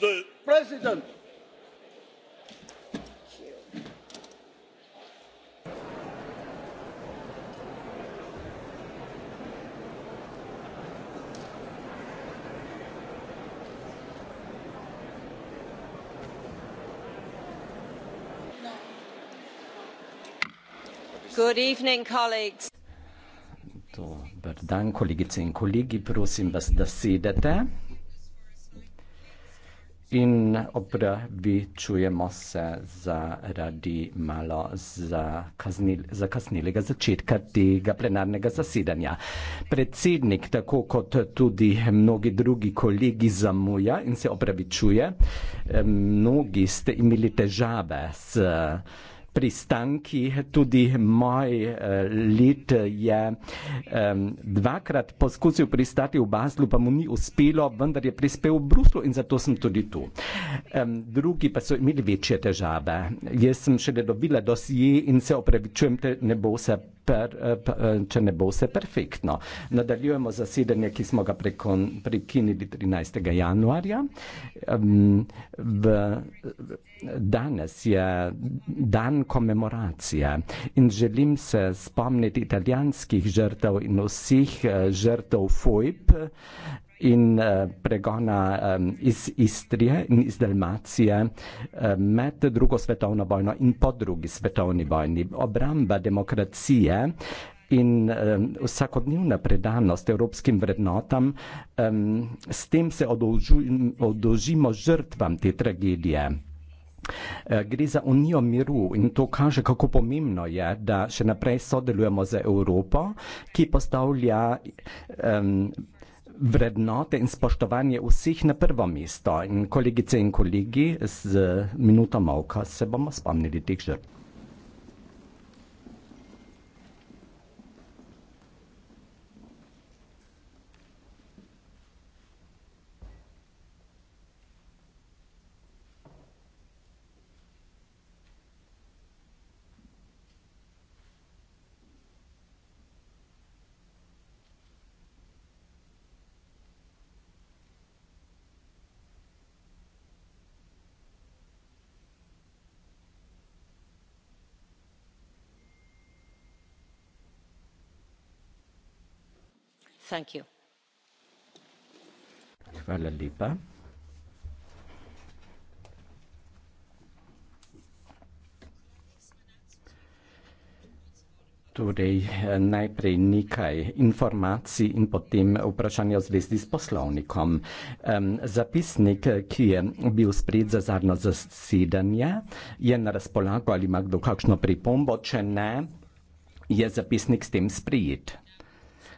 the president. Good evening, colleagues. Dober dan, kolegice in kolegi, prosim vas, da sedete. In opravičujemo se zaradi malo zakasnilega za začetka tega plenarnega zasedanja. Predsednik, tako kot tudi mnogi drugi kolegi, zamuja in se opravičuje. Mnogi ste imeli težave s pristanki, tudi moj uh, eh, let je um, dvakrat poskusil pristati v Baslu, pa mu ni uspelo, vendar je prispel v Bruslu in zato sem tudi tu. Um, drugi pa so imeli večje težave. Jaz sem šele dobila dosje in se opravičujem, ne bo se per, eh, eh, če ne bo vse perfektno. Nadaljujemo zasedanje, ki smo ga prekon, prekinili 13. januarja. V, danes je dan komemoracije in želim se spomniti italijanskih žrtev in vseh eh, žrtev FOIP, in uh, pregona um, iz Istrije in iz Dalmacije uh, med drugo svetovno vojno in po drugi svetovni vojni. Obramba demokracije in um, vsakodnevna predanost evropskim vrednotam, um, s tem se odožimo žrtvam te tragedije. Eh, gre za unijo miru in to kaže, kako pomembno je, da še naprej sodelujemo z Evropo, ki postavlja um, vrednote in spoštovanje vseh na prvo mesto. In kolegice in kolegi, z minuto malka se bomo spomnili teh žrtev. thank you. Hvala lepa. Torej, najprej nekaj informacij in potem vprašanje v zvezdi s poslovnikom. Um, zapisnik, ki je bil spred za zadnjo zasedanje, je na razpolago ali ima kdo kakšno pripombo, če ne, je zapisnik s tem sprijet.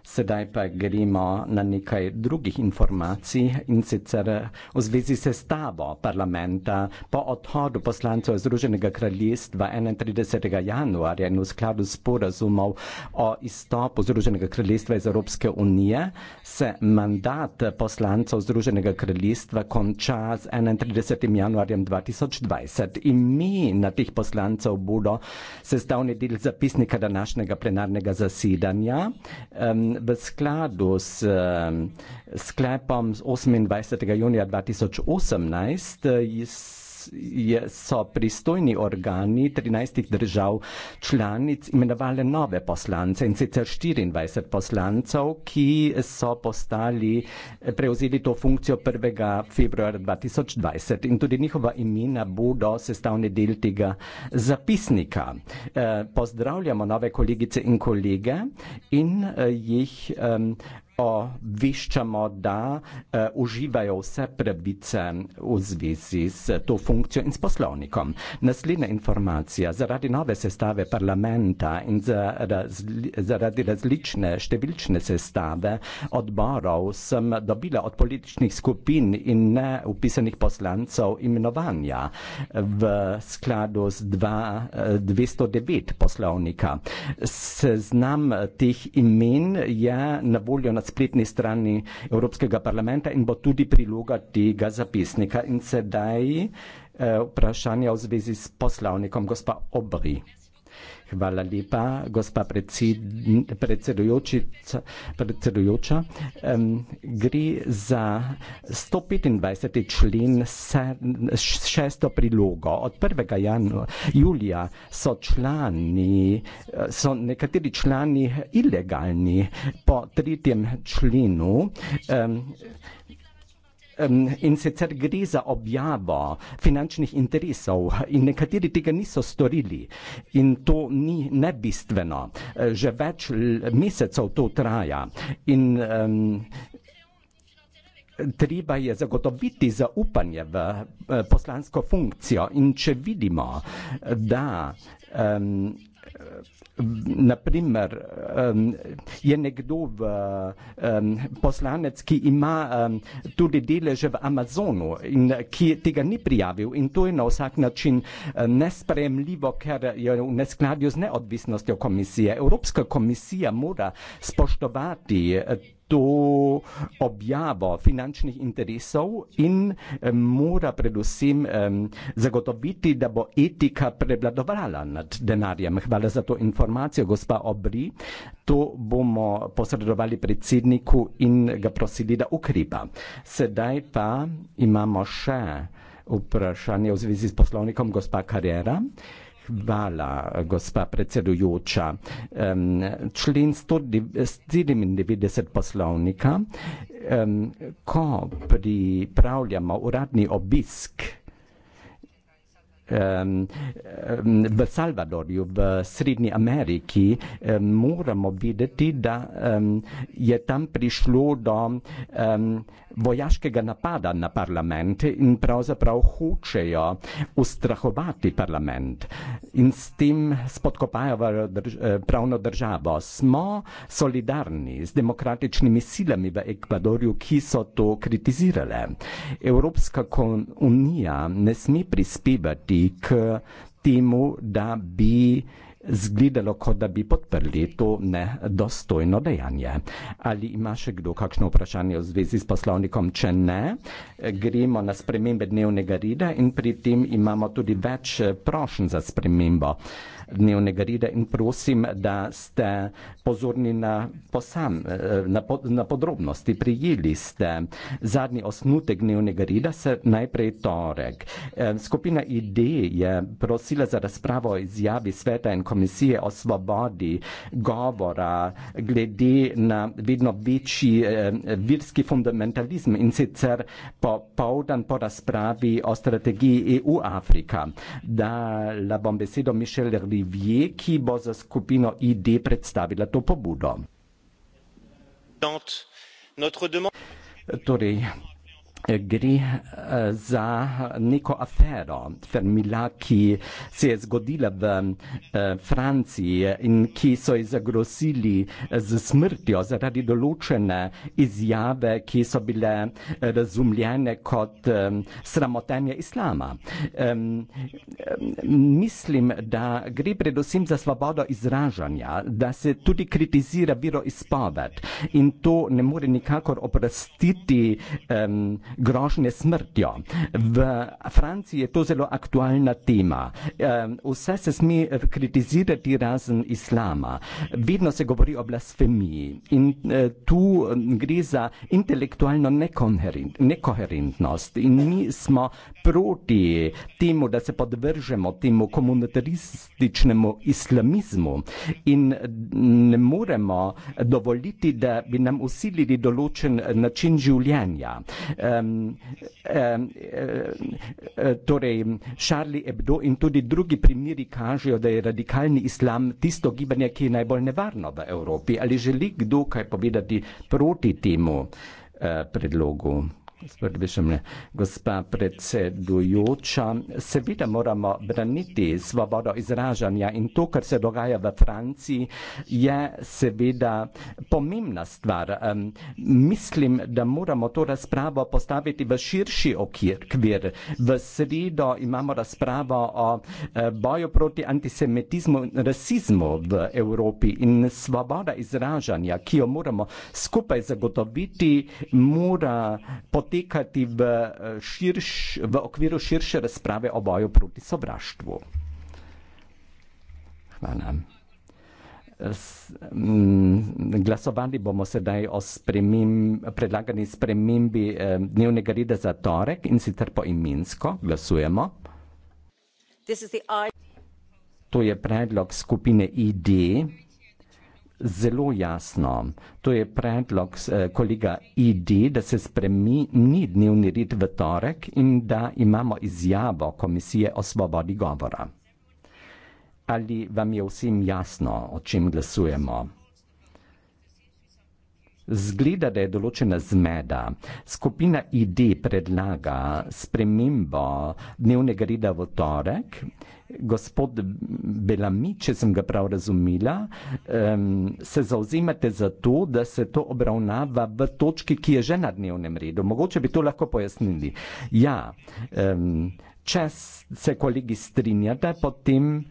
Sedaj pa gremo na nekaj drugih informacij in sicer v zvezi s stavo parlamenta. Po odhodu poslancev Združenega kraljestva 31. januarja in v skladu s porazumov o izstopu Združenega kraljestva iz Evropske unije se mandat poslancev Združenega kraljestva konča z 31. januarjem 2020. In mi na teh poslancev bodo sestavni del zapisnika današnjega plenarnega zasedanja. Um, v skladu s eh, sklepom 28. junija 2018 je, so pristojni organi 13 držav članic imenovali nove poslance in sicer 24 poslancev, ki so postali, prevzeli to funkcijo 1. februarja 2020 in tudi njihova imena bodo sestavni del tega zapisnika. Eh, pozdravljamo nove kolegice in kolege in eh, jih eh, obveščamo, da eh, uživajo vse pravice v zvezi s to funkcijo in s poslovnikom. Naslednja informacija. Zaradi nove sestave parlamenta in razli, zaradi različne številčne sestave odborov sem dobila od političnih skupin in ne upisanih poslancev imenovanja v skladu z dva, 209 eh, poslovnika. Seznam teh imen je na voljo na spletni strani Evropskega parlamenta in bo tudi priloga tega zapisnika. In sedaj eh, vprašanje v zvezi s poslovnikom, gospa Obri. Hvala lepa, gospa predsedujoči, predsedujoča. Um, gre za 125. člen šesto prilogo. Od 1. Janu, julija so člani, so nekateri člani ilegalni po tretjem členu. Um, in sicer gre za objavo finančnih interesov in nekateri tega niso storili in to ni nebistveno. E, že več mesecev to traja in treba je zagotoviti zaupanje v e, poslansko funkcijo in če vidimo, da Naprimer, je nekdo v, poslanec, ki ima tudi deleže v Amazonu in ki tega ni prijavil in to je na vsak način nespremljivo, ker je v neskladju z neodvisnostjo komisije. Evropska komisija mora spoštovati to objavo finančnih interesov in mora predvsem zagotoviti, da bo etika prevladovala nad denarjem. Hvala za to informacijo, gospa Obri. To bomo posredovali predsedniku in ga prosili, da ukrepa. Sedaj pa imamo še vprašanje v zvezi s poslovnikom gospa Karjera. Hvala, gospa predsedujoča. Člen 197 poslovnika, ko pripravljamo uradni obisk, um, v Salvadorju, v Srednji Ameriki, um, moramo videti, da um, je tam prišlo do um, vojaškega napada na parlament in pravzaprav hočejo ustrahovati parlament in s tem spodkopajajo drž eh, pravno državo. Smo solidarni z demokratičnimi silami v Ekvadorju, ki so to kritizirale. Evropska unija ne sme prispevati pripomogli k temu, da bi zgledalo, kot da bi podprli to nedostojno dejanje. Ali ima še kdo kakšno vprašanje v zvezi s poslovnikom? Če ne, gremo na spremembe dnevnega reda in pri tem imamo tudi več prošen za spremembo. Uh, dnevnega reda in prosim, da ste pozorni na, posam, eh, na, na podrobnosti. Prijeli ste zadnji osnutek dnevnega reda, se najprej torek. Eh, skupina IDE je prosila za razpravo o izjavi sveta in komisije o svobodi govora glede na vedno večji eh, virski fundamentalizm in sicer po povdan po razpravi o strategiji EU-Afrika. Dala bom besedo Mišel Rli. Rivier, ki bo za skupino ID predstavila to pobudo. Torej, gre eh, za neko afero Fermila, ki se je zgodila v eh, Franciji in ki so jo zagrosili z eh, smrtjo zaradi določene izjave, ki so bile razumljene kot sramotenje islama. Mislim, da gre predvsem za svobodo izražanja, da se tudi kritizira viro izpoved in to ne more nikakor oprostiti grožnje smrtjo. V Franciji je to zelo aktualna tema. Vse se sme kritizirati razen islama. Vedno se govori o blasfemiji in e, tu gre za intelektualno nekoherentnost in mi smo proti temu, da se podvržemo temu komunitarističnemu islamizmu in ne moremo dovoliti, da bi nam usilili določen način življenja. Um, Um, um, uh, torej Charlie Hebdo in tudi drugi primiri kažejo, da je radikalni islam tisto gibanje, ki je najbolj nevarno v Evropi. Ali želi kdo kaj povedati proti temu uh, predlogu? Gospod Višemne, gospa predsedujoča, seveda moramo braniti svobodo izražanja in to, kar se dogaja v Franciji, je seveda pomembna stvar. Um, mislim, da moramo to razpravo postaviti v širši okvir. V sredo imamo razpravo o uh, boju proti antisemitizmu in rasizmu v Evropi in svoboda izražanja, ki jo moramo skupaj zagotoviti, mora potrebovati potekati v, eh, širš, v okviru širše razprave o boju proti sovraštvu. Hvala. S, m, mm, glasovali bomo sedaj o spremim, predlagani spremembi eh, dnevnega reda za torek in sicer po imensko. Glasujemo. To je predlog skupine ID zelo jasno. To je predlog eh, kolega ID, da se spremeni dnevni red v torek in da imamo izjavo komisije o svobodi govora. Ali vam je vsem jasno, o čem glasujemo? Zgleda, da je določena zmeda. Skupina ID predlaga spremembo dnevnega reda v torek gospod Belami, če sem ga prav razumela, um, se zauzimate za to, da se to obravnava v točki, ki je že na dnevnem redu. Mogoče bi to lahko pojasnili. Ja, um, če se kolegi strinjate, potem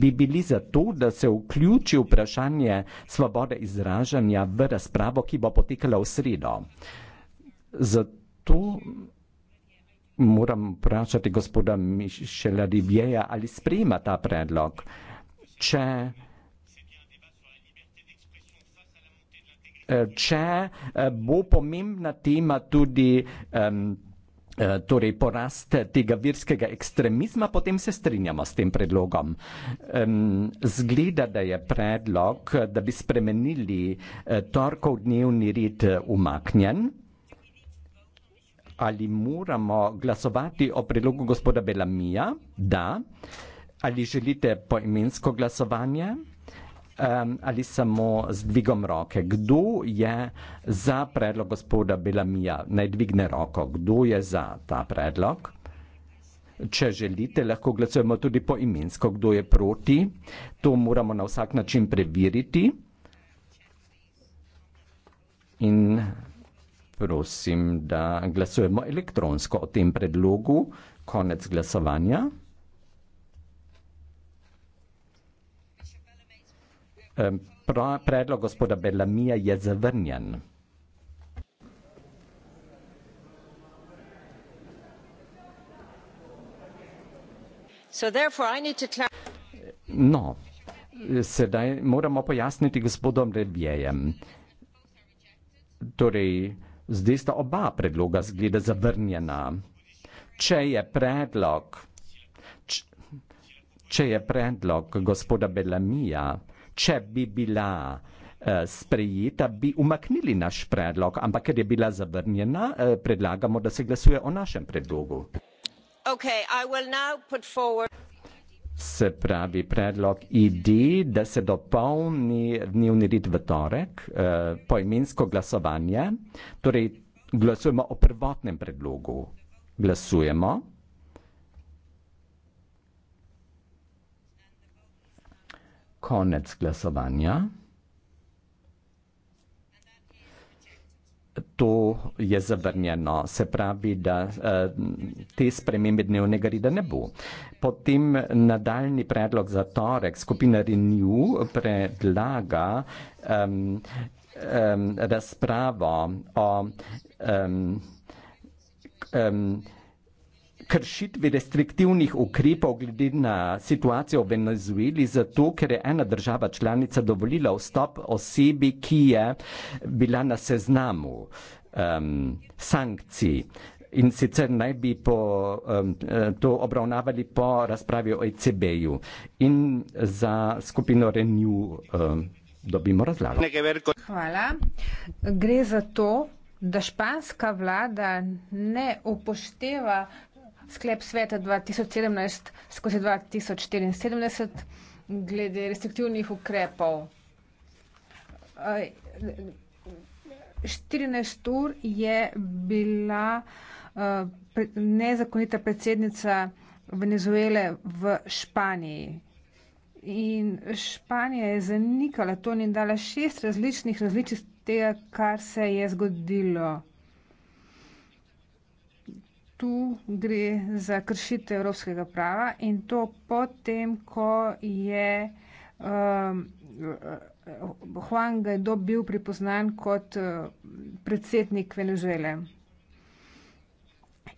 bi bili za to, da se vključi vprašanje svobode izražanja v razpravo, ki bo potekala v sredo. Zato moram vprašati gospoda Mišela Rivjeja, ali sprejema ta predlog, če eh, če eh, bo pomembna tema tudi um, torej porast tega virskega ekstremizma, potem se strinjamo s tem predlogom. Um, zgleda, da je predlog, da bi spremenili torkov dnevni red umaknjen ali moramo glasovati o predlogu gospoda Belamija? Da. Ali želite poimensko glasovanje? Um, ali samo z dvigom roke? Kdo je za predlog gospoda Belamija? Naj dvigne roko. Kdo je za ta predlog? Če želite, lahko glasujemo tudi poimensko, kdo je proti. To moramo na vsak način preveriti. In prosim, da glasujemo elektronsko o tem predlogu. Konec glasovanja. Predlog gospoda Belamija je zavrnjen. No, sedaj moramo pojasniti gospodom Rebjejem. Torej, Zdaj sta oba predloga zgleda zavrnjena. Če je predlog, če, če je predlog gospoda Belamija, če bi bila eh, sprejeta, bi umaknili naš predlog, ampak ker je bila zavrnjena, eh, predlagamo, da se glasuje o našem predlogu. Okay, se pravi predlog ID, da se dopolni dnevni red v torek, eh, poimensko glasovanje, torej glasujemo o prvotnem predlogu. Glasujemo. Konec glasovanja. to je zavrnjeno. Se pravi, da eh, te spremembe dnevnega reda ne bo. Potem nadaljni predlog za torek skupina Renew predlaga um, um, razpravo o um, um, kršitvi restriktivnih ukrepov glede na situacijo v Venezueli, zato ker je ena država članica dovolila vstop osebi, ki je bila na seznamu um, sankcij. In sicer naj bi po, um, to obravnavali po razpravi o ECB-ju in za skupino Renew um, dobimo razlago. Hvala. Gre za to, da španska vlada ne upošteva sklep sveta 2017 skozi 2074 glede restriktivnih ukrepov. 14 ur je bila eh, nezakonita predsednica Venezuele v Španiji. In Španija je zanikala to in dala šest različnih različic tega, kar se je zgodilo tu gre za kršitev evropskega prava in to potem, ko je um, Juan Guaido bil pripoznan kot uh, predsednik Venezuele.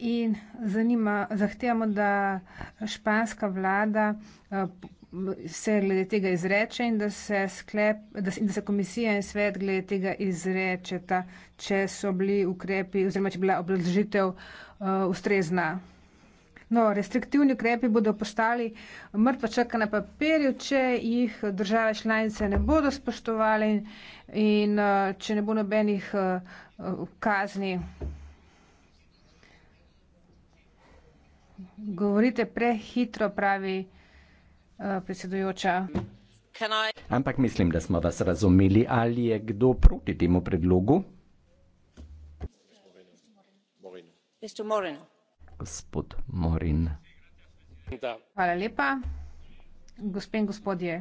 In zanima, zahtevamo, da španska vlada uh, se glede tega izreče in da se, sklep, da, da se komisija in svet glede tega izrečeta, če so bili ukrepi oziroma če bila obrazložitev uh, uh, ustrezna. No, restriktivni ukrepi bodo postali mrtva črka na papirju, če jih države članice ne bodo spoštovali in, in uh, eh, če ne bo nobenih uh, kazni. Govorite prehitro, pravi uh, predsedujoča. Ampak mislim, da smo vas razumeli, ali je kdo proti temu predlogu. Hvala lepa. Gospe in gospodje,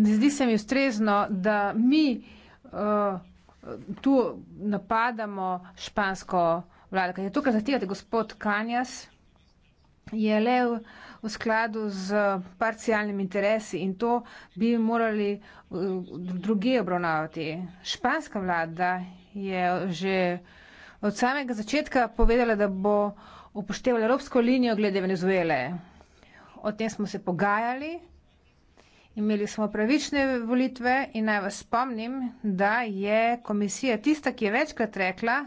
ne zdi se mi ustrezno, da mi uh, tu napadamo špansko vlado. Ker je to, kar zahtevate, gospod Kanjas, je le v, v skladu z parcialnimi interesi in to bi morali uh, druge obravnavati. Španska vlada je že od samega začetka povedala, da bo upoštevala evropsko linijo glede Venezuele. O tem smo se pogajali, imeli smo pravične volitve in naj vas spomnim, da je komisija tista, ki je večkrat rekla,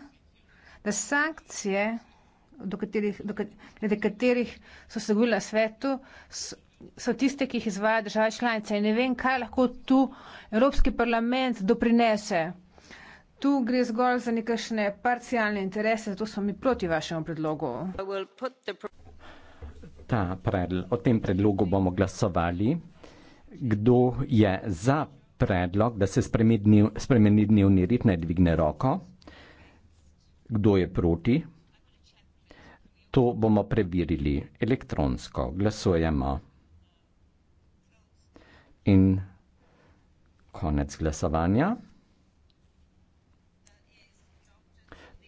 da sankcije, do katerih, do katerih, glede katerih so se govorili na svetu, so tiste, ki jih izvaja država članica. In ne vem, kaj lahko tu Evropski parlament doprinese. Tu gre zgolj za nekašne parcialne interese, zato smo mi proti vašemu predlogu. Predl o tem predlogu bomo glasovali. Kdo je za predlog, da se spremeni dnevni red, naj dvigne roko? Kdo je proti? To bomo preverili elektronsko. Glasujemo. In konec glasovanja.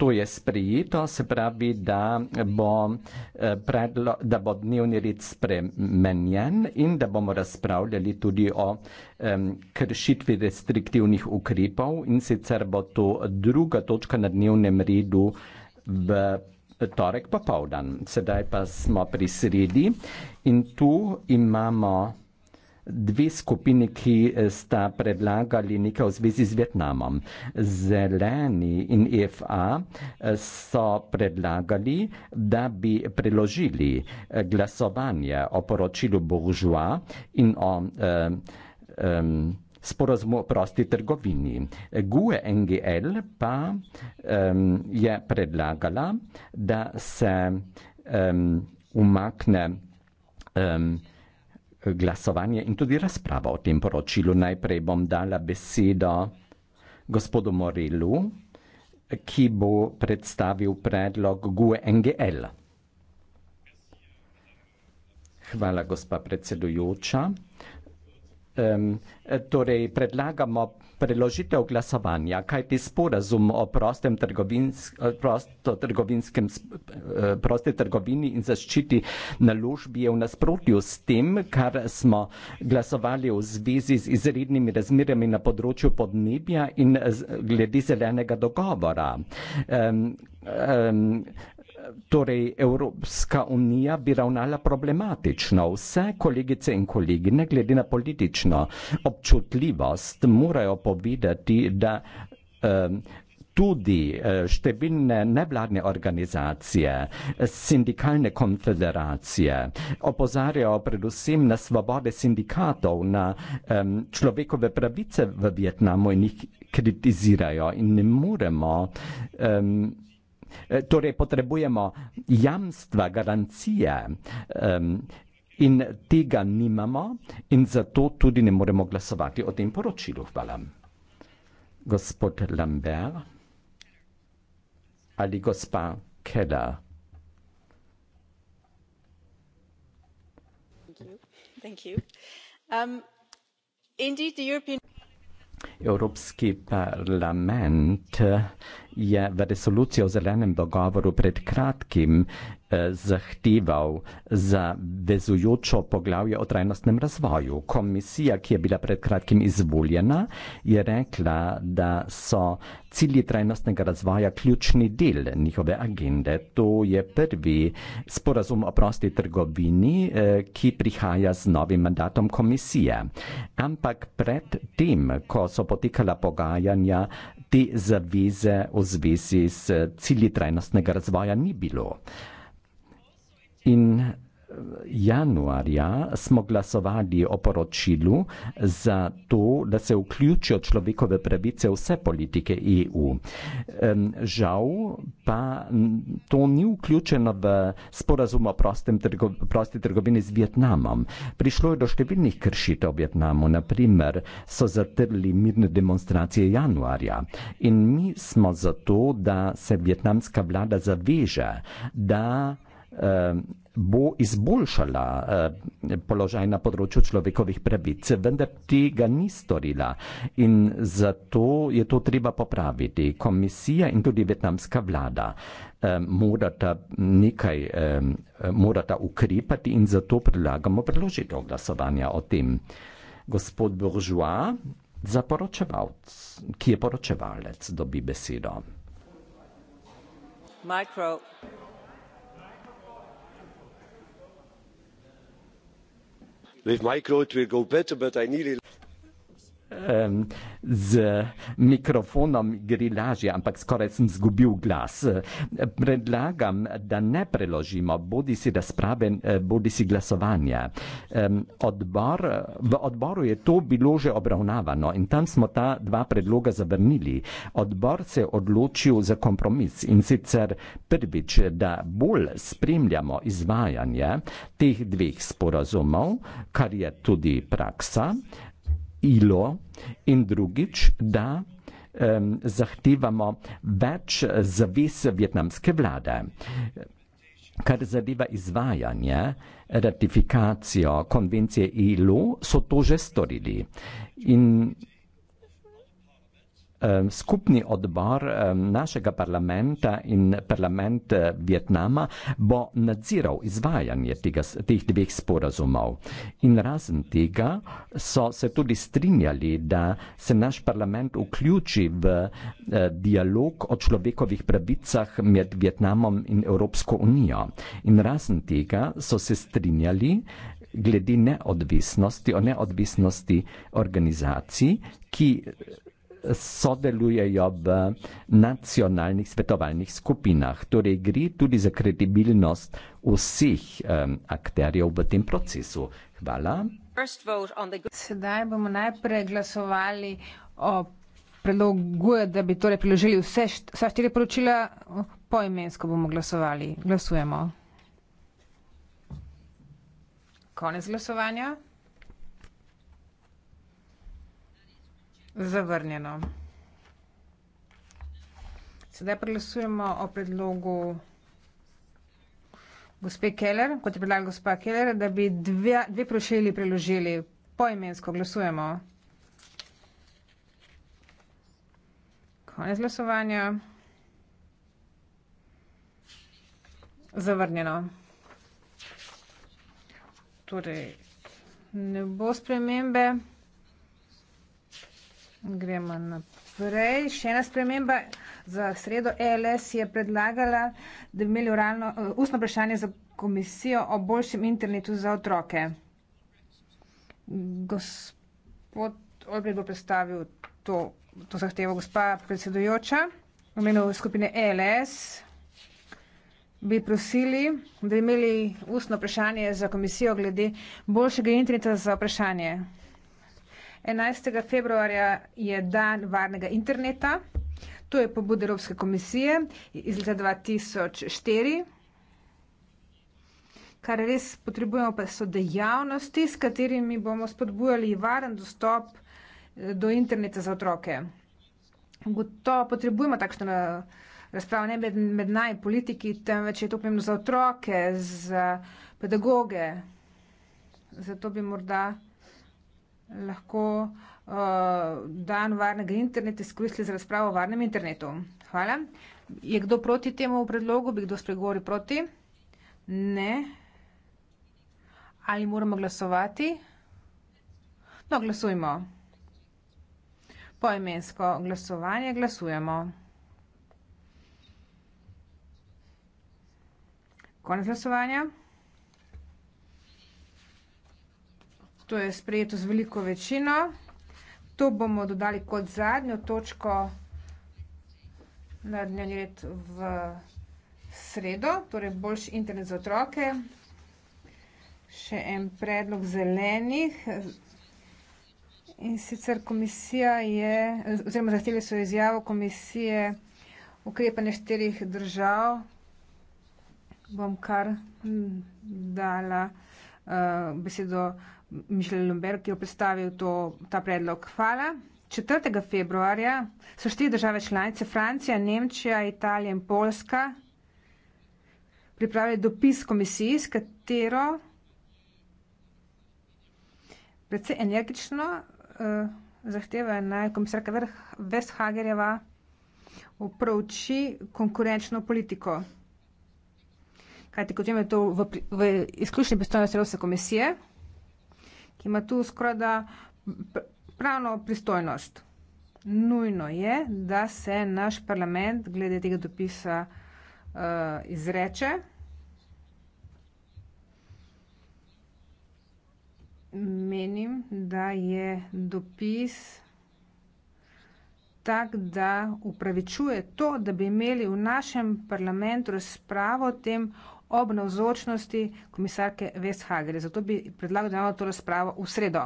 to je sprejeto, se pravi, da bo, eh, predlo, da bo dnevni red spremenjen in da bomo razpravljali tudi o um, kršitvi restriktivnih ukrepov in sicer bo to druga točka na dnevnem redu v torek popovdan. Sedaj pa smo pri sredi in tu imamo dve skupini, ki eh, sta predlagali nekaj v zvezi z Vietnamom. Zeleni in EFA eh, so predlagali, da bi preložili eh, glasovanje o poročilu Božua in o um, um, sporozumu o prosti trgovini. GUE NGL pa um, je predlagala, da se um, umakne um, glasovanje in tudi razpravo o tem poročilu. Najprej bom dala besedo gospodu Morelu, ki bo predstavil predlog GUE NGL. Hvala, gospa predsedujoča. Um, torej, predlagamo preložitev glasovanja, kajti sporazum o trgovinsk, e, prosti trgovini in zaščiti naložbi je v nasprotju s tem, kar smo glasovali v zvezi z izrednimi razmerami na področju podnebja in glede zelenega dogovora. Um, um, torej Evropska unija bi ravnala problematično. Vse kolegice in kolegi, ne glede na politično občutljivost, morajo povedati, da tudi e, številne nevladne organizacije, sindikalne konfederacije opozarjajo predvsem na svobode sindikatov, na človekove pravice v Vietnamu in jih kritizirajo in ne moremo um, Eh, torej, potrebujemo jamstva, garancije um, in tega nimamo in zato tudi ne moremo glasovati o tem poročilu. Hvala. Gospod Lambert ali gospa Keller. Thank you. Um, indeed, the European... Evropski parlament je v resoluciji o zelenem dogovoru pred kratkim eh, zahteval za vezujočo poglavje o trajnostnem razvoju. Komisija, ki je bila pred kratkim izvoljena, je rekla, da so cilji trajnostnega razvoja ključni del njihove agende. To je prvi sporazum o prosti trgovini, eh, ki prihaja z novim mandatom komisije. Ampak pred tem, ko so potekala pogajanja, te zaveze v zvezi s cilji trajnostnega razvoja ni bilo. In januarja smo glasovali o poročilu za to, da se vključijo človekove pravice vse politike EU. Žal pa to ni vključeno v sporazum o trgo, prosti trgovini z Vietnamom. Prišlo je do številnih kršitev v Vietnamu, naprimer so zatrli mirne demonstracije januarja in mi smo zato, da se vietnamska vlada zaveže, da bo izboljšala eh, položaj na področju človekovih pravic, vendar tega ni storila in zato je to treba popraviti. Komisija in tudi vietnamska vlada morata nekaj, morata ukrepati in zato predlagamo preložitev glasovanja o tem. Gospod Bourgeois, zaporočevalc, ki je poročevalec, dobi besedo. Micro. with micro it will go better but i need um, z mikrofonom gre lažje, ampak skoraj sem zgubil glas. Predlagam, da ne preložimo bodi si razprave, eh, bodi si glasovanja. Um, odbor, v odboru je to bilo že obravnavano in tam smo ta dva predloga zavrnili. Odbor se je odločil za kompromis in sicer prvič, da bolj spremljamo izvajanje teh dveh sporazumov, kar je tudi praksa ilo in drugič, da um, zahtevamo več zavez vietnamske vlade. Kar zadeva izvajanje, ratifikacijo konvencije ILO, so to že storili. In skupni odbor našega parlamenta in parlament eh, Vietnama bo nadziral izvajanje tega, teh dveh sporazumov. In razen tega so se tudi strinjali, da se naš parlament vključi v eh, dialog o človekovih pravicah med Vietnamom in Evropsko unijo. In razen tega so se strinjali glede neodvisnosti, o neodvisnosti organizacij, ki sodelujejo v nacionalnih svetovalnih skupinah. Torej gre tudi za kredibilnost vseh um, akterjev v tem procesu. Hvala. Sedaj bomo najprej glasovali o predlogu, da bi torej priložili vse, vse štiri poročila, poimensko bomo glasovali. Glasujemo. Konec glasovanja. Zavrnjeno. Sedaj preglasujemo o predlogu gospe Keller, kot je predlagala gospa Keller, da bi dve, dve prošeli preložili. Poimensko glasujemo. Konec glasovanja. Zavrnjeno. Torej, ne bo spremembe. Gremo naprej. Še ena sprememba za sredo. ELS je predlagala, da bi imeli uralno, uh, eh, ustno vprašanje za komisijo o boljšem internetu za otroke. Gospod Orbit bo predstavil to, to zahtevo. Gospa predsedujoča, v imenu skupine ELS bi prosili, da bi imeli ustno vprašanje za komisijo glede boljšega interneta za vprašanje. 11. februarja je dan varnega interneta. To je pobud Evropske komisije iz leta 2004. Kar res potrebujemo, pa so dejavnosti, s katerimi bomo spodbujali varen dostop eh, do interneta za otroke. To potrebujemo takšno eh, razpravo ne med, med nami, politiki, temveč je to pomembno za otroke, za pedagoge. Zato bi morda lahko uh, dan varnega interneta izkoristili za razpravo o varnem internetu. Hvala. Je kdo proti temu predlogu? Bi kdo spregovori proti? Ne. Ali moramo glasovati? No, glasujmo. Poimensko glasovanje glasujemo. Konec glasovanja. To je sprejeto z veliko večino. To bomo dodali kot zadnjo točko na dnevni red v sredo, torej boljši internet za otroke. Še en predlog zelenih. In sicer komisija je, oziroma zahteli so izjavo komisije ukrepanje štirih držav. Bom kar hm, dala uh, besedo Mišel Lomber, ki je predstavil to, ta predlog. Hvala. 4. februarja so štiri države članice, Francija, Nemčija, Italija in Poljska, pripravili dopis komisiji, s katero predvsej energično uh, zahteva naj komisarka Vesthagerjeva uprouči konkurenčno politiko. Kajti, kot vemo, je to v, v izključni pristojnosti Evropske komisije ki ima tu skoraj da pravno pristojnost. Nujno je, da se naš parlament glede tega dopisa uh, izreče. Menim, da je dopis tak, da upravičuje to, da bi imeli v našem parlamentu razpravo o tem ob navzočnosti komisarke Vesthagere. Zato bi predlagal, da imamo to razpravo v sredo.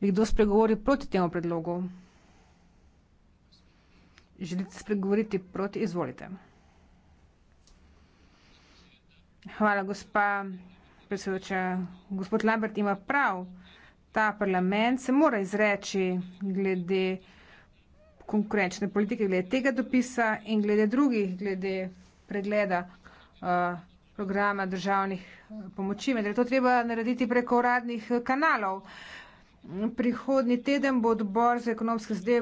Bi kdo spregovoril proti temu predlogu? Želite spregovoriti proti? Izvolite. Hvala, gospa predsedoča. Gospod Lambert ima prav, ta parlament se mora izreči glede konkurenčne politike, glede tega dopisa in glede drugih, glede pregleda, Eh, programa državnih eh, pomoči, vendar je to treba narediti preko uradnih eh, kanalov. Prihodni teden bo odbor za ekonomske zdaj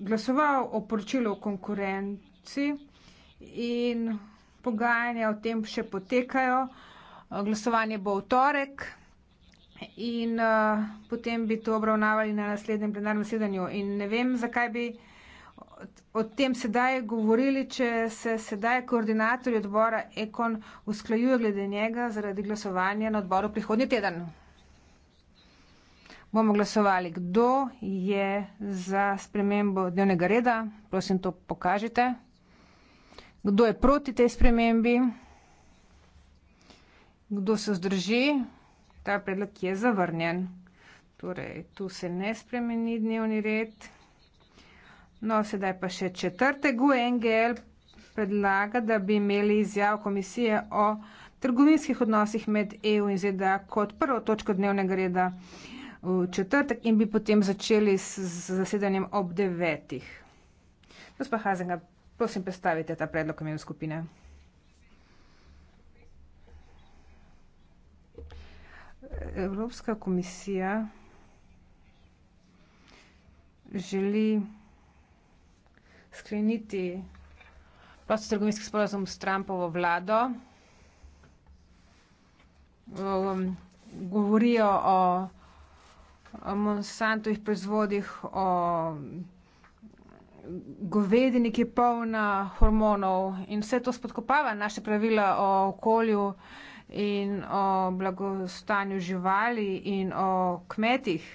glasoval o poročilu o konkurenci in pogajanja o tem še potekajo. Glasovanje bo v torek in uh, potem bi to obravnavali na naslednjem plenarnem sedanju. In ne vem, zakaj bi uh, o tem sedaj govorili, če se sedaj koordinatorji odbora Ekon usklajuje glede njega zaradi glasovanja na odboru prihodnji teden. Bomo glasovali, kdo je za spremembo dnevnega reda. Prosim, to pokažite. Kdo je proti tej spremembi? Kdo se vzdrži? Ta predlog je zavrnjen. Torej, tu se ne spremeni dnevni red. No, sedaj pa še četrte GUNGL e predlaga, da bi imeli izjav komisije o trgovinskih odnosih med EU in ZDA kot prvo točko dnevnega reda v četrtek in bi potem začeli s, s zasedanjem ob devetih. Gospa Hazenga, prosim, predstavite ta predlog imenu skupine. Evropska komisija želi skleniti prostotrgovinski sporozum s Trumpovo vlado. Um, govorijo o Monsantovih proizvodih, o govedini, ki je polna hormonov in vse to spodkopava naše pravila o okolju in o blagostanju živali in o kmetih.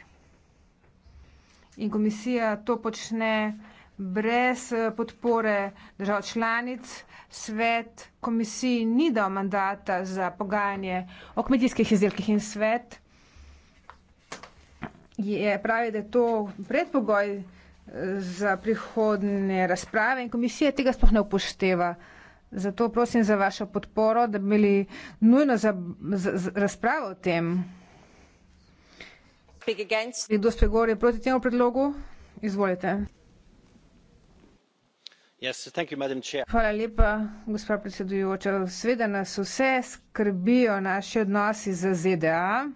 In komisija to počne brez eh, podpore držav članic svet komisiji ni dal mandata za pogajanje o kmetijskih izdelkih in svet je pravi, da je to predpogoj eh, za prihodne razprave in komisija tega sploh ne upošteva. Zato prosim za vašo podporo, da bi imeli nujno za, za, za razpravo o tem. Kdo spregovori proti temu predlogu? Izvolite. Hvala lepa, gospa predsedujoča. Sveda nas vse skrbijo naši odnosi za ZDA.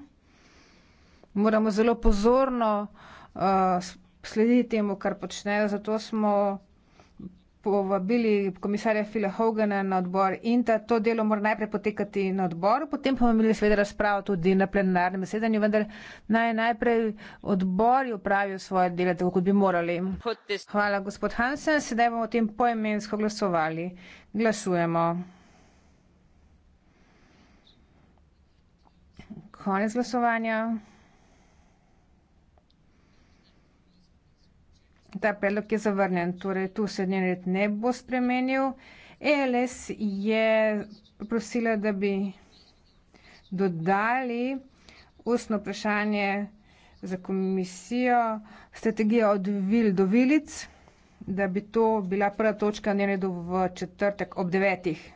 Moramo zelo pozorno uh, slediti temu, kar počnejo, zato smo povabili komisarja Fila Hogana na odbor in da to delo mora najprej potekati na odboru, potem pa bomo imeli seveda razpravo tudi na plenarnem zasedanju, vendar naj najprej odbori upravijo svoje delo, tako kot bi morali. Hvala, gospod Hansen. Sedaj bomo o tem poimensko glasovali. Glasujemo. Konec glasovanja. ta predlog je zavrnjen, torej tu se njen red ne bo spremenil. ELS je prosila, da bi dodali ustno vprašanje za komisijo strategijo od vil do vilic, da bi to bila prva točka njen redu v četrtek ob devetih.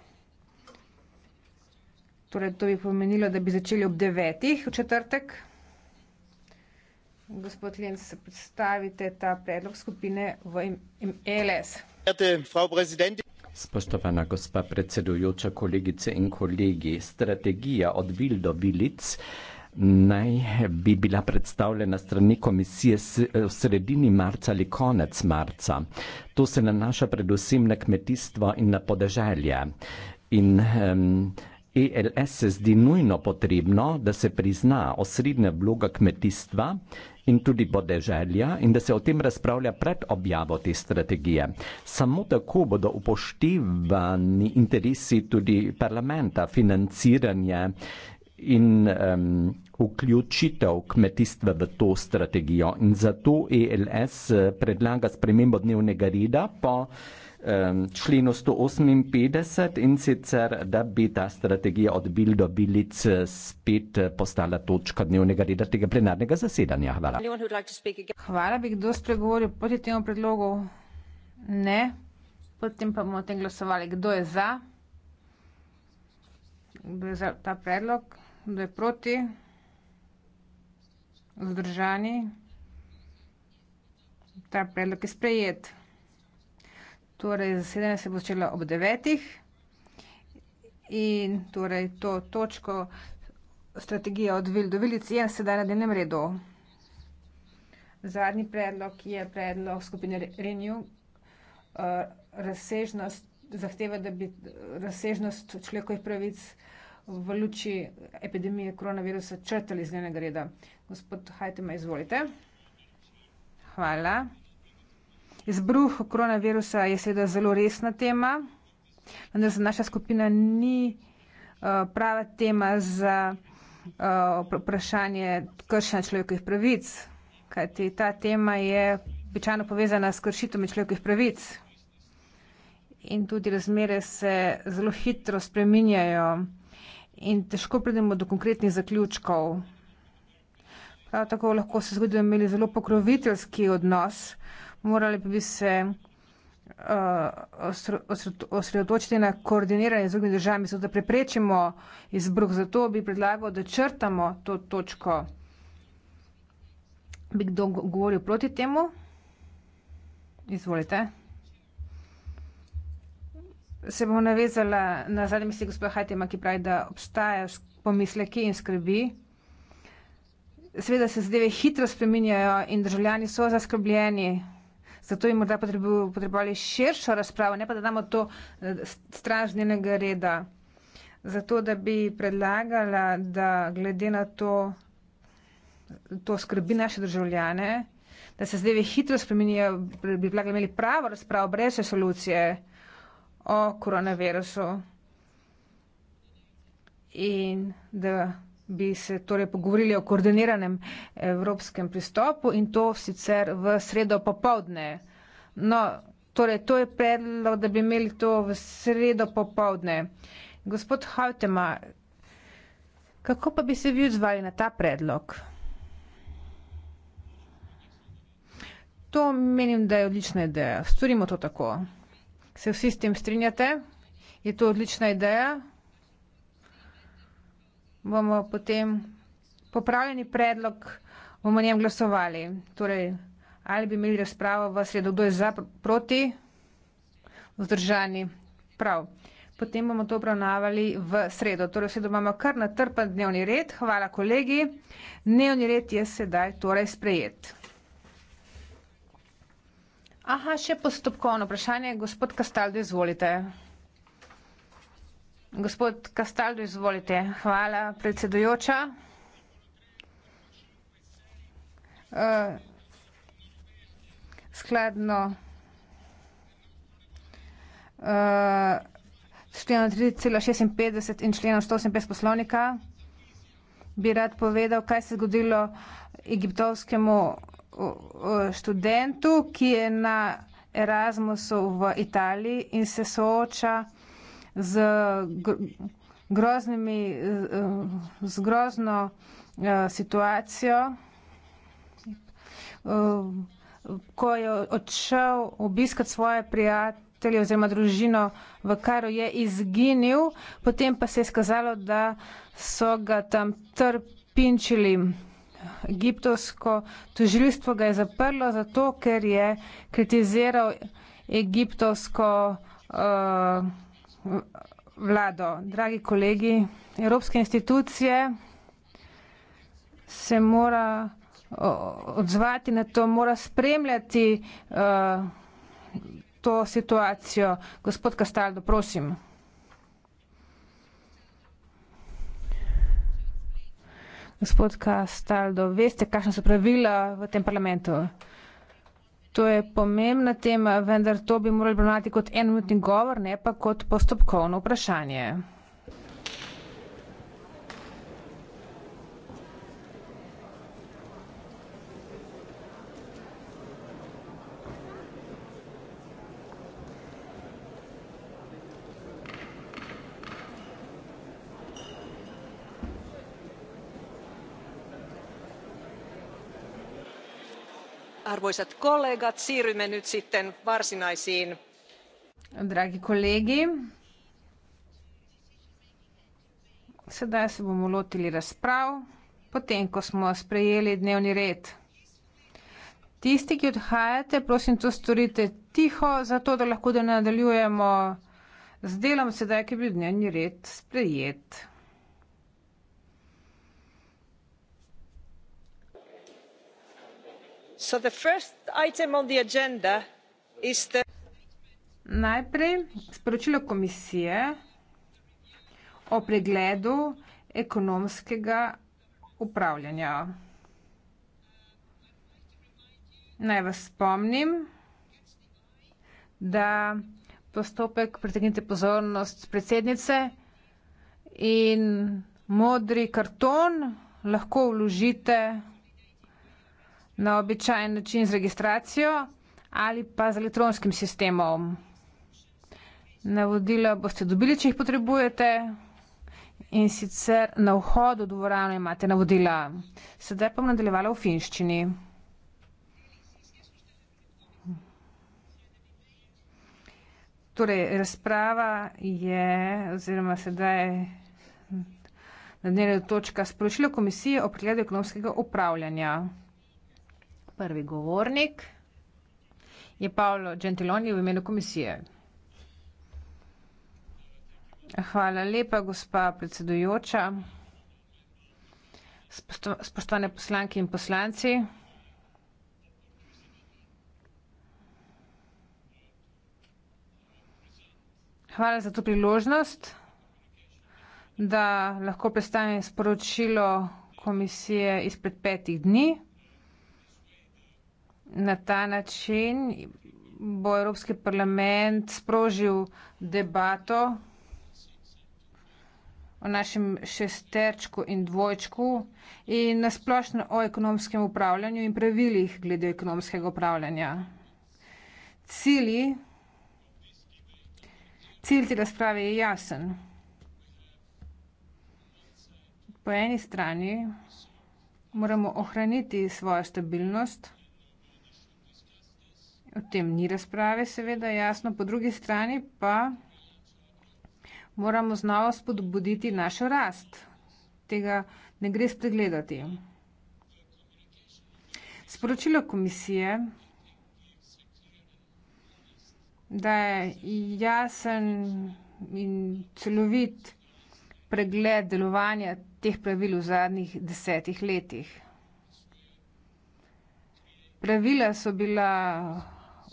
Torej, to bi pomenilo, da bi začeli ob devetih v četrtek. Gospod Lenz, predstavite ta predlog skupine v MLS. Spoštovana gospa predsedujoča, kolegice in kolegi, strategija od Vil do Vilic naj bi bila predstavljena strani komisije eh, v sredini marca ali konec marca. To se nanaša predvsem na kmetijstvo in na podeželje. In, um, ELS se zdi nujno potrebno, da se prizna osrednja vloga kmetijstva in tudi podeželja in da se o tem razpravlja pred objavo te strategije. Samo tako bodo upoštevani interesi tudi parlamenta, financiranje in um, vključitev kmetijstva v to strategijo. In zato ELS eh, predlaga spremembo dnevnega reda po eh, členu 158 in sicer, da bi ta strategija od bil do bilic eh, spet eh, postala točka dnevnega reda tega plenarnega zasedanja. Hvala. Hvala, bi kdo spregovoril proti temu predlogu? Ne. Potem pa bomo o tem glasovali. Kdo je za? Kdo je za ta predlog? Kdo je proti? Zdržani? Ta predlog je sprejet torej zasedanje se bo začelo ob devetih in torej to točko strategija od vil do vilic je sedaj na dnevnem redu. Zadnji predlog je predlog skupine Renew, eh, razsežnost zahteva, da bi razsežnost človekovih pravic v luči epidemije koronavirusa črtali z dnevnega reda. Gospod Hajtema, izvolite. Hvala. Izbruh koronavirusa je seveda zelo resna tema, vendar za naša skupina ni uh, prava tema za uh, vprašanje kršenja človekovih pravic, kajti ta tema je običajno povezana s kršitvami človekovih pravic. In tudi razmere se zelo hitro spreminjajo in težko pridemo do konkretnih zaključkov. Prav tako lahko se zgodi, da imeli zelo pokroviteljski odnos morali bi se uh, osredotočiti na koordiniranje z drugimi državami, zato da preprečimo izbruh. Zato bi predlagal, da črtamo to točko. Bi kdo govoril proti temu? Izvolite. Se bom navezala na zadnji misli gospoda Hajtema, ki pravi, da obstajajo pomisleki in skrbi. Seveda se zadeve hitro spreminjajo in državljani so zaskrbljeni. Zato je morda potrebovali širšo razpravo, ne pa da damo to eh, stražnjenega reda. Zato, da bi predlagala, da glede na to, to skrbi naše državljane, da se zdaj hitro spremenijo, bi predlagali imeli pravo razpravo brez resolucije o koronavirusu. In da bi se torej pogovorili o koordiniranem evropskem pristopu in to sicer v sredo popovdne. No, torej, to je predlog, da bi imeli to v sredo popovdne. Gospod Hautema, kako pa bi se vi odzvali na ta predlog? To menim, da je odlična ideja. Storimo to tako. Se vsi s tem strinjate? Je to odlična ideja? bomo potem popravljeni predlog, bomo njem glasovali. Torej, ali bi imeli razpravo v sredo, kdo je za, proti, vzdržani, prav. Potem bomo to obravnavali v sredo. Torej, sredo imamo kar natrpan dnevni red. Hvala kolegi. Dnevni red je sedaj torej sprejet. Aha, še postopkovno vprašanje. Gospod Kastaldo, izvolite. Gospod Castaldo, izvolite. Hvala, predsedujoča. Eh, skladno eh, s členom 3.56 in členom 185 poslovnika bi rad povedal, kaj se je zgodilo egiptovskemu študentu, ki je na Erasmusu v Italiji in se sooča z groznimi, eh, z grozno eh, situacijo, eh, ko je odšel obiskati svoje prijatelje oziroma družino v Karu, je izginil, potem pa se je skazalo, da so ga tam trpinčili. Egiptovsko tožilstvo ga je zaprlo zato, ker je kritiziral egiptovsko uh, Vlado, dragi kolegi, evropske institucije se mora odzvati na to, mora spremljati uh, to situacijo. Gospod Kastaldo, prosim. Gospod Kastaldo, veste, kakšna so pravila v tem parlamentu? To je pomembna tema, vendar to bi morali obravnavati kot enominutni govor, ne pa kot postopkovno vprašanje. arvoisat kollegat siirrymme nyt sitten varsinaisiin dragi kolleghi sedaj se bomo lotili razprav potem ko smo sprejeli dnevni red tisti ki odhajate prosim to storite tiho zato da lahko da nadaljujemo z delom sedaj ko je bil dnevni red sprejet najprej sporočilo komisije o pregledu ekonomskega upravljanja. Naj vas spomnim, da postopek pritegnite pozornost predsednice in modri karton lahko vložite na običajen način z registracijo ali pa z elektronskim sistemom. Navodila boste dobili, če jih potrebujete in sicer na vhodu dvorano imate navodila. Sedaj pa bom nadaljevala v finščini. Torej, razprava je, oziroma sedaj na dnevne točka sporočilo komisije o pregledu ekonomskega upravljanja prvi govornik je Pavlo Gentiloni v imenu komisije. Hvala lepa, gospa predsedujoča. Spoštovane poslanke in poslanci. Hvala za to priložnost, da lahko predstavim sporočilo komisije izpred petih dni na ta način bo Evropski parlament sprožil debato o našem šesterčku in dvojčku in nasplošno o ekonomskem upravljanju in pravilih glede ekonomskega upravljanja. Cilji, cilj te razprave je jasen. Po eni strani moramo ohraniti svojo stabilnost, O tem ni razprave, seveda jasno, po drugi strani pa moramo znova spodbuditi našo rast. Tega ne gre spregledati. Sporočilo komisije, da je jasen in celovit pregled delovanja teh pravil v zadnjih desetih letih. Pravila so bila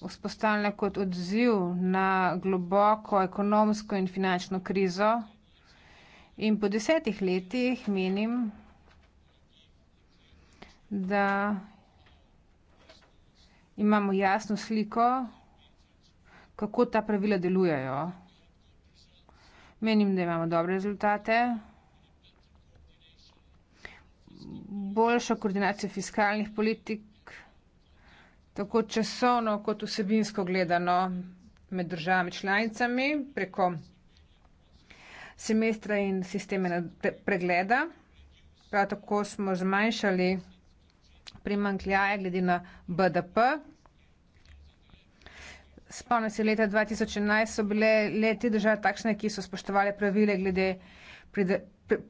vzpostavljena kot odziv na globoko ekonomsko in finančno krizo. In po desetih letih menim, da imamo jasno sliko, kako ta pravila delujejo. Menim, da imamo dobre rezultate, boljšo koordinacijo fiskalnih politik, tako časovno kot vsebinsko gledano med državami članicami preko semestra in sisteme pregleda. Prav tako smo zmanjšali primankljaje glede na BDP. Spomnim se, leta 2011 so bile le te države takšne, ki so spoštovali pravile glede,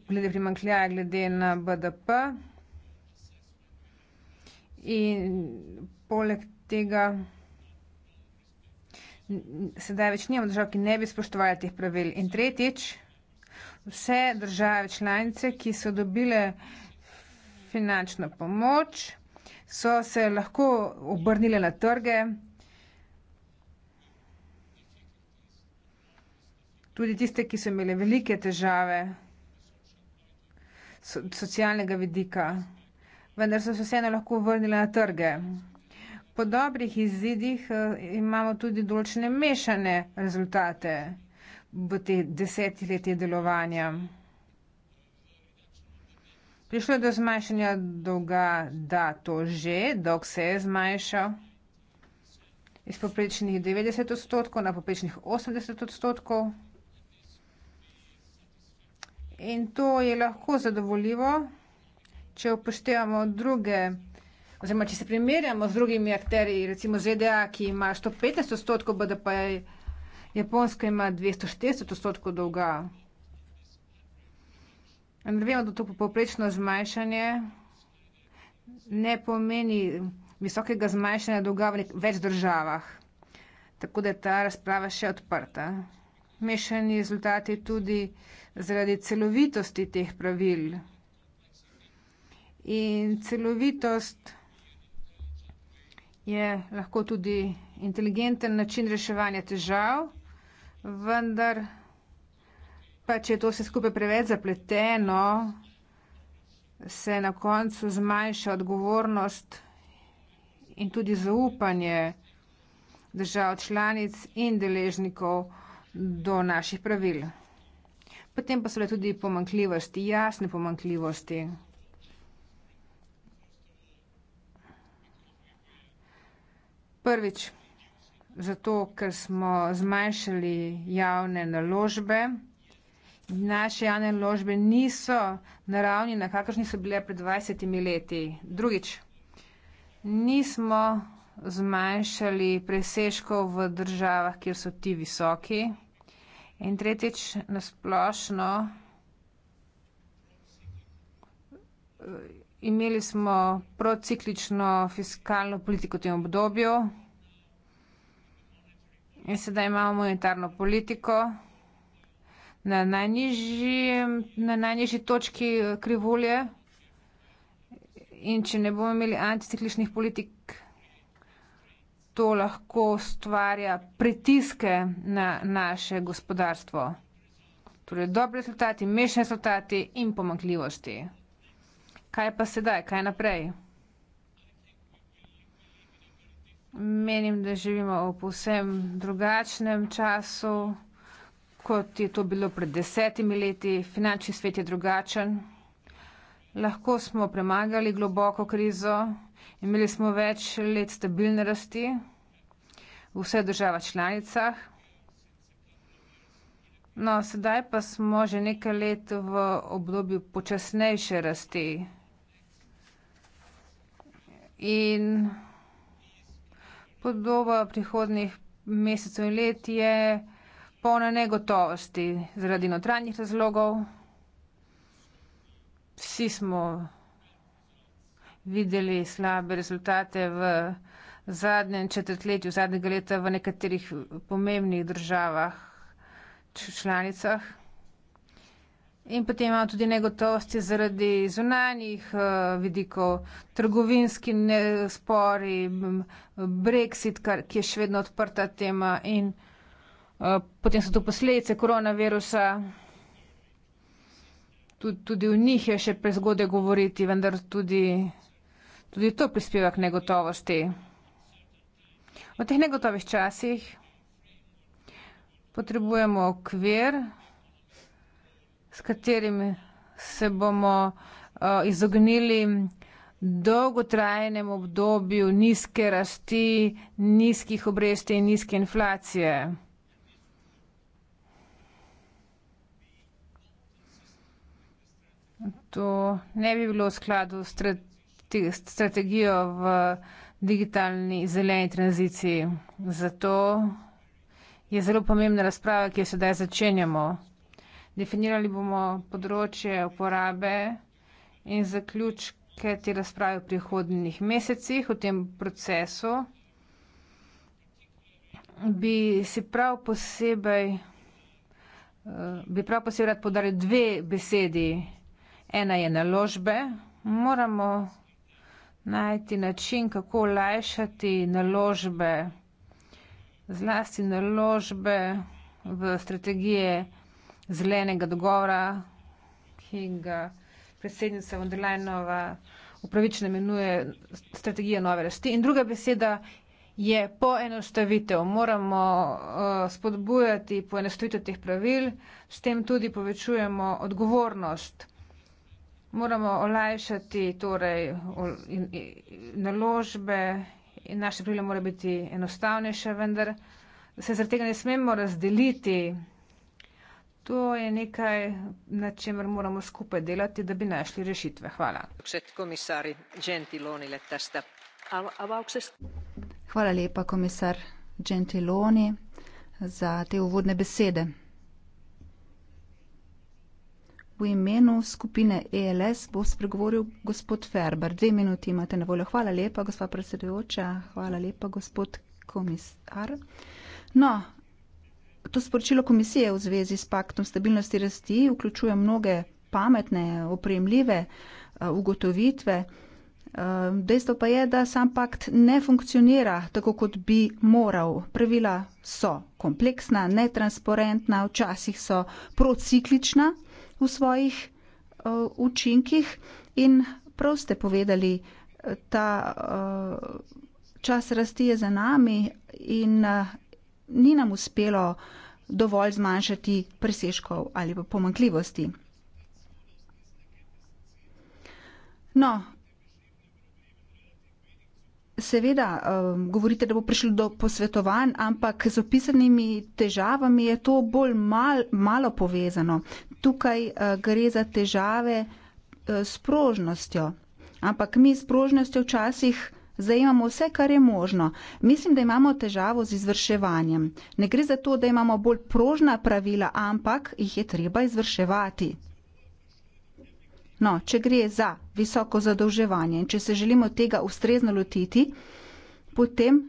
glede primankljaja glede na BDP. In poleg tega sedaj več nimamo držav, ki ne bi spoštovali teh pravil. In tretjič, vse države članice, ki so dobile finančno pomoč, so se lahko obrnile na trge, tudi tiste, ki so imeli velike težave so, socialnega vidika, vendar so se vseeno lahko vrnile na trge po dobrih izidih eh, imamo tudi določene mešane rezultate v teh desetih letih delovanja. Prišlo je do zmanjšanja dolga, da to že, dolg se je zmanjšal iz poprečnih 90 odstotkov na poprečnih 80 odstotkov. In to je lahko zadovoljivo, če upoštevamo druge oziroma če se primerjamo z drugimi akteri, recimo ZDA, ki ima 115 odstotkov BDP, Japonska ima 240 odstotkov dolga. In vemo, da to poprečno zmanjšanje ne pomeni visokega zmanjšanja dolga v več državah. Tako da je ta razprava še odprta. Mešani rezultati tudi zaradi celovitosti teh pravil. In celovitost je lahko tudi inteligenten način reševanja težav, vendar pa če je to vse skupaj preveč zapleteno, se na koncu zmanjša odgovornost in tudi zaupanje držav članic in deležnikov do naših pravil. Potem pa so le tudi pomankljivosti, jasne pomankljivosti. prvič zato, ker smo zmanjšali javne naložbe. Naše javne naložbe niso na ravni, na kakršni so bile pred 20 leti. Drugič, nismo zmanjšali preseškov v državah, kjer so ti visoki. In tretjič, nasplošno, eh, imeli smo prociklično fiskalno politiko v tem obdobju. In sedaj imamo monetarno politiko. Na, najnižji, na najnižji točki eh, krivulje in če ne bomo imeli anticikličnih politik, to lahko stvarja pritiske na naše gospodarstvo. Torej dobri rezultati, mešni rezultati in pomakljivosti. Kaj pa sedaj, kaj naprej? Menim, da živimo v povsem drugačnem času, kot je to bilo pred desetimi leti. Finančni svet je drugačen. Lahko smo premagali globoko krizo, imeli smo več let stabilne rasti v vseh državah članicah. No, sedaj pa smo že nekaj let v obdobju počasnejše rasti. In podoba prihodnih mesecev in let je polna negotovosti zaradi notranjih razlogov. Vsi smo videli slabe rezultate v zadnjem četrtletju, zadnjega leta v nekaterih pomembnih državah, članicah. In potem imamo tudi negotovosti zaradi zunanjih uh, vidikov, trgovinski ne, spori, Brexit, kar, ki je še vedno odprta tema in uh, potem so to posledice koronavirusa. Tudi, tudi v njih je še prezgode govoriti, vendar tudi, tudi to prispeva k negotovosti. V teh negotovih časih potrebujemo okvir s katerimi se bomo uh, izognili dolgotrajnemu obdobju nizke rasti, nizkih obresti in nizke inflacije. To ne bi bilo v skladu s strate strategijo v digitalni zeleni tranziciji. Zato je zelo pomembna razprava, ki jo sedaj začenjamo definirali bomo področje uporabe in zaključke te razprave v prihodnjih mesecih v tem procesu. Bi si prav posebej, eh, bi prav posebej rad podaril dve besedi. Ena je naložbe. Moramo najti način, kako olajšati naložbe, zlasti naložbe v strategije, zelenega dogovora, ki ga predsednica Vondrlajnova upravično imenuje strategija nove rasti. In druga beseda je poenostavitev. Moramo uh, spodbujati poenostavitev teh pravil, s tem tudi povečujemo odgovornost. Moramo olajšati torej, ol, in, in, in naložbe in naše pravile morajo biti enostavnejše, vendar se zaradi tega ne smemo razdeliti To je nekaj, na čemer moramo skupaj delati, da bi našli rešitve. Hvala. Hvala lepa, komisar Gentiloni, za te uvodne besede. V imenu skupine ELS bo spregovoril gospod Ferber. Dve minuti imate na voljo. Hvala lepa, gospa predsedujoča. Hvala lepa, gospod komisar. No, To sporočilo komisije v zvezi s paktom stabilnosti rasti vključuje mnoge pametne, opremljive eh, ugotovitve. Eh, dejstvo pa je, da sam pakt ne funkcionira tako, kot bi moral. Pravila so kompleksna, netransparentna, včasih so prociklična v svojih eh, učinkih in prav ste povedali, ta čas rasti je za nami in ni nam uspelo dovolj zmanjšati presežkov ali pa pomankljivosti. No, seveda um, govorite, da bo prišlo do posvetovanj, ampak z opisanimi težavami je to bolj mal, malo povezano. Tukaj uh, gre za težave uh, s prožnostjo, ampak mi s prožnostjo včasih zajemamo vse, kar je možno. Mislim, da imamo težavo z izvrševanjem. Ne gre za to, da imamo bolj prožna pravila, ampak jih je treba izvrševati. No, če gre za visoko zadolževanje in če se želimo tega ustrezno lotiti, potem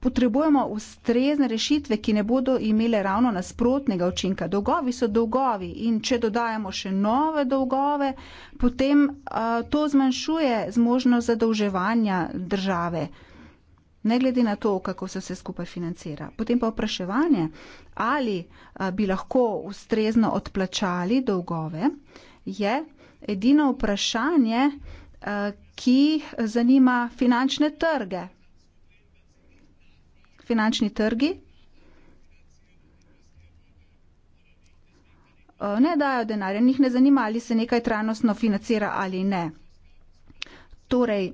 potrebujemo ustrezne rešitve, ki ne bodo imele ravno nasprotnega učinka. Dolgovi so dolgovi in če dodajemo še nove dolgove, potem uh, to zmanjšuje zmožnost zadolževanja države, ne glede na to, kako se vse skupaj financira. Potem pa vpraševanje, ali uh, bi lahko ustrezno odplačali dolgove, je edino vprašanje, uh, ki zanima finančne trge finančni trgi. Eh, ne dajo denarja, njih ne zanima, ali se nekaj trajnostno financira ali ne. Torej,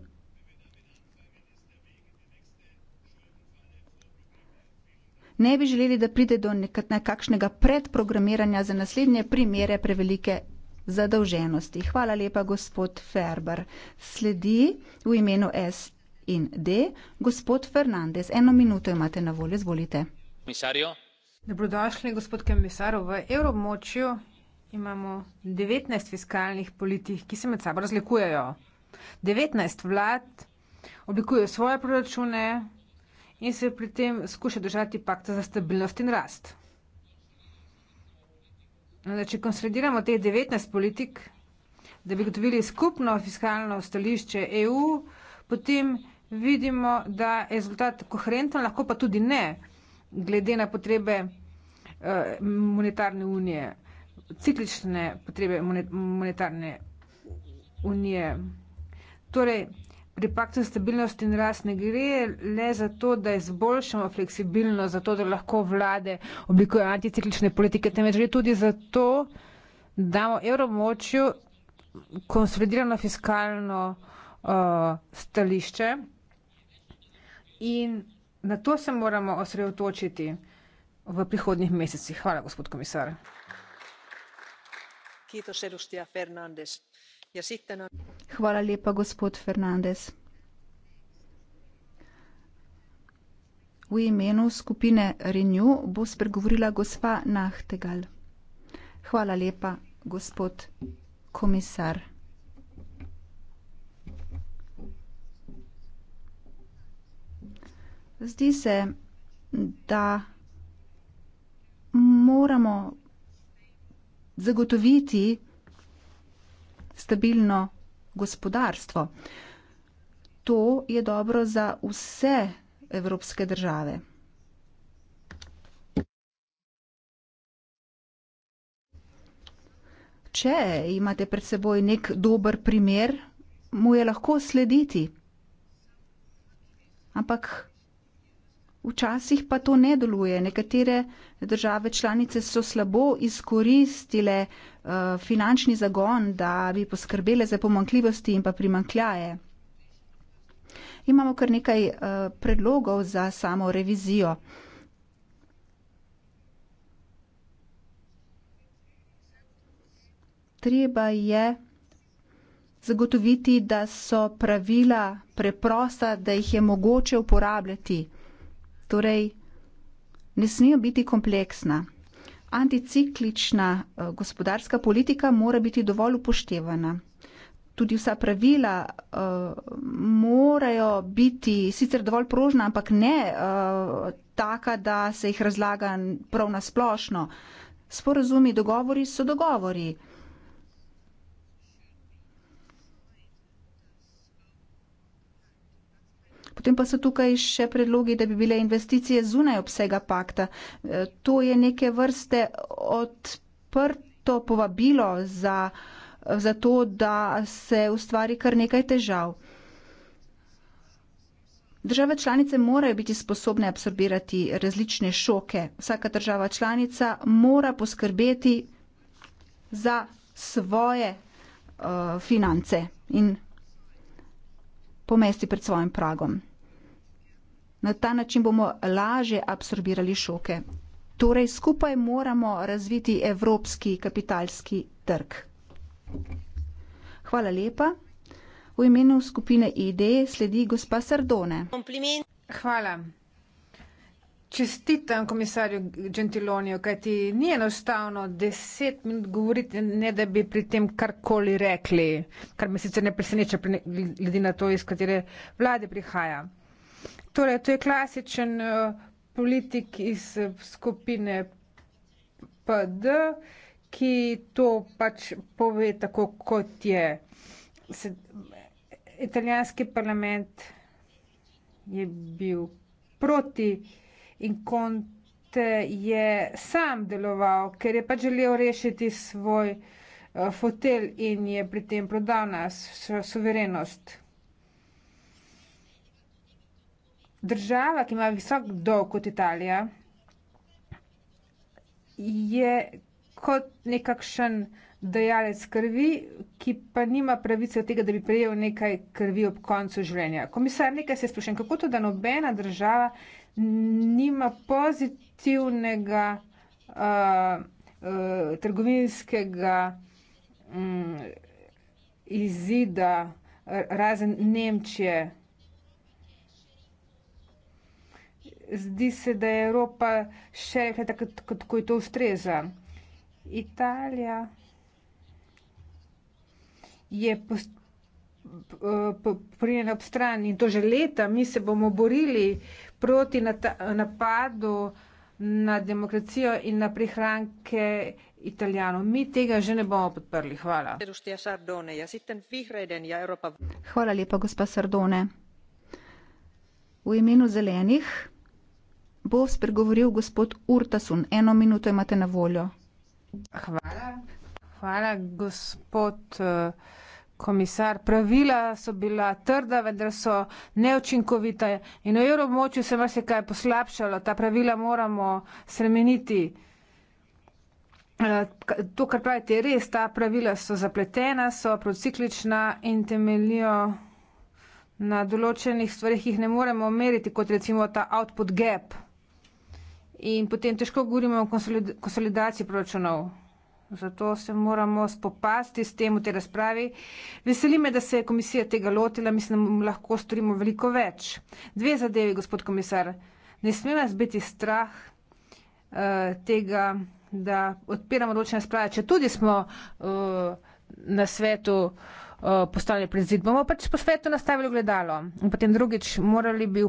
ne bi želeli, da pride do nekakšnega predprogramiranja za naslednje primere prevelike zadolženosti. Hvala lepa, gospod Ferber. Sledi v imenu in D. Gospod Fernandez, eno minuto imate na voljo, izvolite. Misarjo. Dobrodošli, gospod komisar. V evromočju imamo 19 fiskalnih politik, ki se med sabo razlikujejo. 19 vlad oblikuje svoje proračune in se pri tem skuša držati pakta za stabilnost in rast. No, da, če konsolidiramo te 19 politik, da bi gotovili skupno fiskalno stališče EU, potem vidimo, da je rezultat koherenten, lahko pa tudi ne, glede na potrebe eh, monetarne unije, ciklične potrebe monetarne unije. Torej, pri paktu za stabilnost in rast ne gre le za to, da izboljšamo fleksibilnost, zato da lahko vlade oblikujejo anticiklične politike, temveč gre tudi za to, da damo evromočju konsolidirano fiskalno uh, stališče in na to se moramo osredotočiti v prihodnih mesecih. Hvala, gospod komisar. Ja Hvala lepa, gospod Fernandez. V imenu skupine Renew bo spregovorila gospa Nahtegal. Hvala lepa, gospod komisar. Zdi se, da moramo zagotoviti stabilno gospodarstvo. To je dobro za vse evropske države. Če imate pred seboj nek dober primer, mu je lahko slediti. Ampak Včasih pa to ne deluje. Nekatere države članice so slabo izkoristile uh, finančni zagon, da bi poskrbele za pomankljivosti in pa primankljaje. Imamo kar nekaj uh, predlogov za samo revizijo. Treba je zagotoviti, da so pravila preprosta, da jih je mogoče uporabljati torej ne smejo biti kompleksna. Anticiklična eh, gospodarska politika mora biti dovolj upoštevana. Tudi vsa pravila uh, morajo biti sicer dovolj prožna, ampak ne uh, taka, da se jih razlaga prav na splošno. Sporazumi, dogovori so dogovori. Potem pa so tukaj še predlogi, da bi bile investicije zunaj obsega pakta. E, to je neke vrste odprto povabilo za, za to, da se ustvari kar nekaj težav. Države članice morajo biti sposobne absorbirati različne šoke. Vsaka država članica mora poskrbeti za svoje uh, finance in pomesti pred svojim pragom. Na ta način bomo laže absorbirali šoke. Torej, skupaj moramo razviti evropski kapitalski trg. Hvala lepa. V imenu skupine ID sledi gospa Sardone. Kompliment. Hvala čestitam komisarju Gentiloniju, kajti ni enostavno deset minut govoriti, ne da bi pri tem karkoli rekli, kar me sicer ne preseneča glede na to, iz katere vlade prihaja. Torej, to je klasičen eh, politik iz eh, skupine PD, ki to pač pove tako, kot je. Se, italijanski parlament je bil proti in Conte je sam deloval, ker je pač želel rešiti svoj uh, eh, fotel in je pri tem prodal nas suverenost. Država, ki ima visok dolg kot Italija, je kot nekakšen dejalec krvi, ki pa nima pravice od tega, da bi prejel nekaj krvi ob koncu življenja. Komisar, nekaj se sprašujem, kako to, da nobena država nima pozitivnega uh, uh, trgovinskega um, izida razen Nemčije. Zdi se, da je Evropa še rekla tako, kot je to ustreza. Italija je prijena ob strani in to že leta. Mi se bomo borili proti napadu na demokracijo in na prihranke Italijanov. Mi tega že ne bomo podprli. Hvala. Ja ja Hvala lepa, gospa Sardone. V imenu zelenih bo spregovoril gospod Urtasun. Eno minuto imate na voljo. Hvala. Hvala, gospod. Uh, komisar. Pravila so bila trda, vendar so neočinkovita in na evroobmočju se marsikaj poslabšalo. Ta pravila moramo spremeniti. Eh, to, kar pravite, je res, ta pravila so zapletena, so prociklična in temeljijo na določenih stvarih, ki jih ne moremo meriti, kot recimo ta output gap. In potem težko govorimo o konsolidaciji proračunov. Zato se moramo spopasti s tem v tej razpravi. Veseli me, da se je komisija tega lotila, mislim, da lahko storimo veliko več. Dve zadevi, gospod komisar. Ne sme nas biti strah uh, tega, da odpiramo določene razprave, če tudi smo uh, na svetu. Uh, Eh, postali princip. Bomo pač po svetu nastavili gledalo in potem drugič morali bi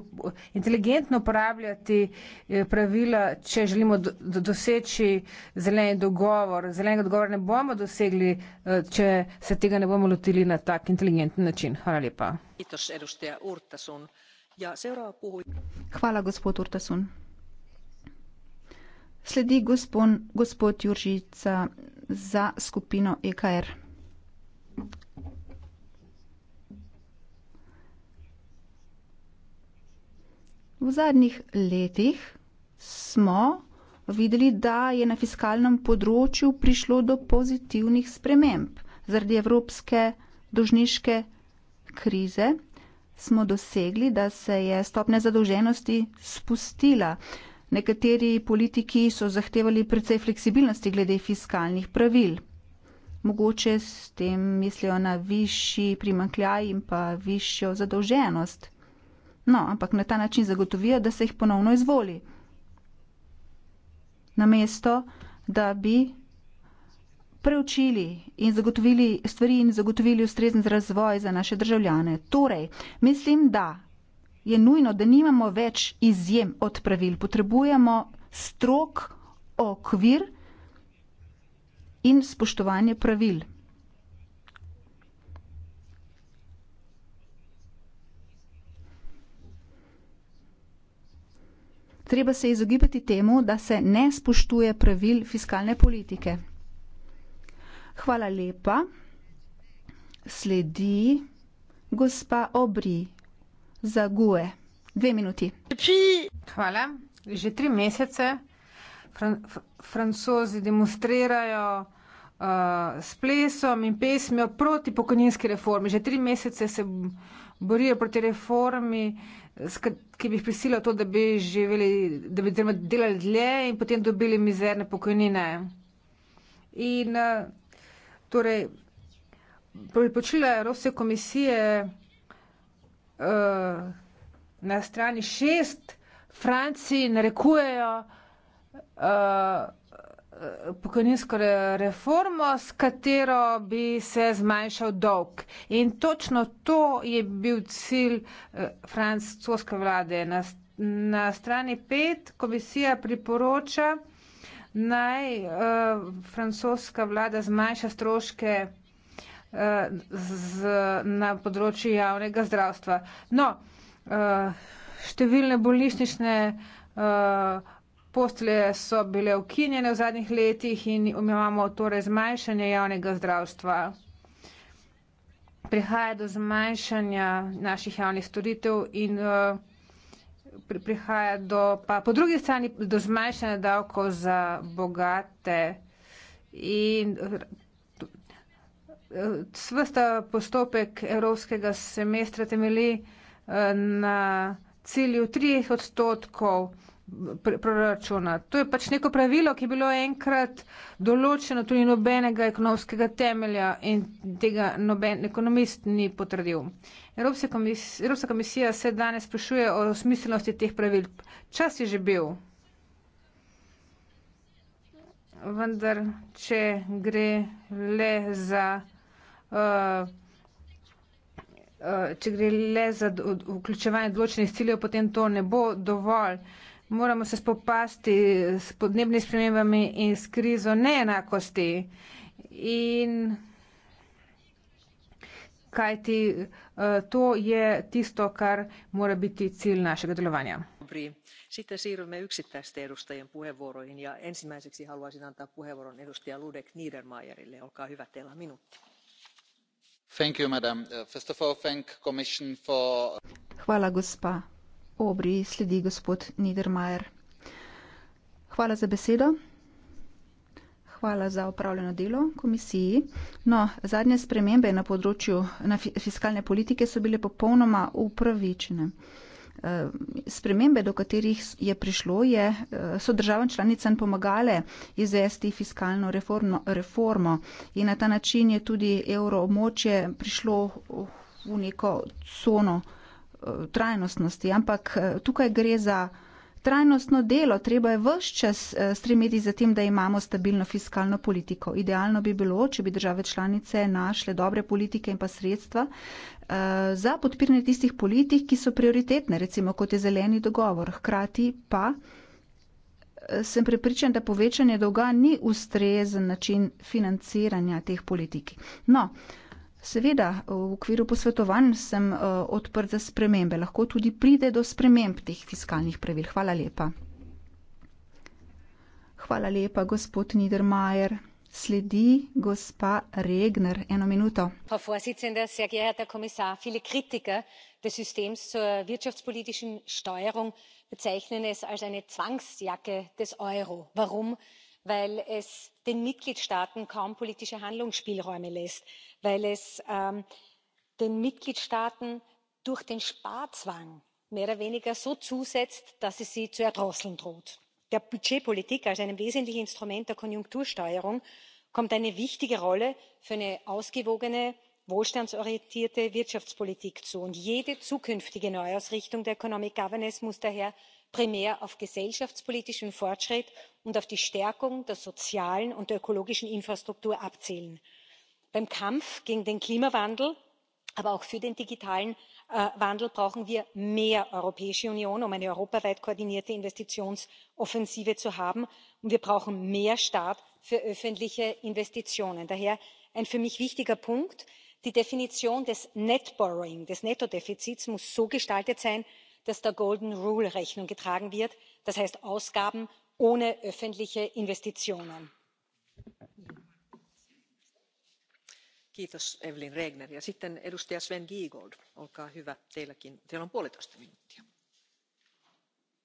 inteligentno uporabljati eh, pravila, če želimo do, do, doseči zeleni dogovor. Zelenega dogovora ne bomo dosegli, eh, če se tega ne bomo lotili na tak inteligenten način. Hvala lepa. Ja, Hvala, gospod Urtasun. Sledi gospod, gospod Juržica za skupino EKR. V zadnjih letih smo videli, da je na fiskalnem področju prišlo do pozitivnih sprememb. Zaradi evropske dožniške krize smo dosegli, da se je stopnja zadolženosti spustila. Nekateri politiki so zahtevali precej fleksibilnosti glede fiskalnih pravil. Mogoče s tem mislijo na višji primankljaj in pa višjo zadolženost. No, ampak na ta način zagotovijo, da se jih ponovno izvoli. Namesto, da bi preučili in zagotovili stvari in zagotovili ustrezen razvoj za naše državljane. Torej, mislim, da je nujno, da nimamo več izjem od pravil. Potrebujemo strok okvir in spoštovanje pravil. treba se izogibati temu, da se ne spoštuje pravil fiskalne politike. Hvala lepa. Sledi gospa Obri za GUE. Dve minuti. Hvala. Že tri mesece fran francozi demonstrirajo uh, s plesom in pesmijo proti pokojninski reformi. Že tri mesece se borijo proti reformi, uh, ki bi jih prisilo to, da bi živeli, da bi delali dlje in potem dobili mizerne pokojnine. In eh, torej, pripočila Evropske komisije uh, na strani šest, Franciji narekujejo uh, pokojninsko reformo, s katero bi se zmanjšal dolg. In točno to je bil cilj eh, francoske vlade. Na, na strani pet komisija priporoča naj uh, francoska vlada zmanjša stroške uh, z, na področju javnega zdravstva. No, uh, številne bolnišnične uh, Postelje so bile ukinjene v zadnjih letih in imamo torej zmanjšanje javnega zdravstva. Prihaja do zmanjšanja naših javnih storitev in eh, prihaja do, pa po drugi strani, do zmanjšanja davkov za bogate. In eh, svesta postopek evropskega semestra temeli eh, na cilju 3 odstotkov proračuna. To je pač neko pravilo, ki je bilo enkrat določeno, tudi nobenega ekonomskega temelja in tega noben ekonomist ni potrdil. Evropska komisija, Evropska komisija se danes sprašuje o smiselnosti teh pravil. Čas je že bil. Vendar, če gre le za. Uh, uh Če gre le za vključevanje določenih ciljev, potem to ne bo dovolj. Uh, moramo se spopasti s podnebnimi spremembami in s krizo neenakosti. In kaj ti eh, to je tisto, kar mora biti cilj našega delovanja. Sitten siirrymme yksittäisten edustajien puheenvuoroihin ja ensimmäiseksi haluaisin antaa puheenvuoron edustaja Ludek Niedermayerille. Olkaa hyvä, teillä on minuutti. Thank you, madam. Uh, first of all, thank commission for... Hvala, gospa Obri sledi gospod Niedermayer. Hvala za besedo. Hvala za upravljeno delo komisiji. No, zadnje spremembe na področju na fiskalne politike so bile popolnoma upravičene. Eh, spremembe, do katerih je prišlo, je, eh, so državam članicam pomagale izvesti fiskalno reformo, reformo in na ta način je tudi evroobmočje prišlo v neko cono Eh, trajnostnosti, ampak eh, tukaj gre za trajnostno delo, treba je vse čas eh, stremeti za tem, da imamo stabilno fiskalno politiko. Idealno bi bilo, če bi države članice našle dobre politike in pa sredstva za podpiranje tistih politik, ki so prioritetne, recimo kot je zeleni dogovor. Hkrati pa sem prepričan, da povečanje dolga ni ustrezen način financiranja teh politik. No, Seveda, v okviru posvetovanj sem eh, odprt za spremembe. Lahko tudi pride do sprememb teh fiskalnih pravil. Hvala lepa. Hvala lepa, gospod Niedermayer. Sledi gospa Regner. Eno minuto. Hvala lepa, gospod Niedermayer. Sledi gospa Regner. Eno minuto weil es den mitgliedstaaten kaum politische handlungsspielräume lässt weil es ähm, den mitgliedstaaten durch den sparzwang mehr oder weniger so zusetzt dass es sie zu erdrosseln droht. der budgetpolitik als einem wesentlichen instrument der konjunktursteuerung kommt eine wichtige rolle für eine ausgewogene wohlstandsorientierte wirtschaftspolitik zu und jede zukünftige neuausrichtung der economic governance muss daher primär auf gesellschaftspolitischen fortschritt und auf die stärkung der sozialen und der ökologischen infrastruktur abzielen beim kampf gegen den klimawandel aber auch für den digitalen äh, wandel brauchen wir mehr europäische union um eine europaweit koordinierte investitionsoffensive zu haben und wir brauchen mehr staat für öffentliche investitionen. daher ein für mich wichtiger punkt die definition des net borrowing des nettodefizits muss so gestaltet sein dass der golden rule rechnung getragen wird das heißt ausgaben ohne öffentliche investitionen. Ja,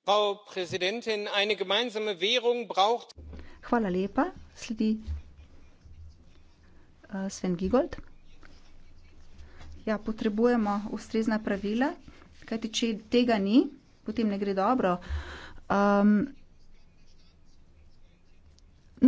frau präsidentin! eine gemeinsame währung braucht. Eh, ja potrebujemo ustrezna pravila Kajti, če tega ni, potem ne gre dobro. Um,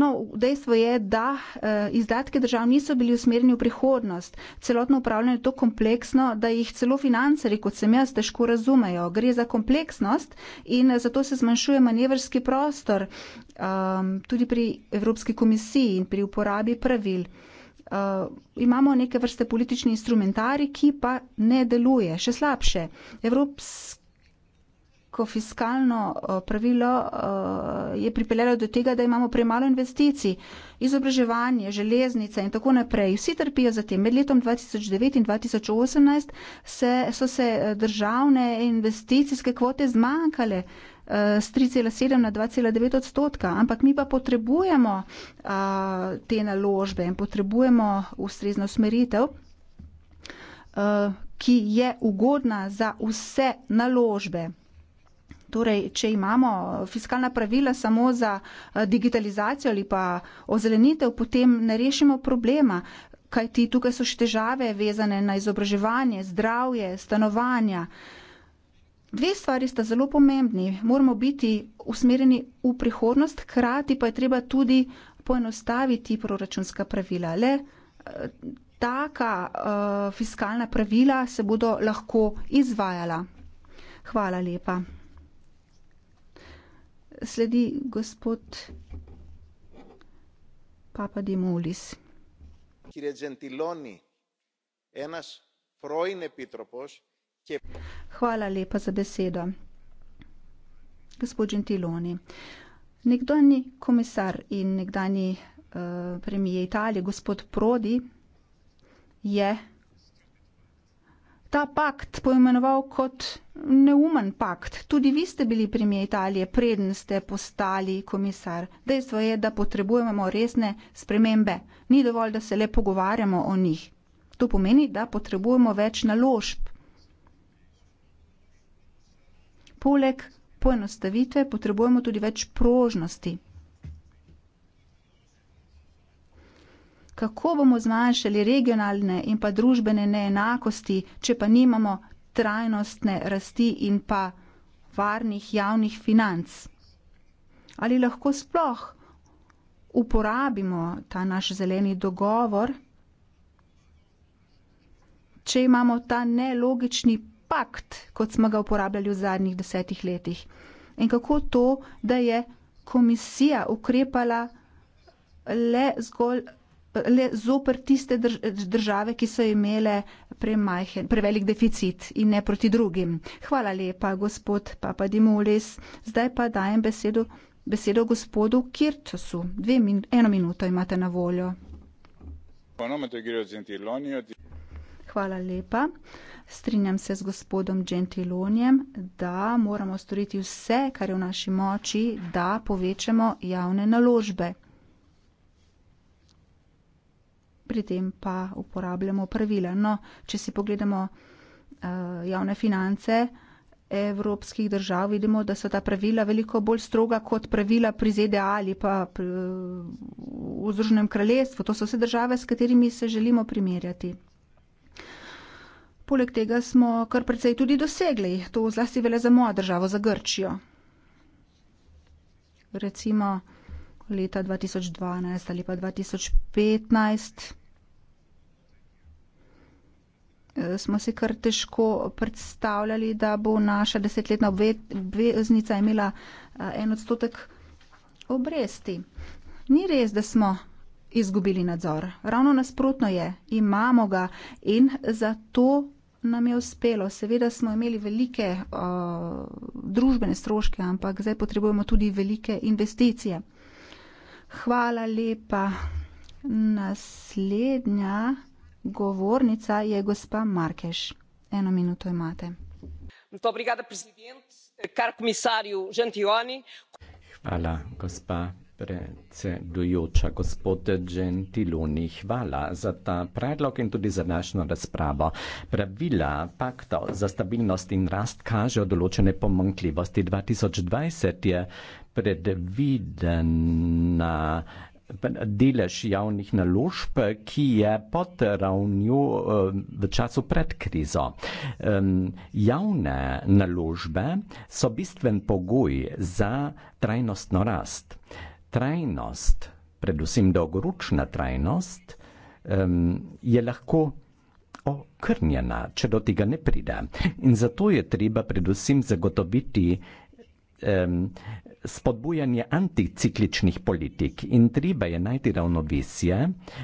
No, dejstvo je, da eh, izdatke držav niso bili usmerjeni v prihodnost. Celotno upravljanje je to kompleksno, da jih celo financeri, kot sem jaz, težko razumejo. Gre za kompleksnost in eh, zato se zmanjšuje manevrski prostor eh, tudi pri Evropski komisiji in pri uporabi pravil. Eh, uh, imamo neke vrste politični instrumentari, ki pa ne deluje. Še slabše, evropsko fiskalno eh, pravilo uh, je pripeljalo do tega, da imamo premalo investicij, izobraževanje, železnice in tako naprej. Vsi trpijo za tem. Med letom 2009 in 2018 se, so se državne investicijske kvote zmanjkale. Uh, z 3,7 na 2,9 odstotka, ampak mi pa potrebujemo a, te naložbe in potrebujemo ustrezno smeritev, a, ki je ugodna za vse naložbe. Torej, če imamo fiskalna pravila samo za digitalizacijo ali pa ozelenitev, potem ne rešimo problema, kajti tukaj so še težave vezane na izobraževanje, zdravje, stanovanja. Dve stvari sta zelo pomembni. Moramo biti usmerjeni v prihodnost, hkrati pa je treba tudi poenostaviti proračunska pravila. Le eh, taka uh, fiskalna pravila se bodo lahko izvajala. Hvala lepa. Sledi gospod Papa Dimulis. Kire Gentiloni, enas, frojne pitropoš. Hvala lepa za besedo. Gospod Gentiloni, nekdanji komisar in nekdanji, eh, premier Italije, gospod Prodi, je ta pakt poimenoval kot neumen pakt. Tudi vi ste bili premier Italije, preden ste postali komisar. Dejstvo je, da potrebujemo resne spremembe. Ni dovolj, da se le pogovarjamo o njih. To pomeni, da potrebujemo več naložb. poleg poenostavitve potrebujemo tudi več prožnosti. Kako bomo zmanjšali regionalne in pa družbene neenakosti, če pa nimamo trajnostne rasti in pa varnih javnih financ? Ali lahko sploh uporabimo ta naš zeleni dogovor, če imamo ta nelogični pakt, kot smo ga uporabljali v zadnjih desetih letih. In kako to, da je komisija ukrepala le zgolj le zoper tiste države, ki so imele premajhen, prevelik deficit in ne proti drugim. Hvala lepa, gospod Papa Dimolis. Zdaj pa dajem besedo, besedo gospodu Kirčosu. Min, eno minuto imate na voljo. Ponovno te gre od Zentilonijo. Hvala lepa. Strinjam se z gospodom Gentilonjem, da moramo storiti vse, kar je v naši moči, da povečamo javne naložbe. Pri tem pa uporabljamo pravila. No, če si pogledamo uh, javne finance evropskih držav, vidimo, da so ta pravila veliko bolj stroga kot pravila pri ZDA ali pa pri, uh, eh, v Združenem kraljestvu. To so vse države, s katerimi se želimo primerjati. Poleg tega smo kar precej tudi dosegli, to zlasti vele za mojo državo, za Grčijo. Recimo leta 2012 ali pa 2015 eh, smo si kar težko predstavljali, da bo naša desetletna obveznica imela eh, en odstotek obresti. Ni res, da smo izgubili nadzor. Ravno nasprotno je, imamo ga in zato nam je uspelo. Seveda smo imeli velike o, eh, družbene stroške, ampak zdaj potrebujemo tudi velike investicije. Hvala lepa. Naslednja govornica je gospa Markeš. Eno minuto imate. Hvala, gospa Predsedujoča, gospod Gentiloni, hvala za ta predlog in tudi za današnjo razpravo. Pravila pakta za stabilnost in rast kažejo določene pomankljivosti. 2020 je predvidena delež javnih naložb, ki je pod ravnjo eh, v času pred krizo. Javne naložbe so bistven pogoj za trajnostno rast trajnost, predvsem dolgoročna trajnost, um, je lahko okrnjena, če do tega ne pride. In zato je treba predvsem zagotoviti um, spodbujanje anticikličnih politik in treba je najti ravnovesje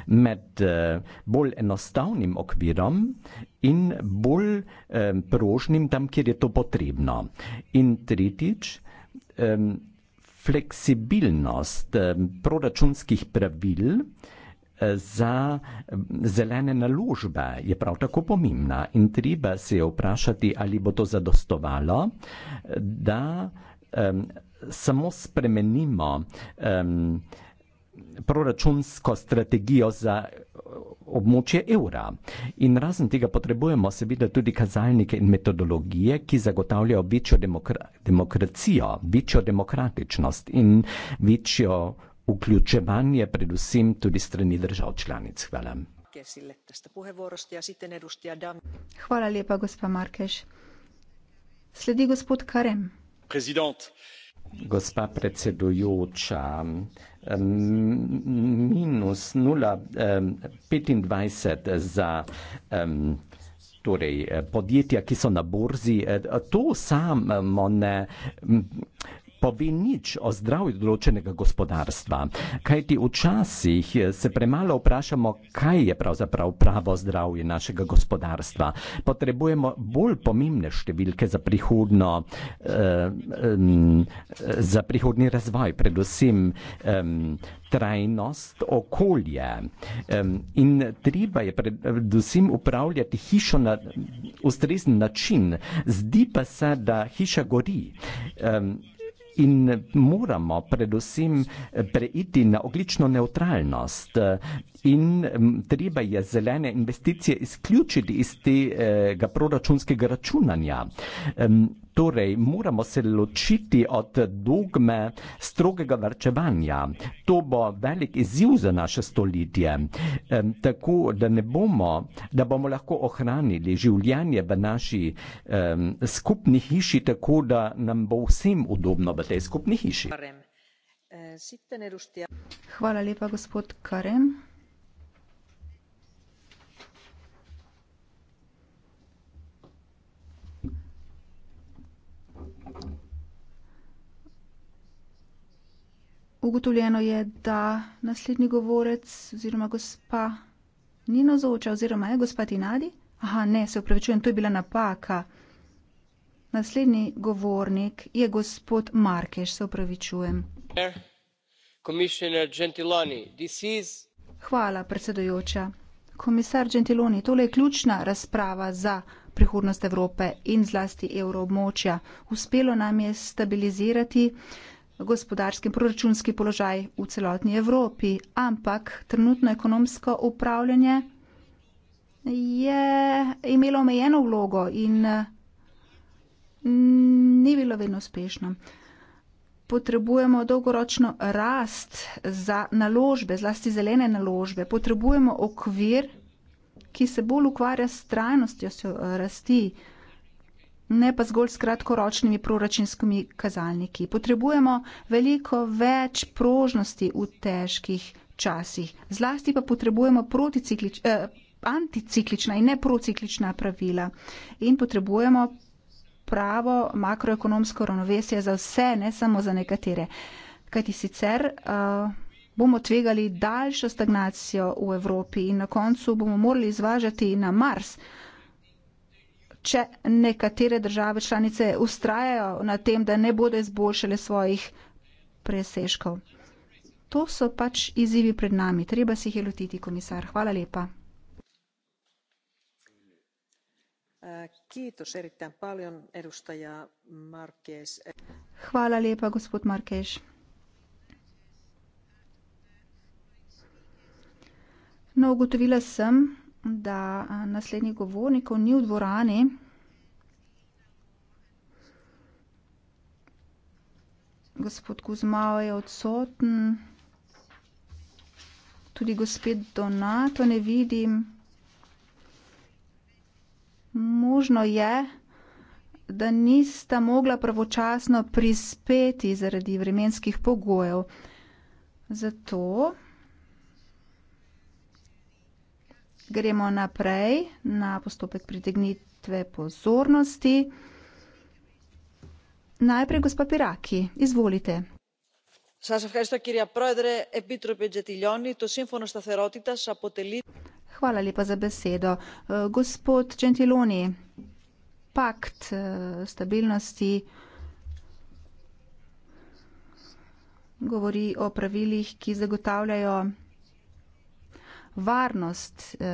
med uh, bolj enostavnim okvirom in bolj um, prožnim tam, kjer je to potrebno. In tretjič, um, fleksibilnost proračunskih pravil eh, za zelene naložbe je prav tako pomembna in treba se je vprašati, ali bo to zadostovalo, eh, da um, samo spremenimo um, proračunsko strategijo za eh, območje evra. In razen tega potrebujemo seveda tudi kazalnike in metodologije, ki zagotavljajo večjo demokra demokracijo, večjo demokratičnost in večjo vključevanje, predvsem tudi strani držav članic. Hvala. Ja Hvala lepa, gospa Markež. Sledi gospod Karem. Gospa predsedujoča, um, minus 0,25 uh, za um, torej, eh, podjetja, ki so na borzi. Uh, to samo ne. Um, pove nič o zdravju določenega gospodarstva. Kaj ti včasih eh, se premalo vprašamo, kaj je pravzaprav pravo zdravje našega gospodarstva. Potrebujemo bolj pomembne številke za, prihodno, um, za prihodni razvoj, predvsem um, trajnost okolje. Um, in treba je predvsem upravljati hišo na ustrezen način. Zdi pa se, da hiša gori. Um, in moramo predvsem eh, preiti na oglično neutralnost eh, in mm, treba je zelene investicije izključiti iz tega proračunskega računanja. Torej, moramo se ločiti od dogme strogega vrčevanja. To bo velik izziv za naše stoletje. E, tako, da ne bomo, da bomo lahko ohranili življenje v naši e, skupni hiši, tako da nam bo vsem udobno v tej skupni hiši. E, Hvala lepa, gospod Karem. Ugotovljeno je, da naslednji govorec oziroma gospa ni nazoča oziroma je gospa Tinadi. Aha, ne, se upravičujem, to je bila napaka. Naslednji govornik je gospod Markeš, se upravičujem. Hvala, predsedujoča. Komisar Gentiloni, tole je ključna razprava za prihodnost Evrope in zlasti evroobmočja. Uspelo nam je stabilizirati gospodarski in proračunski položaj v celotni Evropi, ampak trenutno ekonomsko upravljanje je imelo omejeno vlogo in mm, ni bilo vedno uspešno. Potrebujemo dolgoročno rast za naložbe, zlasti zelene naložbe. Potrebujemo okvir, ki se bolj ukvarja s trajnostjo rasti ne pa zgolj s kratkoročnimi proračunskimi kazalniki. Potrebujemo veliko več prožnosti v težkih časih. Zlasti pa potrebujemo eh, anticiklična in ne prociklična pravila. In potrebujemo pravo makroekonomsko ravnovesje za vse, ne samo za nekatere. Kajti sicer uh, bomo tvegali daljšo stagnacijo v Evropi in na koncu bomo morali izvažati na Mars če nekatere države članice ustrajajo na tem, da ne bodo izboljšale svojih presežkov. To so pač izzivi pred nami, treba si jih je lotiti, komisar. Hvala lepa. Hvala lepa, gospod Markež. No, ugotovila sem, da eh, naslednji govornik ni v dvorani. Gospod Kuzmao je odsoten. Tudi gospod Donato ne vidim. Možno je, da nista mogla pravočasno prispeti zaradi vremenskih pogojev. Zato gremo naprej na postopek pritegnitve pozornosti. Najprej gospa Piraki, izvolite. Hvala lepa za besedo. Gospod Gentiloni, pakt stabilnosti govori o pravilih, ki zagotavljajo varnost eh,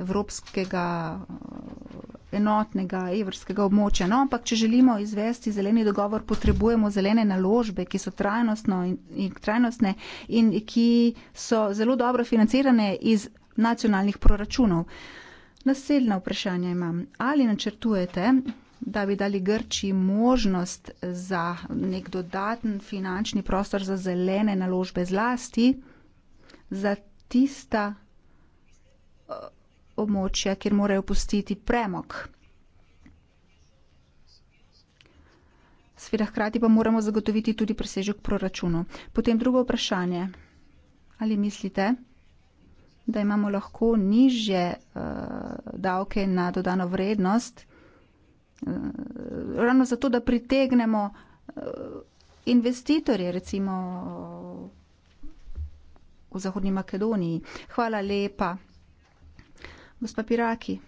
evropskega eh, enotnega evrskega območja. No, ampak, če želimo izvesti zeleni dogovor, potrebujemo zelene naložbe, ki so in, in, trajnostne in ki so zelo dobro financirane iz nacionalnih proračunov. Naseljna vprašanja imam. Ali načrtujete, da bi dali Grči možnost za nek dodaten finančni prostor za zelene naložbe zlasti? za tista eh, območja, kjer morajo pustiti premog. Sveda hkrati pa moramo zagotoviti tudi presežek proračunu. Potem drugo vprašanje. Ali mislite, da imamo lahko nižje uh, davke na dodano vrednost, uh, ravno zato, da pritegnemo uh, investitorje, recimo. Uh, v Zahodni Makedoniji. Hvala lepa. Gospa Piraki.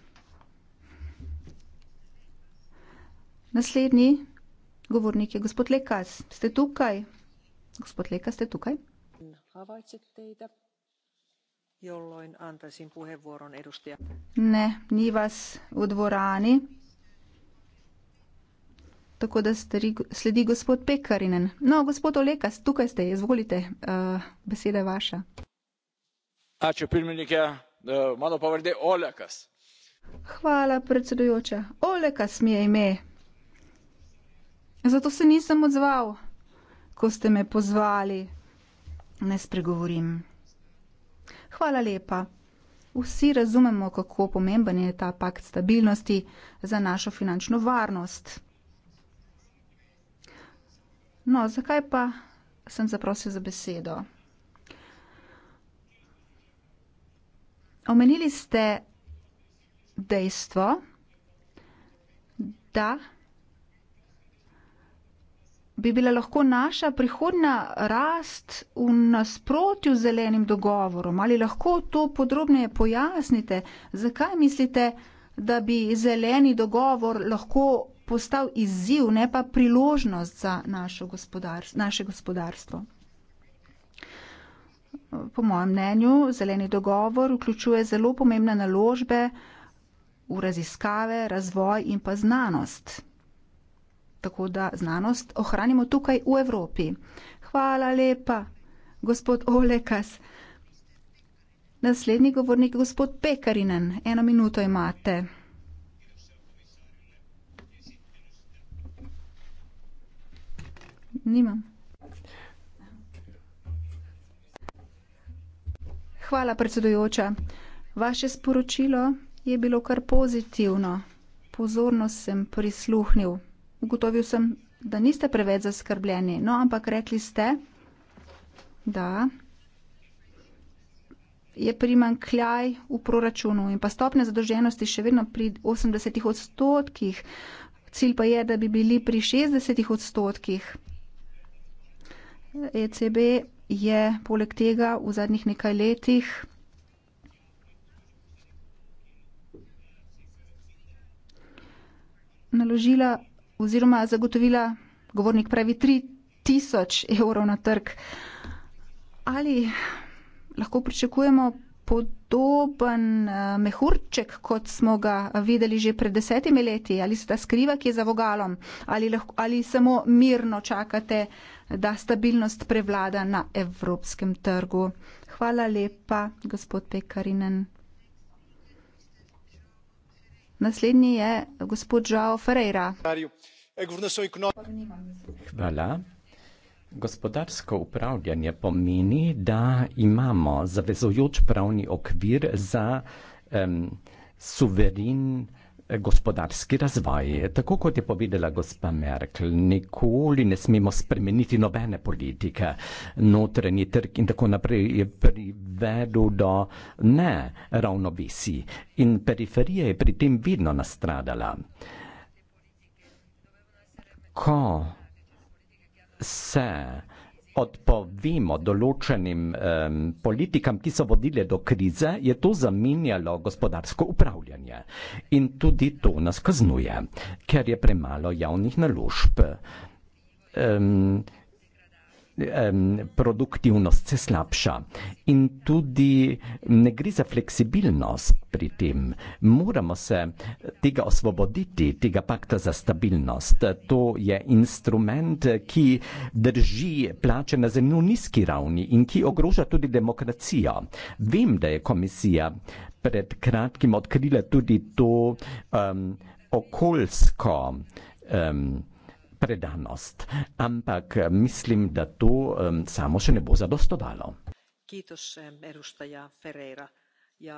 Naslednji govornik je gospod Lekas. Ste tukaj? Gospod Lekas, ste tukaj? Ne, ni vas v dvorani. Tako da stari, sledi gospod Pekarinen. No, gospod Oleka, tukaj ste, izvolite, uh, beseda je vaša. Ačiū, pirmininkė, eh, mano pavardė Olekas. Hvala, predsedujoča. Olekas mi je ime. Zato se nisem odzval, ko ste me pozvali. Ne spregovorim. Hvala lepa. Vsi razumemo, kako pomemben je ta pakt stabilnosti za našo finančno varnost. No, zakaj pa sem zaprosil za besedo? Omenili ste dejstvo, da bi bila lahko naša prihodna rast v nasprotju z zelenim dogovorom. Ali lahko to podrobneje pojasnite? Zakaj mislite, da bi zeleni dogovor lahko postal izziv, ne pa priložnost za našo gospodarstvo, naše gospodarstvo. Po mojem mnenju, zeleni dogovor vključuje zelo pomembne naložbe v raziskave, razvoj in pa znanost. Tako da znanost ohranimo tukaj v Evropi. Hvala lepa, gospod Olekas. Naslednji govornik, gospod Pekarinen, eno minuto imate. Nimam. Hvala, predsedujoča. Vaše sporočilo je bilo kar pozitivno. Pozorno sem prisluhnil. Ugotovil sem, da niste preveč zaskrbljeni. No, ampak rekli ste, da je primankljaj v proračunu in pa stopne zadolženosti še vedno pri 80 odstotkih. Cilj pa je, da bi bili pri 60 odstotkih. ECB je poleg tega v zadnjih nekaj letih naložila oziroma zagotovila, govornik pravi, 3000 evrov na trg. Ali lahko pričakujemo podoben eh, mehurček, kot smo ga videli že pred desetimi leti, ali se ta skriva kje za vogalom, ali, lahko, ali samo mirno čakate da stabilnost prevlada na evropskem trgu. Hvala lepa, gospod Pekarinen. Naslednji je gospod Joao Ferreira. Hvala. Gospodarsko upravljanje pomeni, da imamo zavezojoč pravni okvir za um, suveren. Gospodarski razvoj, tako kot je povedala gospa Merkel, nikoli ne smemo spremeniti nobene politike. Notranji trg in tako naprej je privedel do ne ravnovesi in periferija je pri tem vedno nastradala. Ko se odpovemo določenim um, politikam, ki so vodile do krize, je to zamenjalo gospodarsko upravljanje. In tudi to nas kaznuje, ker je premalo javnih naložb. Um, produktivnost se slabša. In tudi ne gre za fleksibilnost pri tem. Moramo se tega osvoboditi, tega pakta za stabilnost. To je instrument, ki drži plače na zelo nizki ravni in ki ogroža tudi demokracijo. Vem, da je komisija pred kratkim odkrila tudi to um, okoljsko um, predanost. Ampak eh, mislim, da to um, samo še ne bo zadostovalo. Eh, ja,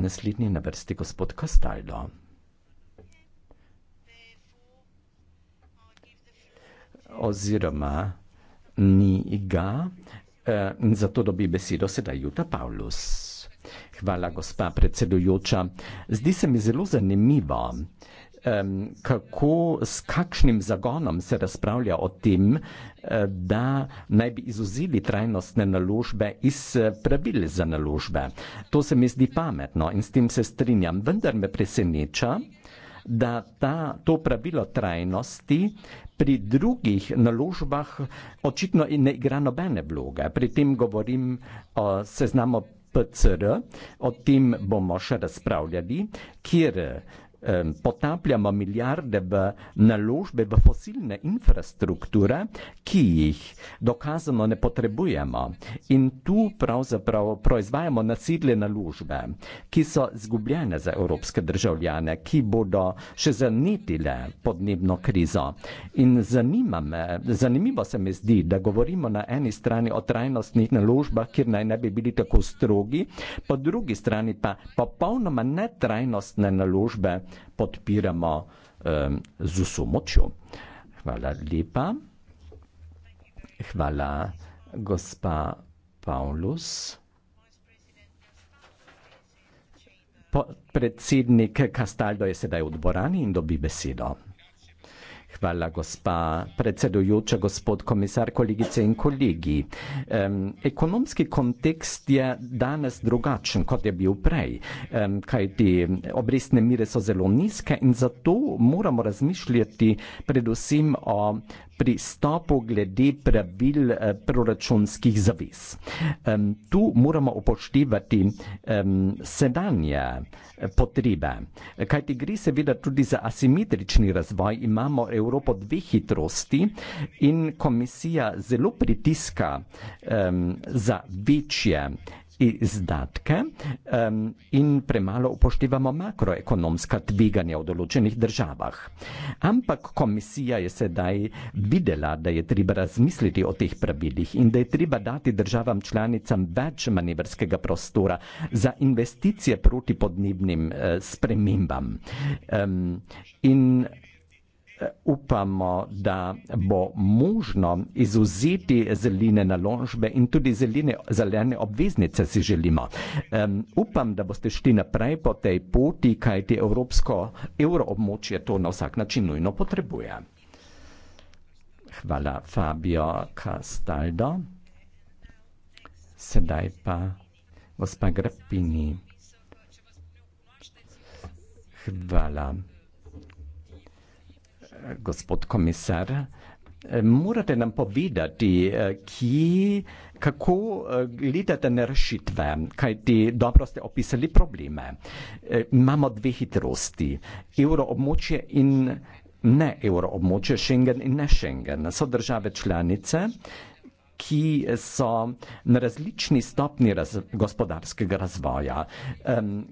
Naslednji je na vrsti gospod Castaldo. Oziroma ni ga, in zato dobi besedo sedaj Juta Paulus. Hvala, gospa predsedujoča. Zdi se mi zelo zanimivo, kako s kakšnim zagonom se razpravlja o tem, eh, da naj bi izuzeli trajnostne naložbe iz eh, pravil za naložbe. To se mi zdi pametno in s tem se strinjam. Vendar me preseneča, da ta, to pravilo trajnosti pri drugih naložbah očitno ne igra nobene vloge. Pri tem govorim o seznamu PCR, o tem bomo še razpravljali, kjer potapljamo milijarde v naložbe v fosilne infrastrukture, ki jih dokazano ne potrebujemo. In tu pravzaprav proizvajamo nasilne naložbe, ki so zgubljene za evropske državljane, ki bodo še zanitile podnebno krizo. In me, zanimivo se mi zdi, da govorimo na eni strani o trajnostnih naložbah, kjer naj ne bi bili tako strogi, po drugi strani pa popolnoma netrajnostne naložbe, podpiramo um, z vso močjo. Hvala lepa. Hvala, gospa Paulus. Po, predsednik Kastaldo je sedaj v dvorani in dobi besedo. Hvala, gospa predsedujoča, gospod komisar, kolegice in kolegi. Um, ekonomski kontekst je danes drugačen, kot je bil prej, um, kajti obrestne mire so zelo nizke in zato moramo razmišljati predvsem o pristopu glede pravil eh, proračunskih zavez. Tu moramo upoštevati sedanje eh, potrebe, kajti gre seveda tudi za asimetrični razvoj. Imamo Evropo dve hitrosti in komisija zelo pritiska za večje izdatke um, in premalo upoštevamo makroekonomska tveganja v določenih državah. Ampak komisija je sedaj videla, da je treba razmisliti o teh pravilih in da je treba dati državam članicam več manevrskega prostora za investicije proti podnebnim uh, spremembam. Um, in upamo, da bo možno izuzeti zeljene naložbe in tudi zeljene zelene obveznice si želimo. Um, upam, da boste šli naprej po tej poti, kaj ti Evropsko euroobmočje to na vsak način nujno potrebuje. Hvala Fabio Castaldo. Sedaj pa gospa Grappini. Hvala gospod komisar. Morate nam povedati, kako gledate na rešitve, kajti dobro ste opisali probleme. Imamo dve hitrosti, evroobmočje in ne evroobmočje, Schengen in ne Schengen. So države članice, ki so na različni stopni raz gospodarskega razvoja.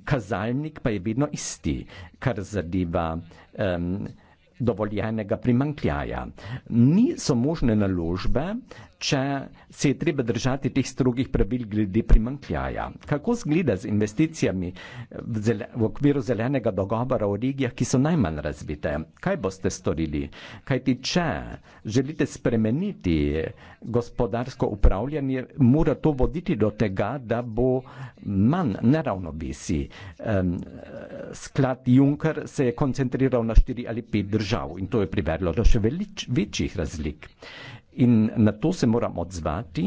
Kazalnik pa je vedno isti, kar zadeva. Um, dovoljenega primankljaja. Ni so možne naložbe, če se je treba držati teh strogih pravil glede primankljaja. Kako zgleda z investicijami v, zel v okviru zelenega dogovora v regijah, ki so najmanj razvite? Kaj boste storili? Kaj ti, če želite spremeniti gospodarsko upravljanje, mora to voditi do tega, da bo manj neravnovesi. Um, sklad Juncker se je koncentriral na štiri ali pet držav in to je privedlo do še več, večjih razlik. In na to se moramo odzvati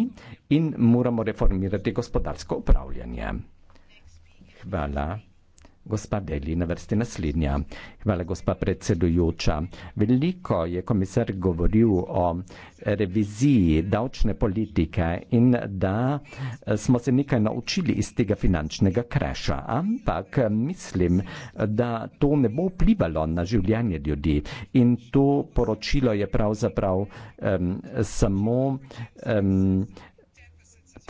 in moramo reformirati gospodarsko upravljanje. Hvala. Gospa Deli, na vrsti naslednja. Hvala, gospa predsedujoča. Veliko je komisar govoril o reviziji davčne politike in da eh, smo se nekaj naučili iz tega finančnega kreša, ampak eh, mislim, da to ne bo vplivalo na življenje ljudi in to poročilo je pravzaprav um, samo. Um,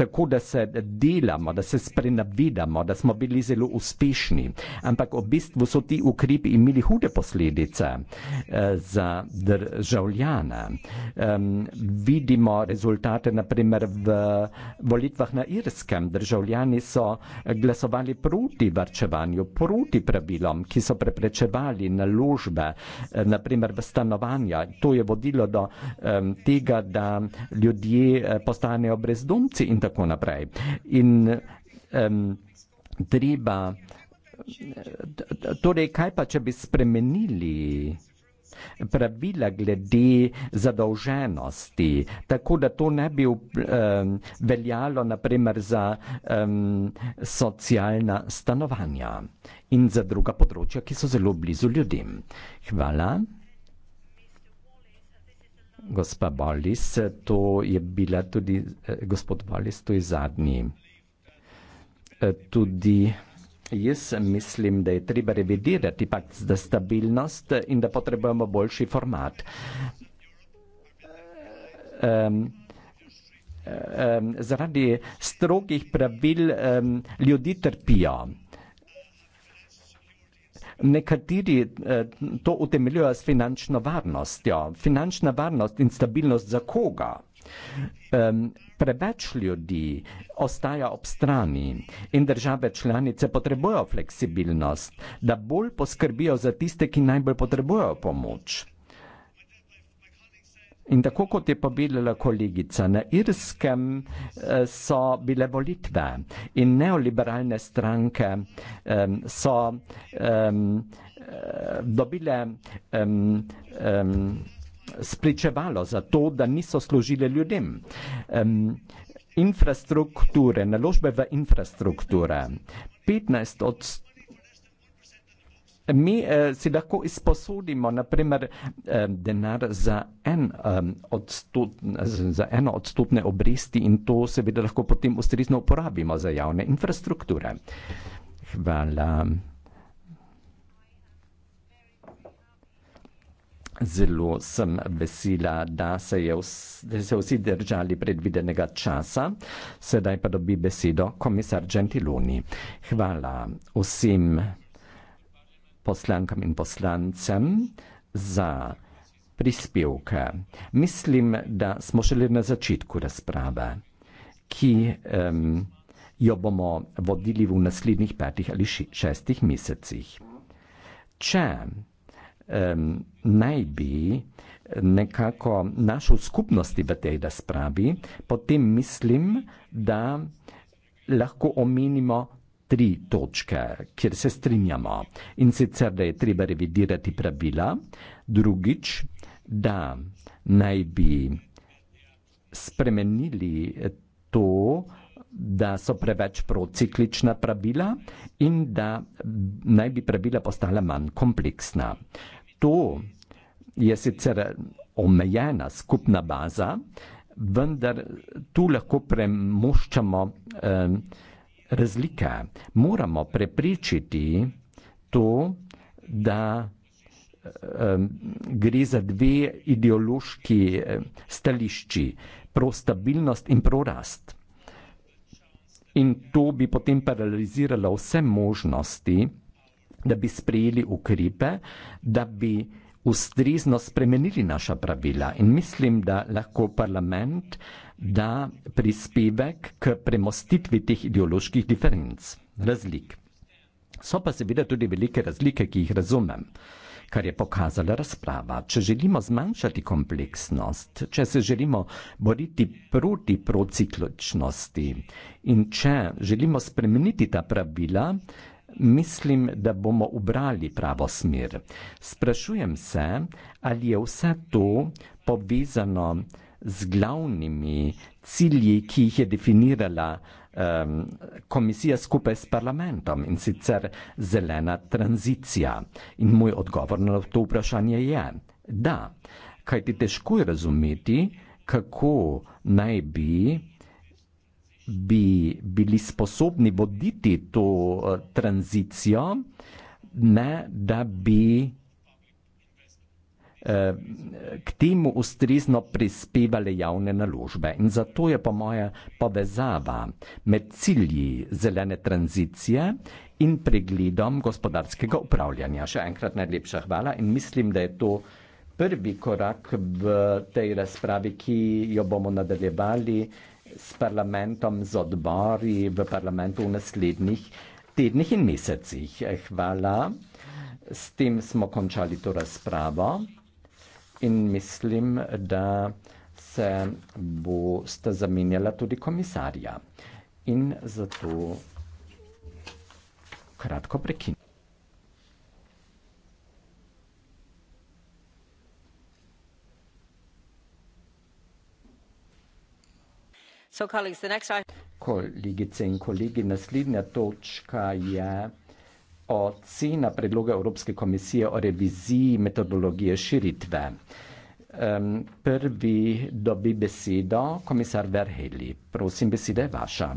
tako da se delamo, da se sprenavidamo, da smo bili zelo uspešni. Ampak v bistvu so ti ukrepi imeli hude posledice eh, za državljane. Um, vidimo rezultate, naprimer v volitvah na Irskem. Državljani so glasovali proti varčevanju, proti pravilom, ki so preprečevali naložbe, eh, naprimer v stanovanja. To je vodilo do eh, tega, da ljudje eh, postanejo brezdomci in tako tako naprej. In um, treba, torej, kaj pa, če bi spremenili pravila glede zadolženosti, tako da to ne bi um, veljalo, naprimer, za um, socialna stanovanja in za druga področja, ki so zelo blizu ljudem. Hvala gospa Balis, to je bila tudi, eh, gospod Balis, to je zadnji. Eh, tudi jaz mislim, da je treba revidirati pakt za stabilnost in da potrebujemo boljši format. Um, um, zaradi strogih pravil um, ljudi trpijo nekateri eh, to utemeljujejo s finančno varnostjo. Finančna varnost in stabilnost za koga? Um, preveč ljudi ostaja ob strani in države članice potrebujejo fleksibilnost, da bolj poskrbijo za tiste, ki najbolj potrebujejo pomoč. In tako kot je povedala kolegica, na Irskem eh, so bile volitve in neoliberalne stranke um, so um, dobile um, um, spričevalo za to, da niso služile ljudem. Um, infrastrukture, naložbe v infrastrukture, 15 odstotkov Mi eh, si lahko izposodimo naprimer eh, denar za, en, eh, odstot, za eno odstotne obresti in to seveda lahko potem ustrezno uporabimo za javne infrastrukture. Hvala. Zelo sem vesela, da se, je vse, da se vsi držali predvidenega časa. Sedaj pa dobi besedo komisar Gentiloni. Hvala vsem poslankam in poslancem za prispevke. Mislim, da smo šele na začetku razprave, ki um, jo bomo vodili v naslednjih petih ali šestih mesecih. Če um, naj bi nekako našo skupnosti v tej razpravi, potem mislim, da lahko omenimo tri točke, kjer se strinjamo. In sicer, da je treba revidirati pravila, drugič, da naj bi spremenili to, da so preveč prociklična pravila in da naj bi pravila postala manj kompleksna. To je sicer omejena skupna baza, vendar tu lahko premoščamo. Eh, razlika. Moramo prepričiti to, da um, gre za dve ideološki stališči, prostabilnost in prorast. In to bi potem paraliziralo vse možnosti, da bi sprejeli ukrepe, da bi ustrezno spremenili naša pravila. In mislim, da lahko parlament da prispevek k premostitvi teh ideoloških diferenc, razlik. So pa seveda tudi velike razlike, ki jih razumem, kar je pokazala razprava. Če želimo zmanjšati kompleksnost, če se želimo boriti proti procikličnosti in če želimo spremeniti ta pravila, mislim, da bomo ubrali pravo smer. Sprašujem se, ali je vse to povezano z glavnimi cilji, ki jih je definirala um, komisija skupaj s parlamentom in sicer zelena tranzicija. In moj odgovor na to vprašanje je, da, kaj ti težko je razumeti, kako naj bi bi bili sposobni voditi to uh, tranzicijo, ne da bi k temu ustrezno prispevale javne naložbe. In zato je po moje povezava med cilji zelene tranzicije in pregledom gospodarskega upravljanja. Še enkrat najlepša hvala in mislim, da je to prvi korak v tej razpravi, ki jo bomo nadaljevali s parlamentom, z odbori v parlamentu v naslednjih tednih in mesecih. Hvala. S tem smo končali to razpravo in mislim, da se boste zamenjala tudi komisarja. In zato kratko prekinem. So colleagues, the next item. Kolegice in kolegi, naslednja točka je ocena predloga Evropske komisije o reviziji metodologije širitve. Um, prvi dobi besedo, komisar Verheli. Prosim, beseda je vaša.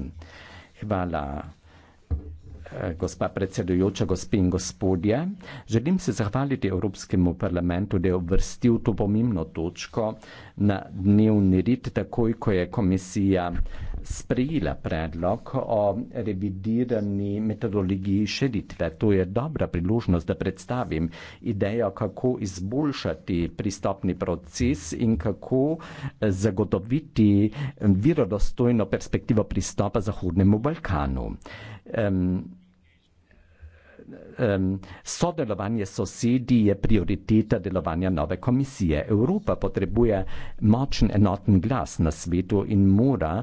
Hvala, eh, gospa predsedujoča, gospe in gospodje. Želim se zahvaliti Evropskemu parlamentu, da je uvrstil to pomembno točko na dnevni rit, takoj ko je komisija sprejela predlog o revidirani metodologiji šeditve. To je dobra priložnost, da predstavim idejo, kako izboljšati pristopni proces in kako eh, zagotoviti eh, virodostojno perspektivo pristopa Zahodnemu Balkanu. Um, um, sodelovanje s sosedi je prioriteta delovanja nove komisije. Evropa potrebuje močen enoten glas na svetu in mora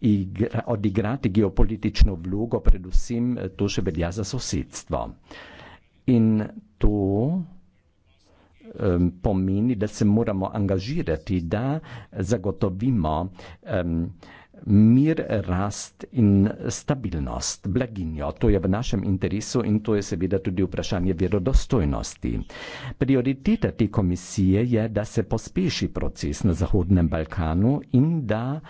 igra, odigrati geopolitično vlogo, predvsem eh, to še velja za sosedstvo. In to um, pomeni, da se moramo angažirati, da zagotovimo um, mir, rast in stabilnost, blaginjo. To je v našem interesu in to je seveda tudi vprašanje verodostojnosti. Prioriteta te komisije je, da se pospeši proces na Zahodnem Balkanu in da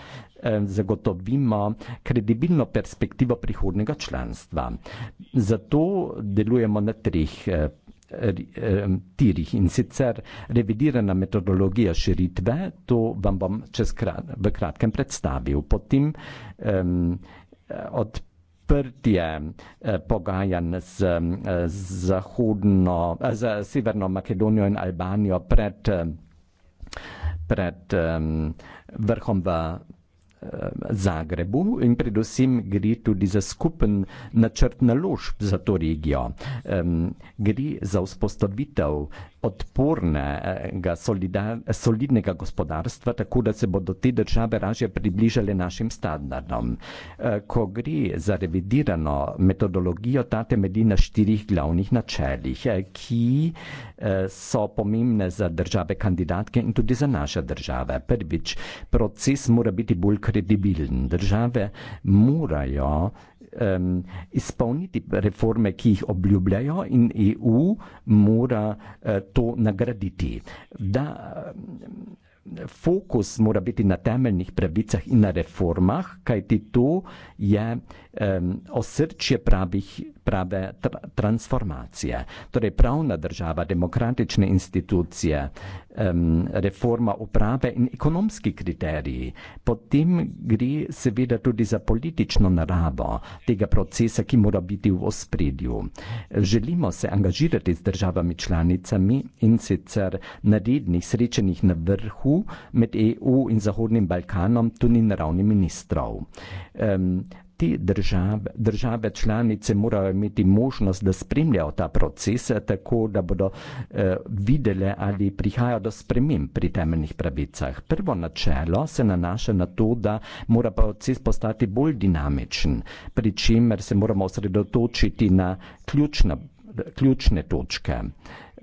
eh, zagotovimo kredibilno perspektivo prihodnega članstva. Zato delujemo na treh eh, tirih in sicer revidirana metodologija širitve, to vam bom čez krat, v kratkem predstavil. Potem um, odprtje eh, pogajanj z, eh, zahodno, eh, z Severno Makedonijo in Albanijo pred, pred um, vrhom v Zagrebu in predvsem gre tudi za skupen načrt naložb za to regijo. Um, gre za vzpostavitev odpornega, solidnega gospodarstva, tako da se bodo te države raje približale našim standardom. Eh, ko gre za revidirano metodologijo, ta temelji na štirih glavnih načeljih, eh, ki eh, so pomembne za države kandidatke in tudi za naše države. Prvič, proces mora biti bolj kredibilen. Države morajo um, izpolniti reforme, ki jih obljubljajo in EU mora uh, to nagraditi. Da, Fokus mora biti na temeljnih pravicah in na reformah, kajti to je um, osrčje pravih, prave tr transformacije. Torej, pravna država, demokratične institucije, um, reforma uprave in ekonomski kriteriji. Potem gre seveda tudi za politično naravo tega procesa, ki mora biti v ospredju. Želimo se angažirati z državami članicami in sicer na rednih srečanjih na vrhu med EU in Zahodnim Balkanom, tudi na ravni ministrov. Um, te države, države članice morajo imeti možnost, da spremljajo ta proces, tako da bodo eh, videli, ali prihaja do sprememb pri temeljnih pravicah. Prvo načelo se nanaša na to, da mora proces postati bolj dinamičen, pri čemer se moramo osredotočiti na ključna, ključne točke.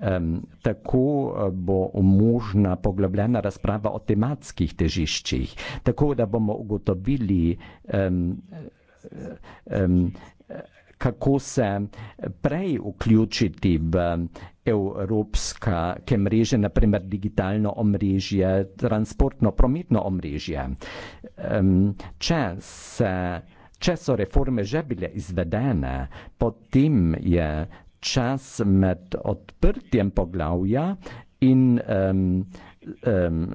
Um, tako eh, bo možna poglobljena razprava o tematskih težiščih, tako da bomo ugotovili, um, kako se prej vključiti v evropska, ke mreže, naprimer digitalno omrežje, transportno, prometno omrežje. Če, se, če so reforme že bile izvedene, potem je čas med odprtjem poglavja in um, um,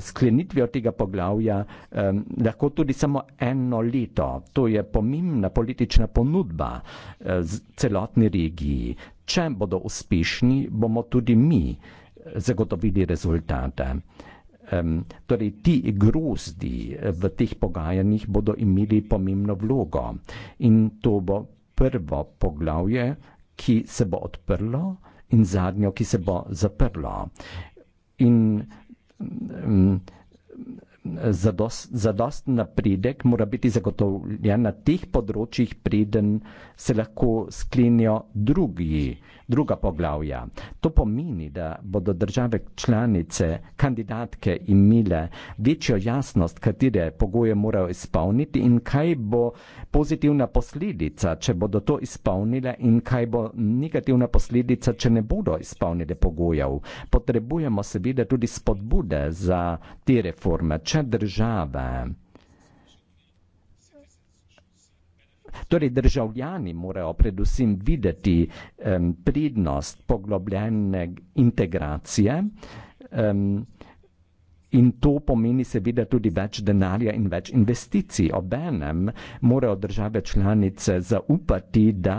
sklenitvijo tega poglavja um, lahko tudi samo eno leto. To je pomembna politična ponudba uh, celotni regiji. Če bodo uspešni, bomo tudi mi zagotovili rezultate. Um, torej, ti grozdi v teh pogajanjih bodo imeli pomembno vlogo in to bo prvo poglavje, ki se bo odprlo in zadnjo, ki se bo zaprlo in um, mm, mm, zadost, zadost napredek mora biti zagotovljen na teh področjih, preden se lahko sklenijo drugi uh, druga poglavja. To pomeni, da bodo države članice, kandidatke imele večjo jasnost, katere pogoje morajo izpolniti in kaj bo pozitivna posledica, če bodo to izpolnile in kaj bo negativna posledica, če ne bodo izpolnile pogojev. Potrebujemo seveda tudi spodbude za te reforme. Če države Torej, državljani morajo predvsem videti um, pridnost poglobljene integracije. Um, In to pomeni seveda tudi več denarja in več investicij. Obenem morajo države članice zaupati, da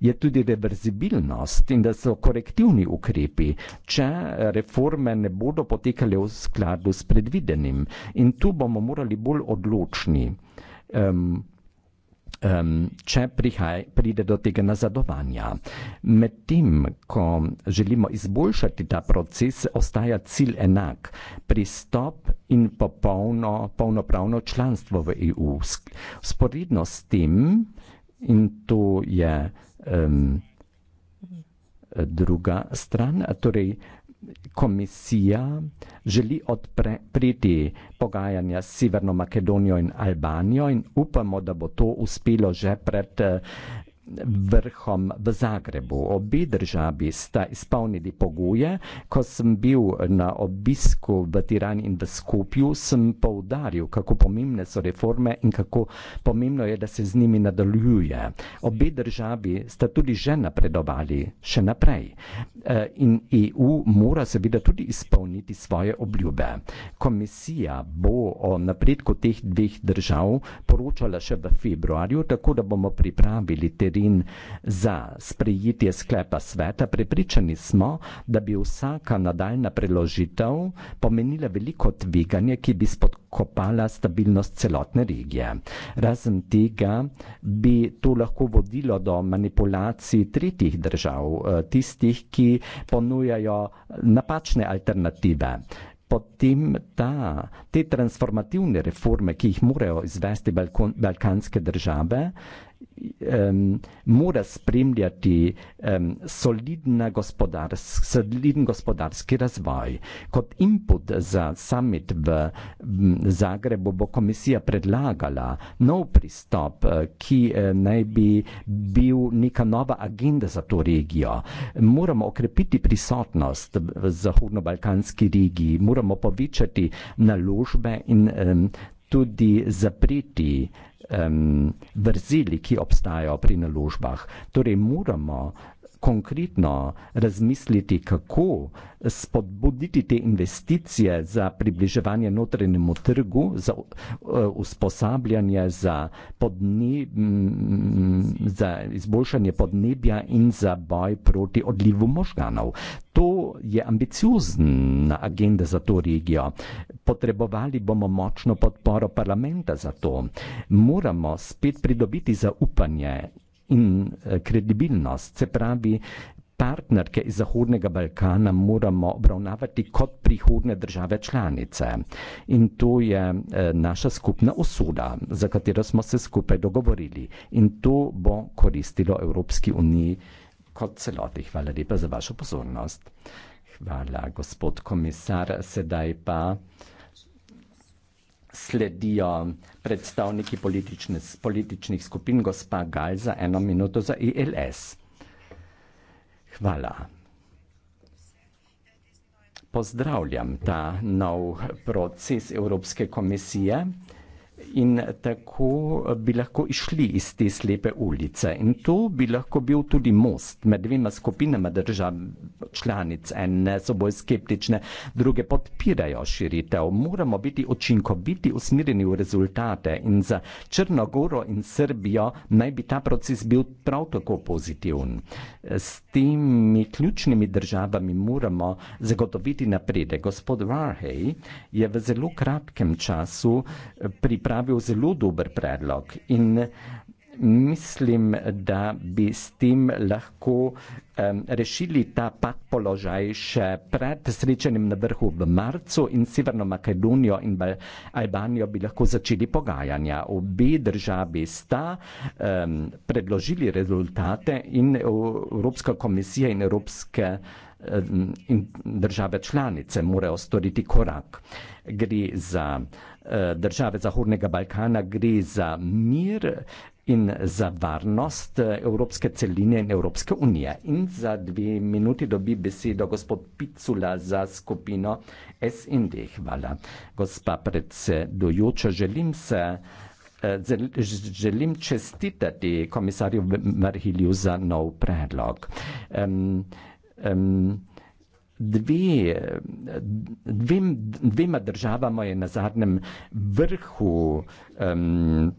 je tudi reverzibilnost in da so korektivni ukrepi, če reforme ne bodo potekale v skladu s predvidenim. In tu bomo morali bolj odločni. Um, um, če prihaj, pride do tega nazadovanja. Medtem, ko želimo izboljšati ta proces, ostaja cilj enak - pristop in popolno, polnopravno članstvo v EU. Sporedno s tem, in to je um, druga stran, torej komisija želi odpreti pogajanja s Severno Makedonijo in Albanijo in upamo, da bo to uspelo že pred vrhom v Zagrebu. Obi državi sta izpolnili poguje. Ko sem bil na obisku v Tirani in v Skupju, sem povdaril, kako pomembne so reforme in kako pomembno je, da se z njimi nadaljuje. Obi državi sta tudi že napredovali še naprej e, in EU mora seveda tudi izpolniti svoje obljube. Komisija bo o napredku teh dveh držav poročala še v februarju, tako da bomo pripravili te širin za sprejetje sklepa sveta, prepričani smo, da bi vsaka nadaljna preložitev pomenila veliko tveganje, ki bi spodkopala stabilnost celotne regije. Razen tega bi to lahko vodilo do manipulacij tretjih držav, eh, tistih, ki ponujajo napačne alternative. Potem ta, te transformativne reforme, ki jih morajo izvesti balkon, balkanske države, um, ähm, mora spremljati um, ähm, solidna gospodarsk, solidn gospodarski razvoj. Kot input za summit v Zagrebu bo komisija predlagala nov pristop, eh, ki eh, naj bi bil neka nova agenda za to regijo. Moramo okrepiti prisotnost v Zahodno-Balkanski regiji, moramo povečati naložbe in um, tudi zapreti um, vrzeli, ki obstajajo pri naložbah. Torej, moramo konkretno razmisliti, kako spodbuditi te investicije za približevanje notrenjemu trgu, za uh, usposabljanje, za, podneb, mm, za izboljšanje podnebja in za boj proti odlivu možganov. To je ambiciozna agenda za to regijo. Potrebovali bomo močno podporo parlamenta za to. Moramo spet pridobiti zaupanje in eh, kredibilnost, se pravi. Partnerke iz Zahodnega Balkana moramo obravnavati kot prihodne države članice. In to je e, naša skupna usoda, za katero smo se skupaj dogovorili. In to bo koristilo Evropski uniji kot celoti. Hvala lepa za vašo pozornost. Hvala, gospod komisar. Sedaj pa sledijo predstavniki političnih skupin, gospa Gal za eno minuto za ILS. Hvala. Pozdravljam ta nov proces Evropske komisije in tako bi lahko išli iz te slepe ulice. In to bi lahko bil tudi most med dvema skupinama držav članic. Ene so bolj skeptične, druge podpirajo širitev. Moramo biti učinkoviti, usmirjeni v rezultate. In za Črnogoro in Srbijo naj bi ta proces bil prav tako pozitiven. S temi ključnimi državami moramo zagotoviti napredek. Gospod Varhej je v zelo kratkem času pripravljen pripravil zelo dober predlog in mislim, da bi s tem lahko um, rešili ta pad položaj še pred srečanjem na vrhu v marcu in Severno Makedonijo in Bal Albanijo bi lahko začeli pogajanja. Obe državi sta um, predložili rezultate in Evropska komisija in Evropske um, in države članice morajo storiti korak. Gre za Eh, države Zahodnega Balkana gre za mir in za varnost eh, Evropske celine in Evropske unije. In za dve minuti dobi besedo gospod Picula za skupino SND. Hvala. Gospa predsedujoča, želim se eh, želim čestitati komisarju Marhilju za nov predlog. Um, um, dve, dvem, dvema državama je na zadnjem vrhu um,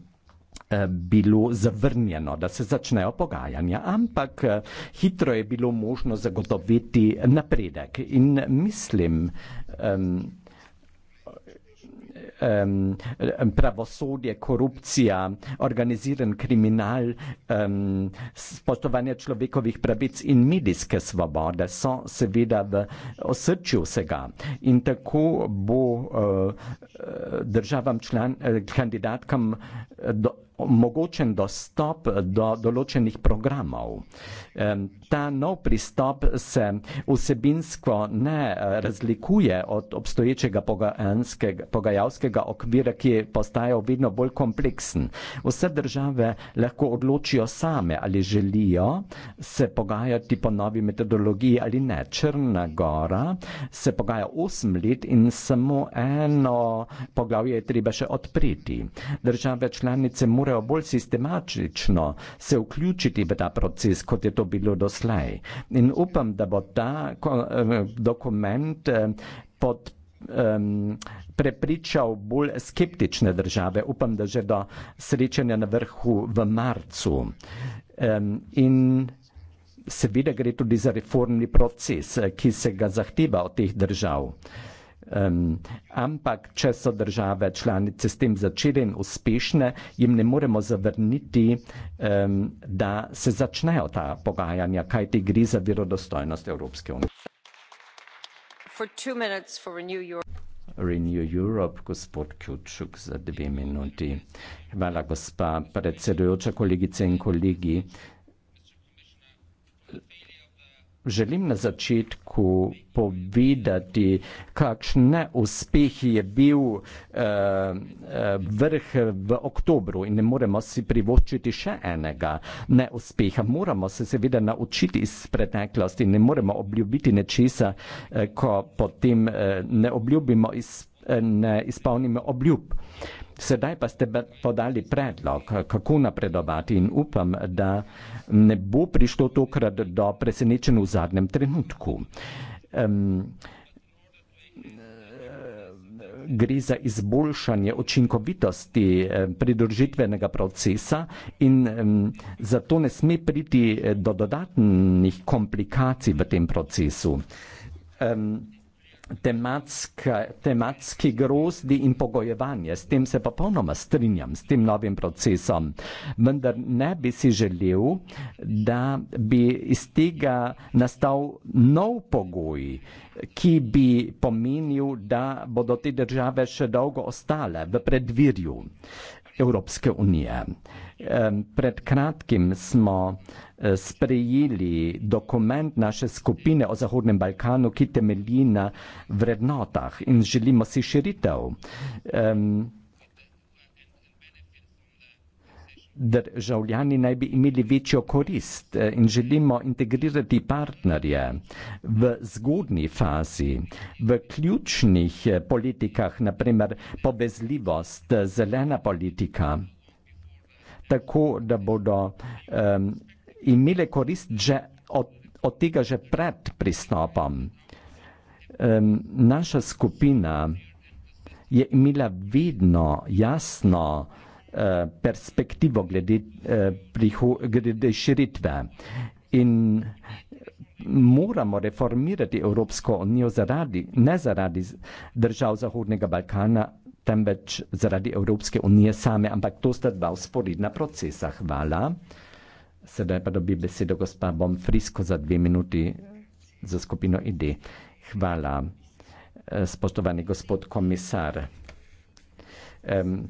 bilo zavrnjeno, da se začnejo pogajanja, ampak eh, hitro je bilo možno zagotoviti napredek. In mislim, um, um, pravosodje, korupcija, organiziran kriminal, um, spoštovanje človekovih pravic in medijske svobode so seveda v osrčju vsega. In tako bo uh, državam član, eh, kandidatkam do, omogočen dostop do določenih programov. Ta nov pristop se vsebinsko ne eh, razlikuje od obstoječega pogajalskega okvira, ki je postajal vedno bolj kompleksen. Vse države lahko odločijo same, ali želijo se pogajati po novi metodologiji ali ne. Črna gora se pogaja 8 let in samo eno poglavje je treba še odpreti. Države članice morajo morajo bolj sistematično se vključiti v ta proces, kot je to bilo doslej. In upam, da bo ta eh, dokument eh, pod Um, prepričal bolj skeptične države. Upam, da že do srečanja na vrhu v marcu. Um, in seveda gre tudi za reformni proces, eh, ki se ga zahteva od teh držav. Um, ampak, če so države članice s tem začele in uspešne, jim ne moremo zavrniti, um, da se začnejo ta pogajanja, kaj ti gre za verodostojnost Evropske unije. For two minutes for Renew Europe. Renew Europe, gospod Kjučuk, za dve minuti. Hvala, gospa predsedujoča, kolegice in kolegi. Želim na začetku povedati, kakšen neuspeh je bil eh, eh, vrh v oktobru in ne moremo si privoščiti še enega neuspeha. Moramo se seveda naučiti iz preteklosti, ne moremo obljubiti nečesa, eh, ko potem eh, ne, eh, ne izpolnimo obljub. Sedaj pa ste podali predlog, kako napredovati in upam, da ne bo prišlo tokrat do presenečenja v zadnjem trenutku. Um, gre za izboljšanje očinkovitosti pridružitvenega procesa in zato ne sme priti eh, do dodatnih komplikacij v tem procesu. Um, tematske, tematski grozdi in pogojevanje. S tem se popolnoma strinjam, s tem novim procesom. Vendar ne bi si želel, da bi iz tega nastal nov pogoj, ki bi pomenil, da bodo te države še dolgo ostale v predvirju Evropske unije. Pred kratkim smo eh, sprejeli dokument naše skupine o Zahodnem Balkanu, ki temelji na vrednotah in želimo si širitev. Državljani naj bi imeli večjo korist eh, in želimo integrirati partnerje v zgodni fazi, v ključnih eh, politikah, naprimer povezljivost, zelena politika tako da bodo um, imele korist že od, od tega že pred pristopom. Um, naša skupina je imela vedno jasno uh, perspektivo glede, uh, glede širitve in moramo reformirati Evropsko unijo zaradi, ne zaradi držav Zahodnega Balkana, temveč zaradi Evropske unije same, ampak to sta dva usporedna procesa. Hvala. Sedaj pa dobi besedo gospa Bomfrisko za dve minuti za skupino ID. Hvala, eh, spoštovani gospod komisar. Um,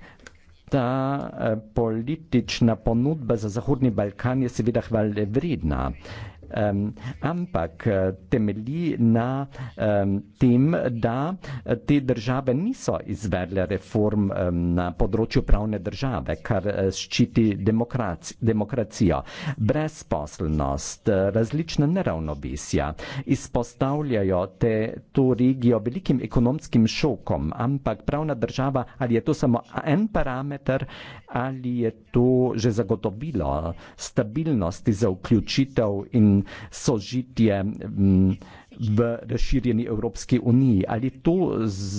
ta uh, politična ponudba za Zahodni Balkan je seveda hvale vredna. Uh, Um, ampak eh, temelji na um, tem, da eh, te države niso izvedle reform um, na področju pravne države, kar eh, ščiti demokrac, demokracijo. Brezposelnost, različna neravnovesja izpostavljajo te, to regijo velikim ekonomskim šokom, ampak pravna država, ali je to samo en parameter, ali je to že zagotovilo stabilnosti za vključitev in sožitje mm, v razširjeni Evropski uniji. Ali to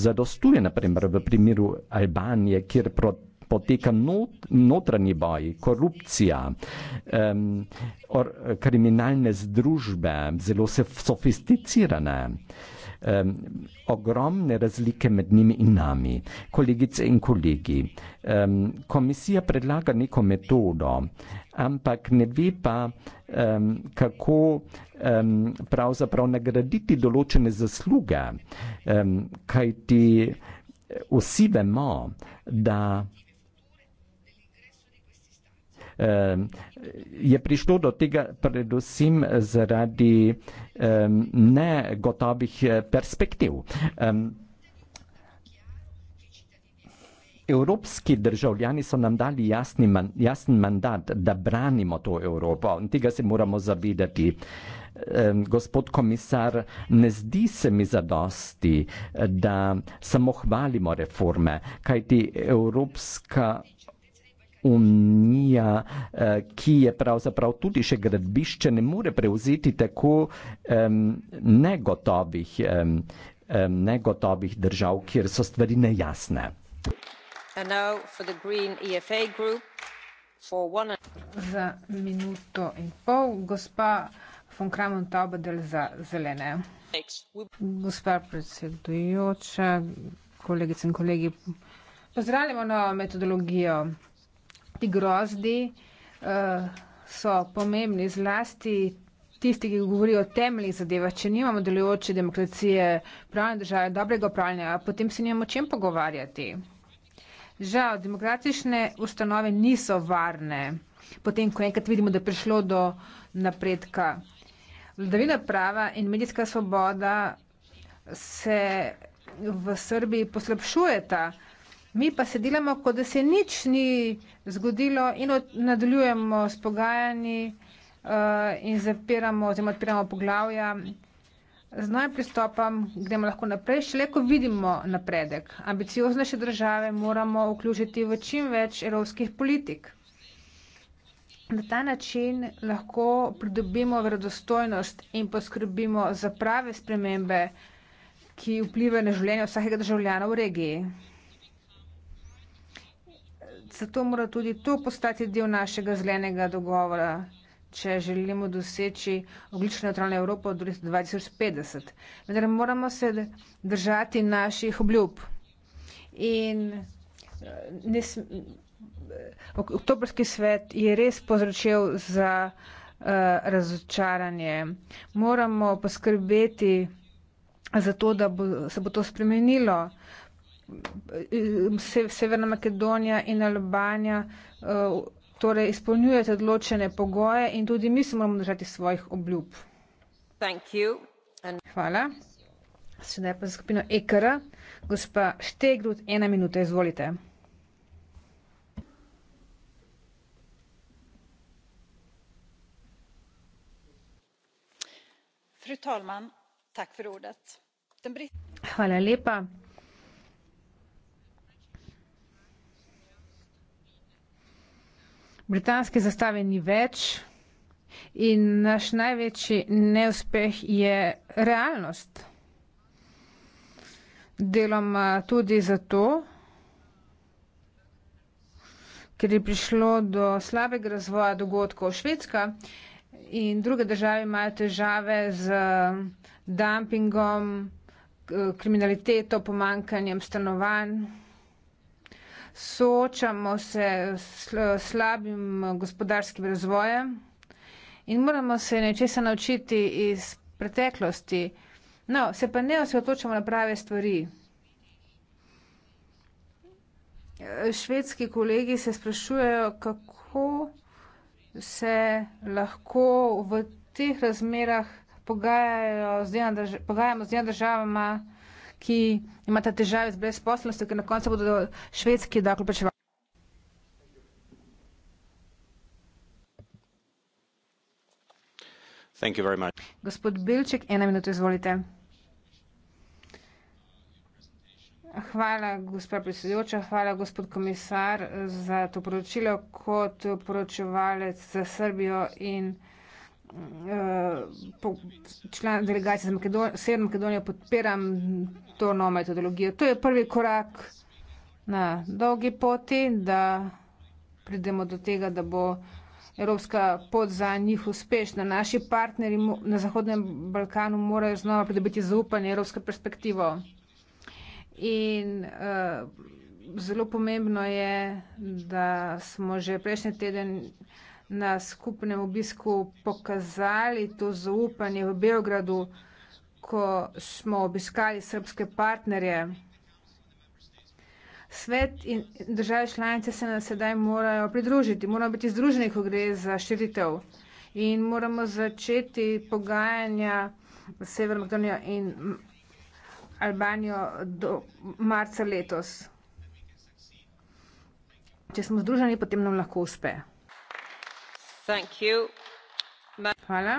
zadostuje, naprimer, v primeru Albanije, kjer proti poteka not, notranji boj, korupcija, um, or, kriminalne združbe, zelo sofisticirane. Uh, um, ogromne razlike med njimi in nami. Kolegice in kolegi, um, komisija predlaga neko metodo, ampak ne ve pa, um, kako um, pravzaprav nagraditi določene zasluge, um, kajti eh, vsi vemo, da Ehm, je prišlo do tega predvsem zaradi ehm, negotovih eh, perspektiv. Ehm, evropski državljani so nam dali jasni man, jasen mandat, da branimo to Evropo in tega se moramo zavedati. E, gospod komisar, ne zdi se mi zadosti, eh, da samo hvalimo reforme, kajti Evropska Unija, eh, ki je pravzaprav tudi še gradbišče, ne more prevzeti tako um, negotovih, um, negotovih držav, kjer so stvari nejasne. E group, one... Za minuto in pol, gospa von Kramon Tobedel za zelene. Gospa predsedujoča, kolegice in kolegi, pozdravljamo novo metodologijo. Ti grozdi uh, so pomembni zlasti tisti, ki govorijo o temeljih zadevah. Če nimamo delujoče demokracije, pravne države, dobrega pravljanja, potem se nimamo čem pogovarjati. Žal, demokratične ustanove niso varne, potem, ko enkrat vidimo, da je prišlo do napredka. Vladavina prava in medijska svoboda se v Srbiji poslabšujeta. Mi pa se delamo, kot da se nič ni zgodilo in nadaljujemo s pogajanji uh, in zapiramo oziroma odpiramo poglavja. Z novim pristopom gremo lahko naprej, še le ko vidimo napredek. Ambicioznejše države moramo vključiti v čim več evropskih politik. Na ta način lahko pridobimo verodostojnost in poskrbimo za prave spremembe, ki vplivajo na življenje vsakega državljana v regiji. Zato mora tudi to postati del našega zelenega dogovora, če želimo doseči oglično neutralno Evropo do 2050. Vendar moramo se držati naših obljub. In eh, oktobrski svet je res povzročil za uh, razočaranje. Moramo poskrbeti za to, da bo, se bo to spremenilo. Eh, Severna Makedonija in Albanija eh, torej izpolnjujete odločene pogoje in tudi mi se moramo držati svojih obljub. Hvala. Sedaj pa za skupino EKR. Gospa Štegrud, ena minuta, izvolite. Hvala lepa. britanske zastave ni več in naš največji neuspeh je realnost. Deloma tudi zato, ker je prišlo do slabega razvoja dogodkov Švedska in druge države imajo težave z dumpingom, kriminaliteto, pomankanjem stanovanj soočamo se s slabim gospodarskim razvojem in moramo se nečesa naučiti iz preteklosti. No, se pa ne osredotočamo na prave stvari. Švedski kolegi se sprašujejo, kako se lahko v teh razmerah pogajajo z dnevna državama ki imata težave z brezposlenostjo, ker na koncu bodo švedski dakle plačevali. Thank you very much. Gospod Bilček, ena minuta, izvolite. Hvala, gospod predsedujoča, hvala, gospod komisar, za to poročilo. Kot poročevalec za Srbijo in Eh, član delegacije za Makedon Severno Makedonijo podpiram to novo metodologijo. To je prvi korak na dolgi poti, da pridemo do tega, da bo evropska pot za njih uspešna. Naši partnerji na Zahodnem Balkanu morajo znova pridobiti zaupanje evropsko perspektivo. In uh, zelo pomembno je, da smo že prejšnji teden uh, na skupnem obisku pokazali to zaupanje v Beogradu, ko smo obiskali srpske partnerje. Svet in države članice se nas sedaj morajo pridružiti, moramo biti združeni, ko gre za širitev in moramo začeti pogajanja s Severno Makedonijo in Albanijo do marca letos. Če smo združeni, potem nam lahko uspe. Hvala lepa,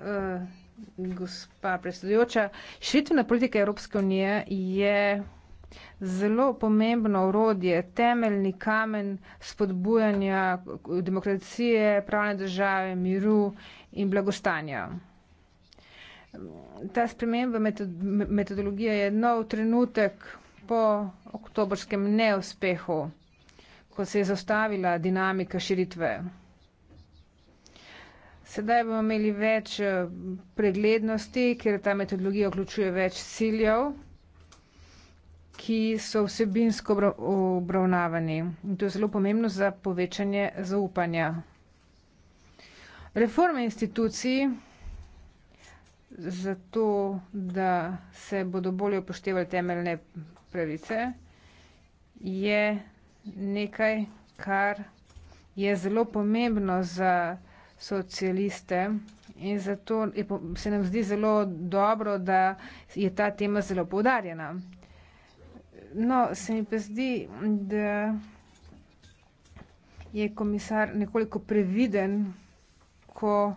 eh, gospa predsedujoča. Širitvena politika Evropske unije je zelo pomembno orodje, temeljni kamen spodbujanja demokracije, pravne države, miru in blagostanja ta sprememba metod, metodologije je nov trenutek po oktobrskem neuspehu, ko se je zastavila dinamika širitve. Sedaj bomo imeli več eh, preglednosti, ker ta metodologija vključuje več ciljev, ki so vsebinsko obravnavani. In to je zelo pomembno za povečanje zaupanja. Reforme institucij zato da se bodo bolje upoštevali temeljne pravice, je nekaj, kar je zelo pomembno za socialiste in zato je, se nam zdi zelo dobro, da je ta tema zelo poudarjena. No, se mi pa zdi, da je komisar nekoliko previden, ko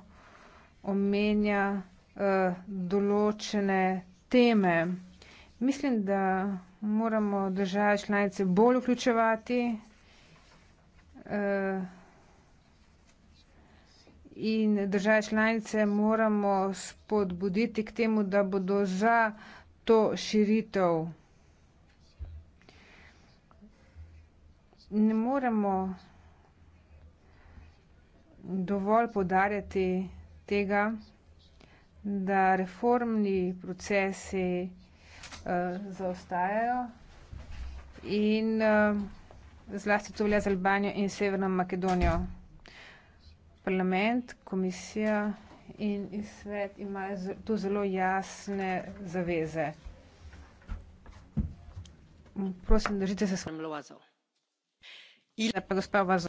omenja Eh, določene teme. Mislim, da moramo države članice bolj vključevati, eh, in države članice moramo spodbuditi k temu, da bodo za to širitev. Ne moremo dovolj podarjati tega da reformni procesi uh, zaostajajo in uh, zlasti to velja za Albanijo in Severno Makedonijo. Parlament, komisija in, in svet imajo tu zelo jasne zaveze. Prosim, držite se svojim lovazom. Ila pa gospa Vazo.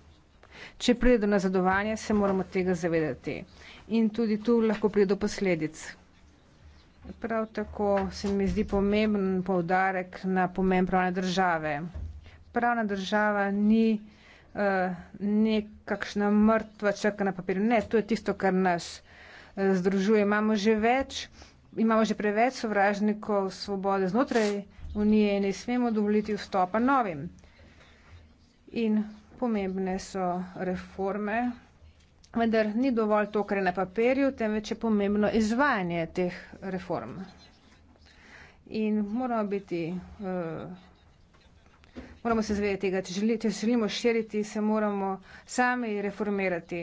Če pride do nazadovanja, se moramo tega zavedati. In tudi tu lahko pride do posledic. Prav tako se mi zdi pomemben povdarek na pomen pravne države. Pravna država ni uh, eh, nekakšna mrtva črka na papirju. Ne, to je tisto, kar nas uh, združuje. Imamo že več, imamo že preveč sovražnikov svobode znotraj Unije in ne smemo dovoliti vstopa novim. In pomembne so reforme, vendar ni dovolj to, kar je na papirju, temveč je pomembno izvajanje teh reform. In moramo biti. Eh, moramo se zavedati tega, če želimo širiti, se moramo sami reformirati.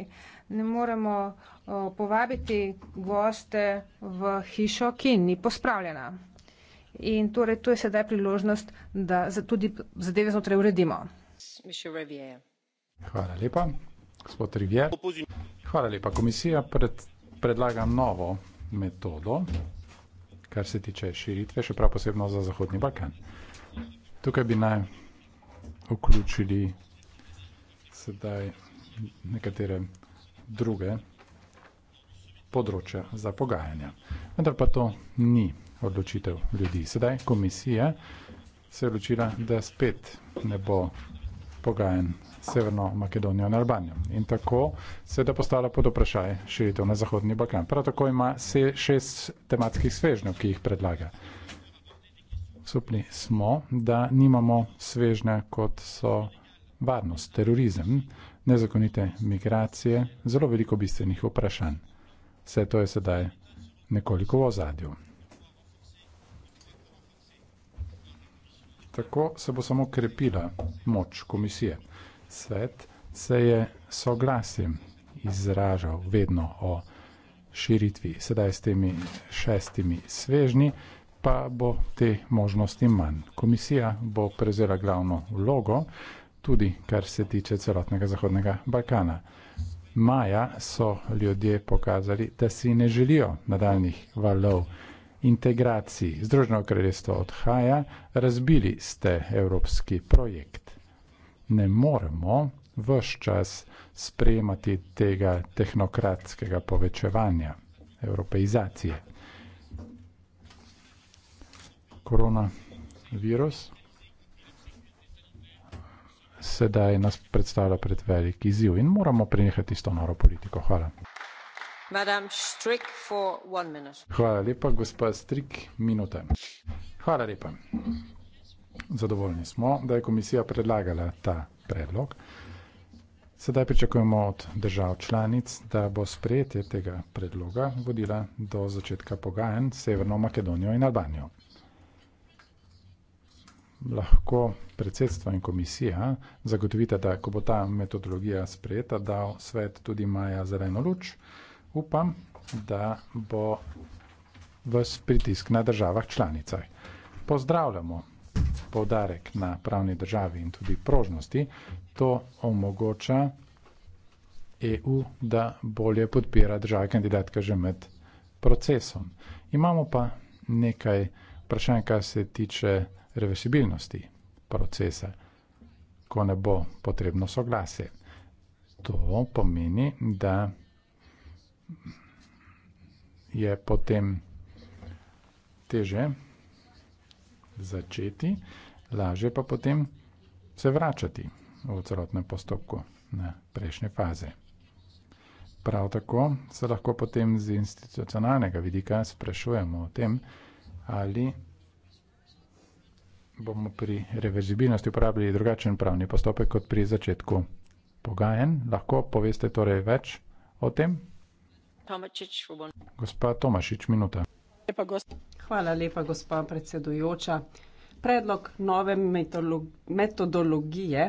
Ne moramo eh, povabiti goste v hišo, ki ni pospravljena. In torej to je sedaj priložnost, da tudi zadeve znotraj uredimo. Hvala lepa. Gospod Rivier. Hvala lepa. Komisija pred, predlaga novo metodo, kar se tiče širitve, še prav posebno za Zahodni Balkan. Tukaj bi naj vključili sedaj nekatere druge področja za pogajanja. Vendar pa to ni odločitev ljudi. Sedaj komisija se je odločila, da spet ne bo pogajanj Severno Makedonijo in Albanijo. In tako se je da postala pod vprašaj širitev na Zahodni Balkan. Prav tako ima se šest tematskih svežnjev, ki jih predlaga. Supni smo, da nimamo svežnja, kot so varnost, terorizem, nezakonite migracije, zelo veliko bistvenih vprašanj. Vse to je sedaj nekoliko v ozadju. Tako se bo samo krepila moč komisije. Svet se je soglasjem izražal vedno o širitvi. Sedaj s temi šestimi svežnji pa bo te možnosti manj. Komisija bo prezela glavno vlogo, tudi kar se tiče celotnega Zahodnega Balkana. Maja so ljudje pokazali, da si ne želijo nadaljnih valov integraciji Združeno kraljestvo odhaja, razbili ste evropski projekt. Ne moremo vse čas spremati tega tehnokratskega povečevanja, evropeizacije. Koronavirus sedaj nas predstavlja pred velik izziv in moramo prenehati s to noro politiko. Hvala. Hvala lepa, gospa Strik, minuta. Hvala lepa. Zadovoljni smo, da je komisija predlagala ta predlog. Sedaj pričakujemo od držav članic, da bo sprejetje tega predloga vodila do začetka pogajanj s Severno Makedonijo in Albanijo. Lahko predsedstvo in komisija zagotovite, da ko bo ta metodologija sprejeta, da svet tudi maja zeleno luč upam, da bo vas pritisk na državah članicah. Pozdravljamo povdarek na pravni državi in tudi prožnosti. To omogoča EU, da bolje podpira države kandidatke že med procesom. Imamo pa nekaj vprašanj, kar se tiče reversibilnosti procesa, ko ne bo potrebno soglasje. To pomeni, da je potem teže začeti, lažje pa potem se vračati v celotnem postopku na prejšnje faze. Prav tako se lahko potem z institucionalnega vidika sprašujemo o tem, ali bomo pri reverzibilnosti uporabili drugačen pravni postopek kot pri začetku pogajanj. Lahko poveste torej več o tem? Gospa Tomašič, minuta. Hvala lepa, gospa predsedujoča. Predlog nove metodologije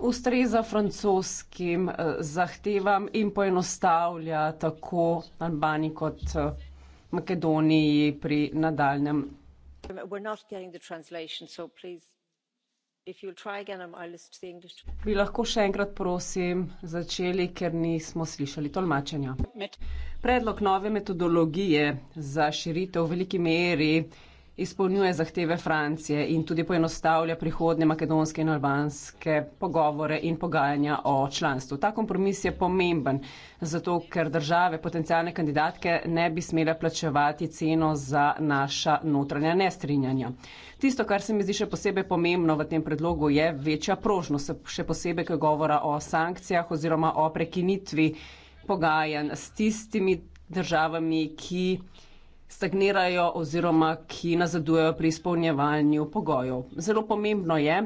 ustreza francoskim eh, zahtevam in poenostavlja tako Albani kot eh, Makedoniji pri nadaljem. Bi lahko še enkrat, prosim, začeli, ker nismo slišali tolmačenja. Predlog nove metodologije za širitev v veliki meri izpolnjuje zahteve Francije in tudi poenostavlja prihodne makedonske in albanske pogovore in pogajanja o članstvu. Ta kompromis je pomemben, zato ker države potencijalne kandidatke ne bi smele plačevati ceno za naša notranja nestrinjanja. Tisto, kar se mi zdi še posebej pomembno v tem predlogu, je večja prožnost, še posebej, ko govora o sankcijah oziroma o prekinitvi pogajanj s tistimi državami, ki stagnirajo oziroma ki nazadujejo pri izpolnjevanju pogojev. Zelo pomembno je,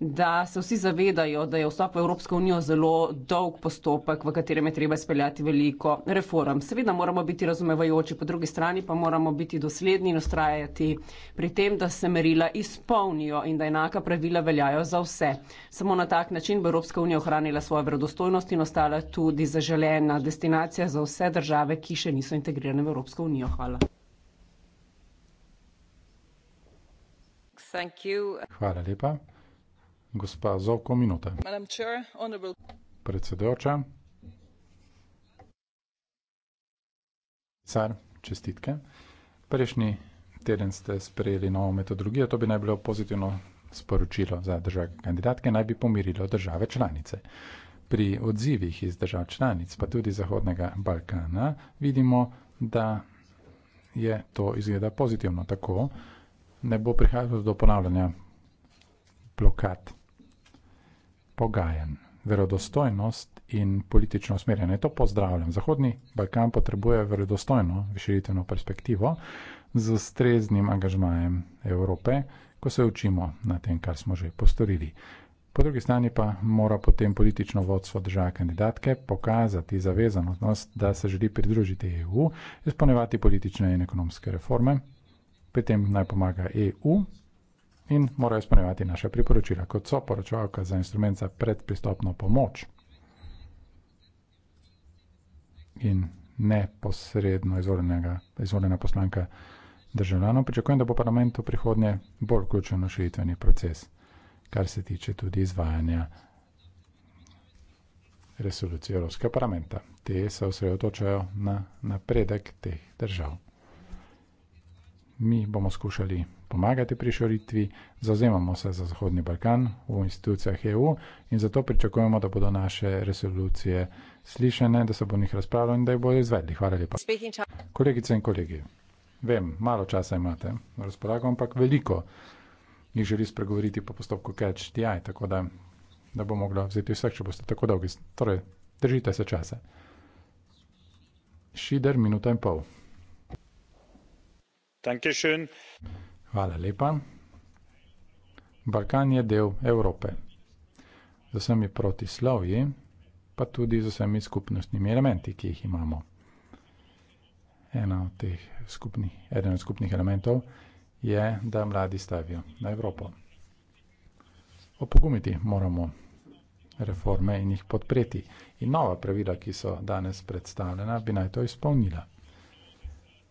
da se vsi zavedajo, da je vstop v Evropsko unijo zelo dolg postopek, v katerem je treba speljati veliko reform. Seveda moramo biti razumevajoči, po drugi strani pa moramo biti dosledni in ustrajati pri tem, da se merila izpolnijo in da enaka pravila veljajo za vse. Samo na tak način bo Evropska unija ohranila svojo verodostojnost in ostala tudi zaželena destinacija za vse države, ki še niso integrirane v Evropsko unijo. Hvala. Hvala lepa. Gospa Zovko, minuta. Predsedujoča. Car, čestitke. Prejšnji teden ste sprejeli novo metodologijo, to bi naj bilo pozitivno sporočilo za države kandidatke, naj bi pomirilo države članice. Pri odzivih iz držav članic, pa tudi Zahodnega Balkana, vidimo, da je to izgleda pozitivno tako, ne bo prihajalo do ponavljanja blokad, pogajanj, verodostojnost in politično usmerjanje. To pozdravljam. Zahodni Balkan potrebuje verodostojno višeditevno perspektivo z ustreznim angažmajem Evrope, ko se učimo na tem, kar smo že postorili. Po drugi strani pa mora potem politično vodstvo države kandidatke pokazati zavezanost, da se želi pridružiti EU, izpolnevati politične in ekonomske reforme, pri tem naj pomaga EU in morajo spremljati naše priporočila, kot so poročavka za instrument za predpristopno pomoč in neposredno izvoljena poslanka državljanov. Pričakujem, da bo parlament v prihodnje bolj vključen v širitveni proces, kar se tiče tudi izvajanja resolucije Evropskega parlamenta. Te se osredotočajo na napredek teh držav mi bomo skušali pomagati pri širitvi, zauzemamo se za Zahodni Balkan v institucijah EU in zato pričakujemo, da bodo naše resolucije slišene, da se bo njih razpravljalo in da jih bodo izvedli. Hvala lepa. Kolegice in kolegi, vem, malo časa imate na razpolago, ampak veliko jih želi spregovoriti po postopku catch DI, tako da, da bo moglo vzeti vseh, če boste tako dolgi. Torej, držite se časa. Šider, minuta in pol. Hvala lepa. Balkan je del Evrope. Z vsemi protislovji, pa tudi z vsemi skupnostnimi elementi, ki jih imamo. Eno od teh skupnih, eden od skupnih elementov je, da mladi stavijo na Evropo. Opogumiti moramo reforme in jih podpreti. In nova pravila, ki so danes predstavljena, bi naj to izpolnila.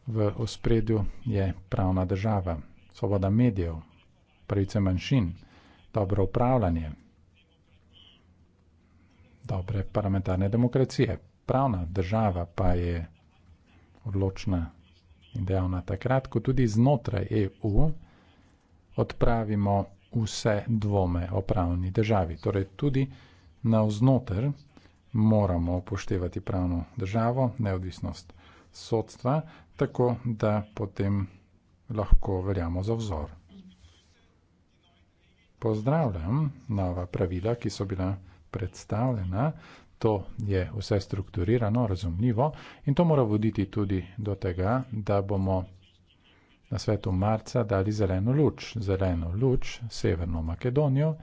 V ospredju je pravna država, svoboda medijev, pravice manjšin, dobro upravljanje, dobre parlamentarne demokracije. Pravna država pa je odločna in dejavna takrat, ko tudi znotraj EU odpravimo vse dvome o pravni državi. Torej tudi navznoter moramo upoštevati pravno državo, neodvisnost sodstva, tako da potem lahko verjamo za vzor. Pozdravljam nova pravila, ki so bila predstavljena. To je vse strukturirano, razumljivo in to mora voditi tudi do tega, da bomo na svetu marca dali zeleno luč. Zeleno luč Severno Makedonijo,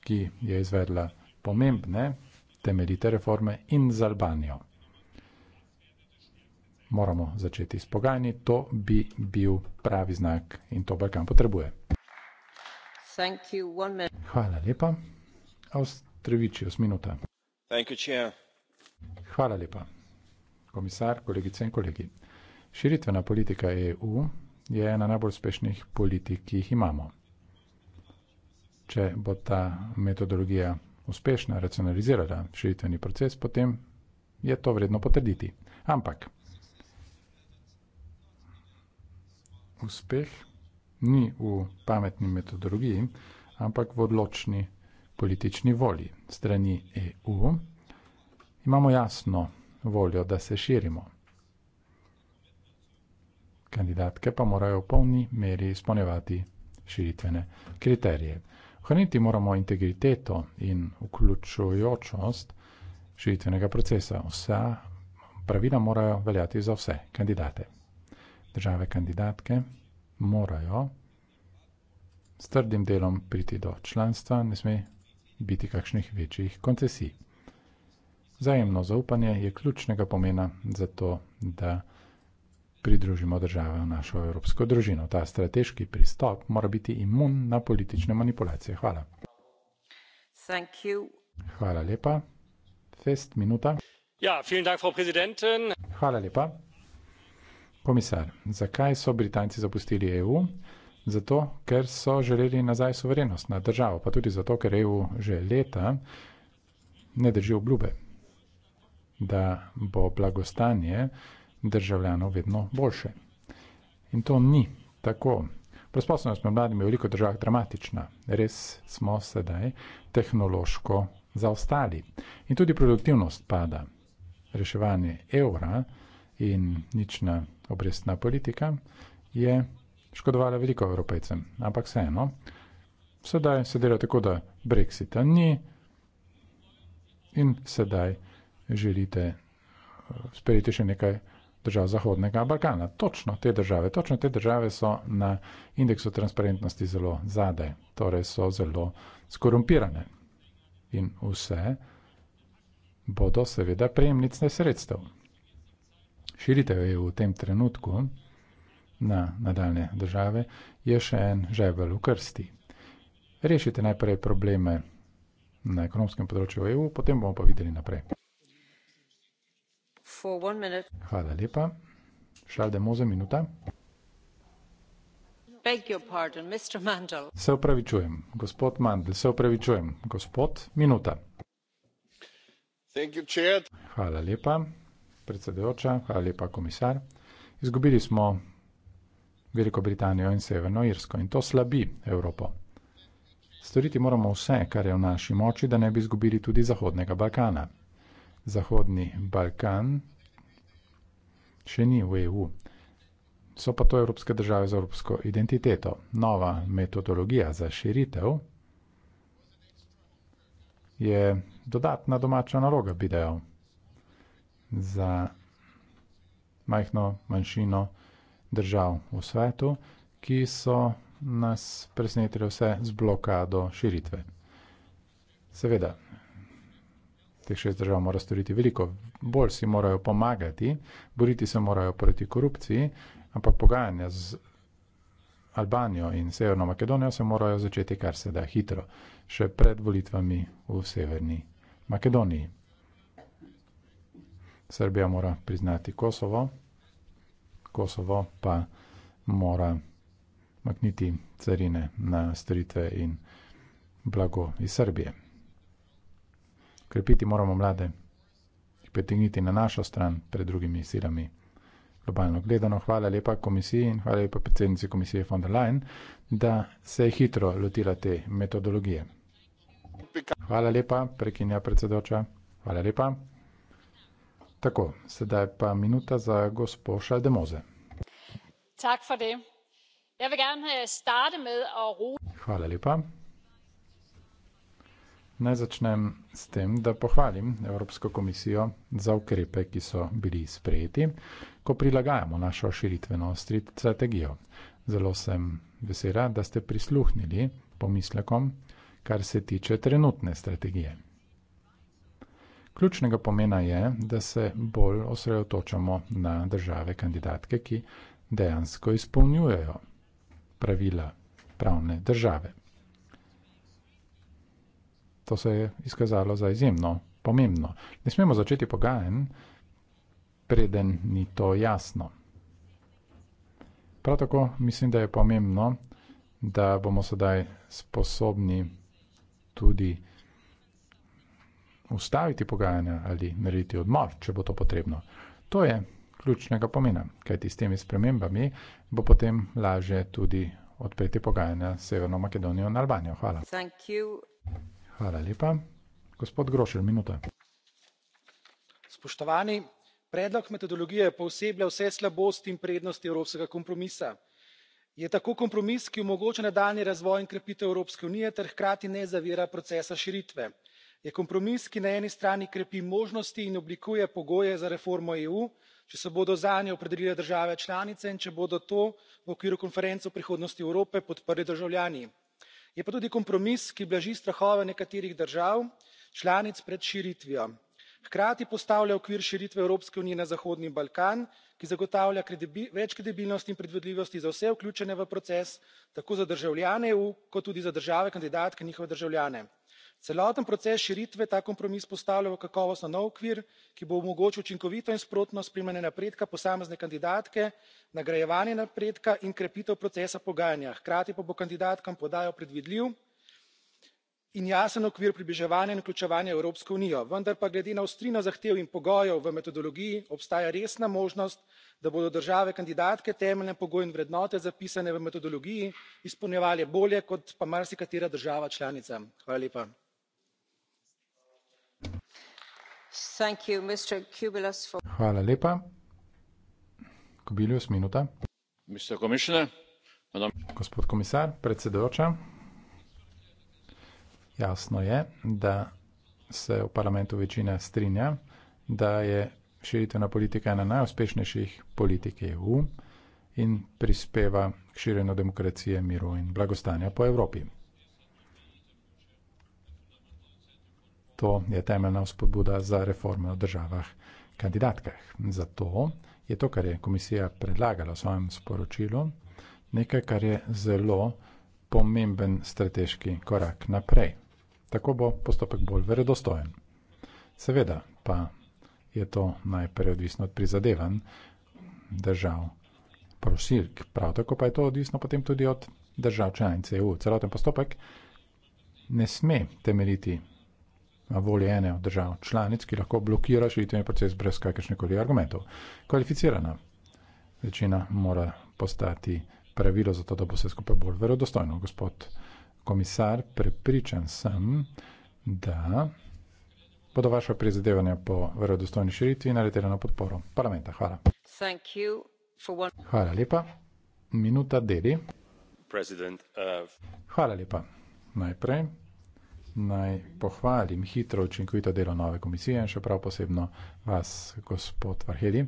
ki je izvedla pomembne temeljite reforme in z Albanijo moramo začeti s pogajanji, to bi bil pravi znak in to Balkan potrebuje. Hvala lepa. Avstrijevič, osminuta. Hvala lepa. Komisar, kolegice in kolegi. Širitvena politika EU je ena najbolj uspešnih politik, ki jih imamo. Če bo ta metodologija uspešna, racionalizirala širitveni proces, potem je to vredno potrditi. Ampak uspeh ni v pametni metodologiji, ampak v odločni politični volji strani EU. Imamo jasno voljo, da se širimo. Kandidatke pa morajo v polni meri izpolnjevati širitvene kriterije. Ohraniti moramo integriteto in vključujočost širitvenega procesa. Vsa pravila morajo veljati za vse kandidate države kandidatke morajo s trdim delom priti do članstva, ne sme biti kakšnih večjih koncesij. Zajemno zaupanje je ključnega pomena za to, da pridružimo države v našo evropsko družino. Ta strateški pristop mora biti imun na politične manipulacije. Hvala. Thank you. Hvala lepa. Fest minuta. Ja, vielen Dank, Frau Präsidentin. Hvala lepa. Komisar, zakaj so Britanci zapustili EU? Zato, ker so želeli nazaj soverenost na državo, pa tudi zato, ker EU že leta ne drži obljube, da bo blagostanje državljanov vedno boljše. In to ni tako. Prosposobnost med mladimi v veliko državah je dramatična. Res smo sedaj tehnološko zaostali. In tudi produktivnost pada. Reševanje evra in nična obrestna politika je škodovala veliko evropejcem. Ampak vseeno, sedaj se dela tako, da brexita ni in sedaj želite eh, sprejeti še nekaj držav Zahodnega Balkana. Točno te države, točno te države so na indeksu transparentnosti zelo zadaj, torej so zelo skorumpirane. In vse bodo seveda prejemnice sredstev širite jo e v tem trenutku na nadaljne države, je še en žebel v krsti. Rešite najprej probleme na ekonomskem področju v e EU, potem bomo pa videli naprej. Hvala lepa. Šaldemo za minuta. Se upravičujem, gospod Mandl, se upravičujem, gospod, minuta. Hvala lepa predsedujoča, hvala lepa, komisar. Izgubili smo Veliko Britanijo in Severno Irsko in to slabi Evropo. Storiti moramo vse, kar je v naši moči, da ne bi izgubili tudi Zahodnega Balkana. Zahodni Balkan še ni v EU. So pa to evropske države z evropsko identiteto. Nova metodologija za širitev je dodatna domača naloga, bi dejal za majhno manjšino držav v svetu, ki so nas presenetili vse z blokado širitve. Seveda, teh šest držav mora storiti veliko, bolj si morajo pomagati, boriti se morajo proti korupciji, ampak pogajanja z Albanijo in Severno Makedonijo se morajo začeti kar se da hitro, še pred volitvami v Severni Makedoniji. Srbija mora priznati Kosovo, Kosovo pa mora makniti carine na storitve in blago iz Srbije. Krepiti moramo mlade, jih pritegniti na našo stran pred drugimi silami. Globalno gledano, hvala lepa komisiji in hvala lepa predsednici komisije von der Leyen, da se je hitro lotila te metodologije. Hvala lepa, prekinja predsedoča. Hvala lepa. Tako, sedaj pa minuta za gospo Šaldemoze. Tak for det. Jeg vil gerne øh, starte med at rose... Hvala lepa. Naj začnem s tem, da pohvalim Evropsko komisijo za ukrepe, ki so bili sprejeti, ko prilagajamo našo širitveno strategijo. Zelo sem vesela, da ste prisluhnili pomislekom, kar se tiče trenutne strategije. Ključnega pomena je, da se bolj osredotočamo na države kandidatke, ki dejansko izpolnjujejo pravila pravne države. To se je izkazalo za izjemno pomembno. Ne smemo začeti pogajen, preden ni to jasno. Prav tako mislim, da je pomembno, da bomo sedaj sposobni tudi ustaviti pogajanja ali narediti odmor, če bo to potrebno. To je ključnega pomena, kajti s temi spremembami bo potem lažje tudi odpreti pogajanja s Severno Makedonijo in Albanijo. Hvala. Hvala lepa. Gospod Grošel, minuta. Spoštovani, predlog metodologije posebej vse slabosti in prednosti evropskega kompromisa. Je tako kompromis, ki omogoča nadaljni razvoj in krepitev Evropske unije ter hkrati ne zavira procesa širitve je kompromis ki na eni strani krepi možnosti in oblikuje pogoje za reformo eu če se bodo zanjo opredelile države članice in če bodo to v okviru konference o prihodnosti evrope podprli državljani. je pa tudi kompromis ki blaži strahove nekaterih držav članic pred širitvijo hkrati postavlja okvir širitve evropske unije na zahodni balkan ki zagotavlja več kredibilnosti in predvidljivosti za vse vključene v proces tako za državljane eu kot tudi za države kandidatke in njihove državljane celoten proces širitve ta kompromis postavlja v kakovostno nov okvir ki bo omogočil učinkovito in sprotno spremljanje napredka posamezne kandidatke nagrajevanje napredka in krepitev procesa pogajanja hkrati pa bo kandidatkam podajal predvidljiv in jasen okvir približevanja in vključevanja v evropsko unijo vendar pa glede na ostrino zahtev in pogojev v metodologiji obstaja resna možnost da bodo države kandidatke temeljne pogoje in vrednote zapisane v metodologiji izpolnjevale bolje kot pa marsikatera država članica. Hvala lepa. Kubilius, minuta. Gospod komisar, predsedujoča. Jasno je, da se v parlamentu večina strinja, da je širitvena politika ena najuspešnejših politik EU in prispeva k širjenju demokracije, miru in blagostanja po Evropi. To je temeljna spodbuda za reforme v državah kandidatkah. Zato je to, kar je komisija predlagala v svojem sporočilu, nekaj, kar je zelo pomemben strateški korak naprej. Tako bo postopek bolj verodostojen. Seveda pa je to najprej odvisno od prizadevanj držav prosilk, prav tako pa je to odvisno potem tudi od držav članic EU. Celoten postopek ne sme temeljiti na voljo ene od držav članic, ki lahko blokira širitveni proces brez kakršnih koli argumentov. Kvalificirana večina mora postati pravilo za to, da bo vse skupaj bolj verodostojno. Gospod komisar, prepričan sem, da bodo vaše prizadevanja po verodostojni širitvi naletela na podporo parlamenta. Hvala. Hvala lepa. Minuta deli. Uh, Hvala lepa. Najprej naj pohvalim hitro, učinkovito delo nove komisije in še prav posebno vas, gospod Varheli.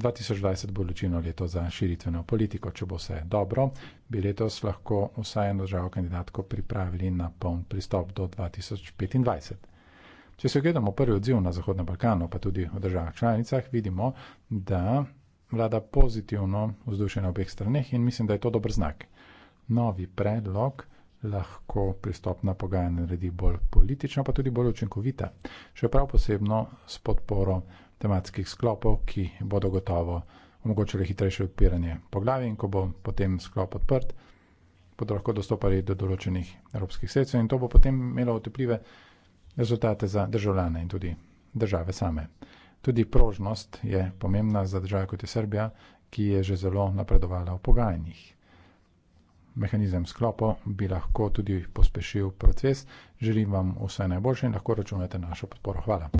2020 bo ločino leto za širitveno politiko. Če bo vse dobro, bi letos lahko vsaj eno državo kandidatko pripravili na poln pristop do 2025. Če se ogledamo prvi odziv na Zahodnem Balkanu, pa tudi v državah članicah, vidimo, da vlada pozitivno vzdušje na obeh straneh in mislim, da je to dober znak. Novi predlog lahko pristopna pogajanja naredi bolj politična, pa tudi bolj učinkovita. Še prav posebno s podporo tematskih sklopov, ki bodo gotovo omogočili hitrejše odpiranje poglavja in ko bo potem sklop odprt, bodo lahko dostopali do določenih evropskih sredstev in to bo potem imelo otepljive rezultate za državljane in tudi države same. Tudi prožnost je pomembna za države kot je Srbija, ki je že zelo napredovala v pogajanjih mehanizem sklopo bi lahko tudi pospešil proces. Želim vam vse najboljše in lahko računate na našo podporo. Hvala.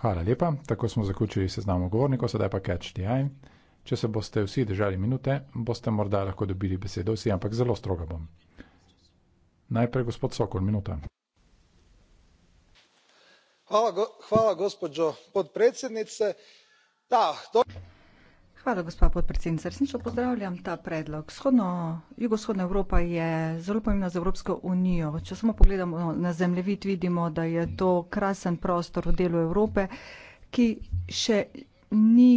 Hvala lepa. Tako smo zaključili seznam govornikov, sedaj pa catch the eye. Če se boste vsi držali minute, boste morda lahko dobili besedo vsi, ampak zelo strogo bom. Najprej gospod Sokol, minuta. Hvala, go hvala gospođo podpredsednice. Da, dobro. Hvala, gospa podpredsednica. Resnično pozdravljam ta predlog. Vzhodno, jugovzhodna Evropa je zelo pomembna za Evropsko unijo. Če samo pogledamo na zemljevid, vidimo, da je to krasen prostor v delu Evrope, ki še ni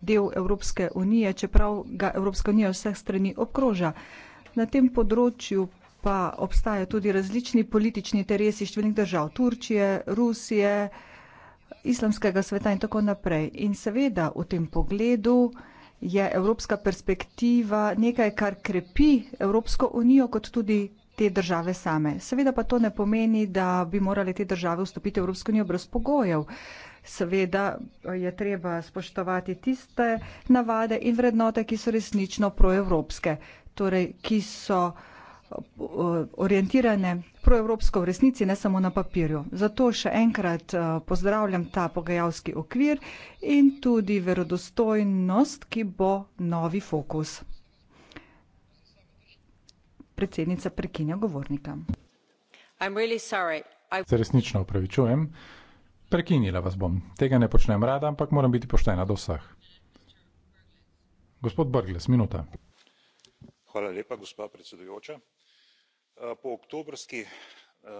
del Evropske unije, čeprav ga Evropska unija vseh strani obkroža. Na tem področju pa obstajajo tudi različni politični interesi številnih držav. Turčije, Rusije, islamskega sveta in tako naprej. In seveda v tem pogledu je evropska perspektiva nekaj, kar krepi Evropsko unijo, kot tudi te države same. Seveda pa to ne pomeni, da bi morali te države vstopiti v Evropsko unijo brez pogojev. Seveda je treba spoštovati tiste navade in vrednote, ki so resnično proevropske, torej ki so uh, orientirane proevropsko v resnici, ne samo na papirju. Zato še enkrat eh, pozdravljam ta pogajalski okvir in tudi verodostojnost, ki bo novi fokus. Predsednica prekinja govornika. Se resnično opravičujem. Prekinila vas bom. Tega ne počnem rada, ampak moram biti poštena do vseh. Gospod Brgles, minuta. Hvala lepa, gospa predsedujoča. Eh, po oktobrski eh,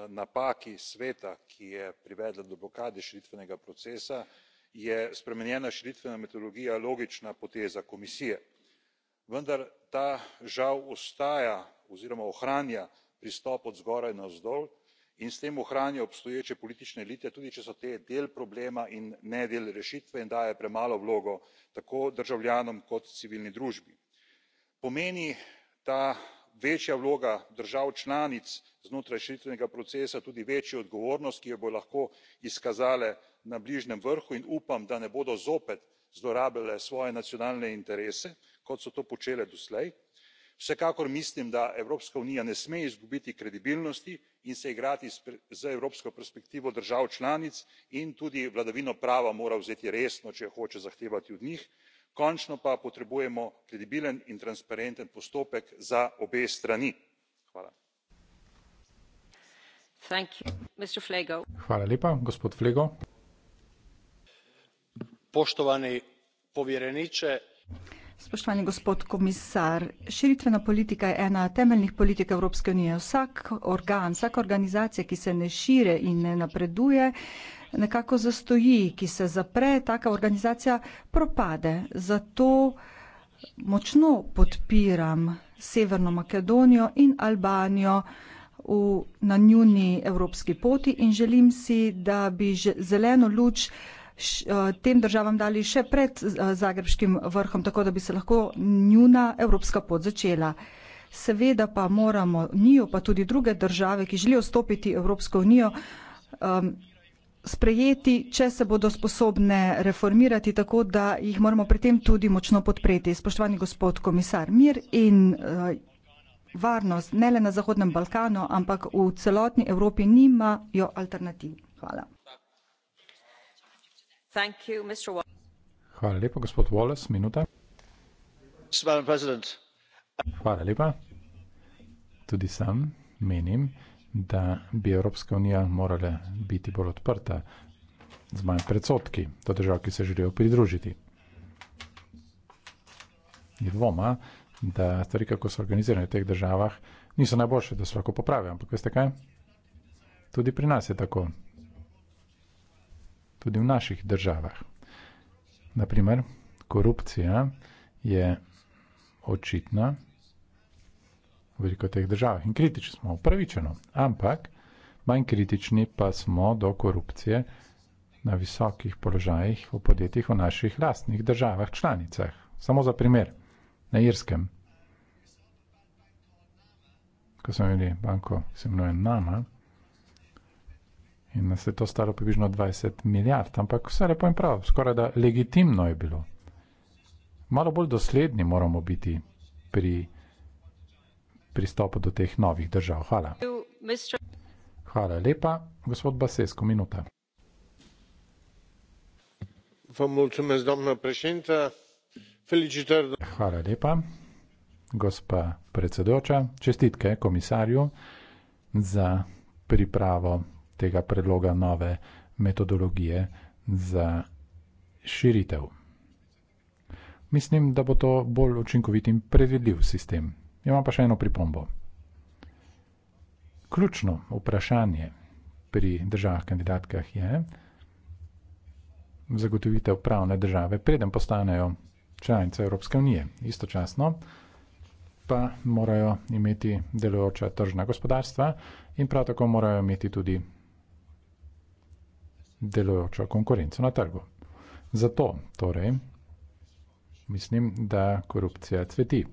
napaki sveta ki je privedla do blokade širitvenega procesa je spremenjena širitvena metodologija logična poteza komisije vendar ta žal ostaja oziroma ohranja pristop od zgoraj navzdol in s tem ohranja obstoječe politične elite tudi če so te del problema in ne del rešitve in daje premalo vlogo tako državljanom kot civilni družbi. pomeni ta večja vloga držav članic znotraj širitvenega procesa tudi večjo odgovornost ki jo bodo lahko izkazale na bližnjem vrhu in upam da ne bodo zopet zlorabljale svoje nacionalne interese kot so to počele doslej. vsekakor mislim da evropska unija ne sme izgubiti kredibilnosti in se igrati z evropsko perspektivo držav članic in tudi vladavino prava mora vzeti resno če jo hoče zahtevati od njih končno pa potrebujemo kredibilen in transparenten postopek za obe strani. spoštovani povjereniče spoštovani gospod komisar širitvena politika je ena temeljnih politik evropske unije. vsak organ vsaka organizacija ki se ne širi in ne napreduje nekako zastoji, ki se zapre, taka organizacija propade. Zato močno podpiram Severno Makedonijo in Albanijo v, na njuni evropski poti in želim si, da bi zeleno luč eh, tem državam dali še pred eh, zagrebskim vrhom, tako da bi se lahko njuna evropska pot začela. Seveda pa moramo njo, pa tudi druge države, ki želijo stopiti v Evropsko unijo, um, sprejeti, če se bodo sposobne reformirati, tako da jih moramo pri tem tudi močno podpreti. Spoštovani gospod komisar, mir in eh, varnost ne le na Zahodnem Balkanu, ampak v celotni Evropi nimajo alternativ. Hvala. Hvala lepa, gospod Wallace, minuta. Hvala lepa. Tudi sam menim, da bi Evropska unija morala biti bolj odprta z manj predsotki do držav, ki se želijo pridružiti. Je dvoma, da stvari, kako so organizirane v teh državah, niso najboljše, da se lahko popravi, ampak veste kaj? Tudi pri nas je tako. Tudi v naših državah. Naprimer, korupcija je očitna, veliko teh držav. In kritični smo, upravičeno, ampak manj kritični pa smo do korupcije na visokih položajih v podjetjih v naših lastnih državah, članicah. Samo za primer, na Irskem, ko smo imeli banko, ki se imenuje Nama, in nas je to stalo približno 20 milijard, ampak vse lepo in prav, skoraj da legitimno je bilo. Malo bolj dosledni moramo biti pri pristopu do teh novih držav. Hvala. Hvala lepa, gospod Basesko, minuta. Hvala lepa, gospa predsedoča. Čestitke komisarju za pripravo tega predloga nove metodologije za širitev. Mislim, da bo to bolj učinkovit in predvidljiv sistem Imam pa še eno pripombo. Ključno vprašanje pri državah kandidatkah je zagotovitev pravne države, preden postanejo članice Evropske unije. Istočasno pa morajo imeti delujoča tržna gospodarstva in prav tako morajo imeti tudi delujočo konkurenco na trgu. Zato torej mislim, da korupcija cveti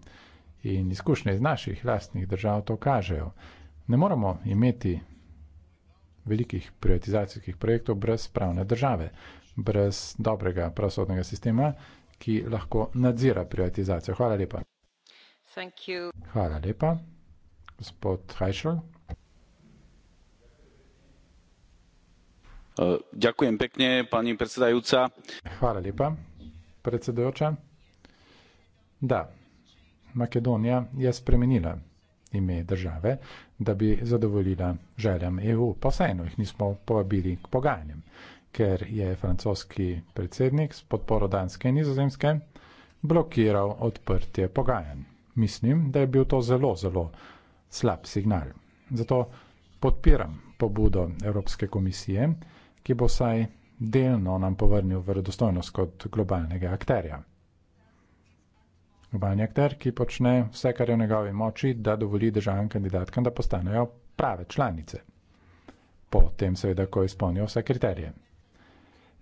in izkušnje iz naših lastnih držav to kažejo. Ne moramo imeti velikih privatizacijskih projektov brez pravne države, brez dobrega pravosodnega sistema, ki lahko nadzira privatizacijo. Hvala lepa. Hvala lepa, gospod Hajšel. Eh, ďakujem pekne, pani predsedajúca. Hvala lepa, predsedajúca. Da, Makedonija je spremenila ime države, da bi zadovoljila željam EU, pa vseeno jih nismo povabili k pogajanjem, ker je francoski predsednik s podporo Danske in Nizozemske blokiral odprtje pogajanj. Mislim, da je bil to zelo, zelo slab signal. Zato podpiram pobudo Evropske komisije, ki bo vsaj delno nam povrnil verodostojnost kot globalnega akterja. Banjakter, ki počne vse, kar je v njegovi moči, da dovoli državam kandidatkam, da postanejo prave članice. Potem, seveda, ko izpolnijo vse kriterije.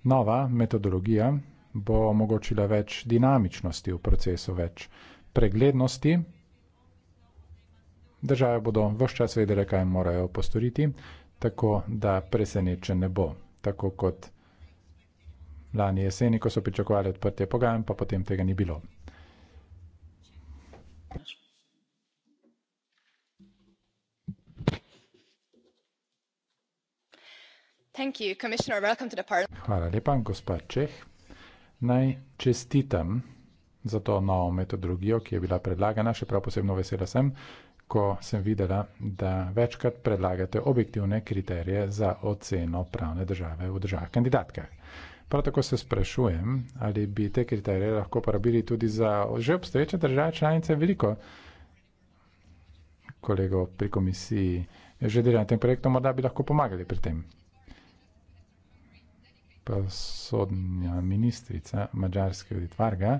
Nova metodologija bo omogočila več dinamičnosti v procesu, več preglednosti. Države bodo vse čas vedele, kaj morajo postoriti, tako da presenečen ne bo, tako kot lani jeseni, ko so pričakovali odprtje pogajanj, pa potem tega ni bilo. Hvala lepa, gospa Čeh. Naj čestitam za to novo metodologijo, ki je bila predlagana. Še prav posebno vesela sem, ko sem videla, da večkrat predlagate objektivne kriterije za oceno pravne države v državah kandidatkah. Prav tako se sprašujem, ali bi te kriterije lahko uporabili tudi za že obstoječe države članice. Veliko kolegov pri komisiji že dela na tem projektu, morda bi lahko pomagali pri tem sodnja ministrica Mačarske od Tvarga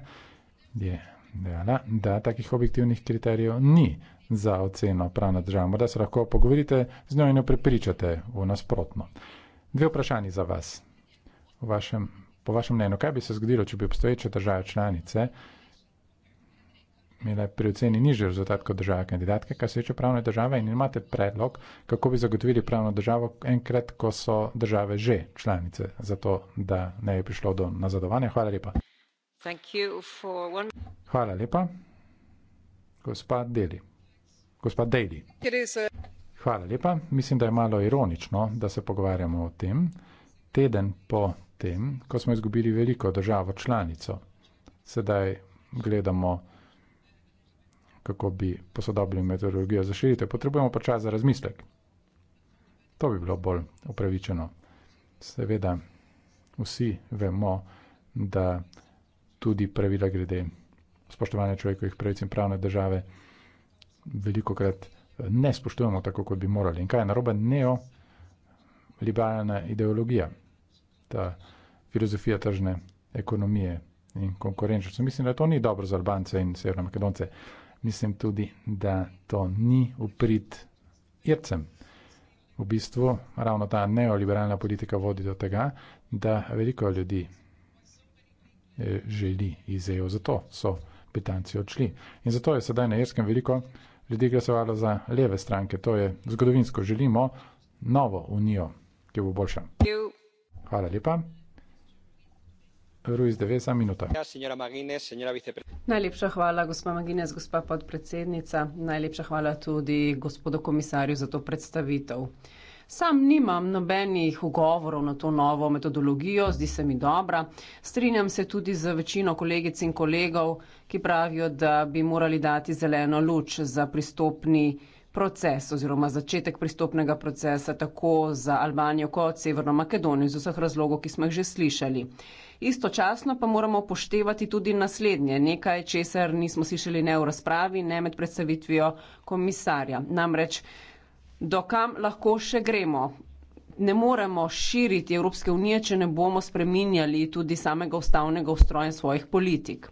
je dejala, da takih objektivnih kriterijev ni za oceno pravna država. Morda se lahko pogovorite z njo in jo prepričate v nasprotno. Dve vprašanji za vas. Vašem, po vašem mnenju, kaj bi se zgodilo, če bi obstoječe države članice imele pri oceni nižji rezultat kot države kandidatke, kar se reče pravne države in imate predlog, kako bi zagotovili pravno državo enkrat, ko so države že članice, zato da ne bi prišlo do nazadovanja. Hvala lepa. Hvala lepa. Gospa Deli. Gospa Deli. Hvala lepa. Mislim, da je malo ironično, da se pogovarjamo o tem. Teden po tem, ko smo izgubili veliko državo članico, sedaj gledamo kako bi posodobili meteorologijo za širitev, potrebujemo pa čas za razmislek. To bi bilo bolj upravičeno. Seveda, vsi vemo, da tudi pravila glede spoštovanja človekovih pravic in pravne države veliko krat eh, ne spoštujemo tako, kot bi morali. In kaj je narobe neoliberalna ideologija, ta filozofija tržne ekonomije in konkurenčnosti. Mislim, da to ni dobro za Albance in Severno Makedonce mislim tudi, da to ni uprit Ircem. V bistvu ravno ta neoliberalna politika vodi do tega, da veliko ljudi eh, želi iz EU. Zato so Britanci odšli. In zato je sedaj na Irskem veliko ljudi glasovalo za leve stranke. To je zgodovinsko. Želimo novo unijo, ki bo boljša. Hvala lepa. Ruiz de Vesa, minuta. Ja, Najlepša hvala, gospa Magines, gospa podpredsednica. Najlepša hvala tudi gospodu komisarju za to predstavitev. Sam nimam nobenih ugovorov na to novo metodologijo, zdi se mi dobra. Strinjam se tudi z večino kolegic in kolegov, ki pravijo, da bi morali dati zeleno luč za pristopni proces oziroma začetek pristopnega procesa tako za Albanijo kot Severno Makedonijo iz vseh razlogov, ki smo jih že slišali. Istočasno pa moramo poštevati tudi naslednje, nekaj, česar nismo slišali ne v razpravi, ne med predstavitvijo komisarja. Namreč, dokam lahko še gremo? Ne moremo širiti Evropske unije, če ne bomo spreminjali tudi samega ustavnega ustroja svojih politik.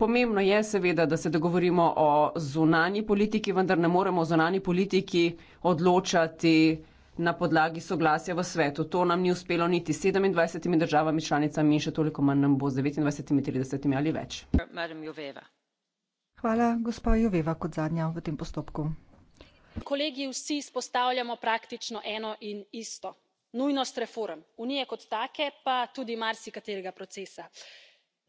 Pomembno je seveda, da se dogovorimo o zunanji politiki, vendar ne moremo o zunanji politiki odločati na podlagi soglasja v svetu. To nam ni uspelo niti 27 državami članicami in še toliko manj nam bo z 29, 30 ali več. Hvala, gospa Joveva, kot zadnja v tem postopku. Kolegi, vsi spostavljamo praktično eno in isto. Nujnost reform. Unije kot take, pa tudi marsikaterega procesa.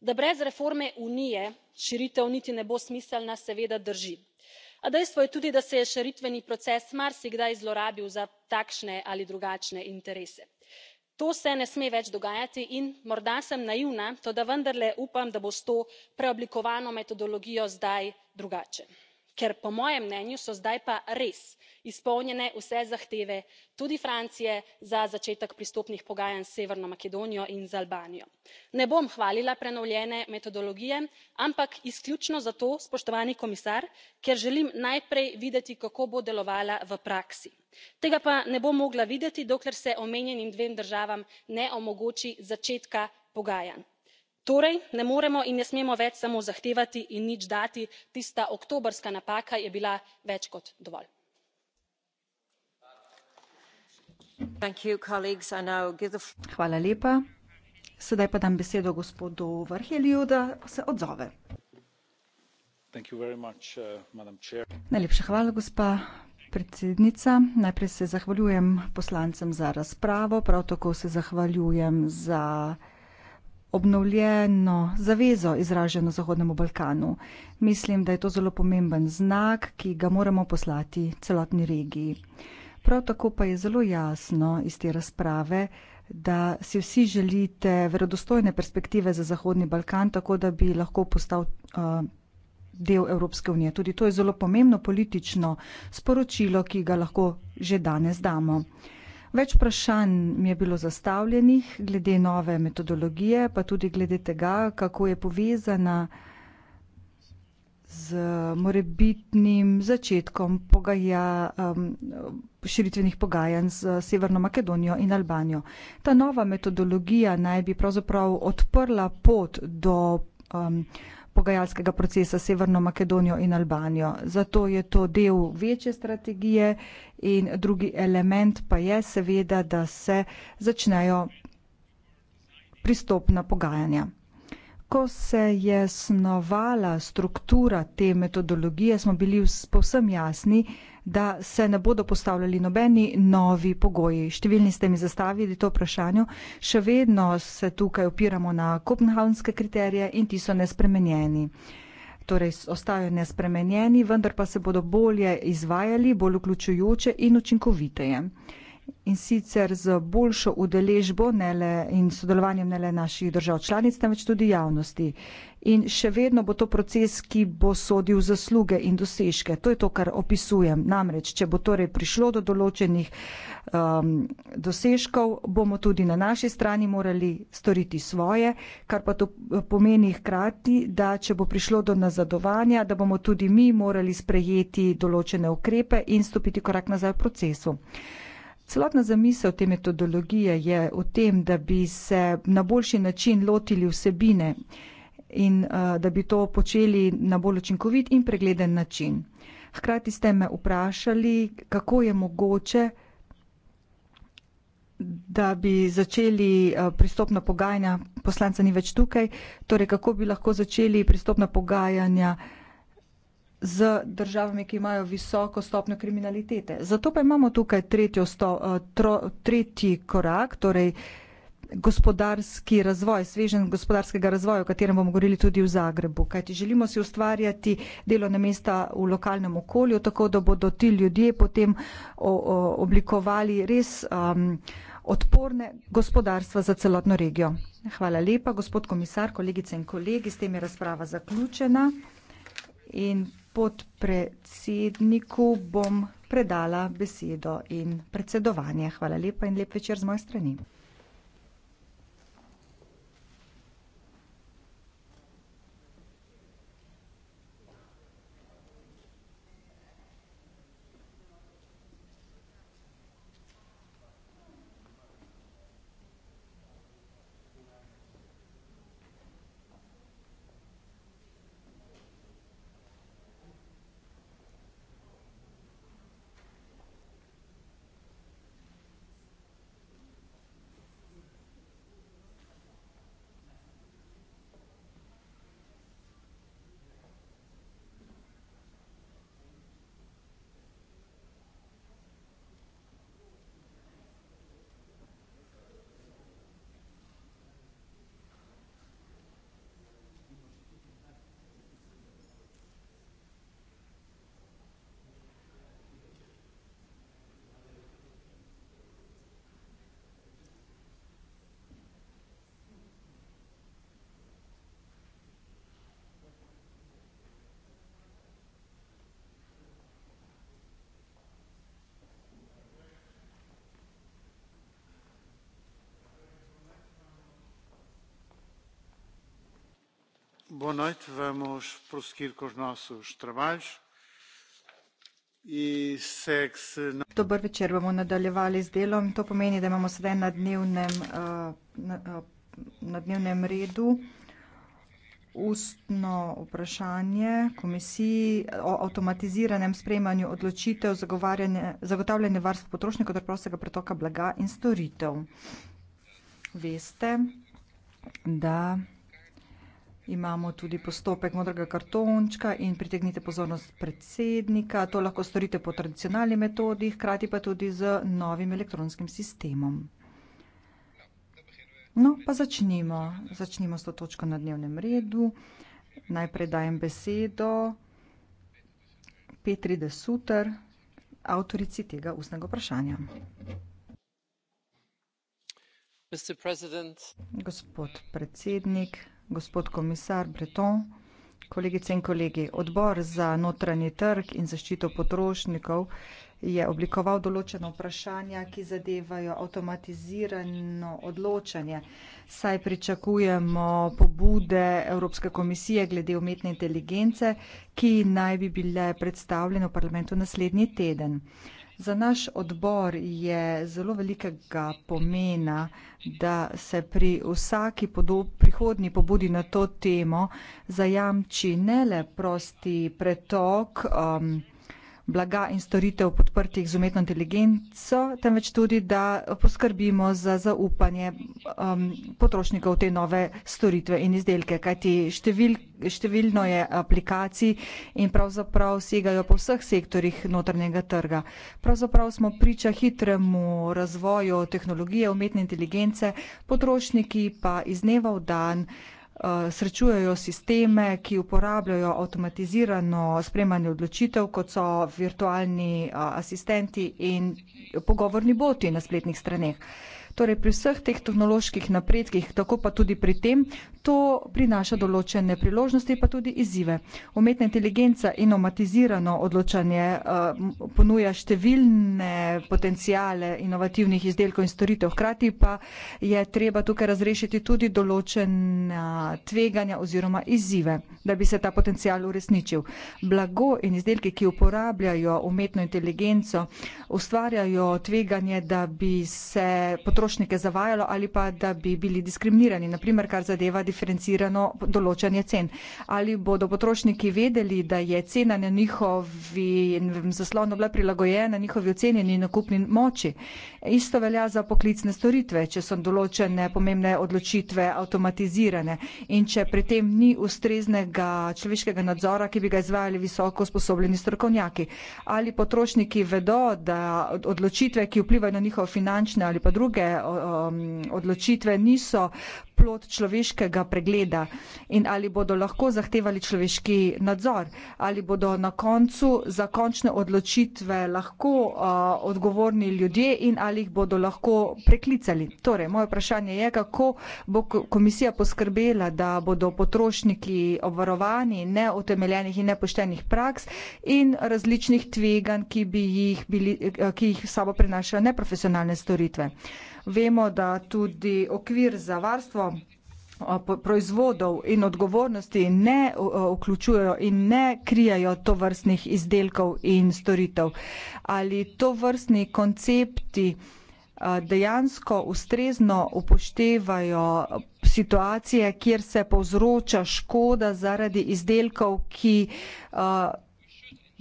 Da brez reforme Unije širitev niti ne bo smiselna, seveda drži a dejstvo je tudi da se je širitveni proces marsikdaj zlorabil za takšne ali drugačne interese. to se ne sme več dogajati in morda sem naivna toda vendarle upam da bo s to preoblikovano metodologijo zdaj drugače ker po mojem mnenju so zdaj pa res izpolnjene vse zahteve tudi francije za začetek pristopnih pogajanj s severno makedonijo in z albanijo. ne bom hvalila prenovljene metodologije ampak izključno zato spoštovani komisar ker želim najprej videti kako bo delovala v praksi. tega pa ne bom mogla videti dokler se omenjenim dvem državam ne omogoči začetka pogajanj torej ne moremo in ne smemo več samo zahtevati in nič dati tista oktobrska napaka je bila več kot dovolj. Uh, najlepša hvala gospa predsednica najprej se zahvaljujem poslancem za razpravo prav tako se zahvaljujem za obnovljeno zavezo izraženo Zahodnemu Balkanu. Mislim, da je to zelo pomemben znak, ki ga moramo poslati celotni regiji. Prav tako pa je zelo jasno iz te razprave, da si vsi želite verodostojne perspektive za Zahodni Balkan, tako da bi lahko postal uh, del Evropske unije. Tudi to je zelo pomembno politično sporočilo, ki ga lahko že danes damo. Uh, Več vprašanj mi je bilo zastavljenih glede nove metodologije, pa tudi glede tega, kako je povezana z morebitnim začetkom pogaja, um, širitvenih pogajanj z Severno Makedonijo in Albanijo. Ta nova metodologija naj bi pravzaprav odprla pot do um, pogajalskega procesa s Severno Makedonijo in Albanijo. Zato je to del večje strategije in drugi element pa je seveda, da se začnejo pristopna pogajanja ko se je snovala struktura te metodologije, smo bili povsem jasni, da se ne bodo postavljali nobeni novi pogoji. Številni ste mi zastavili to vprašanje, še vedno se tukaj opiramo na kopenhavnske kriterije in ti so nespremenjeni. Torej, ostajajo nespremenjeni, vendar pa se bodo bolje izvajali, bolj vključujoče in učinkoviteje in sicer z boljšo udeležbo ne le in sodelovanjem ne le naših držav članic, temveč tudi javnosti. In še vedno bo to proces, ki bo sodil zasluge in dosežke. To je to, kar opisujem. Namreč, če bo torej prišlo do določenih um, dosežkov, bomo tudi na naši strani morali storiti svoje, kar pa to eh, pomeni hkrati, da če bo prišlo do nazadovanja, da bomo tudi mi morali sprejeti določene ukrepe in stopiti korak nazaj v procesu. Celotna zamisel te metodologije je v tem, da bi se na boljši način lotili vsebine in eh, da bi to počeli na bolj učinkovit in pregleden način. Hkrati ste me vprašali, kako je mogoče, da bi začeli eh, pristopna pogajanja, poslanca ni več tukaj, torej kako bi lahko začeli pristopna pogajanja z državami, ki imajo visoko stopnjo kriminalitete. Zato pa imamo tukaj sto, eh, tro, tretji korak, torej gospodarski razvoj, svežen gospodarskega razvoja, o katerem bomo govorili tudi v Zagrebu. Kajti želimo si ustvarjati delovne mesta v lokalnem okolju, tako da bodo ti ljudje potem o, o, oblikovali res um, odporne gospodarstva za celotno regijo. Hvala lepa, gospod komisar, kolegice in kolegi, s tem je razprava zaključena. In podpredsedniku bom predala besedo in predsedovanje. Hvala lepa in lep večer z moje strani. Boa noite, vamos prosseguir com os nossos trabalhos. E Dober večer, bomo nadaljevali z delom. To pomeni, da imamo sedaj na dnevnem, eh, na, eh, na dnevnem redu ustno vprašanje komisiji eh, o avtomatiziranem sprejmanju odločitev zagotavljanja varstva potrošnikov ter prostega pretoka blaga in storitev. Veste, da. Imamo tudi postopek modrega kartončka in pritegnite pozornost predsednika. To lahko storite po tradicionalni metodi, hkrati pa tudi z novim elektronskim sistemom. No, pa začnimo. Začnimo s to točko na dnevnem redu. Najprej dajem besedo Petri de Suter, avtorici tega ustnega vprašanja. Gospod predsednik, gospod komisar Breton, kolegice in kolegi. Odbor za notranji trg in zaščito potrošnikov je oblikoval določena vprašanja, ki zadevajo avtomatizirano odločanje. Saj pričakujemo pobude Evropske komisije glede umetne inteligence, ki naj bi bile predstavljene v parlamentu naslednji teden. Za naš odbor je zelo velikega pomena, da se pri vsaki prihodnji pobudi na to temo zajamči ne le prosti pretok, um, blaga in storitev podprtih z umetno inteligenco, temveč tudi, da poskrbimo za zaupanje um, potrošnikov te nove storitve in izdelke, kajti števil, številno je aplikacij in pravzaprav segajo po vseh sektorjih notrnega trga. Pravzaprav smo priča hitremu razvoju tehnologije umetne inteligence, potrošniki pa iz dneva v dan Eh, srečujejo sisteme, ki uporabljajo avtomatizirano spremanje odločitev, kot so virtualni eh, asistenti in pogovorni boti na spletnih straneh. Torej, pri vseh teh tehnoloških napredkih, tako pa tudi pri tem, to prinaša določene priložnosti, pa tudi izzive. Umetna inteligenca in omatizirano odločanje eh, ponuja številne potencijale inovativnih izdelkov in storitev. Hkrati pa je treba tukaj razrešiti tudi določene tveganja oziroma izzive, da bi se ta potencijal uresničil. Blago in izdelki, ki uporabljajo umetno inteligenco, ustvarjajo tveganje, da bi se potrošnja potrošnike zavajalo ali pa da bi bili diskriminirani, naprimer kar zadeva diferencirano določanje cen. Ali bodo potrošniki vedeli, da je cena na njihovi zaslonu bila prilagojena njihovi ocenjeni nakupni moči? Isto velja za poklicne storitve, če so določene pomembne odločitve avtomatizirane in če pri tem ni ustreznega človeškega nadzora, ki bi ga izvajali visoko usposobljeni strokovnjaki. Ali potrošniki vedo, da odločitve, ki vplivajo na njihove finančne ali pa druge odločitve, niso plod človeškega pregleda in ali bodo lahko zahtevali človeški nadzor, ali bodo na koncu za končne odločitve lahko uh, odgovorni ljudje in ali jih bodo lahko preklicali. Torej, moje vprašanje je, kako bo komisija poskrbela, da bodo potrošniki obvarovani neotemeljenih in nepoštenih praks in različnih tveganj, ki, bi jih bili, ki jih sabo prinašajo neprofesionalne storitve. Vemo, da tudi okvir za varstvo proizvodov in odgovornosti ne vključujejo in ne krijajo to vrstnih izdelkov in storitev. Ali to vrstni koncepti dejansko ustrezno upoštevajo situacije, kjer se povzroča škoda zaradi izdelkov, ki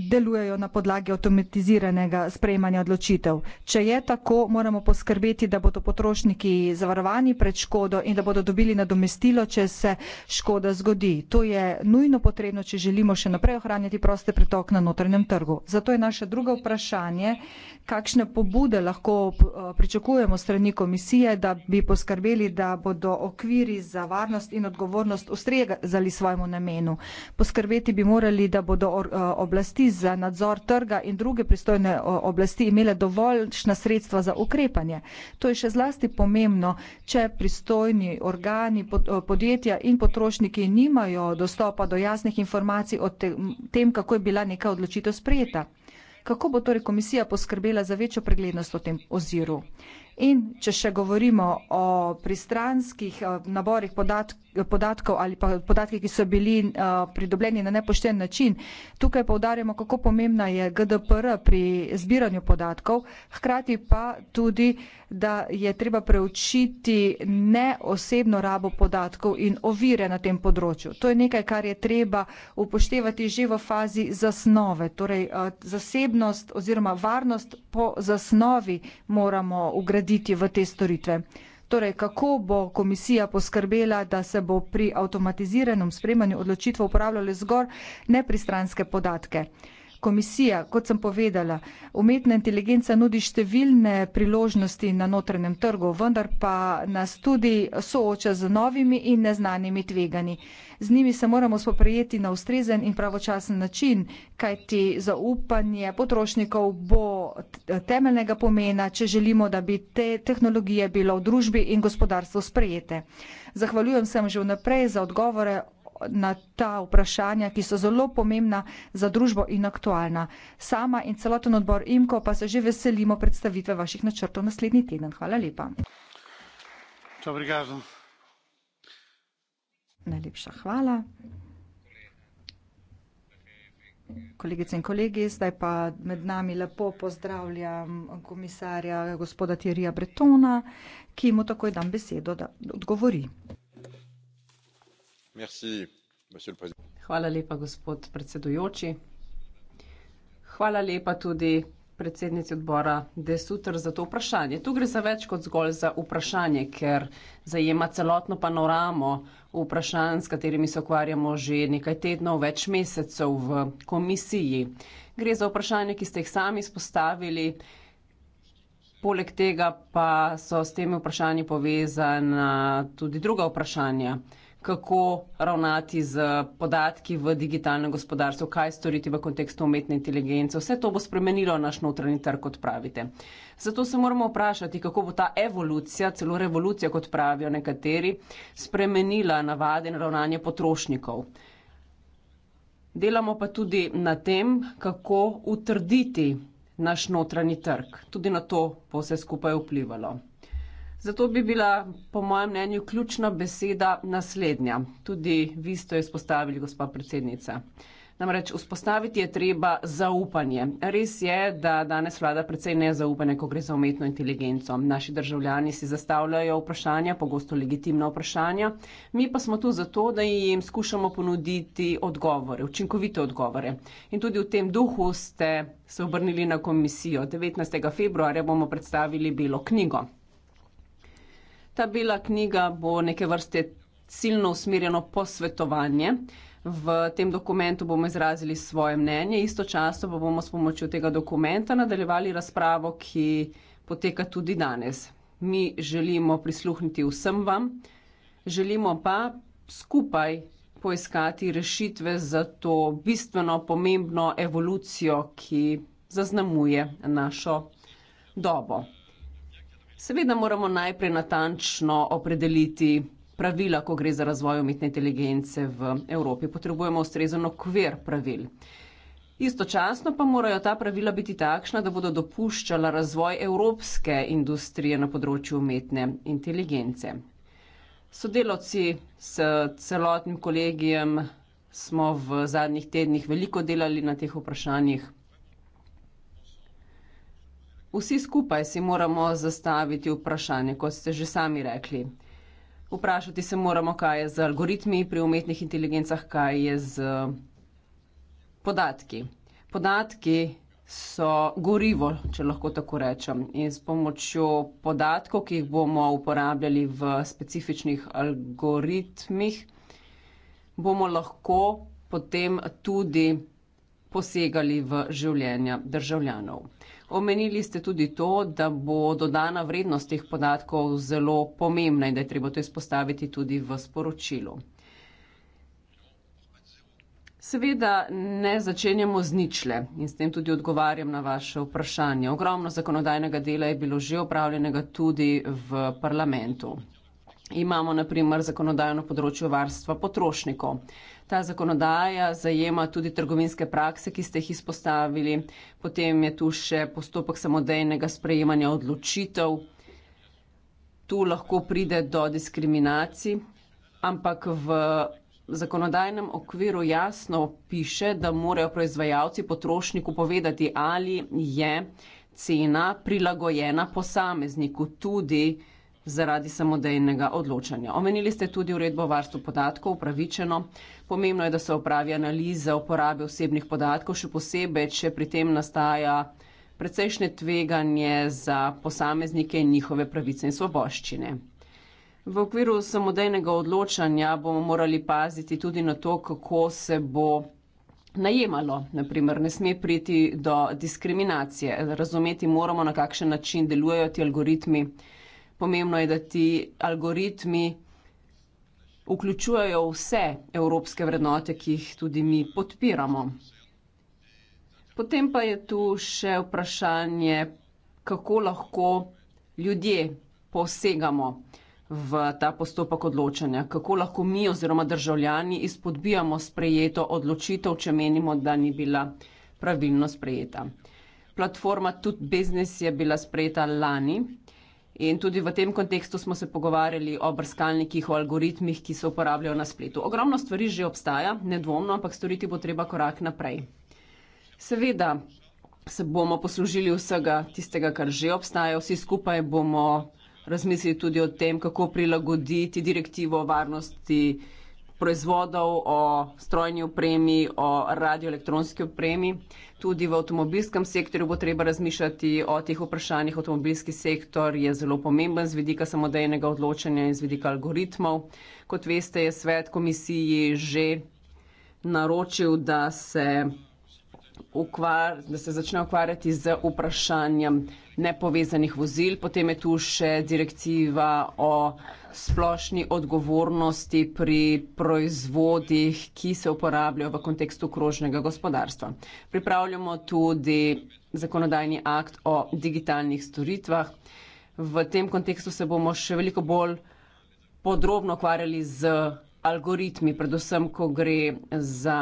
delujejo na podlagi avtomatiziranega sprejemanja odločitev. Če je tako, moramo poskrbeti, da bodo potrošniki zavarovani pred škodo in da bodo dobili nadomestilo, če se škoda zgodi. To je nujno potrebno, če želimo še naprej ohranjati proste pritok na notranjem trgu. Zato je naše drugo vprašanje, kakšne pobude lahko eh, pričakujemo strani komisije, da bi poskrbeli, da bodo okviri za varnost in odgovornost ustregali svojemu namenu. Poskrbeti bi morali, da bodo eh, oblasti za nadzor trga in druge pristojne oblasti imele dovoljšna sredstva za ukrepanje. To je še zlasti pomembno, če pristojni organi podjetja in potrošniki nimajo dostopa do jasnih informacij o tem, kako je bila neka odločitev sprejeta. Kako bo torej komisija poskrbela za večjo preglednost v tem oziru? In če še govorimo o pristranskih naborih podatkov, podatkov ali pa podatki, ki so bili eh, pridobljeni na nepošten način. Tukaj povdarjamo, kako pomembna je GDPR pri zbiranju podatkov, hkrati pa tudi, da je treba preučiti neosebno rabo podatkov in ovire na tem področju. To je nekaj, kar je treba upoštevati že v fazi zasnove. Torej, eh, zasebnost oziroma varnost po zasnovi moramo ugraditi v te storitve. Torej, kako bo komisija poskrbela, da se bo pri avtomatiziranem spremanju odločitev uporabljalo zgolj nepristranske podatke? komisija, kot sem povedala, umetna inteligenca nudi številne priložnosti na notranjem trgu, vendar pa nas tudi sooča z novimi in neznanimi tvegani. Z njimi se moramo spoprijeti na ustrezen in pravočasen način, kajti zaupanje potrošnikov bo temeljnega pomena, če želimo, da bi te tehnologije bilo v družbi in gospodarstvu sprejete. Zahvaljujem se vam že vnaprej za odgovore na ta vprašanja, ki so zelo pomembna za družbo in aktualna. Sama in celoten odbor IMKO pa se že veselimo predstavitve vaših načrtov naslednji teden. Hvala lepa. Dobrigažen. Najlepša hvala. Kolegice in kolegi, zdaj pa med nami lepo pozdravljam komisarja gospoda Tirija Bretona, ki mu takoj dam besedo, da odgovori. Hvala lepa, gospod predsedujoči. Hvala lepa tudi predsednici odbora De Sutter za to vprašanje. Tu gre za več kot zgolj za vprašanje, ker zajema celotno panoramo vprašanj, s katerimi se ukvarjamo že nekaj tednov, več mesecev v komisiji. Gre za vprašanje, ki ste jih sami izpostavili. Poleg tega pa so s temi vprašanji povezana tudi druga vprašanja kako ravnati z podatki v digitalnem gospodarstvu, kaj storiti v kontekstu umetne inteligence. Vse to bo spremenilo naš notranji trg, kot pravite. Zato se moramo vprašati, kako bo ta evolucija, celo revolucija, kot pravijo nekateri, spremenila navade in ravnanje potrošnikov. Delamo pa tudi na tem, kako utrditi naš notranji trg. Tudi na to bo vse skupaj vplivalo. Zato bi bila, po mojem mnenju, ključna beseda naslednja. Tudi vi ste jo izpostavili, gospa predsednica. Namreč vzpostaviti je treba zaupanje. Res je, da danes vlada precej nezaupanje, ko gre za umetno inteligenco. Naši državljani si zastavljajo vprašanja, pogosto legitimna vprašanja, mi pa smo tu zato, da jim skušamo ponuditi odgovore, učinkovite odgovore. In tudi v tem duhu ste se obrnili na komisijo. 19. februarja bomo predstavili belo knjigo. Ta bila knjiga bo neke vrste ciljno usmerjeno posvetovanje. V tem dokumentu bomo izrazili svoje mnenje, istočasno pa bomo s pomočjo tega dokumenta nadaljevali razpravo, ki poteka tudi danes. Mi želimo prisluhniti vsem vam, želimo pa skupaj poiskati rešitve za to bistveno pomembno evolucijo, ki zaznamuje našo dobo. Seveda moramo najprej natančno opredeliti pravila, ko gre za razvoj umetne inteligence v Evropi. Potrebujemo ustrezen okvir pravil. Istočasno pa morajo ta pravila biti takšna, da bodo dopuščala razvoj evropske industrije na področju umetne inteligence. Sodelovci s celotnim kolegijem smo v zadnjih tednih veliko delali na teh vprašanjih. Vsi skupaj si moramo zastaviti vprašanje, kot ste že sami rekli. Vprašati se moramo, kaj je z algoritmi pri umetnih inteligencah, kaj je z podatki. Podatki so gorivo, če lahko tako rečem. In s pomočjo podatkov, ki jih bomo uporabljali v specifičnih algoritmih, bomo lahko potem tudi posegali v življenja državljanov. Omenili ste tudi to, da bo dodana vrednost teh podatkov zelo pomembna in da je treba to izpostaviti tudi v sporočilu. Seveda ne začenjamo z ničle in s tem tudi odgovarjam na vaše vprašanje. Ogromno zakonodajnega dela je bilo že opravljenega tudi v parlamentu. Imamo naprimer zakonodajno področje varstva potrošnikov. Ta zakonodaja zajema tudi trgovinske prakse, ki ste jih izpostavili, potem je tu še postopek samodejnega sprejemanja odločitev. Tu lahko pride do diskriminacij, ampak v zakonodajnem okviru jasno piše, da morajo proizvajalci potrošniku povedati, ali je cena prilagojena posamezniku tudi zaradi samodejnega odločanja. Omenili ste tudi uredbo varstvo podatkov upravičeno. Pomembno je, da se opravi analiza uporabe osebnih podatkov, še posebej, če pri tem nastaja precejšnje tveganje za posameznike in njihove pravice in svoboščine. V okviru samodejnega odločanja bomo morali paziti tudi na to, kako se bo najemalo. Naprimer, ne sme priti do diskriminacije. Razumeti moramo, na kakšen način delujejo ti algoritmi. Pomembno je, da ti algoritmi vključujejo vse evropske vrednote, ki jih tudi mi podpiramo. Potem pa je tu še vprašanje, kako lahko ljudje posegamo v ta postopek odločanja, kako lahko mi oziroma državljani izpodbijamo sprejeto odločitev, če menimo, da ni bila pravilno sprejeta. Platforma Tut Biznis je bila sprejeta lani In tudi v tem kontekstu smo se pogovarjali o brskalnikih, o algoritmih, ki se uporabljajo na spletu. Ogromno stvari že obstaja, nedvomno, ampak storiti bo treba korak naprej. Seveda se bomo poslužili vsega tistega, kar že obstaja, vsi skupaj bomo razmislili tudi o tem, kako prilagoditi direktivo o varnosti proizvodov, o strojni opremi, o radioelektronski opremi. Tudi v avtomobilskem sektorju bo treba razmišljati o teh vprašanjih. Avtomobilski sektor je zelo pomemben z vidika samodejnega odločanja in z vidika algoritmov. Kot veste, je svet komisiji že naročil, da se, ukvar, da se začne ukvarjati z vprašanjem nepovezanih vozil. Potem je tu še direktiva o splošni odgovornosti pri proizvodih, ki se uporabljajo v kontekstu krožnega gospodarstva. Pripravljamo tudi zakonodajni akt o digitalnih storitvah. V tem kontekstu se bomo še veliko bolj podrobno ukvarjali z algoritmi, predvsem, ko gre za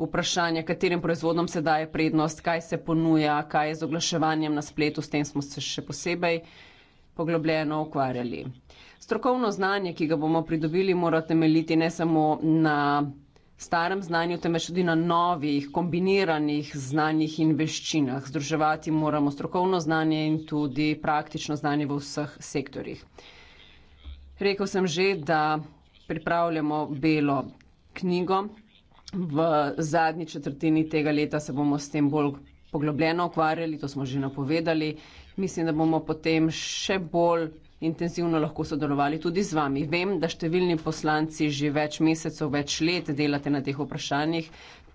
vprašanje, katerim proizvodom se daje prednost, kaj se ponuja, kaj je z oglaševanjem na spletu, s tem smo se še posebej poglobljeno ukvarjali. Strokovno znanje, ki ga bomo pridobili, mora temeljiti ne samo na starem znanju, temveč tudi na novih, kombiniranih znanjih in veščinah. Združevati moramo strokovno znanje in tudi praktično znanje v vseh sektorjih. Rekel sem že, da pripravljamo belo knjigo. V zadnji četrtini tega leta se bomo s tem bolj poglobljeno ukvarjali, to smo že napovedali. Mislim, da bomo potem še bolj intenzivno lahko sodelovali tudi z vami. Vem, da številni poslanci že več mesecev, več let delate na teh vprašanjih.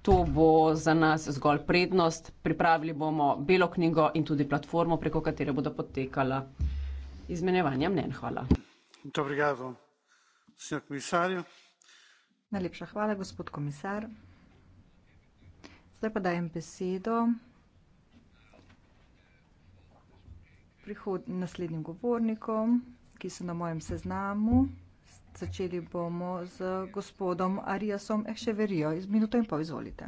To bo za nas zgolj prednost. Pripravili bomo belo knjigo in tudi platformo, preko katere bodo potekala izmenjevanja mnen. Hvala. Dobrigado, senjor komisarju. Najlepša hvala, gospod komisar. Zdaj pa dajem besedo prihod, naslednjim govornikom, ki so na mojem seznamu. Začeli bomo z gospodom Arijasom Echeverijo. Iz minuto in pol izvolite.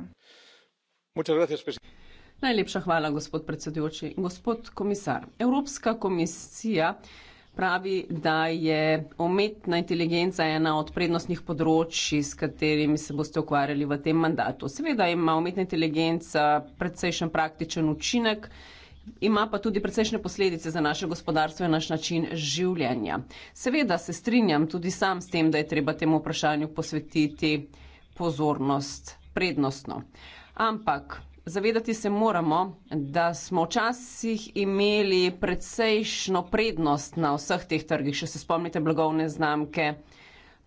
Najlepša hvala, gospod predsedujoči. Gospod komisar, Evropska komisija pravi, da je umetna inteligenca ena od prednostnih področji, s katerimi se boste ukvarjali v tem mandatu. Seveda ima umetna inteligenca precejšen praktičen učinek, ima pa tudi precejšnje posledice za naše gospodarstvo in naš način življenja. Seveda se strinjam tudi sam s tem, da je treba temu vprašanju posvetiti pozornost prednostno. Ampak zavedati se moramo, da smo včasih imeli precejšno prednost na vseh teh trgih, še se spomnite blagovne znamke,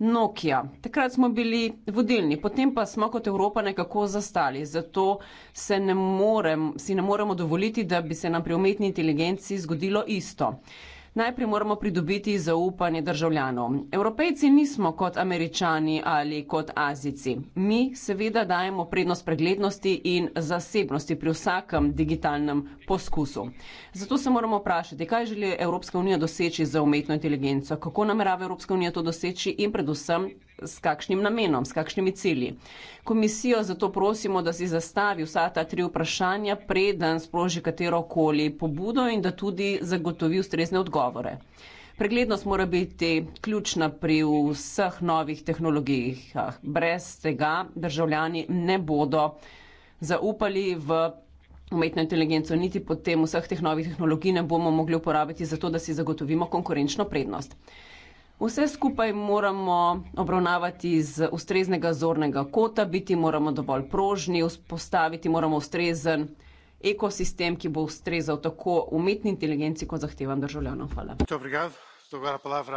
Nokia. Takrat smo bili vodilni, potem pa smo kot Evropa nekako zastali. Zato ne morem, si ne moremo dovoliti, da bi se nam pri umetni inteligenci zgodilo isto. Najprej moramo pridobiti zaupanje državljanov. Evropejci nismo kot američani ali kot azici. Mi seveda dajemo prednost preglednosti in zasebnosti pri vsakem digitalnem poskusu. Zato se moramo vprašati, kaj želi Evropska unija doseči za umetno inteligenco, kako namerava Evropska unija to doseči in predvsem, s kakšnim namenom, s kakšnimi cilji. Komisijo zato prosimo, da si zastavi vsa ta tri vprašanja, preden sproži katerokoli pobudo in da tudi zagotovi ustrezne odgovore. Preglednost mora biti ključna pri vseh novih tehnologijah. Brez tega državljani ne bodo zaupali v umetno inteligenco, niti potem vseh teh novih tehnologij ne bomo mogli uporabiti zato, da si zagotovimo konkurenčno prednost vse skupaj moramo obravnavati z ustreznega zornega kota, biti moramo dovolj prožni, vzpostaviti moramo ustrezen ekosistem, ki bo ustrezal tako umetni inteligenci, kot zahtevam državljanov. Hvala.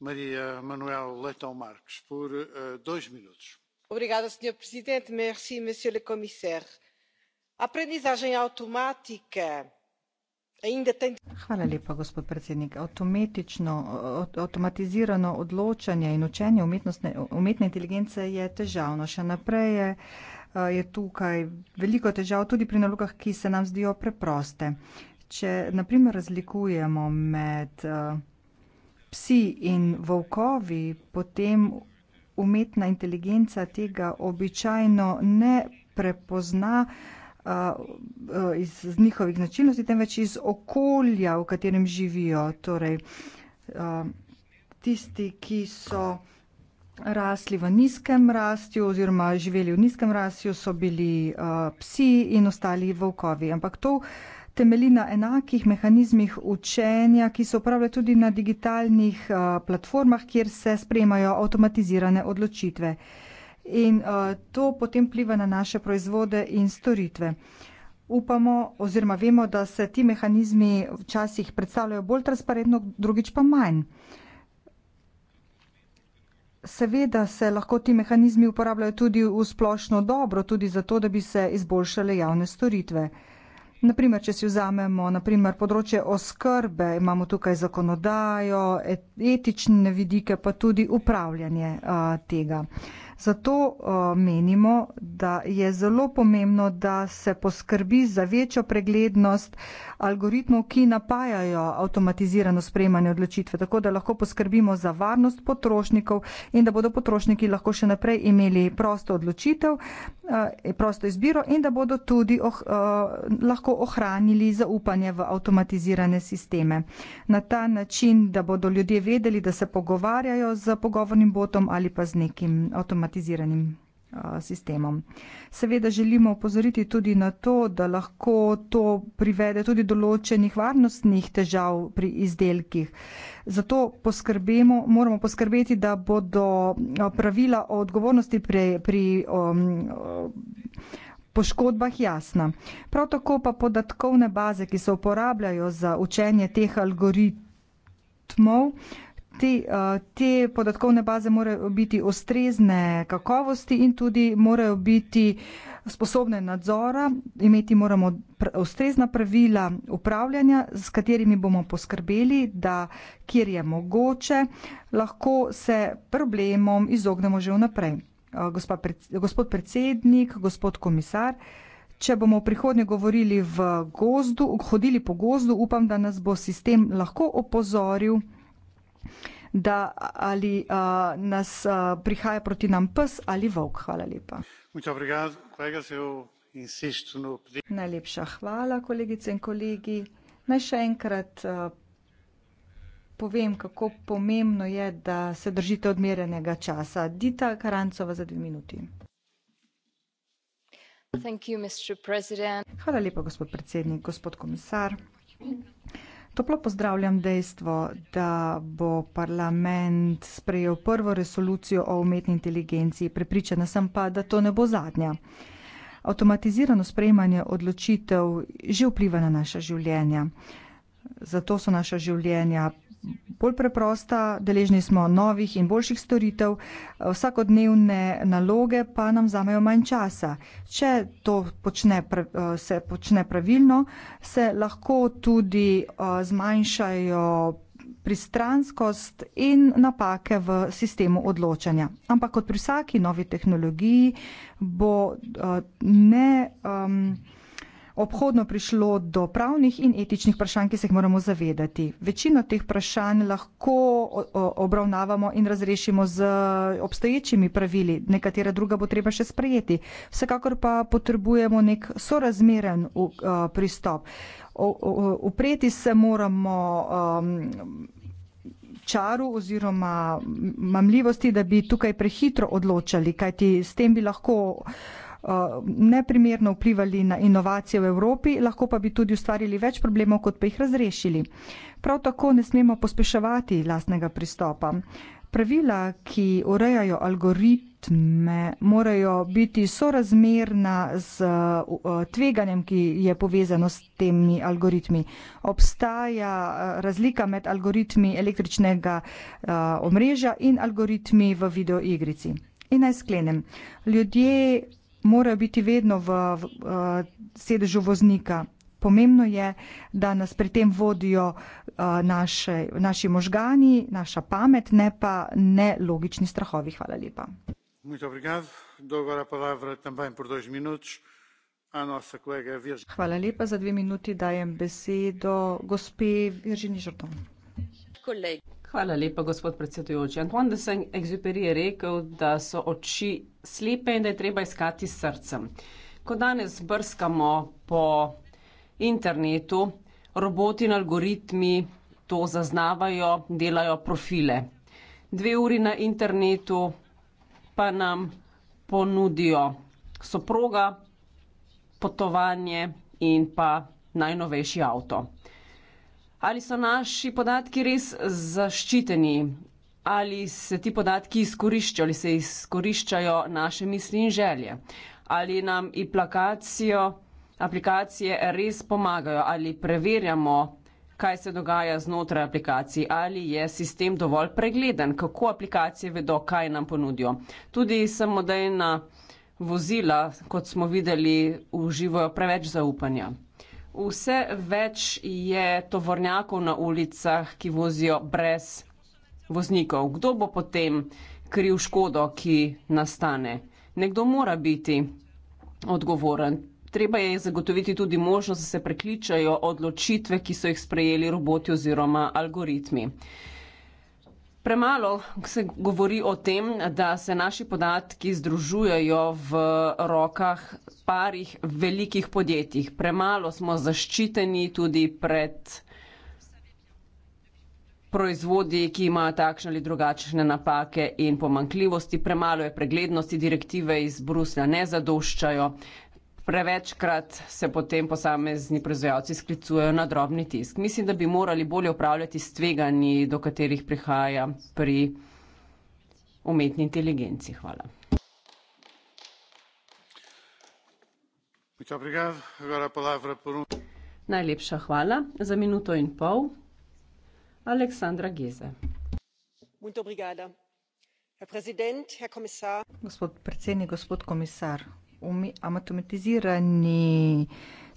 Maria Manuel Leto Marques, por uh, dois minutos. Obrigada, Sr. Presidente. Merci, Monsieur le Commissaire. Aprendizagem automática, Hvala lepa, gospod predsednik. Avtomatično, avtomatizirano odločanje in učenje umetnostne, umetne inteligence je težavno. Še naprej je, je tukaj veliko težav tudi pri nalogah, ki se nam zdijo preproste. Če naprimer razlikujemo med uh, psi in volkovi, potem umetna inteligenca tega običajno ne prepozna. Uh, iz, iz njihovih značilnosti, temveč iz okolja, v katerem živijo. Torej, tisti, ki so rasli v nizkem rastju oziroma živeli v nizkem rastju, so bili psi in ostali volkovi. Ampak to temeli na enakih mehanizmih učenja, ki se upravlja tudi na digitalnih platformah, kjer se sprejemajo avtomatizirane odločitve in uh, to potem pliva na naše proizvode in storitve. Upamo oziroma vemo, da se ti mehanizmi včasih predstavljajo bolj transparentno, drugič pa manj. Seveda se lahko ti mehanizmi uporabljajo tudi v splošno dobro, tudi zato, da bi se izboljšale javne storitve. Naprimer, če si vzamemo naprimer, področje oskrbe, imamo tukaj zakonodajo, etične vidike, pa tudi upravljanje a, eh, tega. A, Zato uh, menimo, da je zelo pomembno, da se poskrbi za večjo preglednost algoritmov, ki napajajo avtomatizirano sprejmanje odločitve, tako da lahko poskrbimo za varnost potrošnikov in da bodo potrošniki lahko še naprej imeli prosto odločitev, uh, prosto izbiro in da bodo tudi oh, uh, lahko ohranili zaupanje v avtomatizirane sisteme. Na ta način, da bodo ljudje vedeli, da se pogovarjajo z pogovornim botom ali pa z nekim avtomatiziranim avtomatiziranim eh, sistemom. Seveda želimo opozoriti tudi na to, da lahko to privede tudi določenih varnostnih težav pri izdelkih. Zato poskrbemo, moramo poskrbeti, da bodo eh, pravila o odgovornosti pri, pri um, eh, poškodbah jasna. Prav tako pa podatkovne baze, ki se uporabljajo za učenje teh algoritmov, uh, te, eh, te podatkovne baze morajo biti ustrezne kakovosti in tudi morajo biti sposobne nadzora, imeti moramo ustrezna pravila upravljanja, s katerimi bomo poskrbeli, da kjer je mogoče, lahko se problemom izognemo že vnaprej. Eh, gospod predsednik, gospod komisar, če bomo v prihodnje govorili v gozdu, hodili po gozdu, upam, da nas bo sistem lahko opozoril da ali uh, nas uh, prihaja proti nam pes ali volk. Hvala lepa. No Najlepša hvala, kolegice in kolegi. Naj še enkrat uh, povem, kako pomembno je, da se držite odmerenega časa. Dita Karancova za dve minuti. You, Hvala lepa, gospod predsednik, gospod komisar. Toplo pozdravljam dejstvo, da bo parlament sprejel prvo resolucijo o umetni inteligenci. Prepričana sem pa, da to ne bo zadnja. Avtomatizirano sprejemanje odločitev že vpliva na naša življenja. Zato so naša življenja bolj preprosta, deležni smo novih in boljših storitev, vsakodnevne naloge pa nam vzamejo manj časa. Če to počne, eh, se počne pravilno, se lahko tudi eh, zmanjšajo pristranskost in napake v sistemu odločanja. Ampak kot pri vsaki novi tehnologiji bo eh, ne. Um, obhodno prišlo do pravnih in etičnih vprašanj, ki se jih moramo zavedati. Večino teh vprašanj lahko obravnavamo in razrešimo z obstoječimi pravili, nekatera druga bo treba še sprejeti. Vsekakor pa potrebujemo nek sorazmeren pristop. Upreti se moramo um, čaru oziroma mamljivosti, da bi tukaj prehitro odločali, kajti s tem bi lahko Eh, neprimerno vplivali na inovacije v Evropi, lahko pa bi tudi ustvarili več problemov, kot pa jih razrešili. Prav tako ne smemo pospeševati lastnega pristopa. Pravila, ki urejajo algoritme, morajo biti sorazmerna z eh, tveganjem, ki je povezano s temi algoritmi. Obstaja eh, razlika med algoritmi električnega omrežja in algoritmi v videoigrici. In naj sklenem. Ljudje mora biti vedno v, v, v eh, sedežu voznika. Pomembno je, da nas pri tem vodijo uh, naše, naši možgani, naša pamet, ne pa ne logični strahovi. Hvala lepa. Hvala lepa. Za dve minuti dajem besedo gospe Virginiji Žrtom. Hvala lepa, gospod predsedujoči. Antoan de Saint-Exupéry je rekel, da so oči slepe in da je treba iskati srcem. Ko danes brskamo po internetu, roboti in algoritmi to zaznavajo, delajo profile. Dve uri na internetu pa nam ponudijo soproga, potovanje in pa najnovejši avto. Ali so naši podatki res zaščiteni? Ali se ti podatki izkoriščajo, ali se izkoriščajo naše misli in želje? Ali nam aplikacijo, aplikacije res pomagajo, ali preverjamo, kaj se dogaja znotraj aplikacij, ali je sistem dovolj pregleden, kako aplikacije vedo, kaj nam ponudijo. Tudi samodejna vozila, kot smo videli, uživajo preveč zaupanja vse več je tovornjakov na ulicah, ki vozijo brez voznikov. Kdo bo potem kriv škodo, ki nastane? Nekdo mora biti odgovoren. Treba je zagotoviti tudi možnost, da se prekličajo odločitve, ki so jih sprejeli roboti oziroma algoritmi. Premalo se govori o tem, da se naši podatki združujejo v rokah parih velikih podjetij. Premalo smo zaščiteni tudi pred proizvodi, ki imajo takšne ali drugačne napake in pomankljivosti. Premalo je preglednosti, direktive iz Bruslja ne zadoščajo. Prevečkrat se potem posamezni proizvajalci sklicujejo na drobni tisk. Mislim, da bi morali bolje upravljati s tveganji, do katerih prihaja pri umetni inteligenci. Hvala. Um- Najlepša hvala za minuto in pol. Aleksandra Geze. Gospod predsednik, gospod komisar avtomatizirani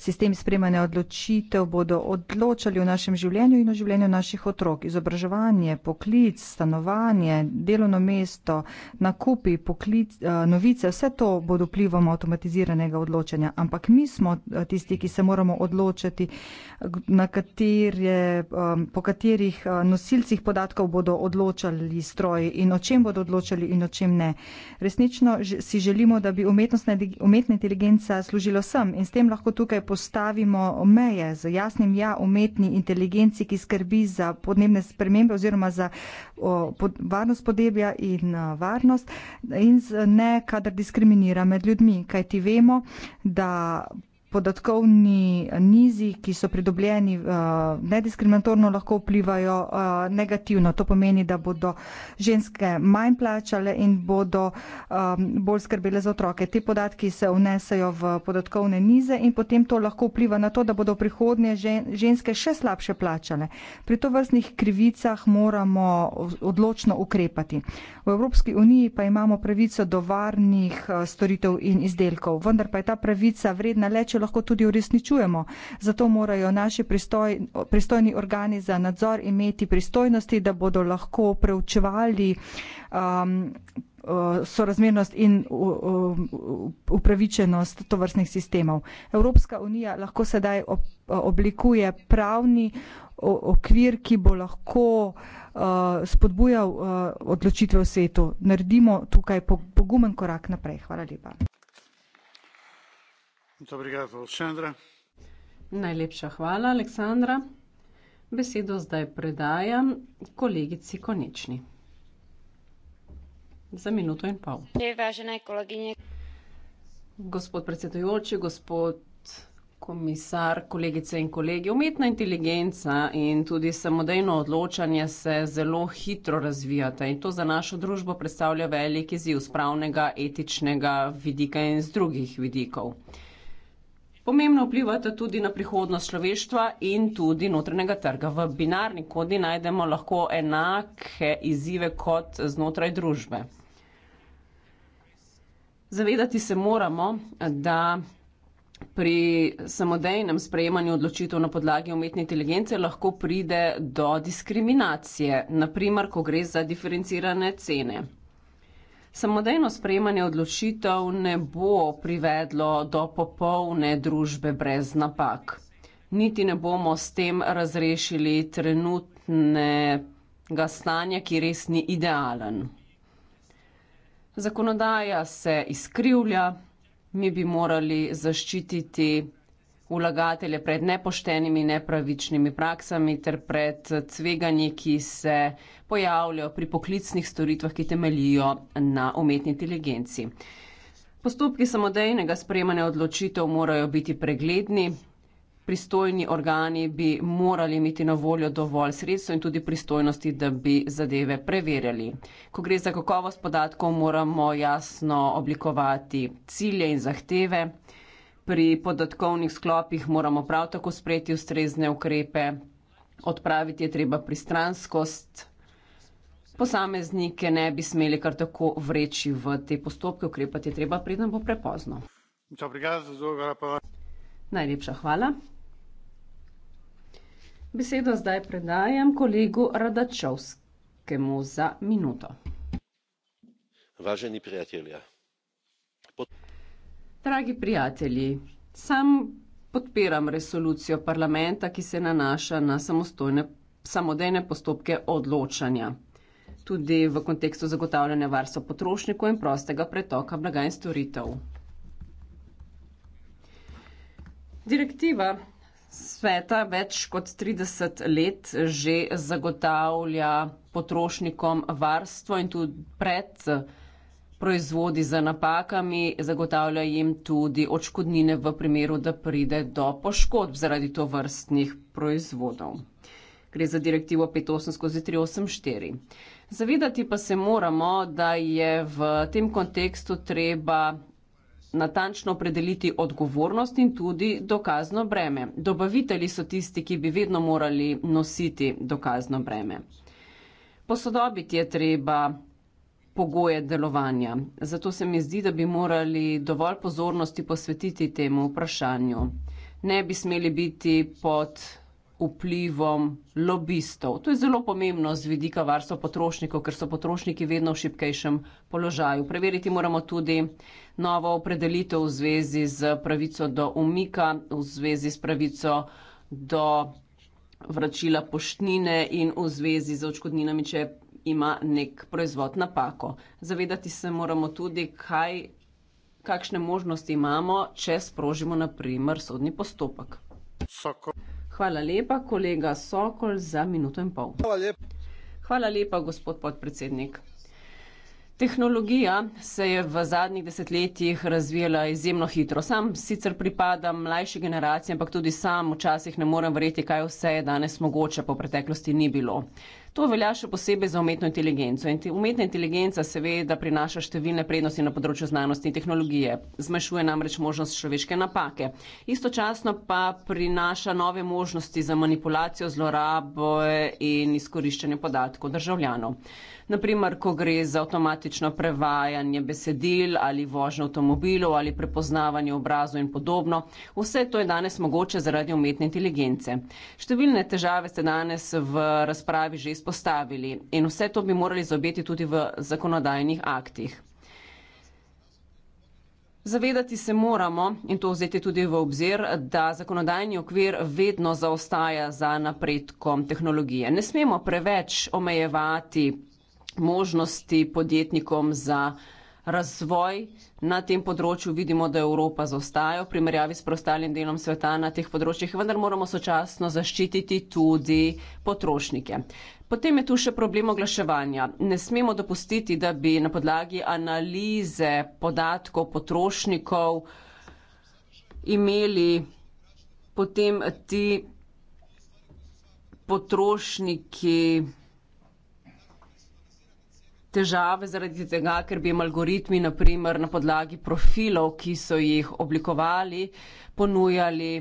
Sistem spremanja odločitev bodo odločali o našem življenju in o življenju naših otrok. Izobraževanje, poklic, stanovanje, delovno mesto, nakupi, poklic, eh, novice, vse to bodo vplivom avtomatiziranega odločanja. Ampak mi smo eh, tisti, ki se moramo odločiti, katere, eh, po katerih nosilcih podatkov bodo odločali stroji in o čem bodo odločali in o čem ne. Resnično si želimo, da bi umetna inteligenca služila vsem in s tem lahko tukaj postavimo meje z jasnim ja umetni inteligenci, ki skrbi za podnebne spremembe oziroma za o, pod, varnost podebja in a, varnost in z, ne kadar diskriminira med ljudmi, kajti vemo, da podatkovni nizi, ki so pridobljeni eh, nediskriminatorno, lahko vplivajo eh, negativno. To pomeni, da bodo ženske manj plačale in bodo eh, bolj skrbele za otroke. Te podatki se vnesajo v podatkovne nize in potem to lahko vpliva na to, da bodo prihodnje ženske še slabše plačale. Pri to vrstnih krivicah moramo odločno ukrepati. V Evropski uniji pa imamo pravico do varnih storitev in izdelkov, vendar pa je ta pravica vredna leče lahko tudi uresničujemo. Zato morajo naši pristoj, pristojni organi za nadzor imeti pristojnosti, da bodo lahko preučevali um, uh, sorazmernost in upravičenost tovrstnih sistemov. Evropska unija lahko sedaj oblikuje pravni okvir, ki bo lahko uh, spodbujal uh, odločitve v svetu. Naredimo tukaj pogumen korak naprej. Hvala lepa. Najlepša hvala, Aleksandra. Besedo zdaj predajam kolegici Konečni. Za minuto in pol. Gospod predsedujoči, gospod komisar, kolegice in kolegi. Umetna inteligenca in tudi samodejno odločanje se zelo hitro razvijata in to za našo družbo predstavlja veliki ziv spravnega, etičnega vidika in z drugih vidikov pomembno vplivata tudi na prihodnost človeštva in tudi notranjega trga. V binarni kodi najdemo lahko enake izzive kot znotraj družbe. Zavedati se moramo, da pri samodejnem sprejemanju odločitev na podlagi umetne inteligence lahko pride do diskriminacije, naprimer, ko gre za diferencirane cene. Samodejno sprejemanje odločitev ne bo privedlo do popolne družbe brez napak. Niti ne bomo s tem razrešili trenutnega stanja, ki res ni idealen. Zakonodaja se izkrivlja, mi bi morali zaščititi vlagatelje pred nepoštenimi, nepravičnimi praksami ter pred tveganji, ki se pojavljajo pri poklicnih storitvah, ki temelijo na umetni inteligenci. Postopki samodejnega sprejemanja odločitev morajo biti pregledni, pristojni organi bi morali imeti na voljo dovolj sredstva in tudi pristojnosti, da bi zadeve preverjali. Ko gre za kakovost podatkov, moramo jasno oblikovati cilje in zahteve. Pri podatkovnih sklopih moramo prav tako sprejeti ustrezne ukrepe, odpraviti je treba pristranskost posameznike ne bi smeli kar tako vreči v te postopke, ukrepati je treba, preden bo prepozno. Najlepša hvala. Besedo zdaj predajam kolegu Radačovskemu za minuto. Važeni prijatelja. Pod... Dragi prijatelji, sam podpiram resolucijo parlamenta, ki se nanaša na samostojne, samodejne postopke odločanja tudi v kontekstu zagotavljanja varstva potrošnikov in prostega pretoka blaga in storitev. Direktiva sveta več kot 30 let že zagotavlja potrošnikom varstvo in tudi pred proizvodi za napakami zagotavlja jim tudi očkodnine v primeru, da pride do poškodb zaradi to vrstnih proizvodov. Gre za direktivo 58 skozi 384. Zavedati pa se moramo, da je v tem kontekstu treba natančno predeliti odgovornost in tudi dokazno breme. Dobavitelji so tisti, ki bi vedno morali nositi dokazno breme. Posodobiti je treba pogoje delovanja. Zato se mi zdi, da bi morali dovolj pozornosti posvetiti temu vprašanju. Ne bi smeli biti pod vplivom lobistov. To je zelo pomembno z vidika varstva potrošnikov, ker so potrošniki vedno v šipkejšem položaju. Preveriti moramo tudi novo opredelitev v zvezi z pravico do umika, v zvezi s pravico do vračila poštnine in v zvezi z očkodninami, če ima nek proizvod napako. Zavedati se moramo tudi, kaj, kakšne možnosti imamo, če sprožimo, naprimer, sodni postopek. Sokol. Hvala lepa, kolega Sokol, za minuto in pol. Hvala lepa. Hvala lepa, gospod podpredsednik. Tehnologija se je v zadnjih desetletjih razvijala izjemno hitro. Sam sicer pripadam mlajši generaciji, ampak tudi sam včasih ne morem verjeti, kaj vse je danes mogoče, pa v preteklosti ni bilo. To velja še posebej za umetno inteligenco. In umetna inteligenca seveda prinaša številne prednosti na področju znanosti in tehnologije. Zmanjšuje namreč možnost človeške napake. Istočasno pa prinaša nove možnosti za manipulacijo, zlorabo in izkoriščanje podatkov državljanov. Naprimer, ko gre za avtomatično prevajanje besedil ali vožnjo avtomobilov ali prepoznavanje obrazov in podobno. Vse to je danes mogoče zaradi umetne inteligence. Številne težave ste danes v razpravi že izpostavili in vse to bi morali zaobjeti tudi v zakonodajnih aktih. Zavedati se moramo in to vzeti tudi v obzir, da zakonodajni okvir vedno zaostaja za napredkom tehnologije. Ne smemo preveč omejevati možnosti podjetnikom za razvoj na tem področju. Vidimo, da Evropa zaostaja v primerjavi s prostalim delom sveta na teh področjih, vendar moramo sočasno zaščititi tudi potrošnike. Potem je tu še problem oglaševanja. Ne smemo dopustiti, da bi na podlagi analize podatkov potrošnikov imeli potem ti potrošniki težave zaradi tega, ker bi jim algoritmi naprimer na podlagi profilov, ki so jih oblikovali, ponujali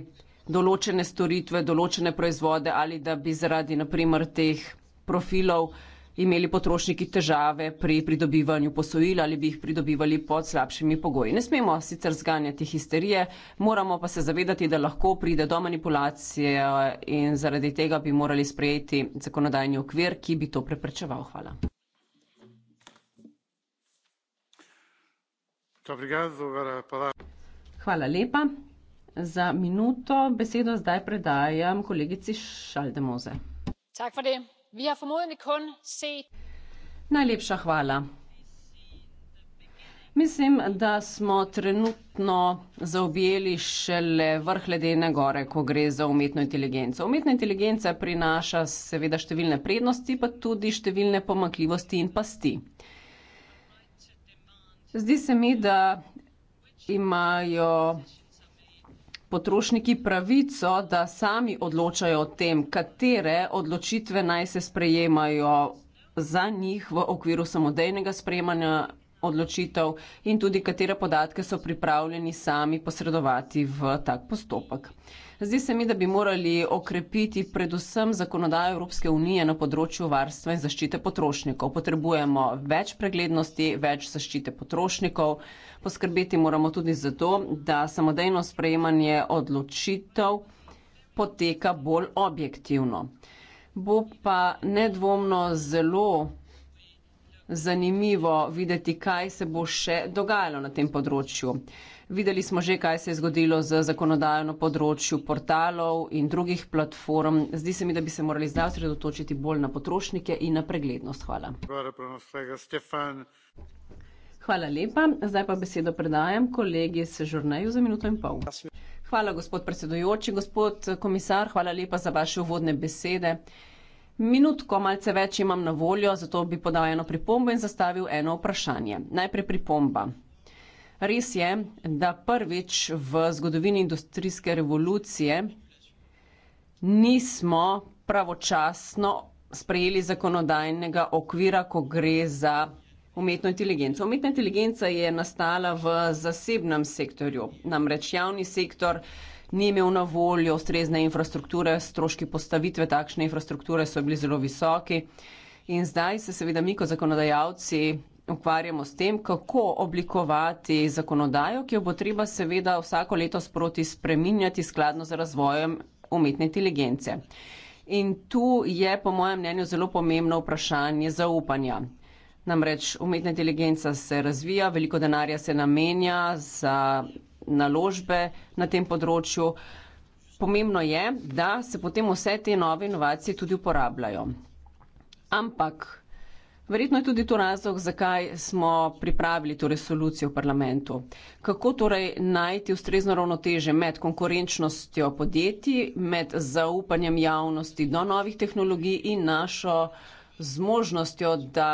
določene storitve, določene proizvode ali da bi zaradi naprimer teh profilov imeli potrošniki težave pri pridobivanju posojil ali bi jih pridobivali pod slabšimi pogoji. Ne smemo sicer zganjati histerije, moramo pa se zavedati, da lahko pride do manipulacije eh, in zaradi tega bi morali sprejeti zakonodajni okvir, ki bi to preprečeval. Hvala. Hvala lepa. Za minuto besedo zdaj predajam kolegici Šaldemoze. Tak for det. Najlepša hvala. Mislim, da smo trenutno zaobjeli šele vrh ledene gore, ko gre za umetno inteligenco. Umetna inteligenca prinaša seveda številne prednosti, pa tudi številne pomakljivosti in pasti. Zdi se mi, da imajo potrošniki pravico, da sami odločajo o tem, katere odločitve naj se sprejemajo za njih v okviru samodejnega sprejemanja odločitev in tudi katere podatke so pripravljeni sami posredovati v tak postopek. Zdi se mi, da bi morali okrepiti predvsem zakonodajo Evropske unije na področju varstva in zaščite potrošnikov. Potrebujemo več preglednosti, več zaščite potrošnikov. Poskrbeti moramo tudi za to, da samodejno sprejemanje odločitev poteka bolj objektivno. Bo pa nedvomno zelo zanimivo videti, kaj se bo še dogajalo na tem področju. Videli smo že, kaj se je zgodilo z zakonodajno področju portalov in drugih platform. Zdi se mi, da bi se morali zdaj osredotočiti bolj na potrošnike in na preglednost. Hvala. Hvala lepa. Zdaj pa besedo predajam kolegi se žurnaju za minuto in pol. Hvala, gospod predsedujoči, gospod komisar, hvala lepa za vaše uvodne besede. Minutko malce več imam na voljo, zato bi podal eno pripombo in zastavil eno vprašanje. Najprej pripomba. Res je, da prvič v zgodovini industrijske revolucije nismo pravočasno sprejeli zakonodajnega okvira, ko gre za umetno inteligenco. Umetna inteligenca je nastala v zasebnem sektorju, namreč javni sektor ni imel na voljo ustrezne infrastrukture, stroški postavitve takšne infrastrukture so bili zelo visoki. In zdaj se seveda mi kot zakonodajalci ukvarjamo s tem, kako oblikovati zakonodajo, ki jo bo treba seveda vsako leto sproti spreminjati skladno z razvojem umetne inteligence. In tu je po mojem mnenju zelo pomembno vprašanje zaupanja. Namreč umetna inteligenca se razvija, veliko denarja se namenja za naložbe na tem področju. Pomembno je, da se potem vse te nove inovacije tudi uporabljajo. Ampak verjetno je tudi to razlog, zakaj smo pripravili to resolucijo v parlamentu. Kako torej najti ustrezno ravnoteže med konkurenčnostjo podjetij, med zaupanjem javnosti do novih tehnologij in našo zmožnostjo, da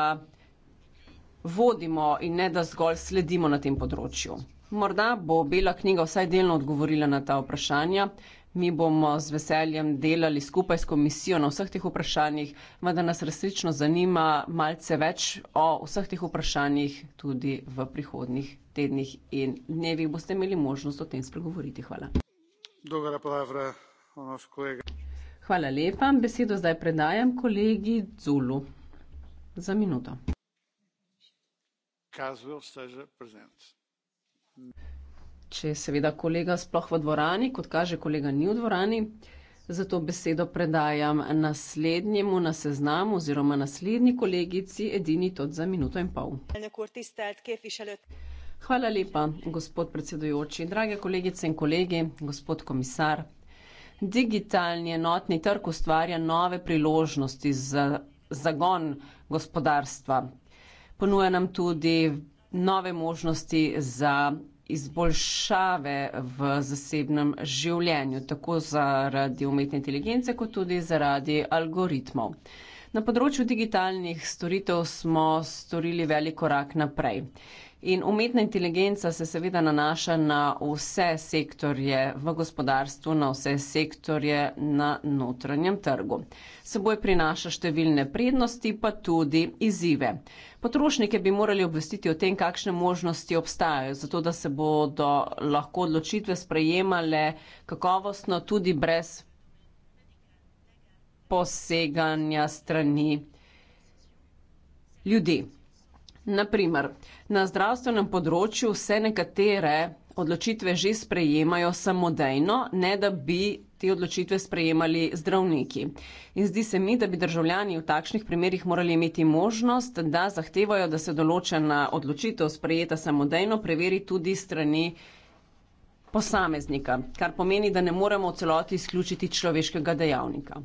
vodimo in ne da zgolj sledimo na tem področju. Morda bo Bela knjiga vsaj delno odgovorila na ta vprašanja. Mi bomo z veseljem delali skupaj s komisijo na vseh teh vprašanjih, vendar nas resnično zanima malce več o vseh teh vprašanjih tudi v prihodnih tednih in dnevih. Boste imeli možnost o tem spregovoriti. Hvala. Hvala lepa. Besedo zdaj predajam kolegi Zulu. Za minuto. Kazuel, stažer, prezident. Če je seveda kolega sploh v dvorani, kot kaže, kolega ni v dvorani, zato besedo predajam naslednjemu na seznamu oziroma naslednji kolegici, edini tudi za minuto in pol. Hvala lepa, gospod predsedujoči. Drage kolegice in kolegi, gospod komisar. Digitalni enotni trg ustvarja nove priložnosti za zagon gospodarstva. Ponuja nam tudi nove možnosti za izboljšave v zasebnem življenju, tako zaradi umetne inteligence, kot tudi zaradi algoritmov. Na področju digitalnih storitev smo storili velik korak naprej. In umetna inteligenca se seveda nanaša na vse sektorje v gospodarstvu, na vse sektorje na notranjem trgu. Seboj prinaša številne prednosti, pa tudi izzive. Potrošnike bi morali obvestiti o tem, kakšne možnosti obstajajo, zato da se bodo lahko odločitve sprejemale kakovostno tudi brez poseganja strani ljudi. Naprimer, na zdravstvenem področju se nekatere odločitve že sprejemajo samodejno, ne da bi te odločitve sprejemali zdravniki. In zdi se mi, da bi državljani v takšnih primerjih morali imeti možnost, da zahtevajo, da se določena odločitev sprejeta samodejno preveri tudi strani posameznika, kar pomeni, da ne moremo v celoti izključiti človeškega dejavnika.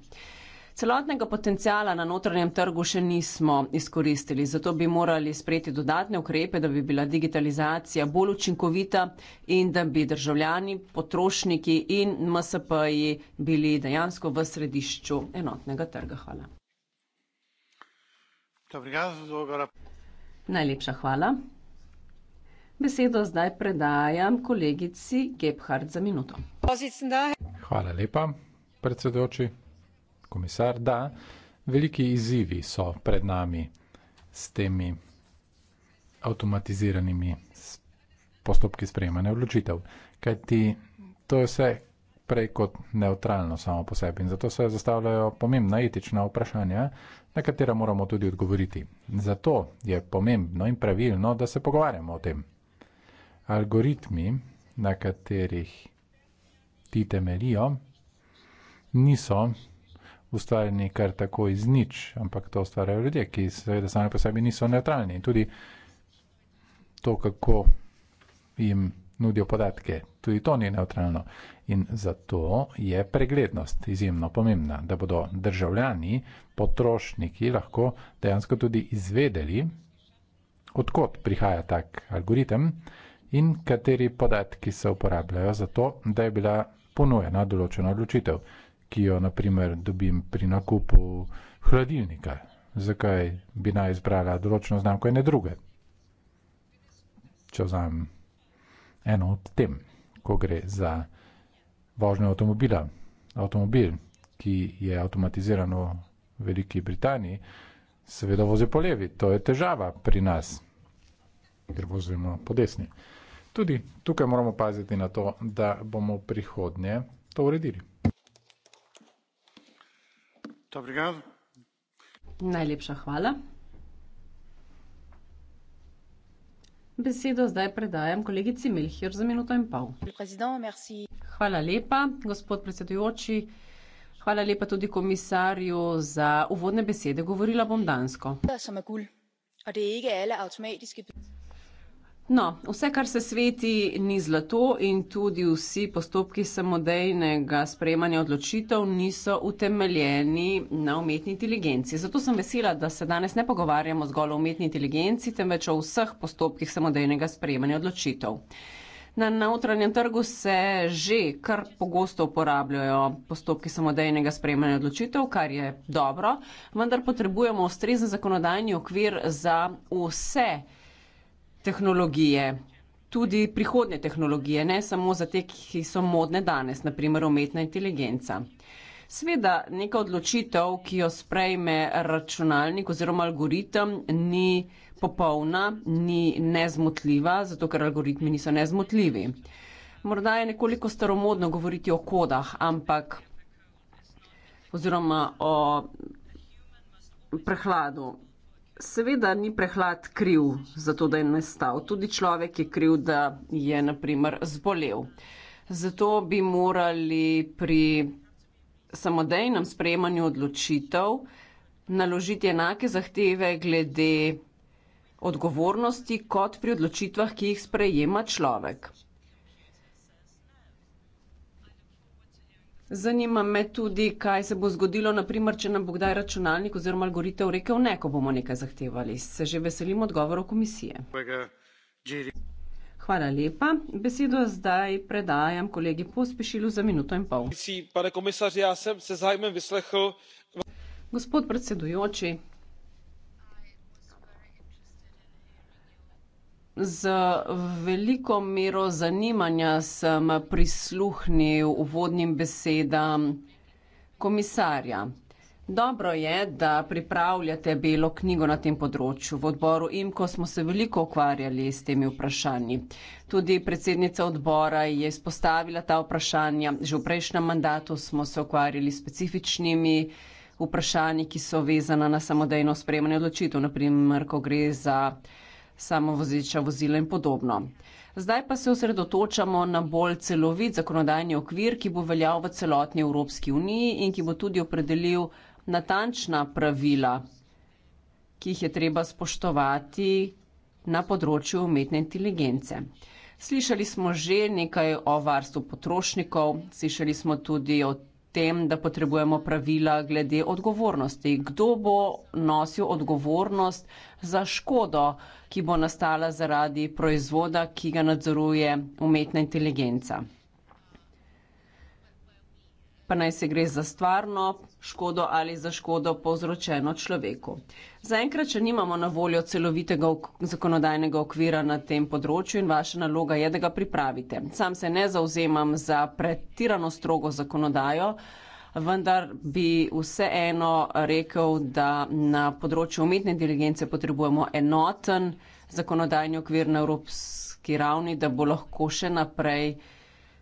Celotnega potencijala na notranjem trgu še nismo izkoristili, zato bi morali sprejeti dodatne ukrepe, da bi bila digitalizacija bolj učinkovita in da bi državljani, potrošniki in MSP-ji bili dejansko v središču enotnega trga. Hvala. Najlepša hvala. Besedo zdaj predajam kolegici Gebhardt za minuto. Hvala lepa, predsedoči komisar, da veliki izzivi so pred nami s temi avtomatiziranimi postopki sprejemanja odločitev. Kajti to je vse prej kot neutralno samo po sebi in zato se zastavljajo pomembna etična vprašanja, na katera moramo tudi odgovoriti. Zato je pomembno in pravilno, da se pogovarjamo o tem. Algoritmi, na katerih ti temelijo, niso ustvarjeni kar tako iz nič, ampak to ustvarjajo ljudje, ki seveda sami po sebi niso neutralni. In tudi to, kako jim nudijo podatke, tudi to ni neutralno. In zato je preglednost izjemno pomembna, da bodo državljani, potrošniki lahko dejansko tudi izvedeli, odkot prihaja tak algoritem in kateri podatki se uporabljajo za to, da je bila ponujena določena odločitev ki jo naprimer dobim pri nakupu hladilnika. Zakaj bi naj izbrala določeno znamko in ne druge? Če vzamem eno od tem, ko gre za vožnjo avtomobila, avtomobil, ki je avtomatiziran v Veliki Britaniji, seveda vozi po levi. To je težava pri nas, ker vozimo po desni. Tudi tukaj moramo paziti na to, da bomo prihodnje to uredili. Najlepša hvala. Besedo zdaj predajam kolegici Melchior za minuto in pol. Hvala lepa, gospod predsedujoči. Hvala lepa tudi komisarju za uvodne besede. Govorila bom dansko. No, vse, kar se sveti, ni zlato in tudi vsi postopki samodejnega sprejemanja odločitev niso utemeljeni na umetni inteligenci. Zato sem vesela, da se danes ne pogovarjamo zgolj o umetni inteligenci, temveč o vseh postopkih samodejnega sprejemanja odločitev. Na notranjem trgu se že kar pogosto uporabljajo postopki samodejnega sprejemanja odločitev, kar je dobro, vendar potrebujemo ustrezen zakonodajni okvir za vse tehnologije, tudi prihodne tehnologije, ne samo za te, ki so modne danes, naprimer umetna inteligenca. Sveda, neka odločitev, ki jo sprejme računalnik oziroma algoritem, ni popolna, ni nezmotljiva, zato ker algoritmi niso nezmotljivi. Morda je nekoliko staromodno govoriti o kodah, ampak oziroma o prehladu. Seveda ni prehlad kriv za to, da je nastal. Tudi človek je kriv, da je naprimer zbolel. Zato bi morali pri samodejnem sprejemanju odločitev naložiti enake zahteve glede odgovornosti kot pri odločitvah, ki jih sprejema človek. Zanima me tudi, kaj se bo zgodilo, naprimer, če nam bo kdaj računalnik oziroma algoritem rekel ne, ko bomo nekaj zahtevali. Se že veselim odgovorov komisije. Hvala lepa. Besedo zdaj predajam kolegi Pospešilu za minuto in pol. Gospod predsedujoči, Z veliko mero zanimanja sem prisluhnil uvodnim besedam komisarja. Dobro je, da pripravljate belo knjigo na tem področju. V odboru IMKO smo se veliko ukvarjali s temi vprašanji. Tudi predsednica odbora je spostavila ta vprašanja. Že v prejšnjem mandatu smo se ukvarjali specifičnimi vprašanji, ki so vezana na samodejno spremanje odločitev, naprimer, ko gre za samovozeča vozila in podobno. Zdaj pa se osredotočamo na bolj celovit zakonodajni okvir, ki bo veljal v celotni Evropski uniji in ki bo tudi opredelil natančna pravila, ki jih je treba spoštovati na področju umetne inteligence. Slišali smo že nekaj o varstvu potrošnikov, slišali smo tudi o tem, da potrebujemo pravila glede odgovornosti. Kdo bo nosil odgovornost za škodo? ki bo nastala zaradi proizvoda, ki ga nadzoruje umetna inteligenca. Pa naj se gre za stvarno škodo ali za škodo povzročeno človeku. Zaenkrat, če nimamo na voljo celovitega ok zakonodajnega okvira na tem področju in vaša naloga je, da ga pripravite. Sam se ne zauzemam za pretirano strogo zakonodajo, vendar bi vseeno rekel, da na področju umetne inteligence potrebujemo enoten zakonodajni okvir na evropski ravni, da bo lahko še naprej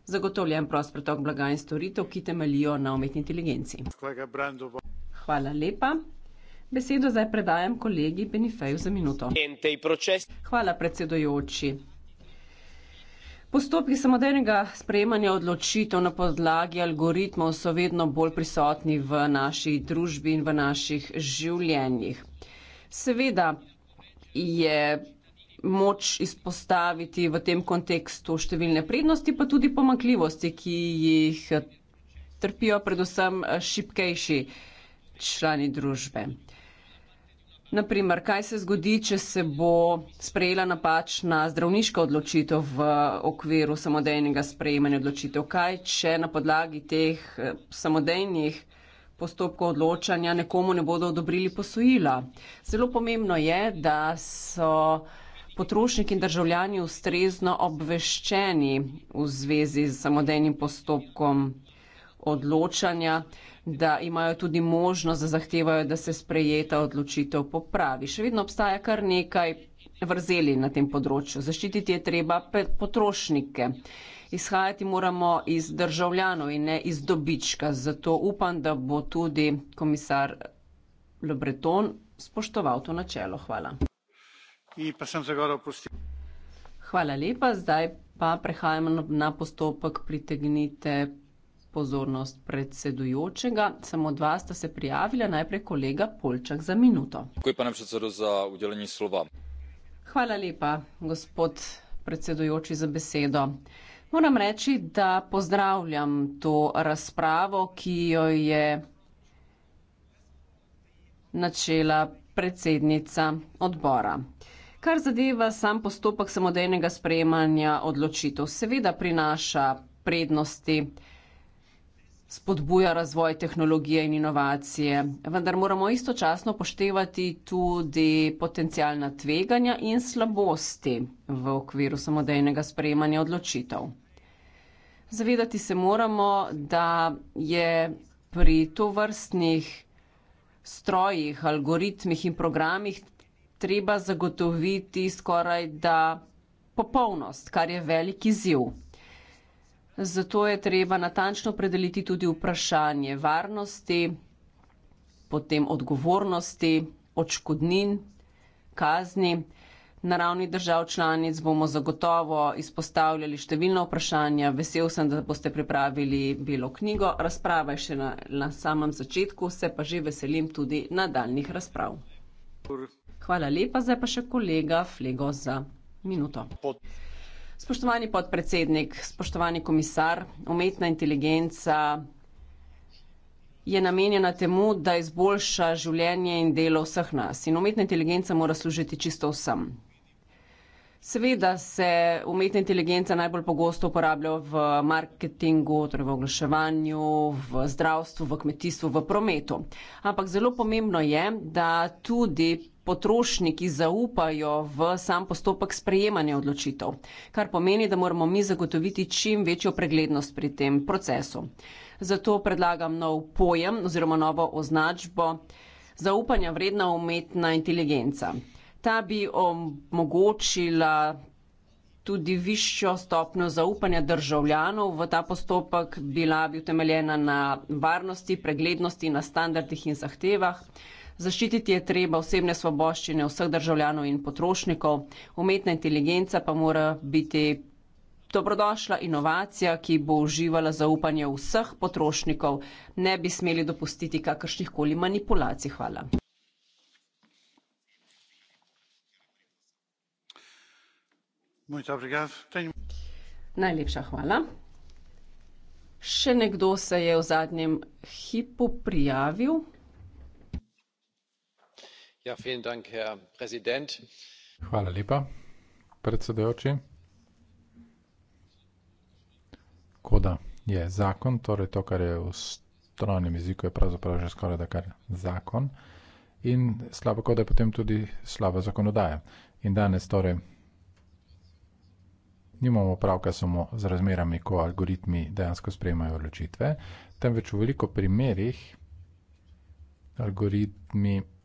zagotovljen prost pretok blaga in storitev, ki temelijo na umetni inteligenci. Hvala lepa. Besedo zdaj predajam kolegi Benifeju za minuto. Hvala predsedojoči. Postopki samodejnega sprejemanja odločitev na podlagi algoritmov so vedno bolj prisotni v naši družbi in v naših življenjih. Seveda je moč izpostaviti v tem kontekstu številne prednosti, pa tudi pomakljivosti, ki jih trpijo predvsem šipkejši člani družbe. Naprimer, kaj se zgodi, če se bo sprejela napačna zdravniška odločitev v okviru samodejnega sprejemanja odločitev? Kaj, če na podlagi teh eh, samodejnih postopkov odločanja nekomu ne bodo odobrili posojila? Zelo pomembno je, da so potrošniki in državljani ustrezno obveščeni v zvezi z samodejnim postopkom odločanja da imajo tudi možnost, da zahtevajo, da se sprejeta odločitev popravi. Še vedno obstaja kar nekaj vrzeli na tem področju. Zaščititi je treba potrošnike. Izhajati moramo iz državljanov in ne iz dobička. Zato upam, da bo tudi komisar Lebreton spoštoval to načelo. Hvala. Hvala lepa. Zdaj pa prehajamo na postopek pritegnite pozornost predsedujočega. Samo dva sta se prijavila, najprej kolega Polčak za minuto. Takoj pa nam še celo za udeljenje slova. Hvala lepa, gospod predsedujoči, za besedo. Moram reči, da pozdravljam to razpravo, ki jo je načela predsednica odbora. Kar zadeva sam postopek samodejnega sprejemanja odločitev, seveda prinaša prednosti, spodbuja razvoj tehnologije in inovacije, vendar moramo istočasno poštevati tudi potencijalna tveganja in slabosti v okviru samodejnega sprejemanja odločitev. Zavedati se moramo, da je pri tovrstnih strojih, algoritmih in programih treba zagotoviti skoraj da popolnost, kar je velik izziv. Zato je treba natančno predeliti tudi vprašanje varnosti, potem odgovornosti, očkodnin, kazni. Na ravni držav članic bomo zagotovo izpostavljali številna vprašanja. Vesel sem, da boste pripravili belo knjigo. Razprava je še na, na samem začetku, se pa že veselim tudi nadaljnih razprav. Hvala lepa, zdaj pa še kolega Flego za minuto. Pot. Spoštovani podpredsednik, spoštovani komisar, umetna inteligenca je namenjena temu, da izboljša življenje in delo vseh nas. In umetna inteligenca mora služiti čisto vsem. Seveda se umetna inteligenca najbolj pogosto uporablja v marketingu, torej v oglaševanju, v zdravstvu, v kmetijstvu, v prometu. Ampak zelo pomembno je, da tudi potrošniki zaupajo v sam postopek sprejemanja odločitev, kar pomeni, da moramo mi zagotoviti čim večjo preglednost pri tem procesu. Zato predlagam nov pojem oziroma novo označbo zaupanja vredna umetna inteligenca. Ta bi omogočila tudi višjo stopnjo zaupanja državljanov v ta postopek, bila bi utemeljena na varnosti, preglednosti, na standardih in zahtevah. Zaščititi je treba osebne svoboščine vseh državljanov in potrošnikov, umetna inteligenca pa mora biti dobrodošla inovacija, ki bo uživala zaupanje vseh potrošnikov. Ne bi smeli dopustiti kakršnih koli manipulacij. Hvala. Najlepša hvala. Še nekdo se je v zadnjem hipu prijavil. Ja, vielen Dank, Herr Präsident. Hvala lepa, predsedujoči. Koda je zakon, torej to, kar je v stranem jeziku, je pravzaprav že skoraj da kar zakon. In slaba koda je potem tudi slaba zakonodaja. In danes torej nimamo pravka samo z razmerami, ko algoritmi dejansko sprejemajo odločitve, temveč v veliko primerih algoritmi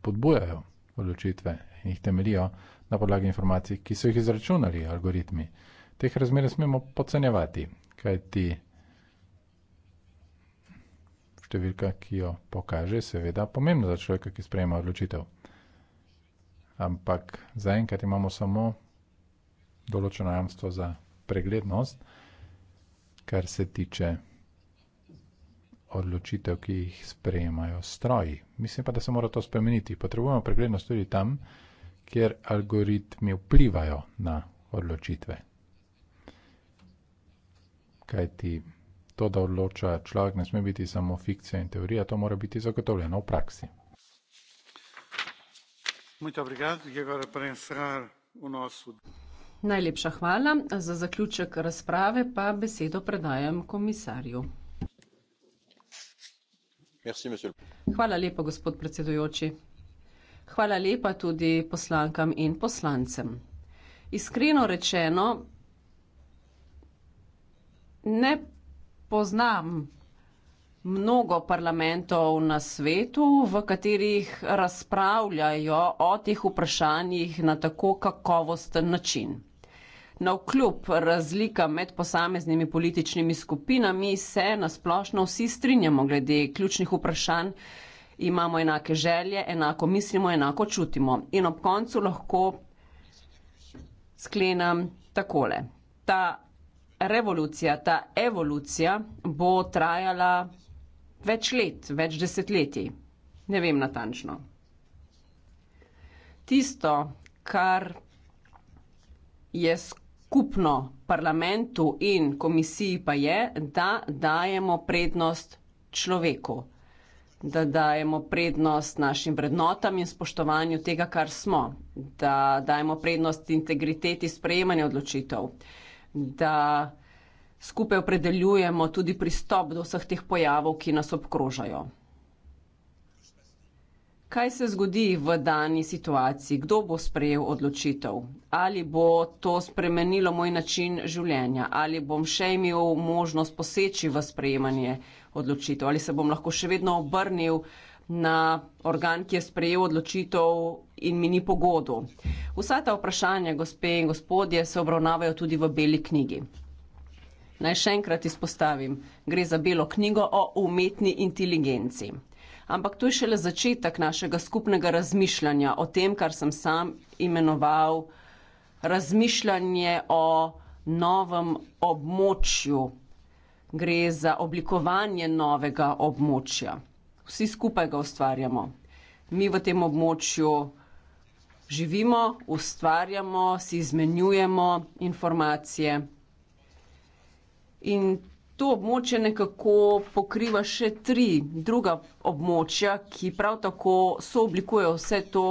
spodbujajo odločitve in jih temelijo na podlagi informacij, ki so jih izračunali algoritmi. Teh razmer smemo podcenjevati, kajti številka, ki jo pokaže, je seveda pomembna za človeka, ki sprejema odločitev. Ampak zaenkrat imamo samo določeno jamstvo za preglednost, kar se tiče odločitev, ki jih sprejemajo stroji. Mislim pa, da se mora to spremeniti. Potrebujemo preglednost tudi tam, kjer algoritmi vplivajo na odločitve. Kaj ti to, da odloča človek, ne sme biti samo fikcija in teorija, to mora biti zagotovljeno v praksi. E Najlepša hvala. Za zaključek razprave pa besedo predajam komisarju. Hvala lepa, gospod predsedujoči. Hvala lepa tudi poslankam in poslancem. Iskreno rečeno, ne poznam mnogo parlamentov na svetu, v katerih razpravljajo o teh vprašanjih na tako kakovosten način. Na vkljub razlikam med posameznimi političnimi skupinami se nasplošno vsi strinjamo glede ključnih vprašanj, imamo enake želje, enako mislimo, enako čutimo. In ob koncu lahko sklenem takole. Ta revolucija, ta evolucija bo trajala več let, več desetletij. Ne vem natančno. Tisto, kar je skupaj, skupno parlamentu in komisiji pa je, da dajemo prednost človeku, da dajemo prednost našim vrednotam in spoštovanju tega, kar smo, da dajemo prednost integriteti sprejemanja odločitev, da skupaj opredeljujemo tudi pristop do vseh teh pojavov, ki nas obkrožajo. Kaj se zgodi v dani situaciji? Kdo bo sprejel odločitev? Ali bo to spremenilo moj način življenja? Ali bom še imel možnost poseči v sprejemanje odločitev? Ali se bom lahko še vedno obrnil na organ, ki je sprejel odločitev in mi ni pogodu? Vsa ta vprašanja, gospe in gospodje, se obravnavajo tudi v beli knjigi. Naj še enkrat izpostavim, gre za belo knjigo o umetni inteligenci ampak to je šele začetek našega skupnega razmišljanja o tem, kar sem sam imenoval razmišljanje o novem območju. Gre za oblikovanje novega območja. Vsi skupaj ga ustvarjamo. Mi v tem območju živimo, ustvarjamo, si izmenjujemo informacije. In to območje nekako pokriva še tri druga območja, ki prav tako sooblikujejo vse to,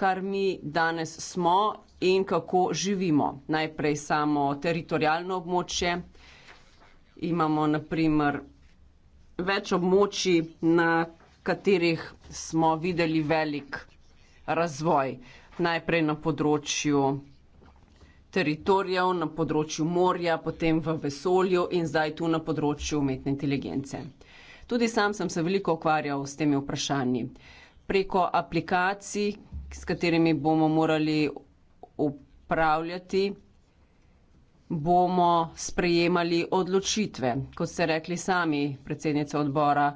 kar mi danes smo in kako živimo. Najprej samo teritorijalno območje. Imamo naprimer več območji, na katerih smo videli velik razvoj. Najprej na področju teritorijev na področju morja, potem v vesolju in zdaj tu na področju umetne inteligence. Tudi sam sem se veliko ukvarjal s temi vprašanji. Preko aplikacij, s katerimi bomo morali upravljati, bomo sprejemali odločitve, kot ste rekli sami, predsednica odbora,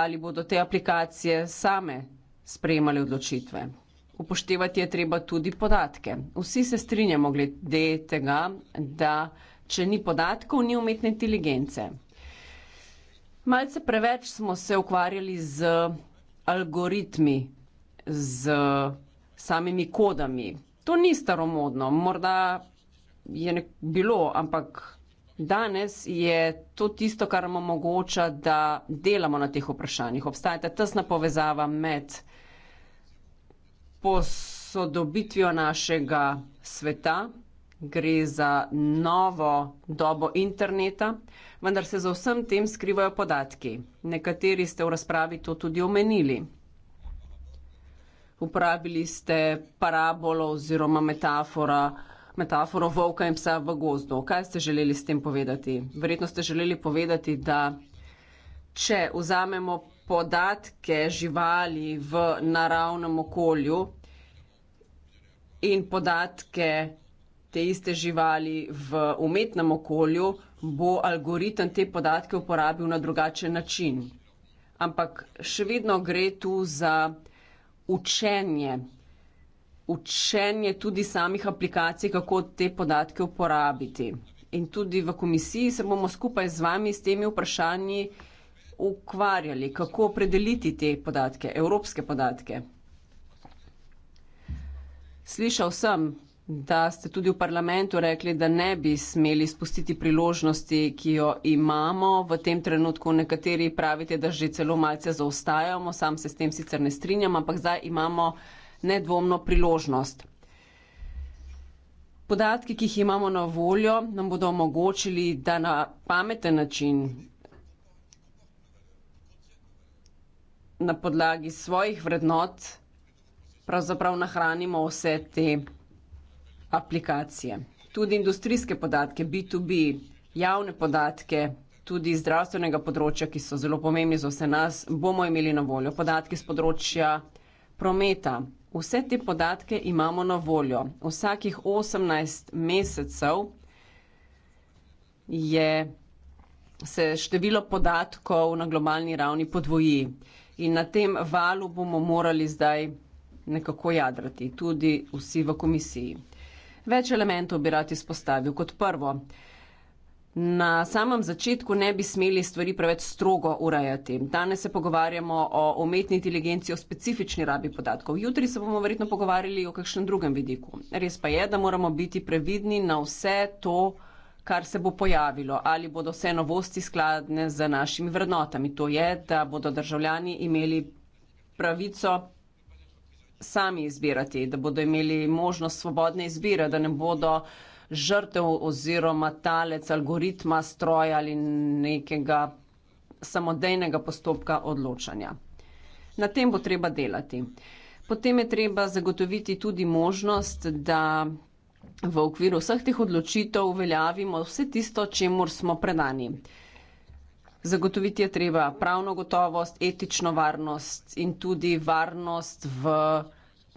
ali bodo te aplikacije same sprejemali odločitve. Upoštevati je treba tudi podatke. Vsi se strinjamo glede tega, da če ni podatkov, ni umetne inteligence. Malce preveč smo se ukvarjali z algoritmi, z samimi kodami. To ni staromodno, morda je bilo, ampak danes je to tisto, kar nam omogoča, da delamo na teh vprašanjih. Obstajata tesna povezava med posodobitvijo našega sveta, gre za novo dobo interneta, vendar se za vsem tem skrivajo podatki. Nekateri ste v razpravi to tudi omenili. Uporabili ste parabolo oziroma metafora, metaforo volka in psa v gozdu. Kaj ste želeli s tem povedati? Verjetno ste želeli povedati, da če vzamemo podatke živali v naravnem okolju in podatke te iste živali v umetnem okolju, bo algoritem te podatke uporabil na drugačen način. Ampak še vedno gre tu za učenje. Učenje tudi samih aplikacij, kako te podatke uporabiti. In tudi v komisiji se bomo skupaj z vami s temi vprašanji ukvarjali, kako predeliti te podatke, evropske podatke. Slišal sem, da ste tudi v parlamentu rekli, da ne bi smeli spustiti priložnosti, ki jo imamo v tem trenutku. Nekateri pravite, da že celo malce zaostajamo, sam se s tem sicer ne strinjam, ampak zdaj imamo nedvomno priložnost. Podatki, ki jih imamo na voljo, nam bodo omogočili, da na pameten način na podlagi svojih vrednot pravzaprav nahranimo vse te aplikacije. Tudi industrijske podatke, B2B, javne podatke, tudi zdravstvenega področja, ki so zelo pomembni za vse nas, bomo imeli na voljo. Podatke z področja prometa. Vse te podatke imamo na voljo. Vsakih 18 mesecev je se število podatkov na globalni ravni podvoji in na tem valu bomo morali zdaj nekako jadrati, tudi vsi v komisiji. Več elementov bi rad izpostavil. Kot prvo, na samem začetku ne bi smeli stvari preveč strogo urajati. Danes se pogovarjamo o umetni inteligenci, o specifični rabi podatkov. Jutri se bomo verjetno pogovarjali o kakšnem drugem vidiku. Res pa je, da moramo biti previdni na vse to, kar se bo pojavilo, ali bodo vse novosti skladne z našimi vrednotami. To je, da bodo državljani imeli pravico sami izbirati, da bodo imeli možnost svobodne izbire, da ne bodo žrtev oziroma talec algoritma, stroja ali nekega samodejnega postopka odločanja. Na tem bo treba delati. Potem je treba zagotoviti tudi možnost, da v okviru vseh teh odločitev uveljavimo vse tisto, čemu smo predani. Zagotoviti je treba pravno gotovost, etično varnost in tudi varnost v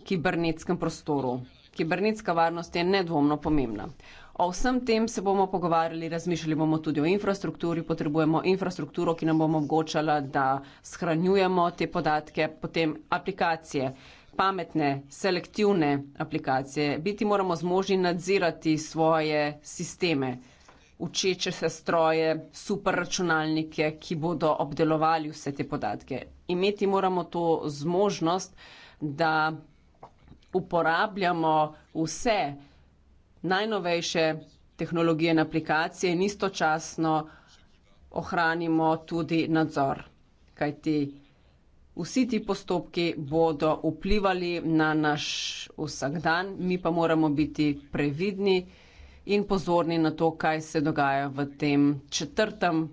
kibernetskem prostoru. Kibernetska varnost je nedvomno pomembna. O vsem tem se bomo pogovarjali, razmišljali bomo tudi o infrastrukturi, potrebujemo infrastrukturo, ki nam bo omogočala, da shranjujemo te podatke, potem aplikacije, pametne, selektivne aplikacije. Biti moramo zmožni nadzirati svoje sisteme, učeče se stroje, superračunalnike, ki bodo obdelovali vse te podatke. Imeti moramo to zmožnost, da uporabljamo vse najnovejše tehnologije in aplikacije in istočasno ohranimo tudi nadzor. Kaj ti? Vsi ti postopki bodo vplivali na naš vsakdan, mi pa moramo biti previdni in pozorni na to, kaj se dogaja v tem četrtem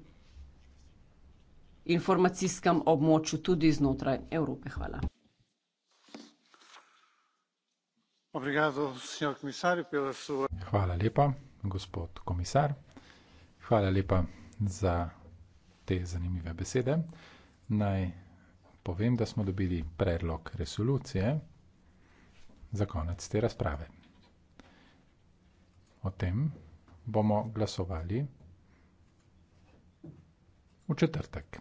informacijskem območju tudi znotraj Evrope. Hvala. Hvala lepa, gospod komisar. Hvala lepa za te zanimive besede. Naj povem, da smo dobili predlog resolucije za konec te razprave. O tem bomo glasovali v četrtek.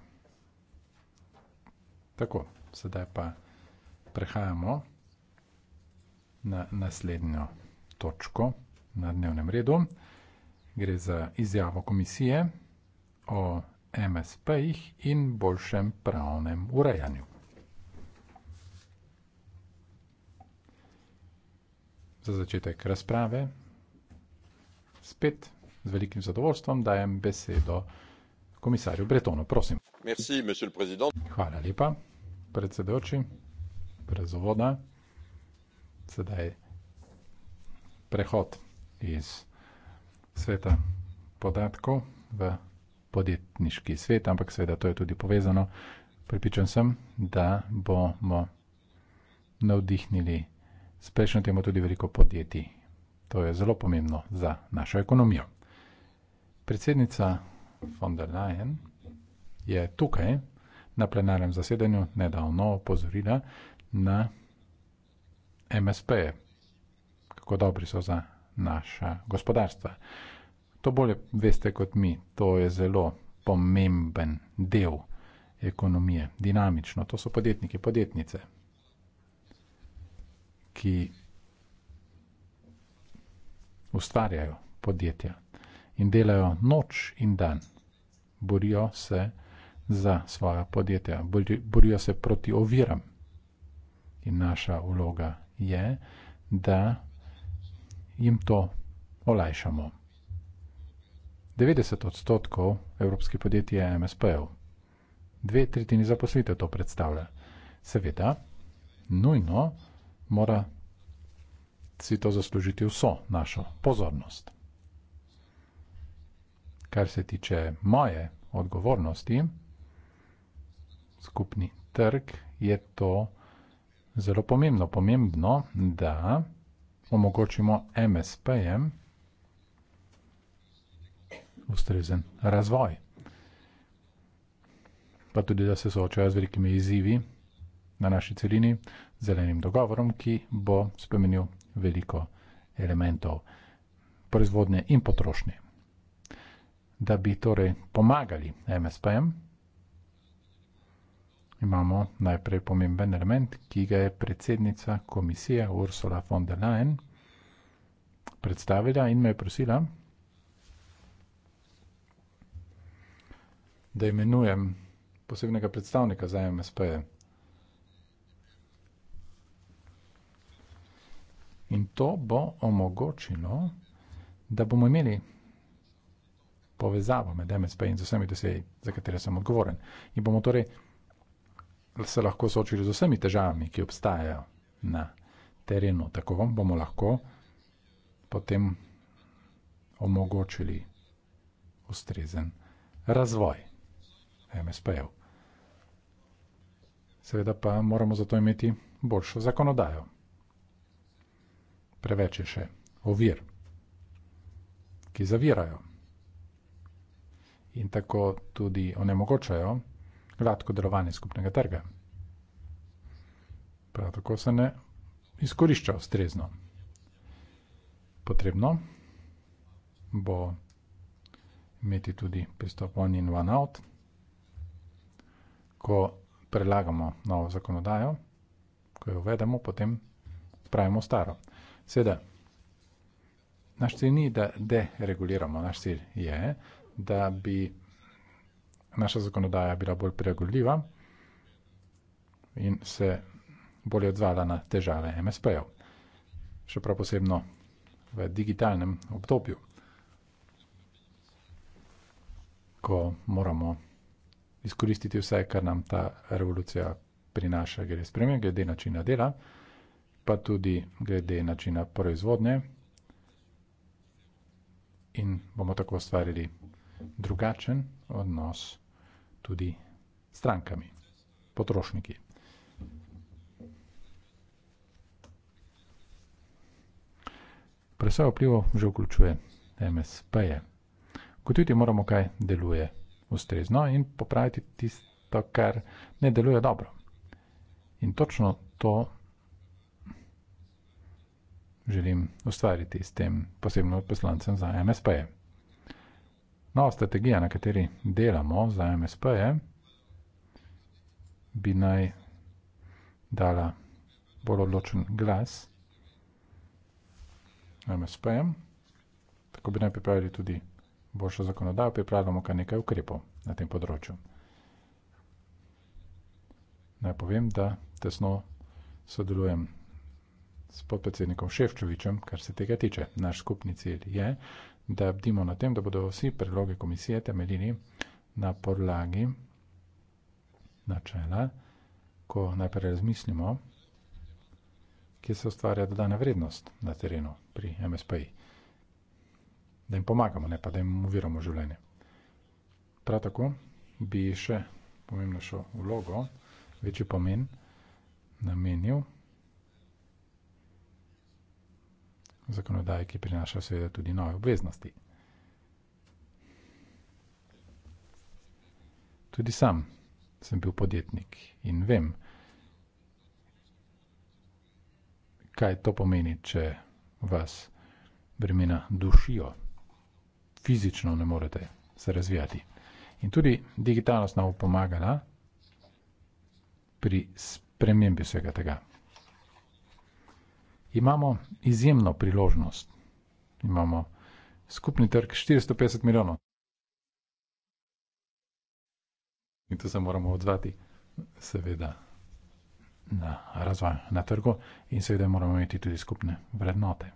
Tako, sedaj pa prehajamo na naslednjo točko na dnevnem redu. Gre za izjavo komisije o MSP-jih in boljšem pravnem urejanju. Za začetek razprave spet z velikim zadovoljstvom dajem besedo komisarju Bretonu, prosim. Merci, Hvala lepa, predsedoči, prezovoda. Sedaj prehod iz sveta podatkov v podjetniški svet, ampak seveda to je tudi povezano. Pripričan sem, da bomo navdihnili s prejšnjo temo tudi veliko podjetij. To je zelo pomembno za našo ekonomijo. Predsednica von der Leyen je tukaj na plenarnem zasedanju nedavno opozorila na MSP, kako dobri so za naša gospodarstva to bolje veste kot mi, to je zelo pomemben del ekonomije, dinamično. To so podjetniki, podjetnice, ki ustvarjajo podjetja in delajo noč in dan, borijo se za svoja podjetja, borijo se proti oviram. In naša vloga je, da jim to olajšamo. 90 odstotkov evropskih podjetij je MSP-ev. Dve tretjini zaposlitev to predstavlja. Seveda, nujno mora si to zaslužiti vso našo pozornost. Kar se tiče moje odgovornosti, skupni trg, je to zelo pomembno. Pomembno, da omogočimo MSP-jem, ustrezen razvoj. Pa tudi, da se soočajo z velikimi izzivi na naši celini, zelenim dogovorom, ki bo spremenil veliko elementov proizvodnje in potrošnje. Da bi torej pomagali MSPM, imamo najprej pomemben element, ki ga je predsednica komisije Ursula von der Leyen predstavila in me je prosila, da imenujem posebnega predstavnika za MSP-je. In to bo omogočilo, da bomo imeli povezavo med MSP in z vsemi dosej, za katere sem odgovoren. In bomo torej se lahko soočili z vsemi težavami, ki obstajajo na terenu. Tako vam bomo lahko potem omogočili ustrezen razvoj. MSP-jev. Seveda pa moramo zato imeti boljšo zakonodajo. Preveč je še ovir, ki zavirajo in tako tudi onemogočajo gladko delovanje skupnega trga. Prav tako se ne izkorišča ustrezno. Potrebno bo imeti tudi pristop one in one out ko prelagamo novo zakonodajo, ko jo uvedemo, potem spravimo staro. Seveda, naš cilj ni, da dereguliramo, naš cilj je, da bi naša zakonodaja bila bolj preregulljiva in se bolje odzvala na težave MSP-jev, še prav posebno v digitalnem obdobju, ko moramo izkoristiti vse, kar nam ta revolucija prinaša, glede spremenb, glede načina dela, pa tudi glede načina proizvodnje. In bomo tako ustvarili drugačen odnos tudi s strankami, potrošniki. Presoja vplivov že vključuje MSP-je. Kot tudi moramo, kaj deluje ustrezno in popraviti tisto, kar ne deluje dobro. In točno to želim ustvariti s tem posebno poslancem za MSP. -je. Nova strategija, na kateri delamo za MSP, bi naj dala bolj odločen glas MSP, -jem. tako bi naj pripravili tudi boljšo zakonodajo, pripravljamo kar nekaj ukrepov na tem področju. Naj povem, da tesno sodelujem s podpredsednikom Ševčovičem, kar se tega tiče. Naš skupni cilj je, da bdimo na tem, da bodo vsi predloge komisije temeljili na podlagi načela, ko najprej razmislimo, kje se ustvarja dodana vrednost na terenu pri MSPI da jim pomagamo, ne pa da jim uviramo življenje. Prav tako bi še pomembnejšo vlogo, večji pomen namenil zakonodaji, ki prinaša seveda tudi nove obveznosti. Tudi sam sem bil podjetnik in vem, kaj to pomeni, če vas bremena dušijo fizično ne morete se razvijati. In tudi digitalnost nam pomagala pri spremembi vsega tega. Imamo izjemno priložnost. Imamo skupni trg 450 milijonov. In tu se moramo odzvati, seveda, na razvoj na trgu in seveda moramo imeti tudi skupne vrednote,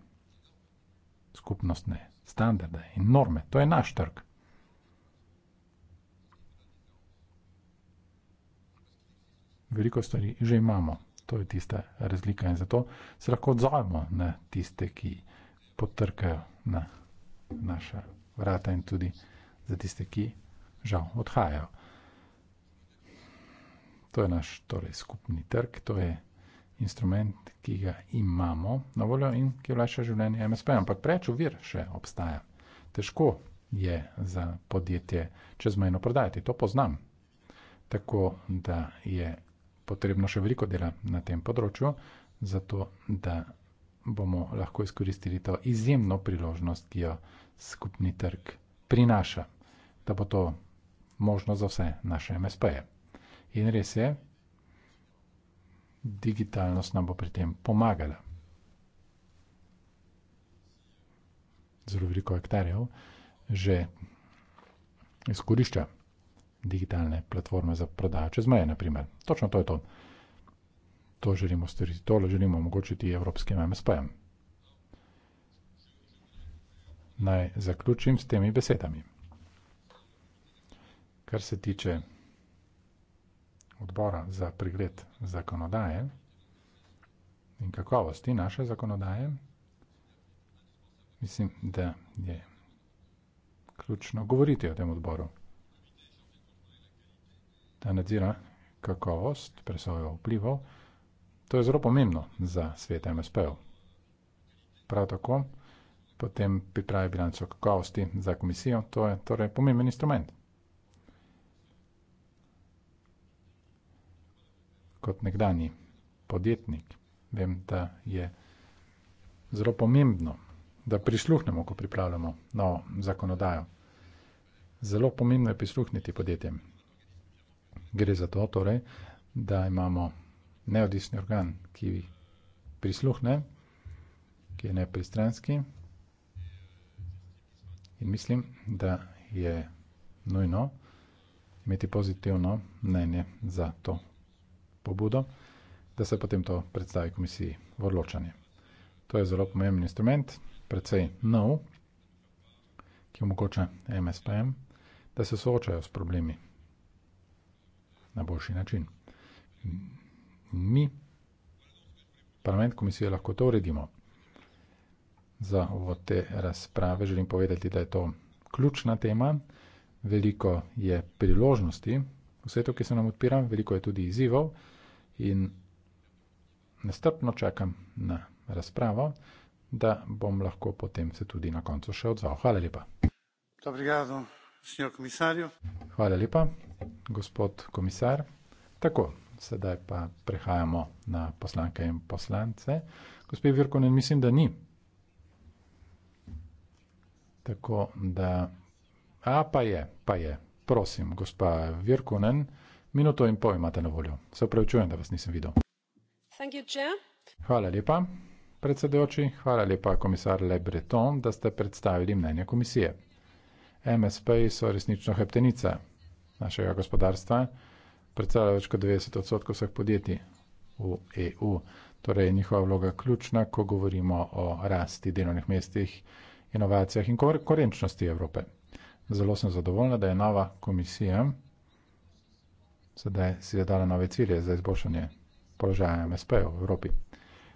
skupnostne standarde in norme. To je naš trg. Veliko stvari že imamo, to je tista razlika in zato se lahko odzovemo na tiste, ki potrkajo na naša vrata in tudi za tiste, ki žal odhajajo. To je naš torej, skupni trg, to je instrument, ki ga imamo na voljo in ki vlaša življenje MSP, ampak preč uvir še obstaja. Težko je za podjetje čezmejno prodajati, to poznam. Tako da je potrebno še veliko dela na tem področju, zato da bomo lahko izkoristili to izjemno priložnost, ki jo skupni trg prinaša, da bo to možno za vse naše MSP-je. In res je, digitalnost nam bo pri tem pomagala. Zelo veliko aktarjev že izkorišča digitalne platforme za prodajo čez meje, naprimer. Točno to je to. To želimo storiti, to želimo omogočiti evropskim MSP-jem. Naj zaključim s temi besedami. Kar se tiče odbora za pregled zakonodaje in kakovosti naše zakonodaje, mislim, da je ključno govoriti o tem odboru. Da nadzira kakovost, presojo vplivov, to je zelo pomembno za svet MSP-ov. Prav tako potem pripravi bilanco kakovosti za komisijo, to je torej pomemben instrument. kot nekdani podjetnik, vem, da je zelo pomembno, da prisluhnemo, ko pripravljamo novo zakonodajo. Zelo pomembno je prisluhniti podjetjem. Gre za to, torej, da imamo neodvisni organ, ki prisluhne, ki je nepristranski. In mislim, da je nujno imeti pozitivno mnenje za to pobudo, da se potem to predstavi komisiji v odločanje. To je zelo pomemben instrument, predvsej nov, ki omogoča MSPM, da se soočajo s problemi na boljši način. Mi, parlament, komisijo lahko to uredimo. Za uvod te razprave želim povedati, da je to ključna tema. Veliko je priložnosti v svetu, ki se nam odpira, veliko je tudi izzivov in nestrpno čakam na razpravo, da bom lahko potem se tudi na koncu še odzval. Hvala lepa. Obrigado, Hvala lepa, gospod komisar. Tako, sedaj pa prehajamo na poslanke in poslance. Gospod Virkonen, mislim, da ni. Tako da. A pa je, pa je. Prosim, gospa Virkonen. Minuto in pol imate na voljo. Se upravičujem, da vas nisem videl. Hvala lepa, predsedujoči, hvala lepa, komisar Le Breton, da ste predstavili mnenje komisije. MSP-ji so resnično heptenica našega gospodarstva, predstavlja več kot 90 odstotkov vseh podjetij v EU. Torej je njihova vloga ključna, ko govorimo o rasti delovnih mestih, inovacijah in korenčnosti Evrope. Zelo sem zadovoljna, da je nova komisija sedaj si zadala nove cilje za izboljšanje položaja MSP-jev v Evropi.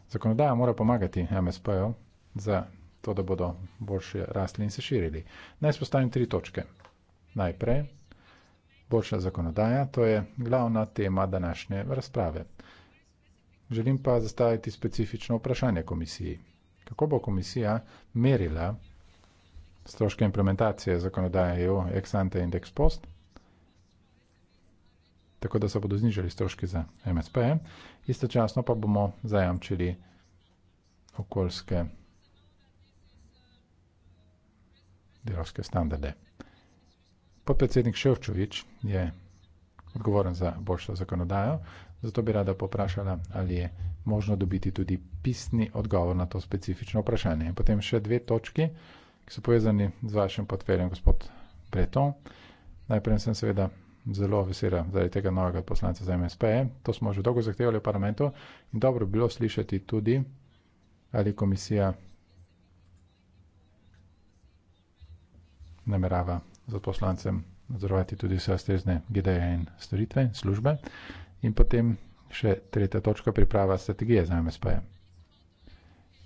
Zakonodaja mora pomagati MSP-jev za to, da bodo boljše rastli in se širili. Naj spostavim tri točke. Najprej, boljša zakonodaja, to je glavna tema današnje razprave. Želim pa zastaviti specifično vprašanje komisiji. Kako bo komisija merila stroške implementacije zakonodaje EU ex ante in ex post tako da se bodo znižali stroški za MSP, istočasno pa bomo zajamčili okoljske delovske standarde. Podpredsednik Ševčovič je odgovoren za boljšo zakonodajo, zato bi rada poprašala, ali je možno dobiti tudi pisni odgovor na to specifično vprašanje. In potem še dve točki, ki so povezani z vašim potverjem, gospod Breton. Najprej sem seveda zelo vesela zaradi tega novega poslanca za MSP. To smo že dolgo zahtevali v parlamentu in dobro bilo slišati tudi, ali komisija namerava za poslancem nadzorovati tudi vse ustrezne GDE in storitve in službe. In potem še tretja točka, priprava strategije za MSP.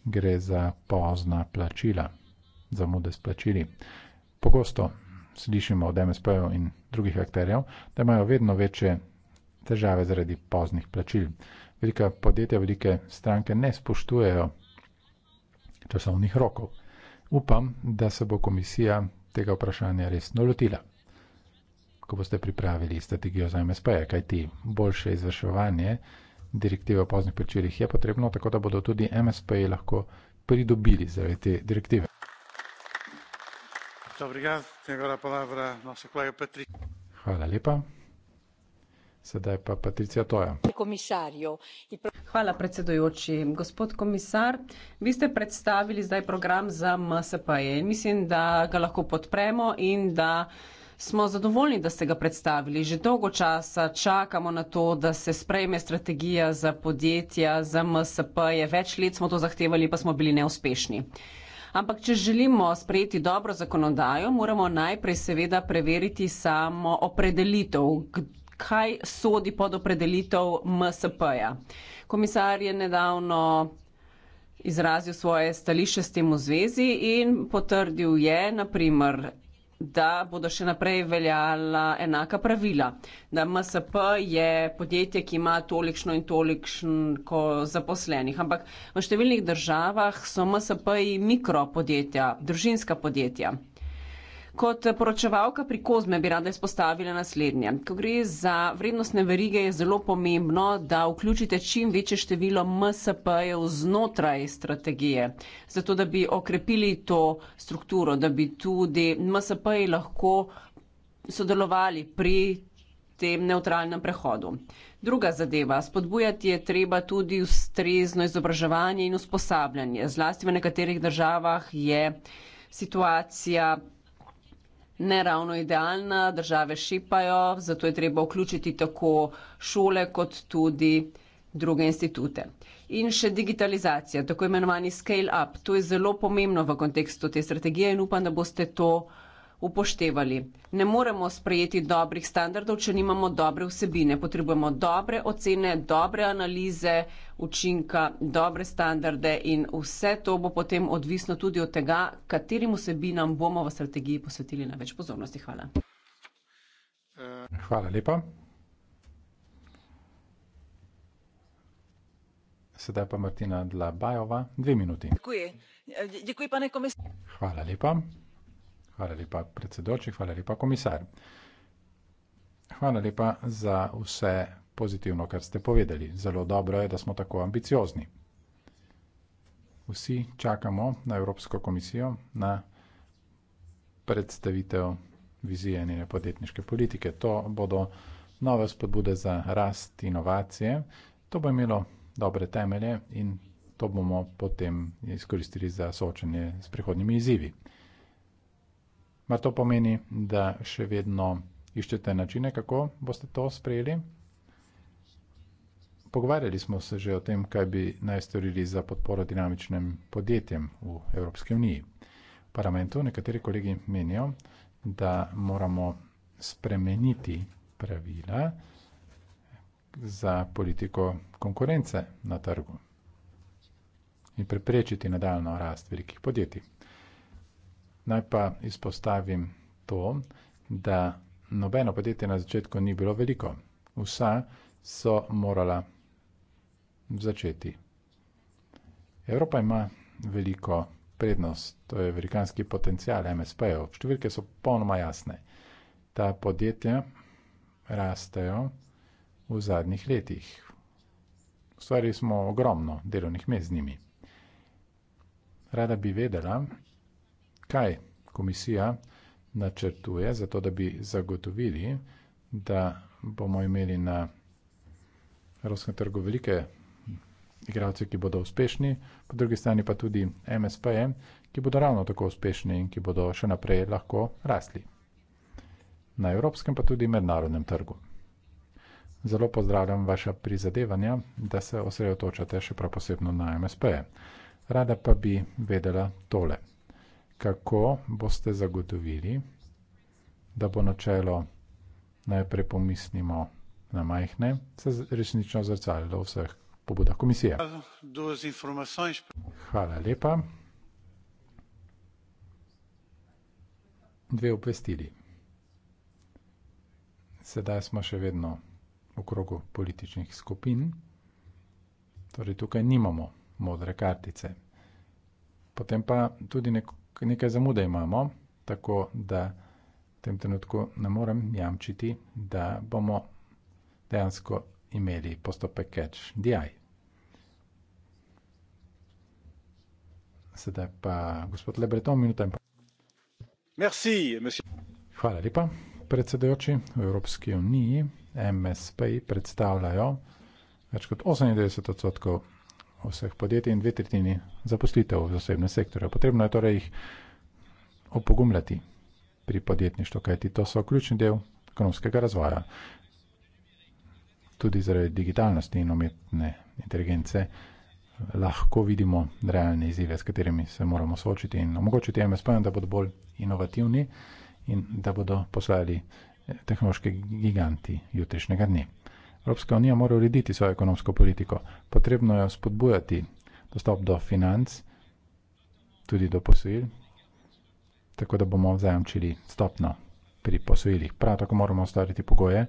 Gre za pozna plačila, zamude s plačili. Pogosto slišimo od MSP-jev in drugih akterjev, da imajo vedno večje težave zaradi poznih plačil. Velika podjetja, velike stranke ne spoštujejo časovnih rokov. Upam, da se bo komisija tega vprašanja resno lotila, ko boste pripravili strategijo za MSP-je, kajti boljše izvrševanje direktive o poznih plačilih je potrebno, tako da bodo tudi MSP-ji lahko pridobili zaradi te direktive. Hvala lepa. Sedaj pa Patricija Toja. Hvala, predsedujoči. Gospod komisar, vi ste predstavili zdaj program za MSP-je. Mislim, da ga lahko podpremo in da smo zadovoljni, da ste ga predstavili. Že dolgo časa čakamo na to, da se sprejme strategija za podjetja, za MSP-je. Več let smo to zahtevali, pa smo bili neuspešni. Ampak, če želimo sprejeti dobro zakonodajo, moramo najprej seveda preveriti samo opredelitev, kaj sodi pod opredelitev MSP-ja. Komisar je nedavno izrazil svoje stališče s tem v zvezi in potrdil je, naprimer, da bodo še naprej veljala enaka pravila. Da MSP je podjetje, ki ima tolikšno in tolikšno zaposlenih. Ampak v številnih državah so MSP-ji mikropodjetja, družinska podjetja. Kot poročevalka pri Kozme bi rada izpostavila naslednje. Ko gre za vrednostne verige, je zelo pomembno, da vključite čim večje število MSP-jev znotraj strategije, zato da bi okrepili to strukturo, da bi tudi MSP-ji lahko sodelovali pri tem neutralnem prehodu. Druga zadeva, spodbujati je treba tudi ustrezno izobraževanje in usposabljanje. Zlasti v nekaterih državah je situacija ne ravno idealna, države šipajo, zato je treba vključiti tako šole kot tudi druge institute. In še digitalizacija, tako imenovani scale up, to je zelo pomembno v kontekstu te strategije in upam, da boste to upoštevali. Ne moremo sprejeti dobrih standardov, če nimamo dobre vsebine. Potrebujemo dobre ocene, dobre analize, učinka, dobre standarde in vse to bo potem odvisno tudi od tega, katerim vsebinam bomo v strategiji posvetili največ pozornosti. Hvala. Hvala lepa. Sedaj pa Martina Dlabajova, dve minuti. Děkuji. Děkuji, pane komisar. Hvala lepa. Hvala lepa, predsedoči, hvala lepa, komisar. Hvala lepa za vse pozitivno, kar ste povedali. Zelo dobro je, da smo tako ambiciozni. Vsi čakamo na Evropsko komisijo na predstavitev vizije njene podjetniške politike. To bodo nove spodbude za rast inovacije. To bo imelo dobre temelje in to bomo potem izkoristili za soočanje s prihodnjimi izzivi. Mar to pomeni, da še vedno iščete načine, kako boste to sprejeli? Pogovarjali smo se že o tem, kaj bi naj storili za podporo dinamičnim podjetjem v Evropski uniji. V parlamentu nekateri kolegi menijo, da moramo spremeniti pravila za politiko konkurence na trgu in preprečiti nadaljno rast velikih podjetij. Naj pa izpostavim to, da nobeno podjetje na začetku ni bilo veliko. Vsa so morala začeti. Evropa ima veliko prednost, to je velikanski potencial MSP-jev. Številke so popolnoma jasne. Ta podjetja rastejo v zadnjih letih. Ustvarili smo ogromno delovnih mest z njimi. Rada bi vedela, kaj komisija načrtuje, zato da bi zagotovili, da bomo imeli na evropskem trgu velike igralce, ki bodo uspešni, po drugi strani pa tudi MSP-je, ki bodo ravno tako uspešni in ki bodo še naprej lahko rasli. Na evropskem pa tudi mednarodnem trgu. Zelo pozdravljam vaša prizadevanja, da se osredotočate še prav posebno na MSP. Rada pa bi vedela tole kako boste zagotovili, da bo načelo najprej pomislimo na majhne, se resnično zrcalilo v vseh pobudah komisije. Hvala lepa. Dve obvestili. Sedaj smo še vedno v krogu političnih skupin, torej tukaj nimamo modre kartice. Potem pa tudi nekaj nekaj zamude imamo, tako da v tem trenutku ne morem jamčiti, da bomo dejansko imeli postopek catch DI. Sedaj pa gospod Lebreton, minuta in pol. Merci, Hvala lepa, predsedojoči v Evropski uniji. MSP predstavljajo več kot 98 odstotkov vseh podjetij in dve tretjini zaposlitev v zasebnem sektorju. Potrebno je torej jih opogumljati pri podjetništvu, kajti to so ključni del ekonomskega razvoja. Tudi zaradi digitalnosti in umetne inteligence lahko vidimo realne izzive, s katerimi se moramo soočiti in omogočiti MSP-jem, da bodo bolj inovativni in da bodo poslali eh, tehnološke giganti jutrišnjega dne. Evropska unija mora urediti svojo ekonomsko politiko. Potrebno je spodbujati dostop do financ, tudi do posojil, tako da bomo zajamčili stopno pri posojilih. Prav tako moramo ustvariti pogoje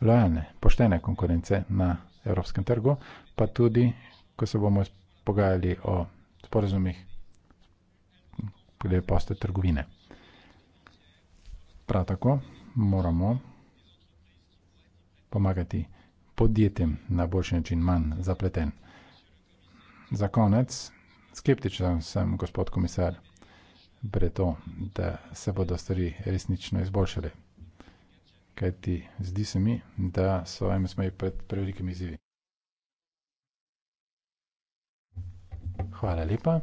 lojalne, poštene konkurence na evropskem trgu, pa tudi, ko se bomo pogajali o sporazumih glede poste trgovine. Prav tako moramo pomagati podjetjem na boljši način manj zapleten. Za konec, skeptičen sem, gospod komisar, breto, da se bodo stvari resnično izboljšale. Kajti zdi se mi, da so MSMI pred prevelikimi izzivi. Hvala lepa.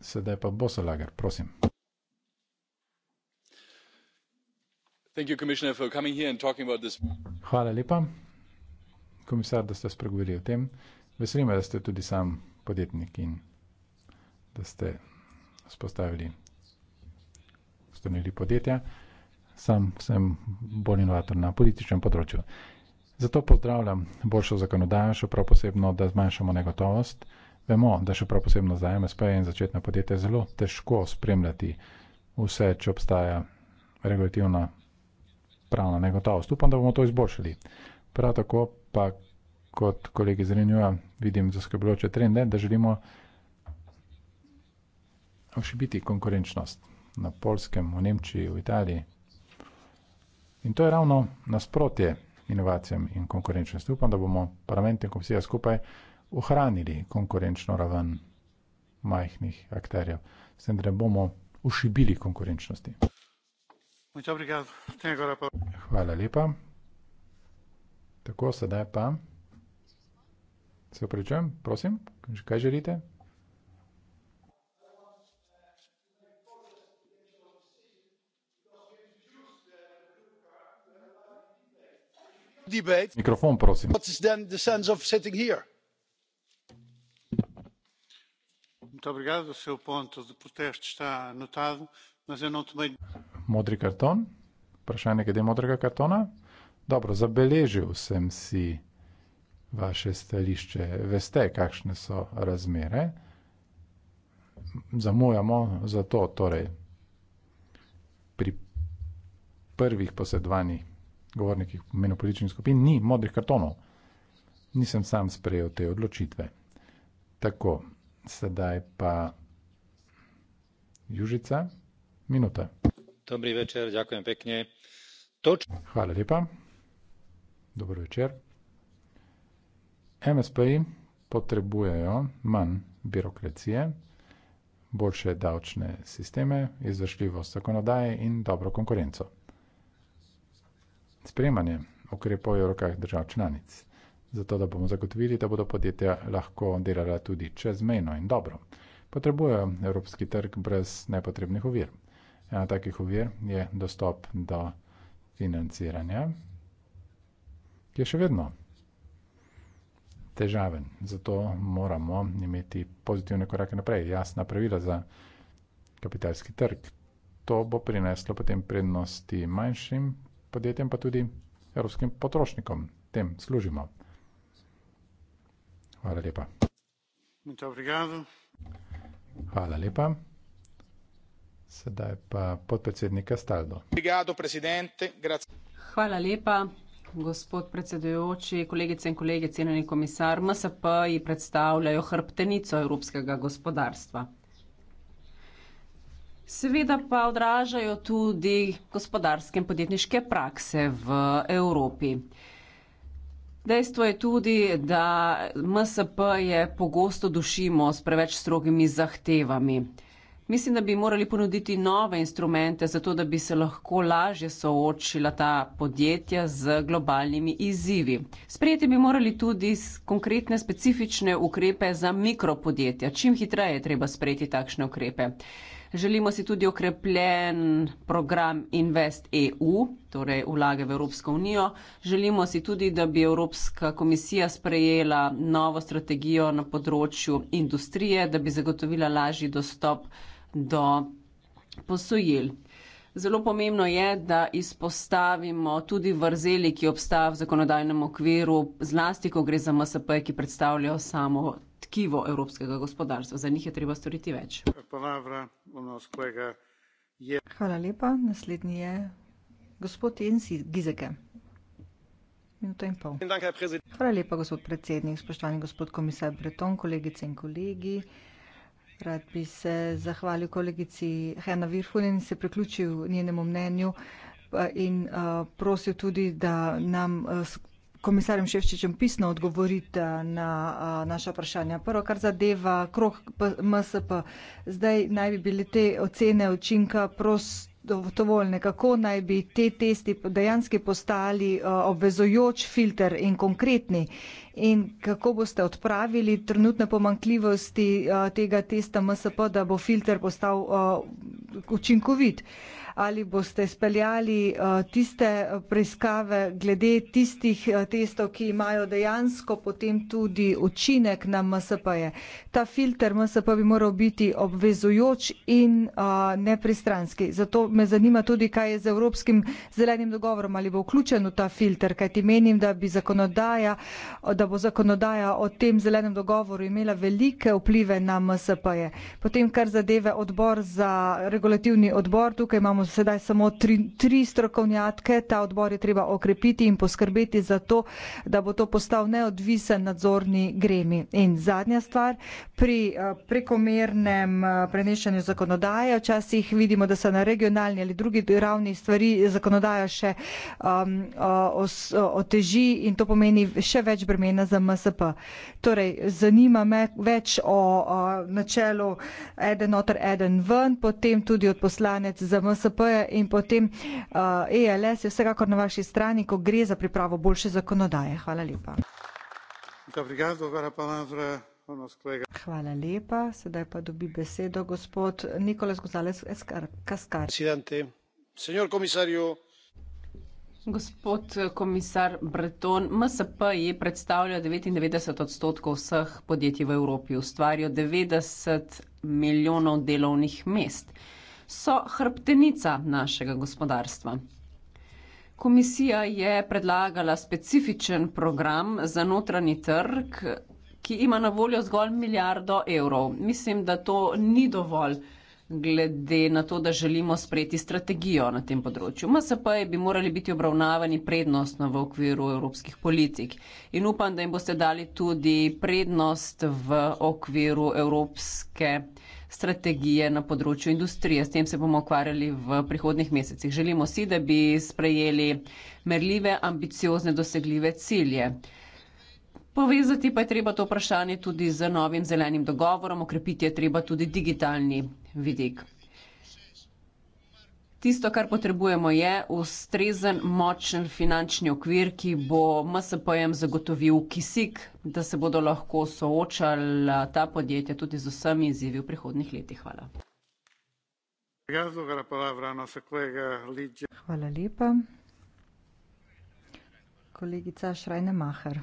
Sedaj pa Bosolager, prosim. Hvala lepa, komisar, da ste spregovorili o tem. Veseli me, da ste tudi sam podjetnik in da ste spostavili, ustanovili podjetja. Sam sem bolj inovator na političnem področju. Zato pozdravljam boljšo zakonodajo, še prav posebno, da zmanjšamo negotovost. Vemo, da še prav posebno za MSP in začetna podjetja je zelo težko spremljati vse, če obstaja regulativna pravna negotovost. Upam, da bomo to izboljšali. Prav tako pa, kot kolegi iz Renjuja, vidim zaskrbljujoče trende, da želimo ošibiti konkurenčnost na Polskem, v Nemčiji, v Italiji. In to je ravno nasprotje inovacijam in konkurenčnosti. Upam, da bomo parlament in komisija skupaj ohranili konkurenčno raven majhnih akterjev, s tem, da ne bomo ošibili konkurenčnosti. Hvala lepa. Tako, sedaj pa. Se upravičujem, prosim, kaj želite? Debate. Mikrofon, prosim. What is then the sense of sitting here? Muito obrigado. O seu ponto de protesto está anotado, mas eu não tomei modri karton, vprašanje glede modrega kartona. Dobro, zabeležil sem si vaše stališče, veste, kakšne so razmere. Zamujamo zato, torej pri prvih posedovanjih govornikih menopoličnih skupin ni modrih kartonov. Nisem sam sprejel te odločitve. Tako, sedaj pa Južica, minuta. Dobrý večer, ďakujem pekne. To, čo... Hvala lepa. Dobrý večer. MSPI potrebujejo manj birokracije, boljše davčne sisteme, izvršljivost zakonodaje in dobro konkurenco. Sprejemanje ukrepov je v rokah držav članic, zato da bomo zagotovili, da bodo podjetja lahko delala tudi čezmejno in dobro. Potrebujejo evropski trg brez nepotrebnih ovir. Ena takih ovir je dostop do financiranja, ki je še vedno težaven. Zato moramo imeti pozitivne korake naprej, jasna pravila za kapitalski trg. To bo prineslo potem prednosti manjšim podjetjem, pa tudi evropskim potrošnikom. Tem služimo. Hvala lepa. Hvala lepa. Sedaj pa podpredsednika Staldo. Hvala lepa, gospod predsedujoči, kolegice in kolege, cenjeni komisar. MSP ji predstavljajo hrbtenico evropskega gospodarstva. Seveda pa odražajo tudi gospodarske in podjetniške prakse v Evropi. Dejstvo je tudi, da MSP je pogosto dušimo s preveč strogimi zahtevami. Mislim, da bi morali ponuditi nove instrumente, zato da bi se lahko lažje soočila ta podjetja z globalnimi izzivi. Sprejeti bi morali tudi konkretne specifične ukrepe za mikropodjetja. Čim hitreje je treba sprejeti takšne ukrepe. Želimo si tudi okrepljen program Invest EU, torej vlage v Evropsko unijo. Želimo si tudi, da bi Evropska komisija sprejela novo strategijo na področju industrije, da bi zagotovila lažji dostop do posojil. Zelo pomembno je, da izpostavimo tudi vrzeli, ki obstajajo v zakonodajnem okviru, zlasti, ko gre za MSP, ki predstavljajo samo tkivo evropskega gospodarstva. Za njih je treba storiti več. Hvala lepa. Naslednji je gospod Jens Gizeke. Minuto in pol. Hvala lepa, gospod predsednik, spoštovani gospod komisar Breton, kolegice in kolegi. Rad bi se zahvalil kolegici Hena Virhunen, se priključil njenemu mnenju in prosil tudi, da nam s komisarjem Ševčičem pisno odgovorite na naša vprašanja. Prvo, kar zadeva krok MSP, zdaj naj bi bili te ocene učinka prost dovoljne, kako naj bi te testi dejansko postali eh, obvezojoč filter in konkretni in kako boste odpravili trenutne pomankljivosti eh, tega testa MSP, da bo filter postal eh, učinkovit ali boste speljali eh, tiste preiskave glede tistih eh, testov, ki imajo dejansko potem tudi učinek na MSP-je. Ta filter MSP bi moral biti obvezujoč in eh, nepristranski. Zato me zanima tudi, kaj je z Evropskim zelenim dogovorom, ali bo vključen v ta filter, kaj ti menim, da bi zakonodaja, da bo zakonodaja o tem zelenem dogovoru imela velike vplive na MSP-je. Potem, kar zadeve odbor za regulativni odbor, tukaj imamo sedaj samo tri, tri strokovnjake, ta odbor je treba okrepiti in poskrbeti za to, da bo to postal neodvisen nadzorni gremi. In zadnja stvar, pri eh, prekomernem eh, prenešanju zakonodaje, včasih vidimo, da se na regionalni ali drugi ravni stvari zakonodaja še um, os, oteži in to pomeni še več bremena za MSP. Torej, zanima me več o, o načelu eden noter, eden ven, potem tudi od poslanec za MSP. SDP-je in potem uh, ELS je vsekakor na vaši strani, ko gre za pripravo boljše zakonodaje. Hvala lepa. Hvala lepa. Sedaj pa dobi besedo gospod Nikolas Gozales Kaskar. Gospod eh, komisar Breton, MSP je predstavljal 99 odstotkov vseh podjetij v Evropi, ustvarijo 90 milijonov delovnih mest so hrbtenica našega gospodarstva. Komisija je predlagala specifičen program za notranji trg, ki ima na voljo zgolj milijardo evrov. Mislim, da to ni dovolj glede na to, da želimo sprejeti strategijo na tem področju. MSP je bi morali biti obravnavani prednostno v okviru evropskih politik in upam, da jim boste dali tudi prednost v okviru evropske politike strategije na področju industrije. S tem se bomo ukvarjali v prihodnih mesecih. Želimo si, da bi sprejeli merljive, ambiciozne, dosegljive cilje. Povezati pa je treba to vprašanje tudi z novim zelenim dogovorom, okrepiti je treba tudi digitalni vidik. Tisto, kar potrebujemo, je ustrezen, močen finančni okvir, ki bo MSP-jem zagotovil kisik, da se bodo lahko soočala ta podjetja tudi z vsemi izzivi v prihodnih letih. Hvala. Hvala lepa. Kolegica Šrajne Maher.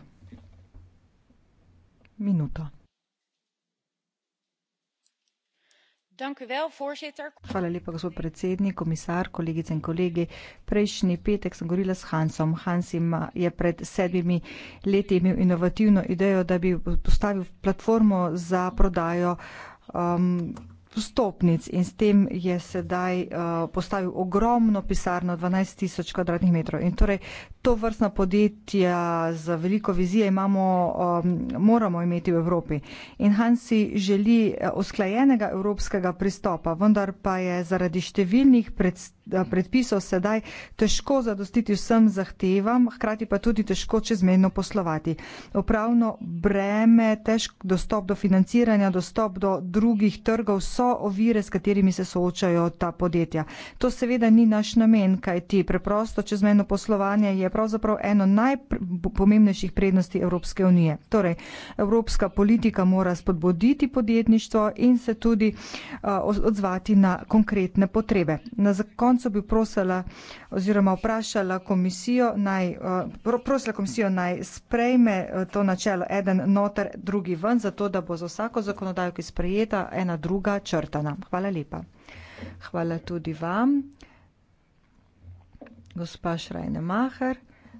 Minuto. Hvala lepa, gospod predsednik, komisar, kolegice in kolegi. Prejšnji petek sem govorila s Hansom. Hans ima, je pred sedmimi leti imel inovativno idejo, da bi postavil platformo za prodajo. Um, vstopnic in s tem je sedaj uh, postavil ogromno pisarno 12 tisoč kvadratnih metrov. In torej to vrstna podjetja z veliko vizije imamo, um, moramo imeti v Evropi. In Hansi želi eh, usklajenega evropskega pristopa, vendar pa je zaradi številnih predstavitev predpisov sedaj težko zadostiti vsem zahtevam, hkrati pa tudi težko čezmejno poslovati. Opravno breme, težk dostop do financiranja, dostop do drugih trgov so ovire, s katerimi se soočajo ta podjetja. To seveda ni naš namen, kaj ti preprosto čezmejno poslovanje je pravzaprav eno najpomembnejših prednosti Evropske unije. Torej, Evropska politika mora spodbuditi podjetništvo in se tudi uh, odzvati na konkretne potrebe. Na zakon koncu bi prosila oziroma vprašala komisijo naj, eh, prosila komisijo naj sprejme eh, to načelo eden noter, drugi ven, zato da bo za vsako zakonodajo, ki sprejeta, ena druga črtana. Hvala lepa. Hvala tudi vam. Gospa Šrajne Maher,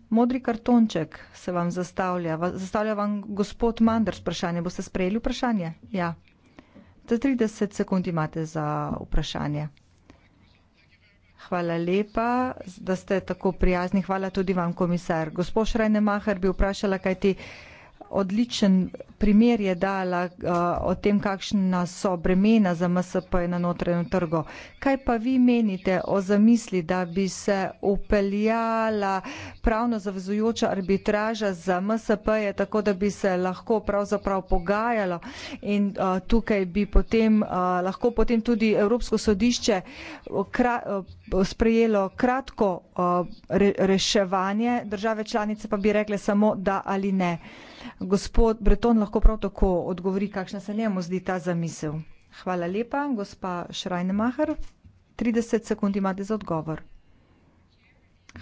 modri kartonček se vam zastavlja. Zastavlja vam gospod Manders vprašanje. Boste sprejeli vprašanje? Ja. 30 sekund imate za vprašanje. Hvala lepa, da ste tako prijazni. Hvala tudi vam, komisar. Gospod Šrajnemahar bi vprašala, kaj ti odličen primer je dala uh, o tem, kakšna so bremena za MSP na notranjem trgu. Kaj pa vi menite o zamisli, da bi se upeljala pravno zavezujoča arbitraža za MSP, je tako, da bi se lahko pravzaprav pogajalo in uh, tukaj bi potem uh, lahko potem tudi Evropsko sodišče. Uh, kra, uh, sprejelo kratko uh, reševanje države članice pa bi rekle samo da ali ne. Gospod Breton lahko prav tako odgovori, kakšna se njemu zdi ta zamisel. Hvala lepa, gospa Šrajnemacher. 30 sekund imate za odgovor.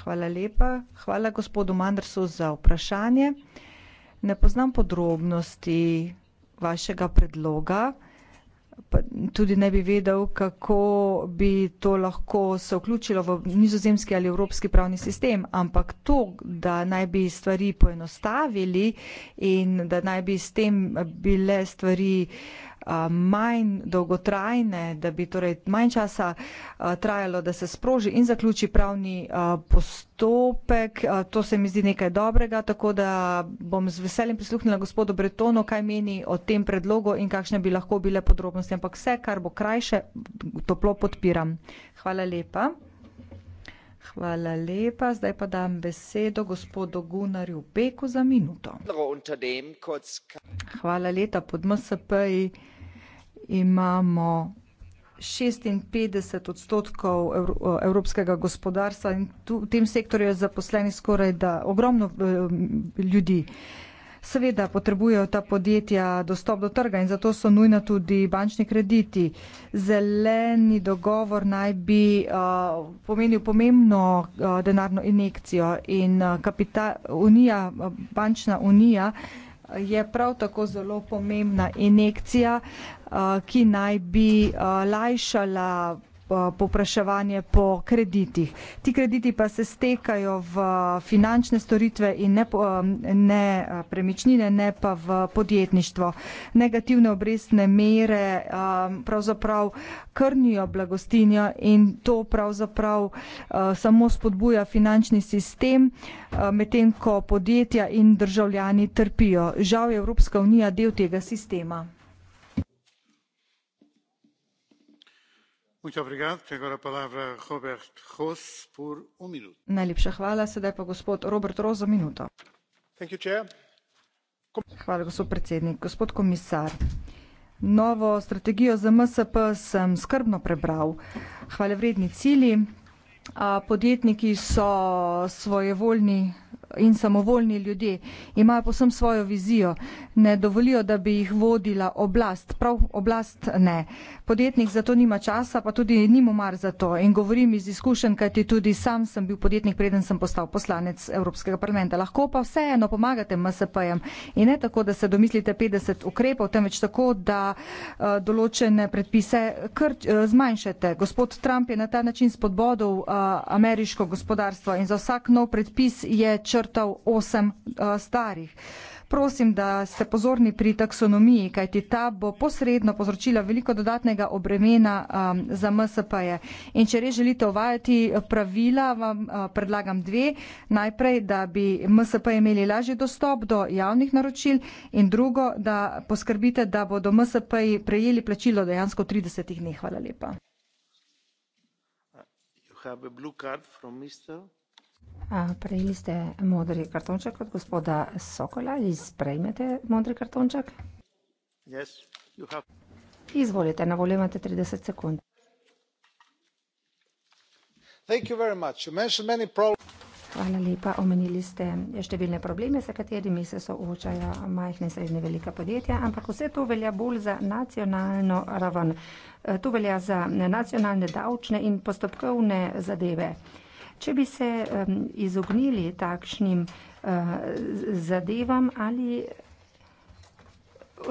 Hvala lepa. Hvala gospodu Mandersu za vprašanje. Ne poznam podrobnosti vašega predloga pa tudi ne bi vedel, kako bi to lahko se vključilo v nizozemski ali evropski pravni sistem, ampak to, da naj bi stvari poenostavili in da naj bi s tem bile stvari uh, manj dolgotrajne, da bi torej manj časa trajalo, da se sproži in zaključi pravni postopek. To se mi zdi nekaj dobrega, tako da bom z veseljem prisluhnila gospodu Bretonu, kaj meni o tem predlogu in kakšne bi lahko bile podrobnosti. Ampak vse, kar bo krajše, toplo podpiram. Hvala lepa. Hvala lepa. Zdaj pa dam besedo gospodu Gunarju Peku za minuto. Hvala lepa pod MSP-ji imamo šestinpetdeset odstotkov evropskega gospodarstva in tu, v tem sektorju je zaposlenih skoraj da ogromno eh, ljudi. Seveda potrebujejo ta podjetja dostop do trga in zato so nujna tudi bančni krediti. Zeleni dogovor naj bi uh, pomenil pomembno uh, denarno injekcijo in uh, kapita, unija, uh, bančna unija uh, je prav tako zelo pomembna injekcija, eh, ki naj bi, eh, lajšala Eh, popraševanje po kreditih. Ti krediti pa se stekajo v finančne storitve in ne, eh, ne eh, premičnine, ne pa v podjetništvo. Negativne obrestne mere pravzaprav krnijo blagostinjo in to pravzaprav samo spodbuja finančni sistem, medtem ko podjetja in državljani trpijo. Žal je Evropska unija del tega sistema. Um Najlepša hvala. Sedaj pa gospod Robert Rož za minuto. Hvala, gospod predsednik. Gospod komisar, novo strategijo za MSP sem skrbno prebral. Hvala vredni cilji. Podjetniki so svojevoljni in samovoljni ljudje. Imajo posem svojo vizijo. Ne dovolijo, da bi jih vodila oblast. Prav oblast ne. Podjetnik za to nima časa, pa tudi ni mu mar za to. In govorim iz izkušenj, kajti tudi sam sem bil podjetnik, preden sem postal poslanec Evropskega parlamenta. Lahko pa vseeno pomagate MSP-jem. In ne tako, da se domislite 50 ukrepov, temveč tako, da eh, določene predpise eh, zmanjšate. Gospod Trump je na ta način spodbodov eh, ameriško gospodarstvo in za vsak nov predpis je črn žrtav, osem eh, starih. Prosim, da ste pozorni pri taksonomiji, kajti ta bo posredno povzročila veliko dodatnega obremena um, za MSP-je. In če res želite uvajati pravila, vam uh, predlagam dve. Najprej, da bi MSP-je imeli lažji dostop do javnih naročil in drugo, da poskrbite, da bodo MSP-ji prejeli plačilo dejansko v 30 dneh. Hvala lepa. Uh, Prejeli ste modri kartonček od gospoda Sokola. Izprejmete modri kartonček? Yes, Izvolite, na voljo imate 30 sekund. Thank you very much. You mentioned many Hvala lepa. Omenili ste številne probleme, s katerimi se soočajo majhne in srednje velika podjetja, ampak vse to velja bolj za nacionalno raven. E, to velja za nacionalne davčne in postopkovne zadeve. Če bi se um, izognili takšnim uh, zadevam ali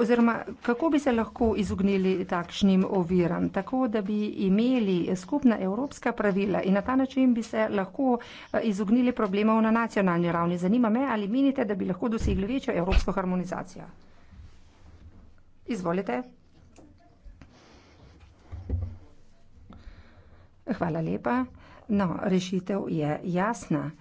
oziroma kako bi se lahko izognili takšnim oviram, tako da bi imeli skupna evropska pravila in na ta način bi se lahko eh, izognili problemov na nacionalni ravni. Zanima me, ali menite, da bi lahko dosegli večjo evropsko harmonizacijo. Izvolite. Hvala lepa. No, rešitev je jasna.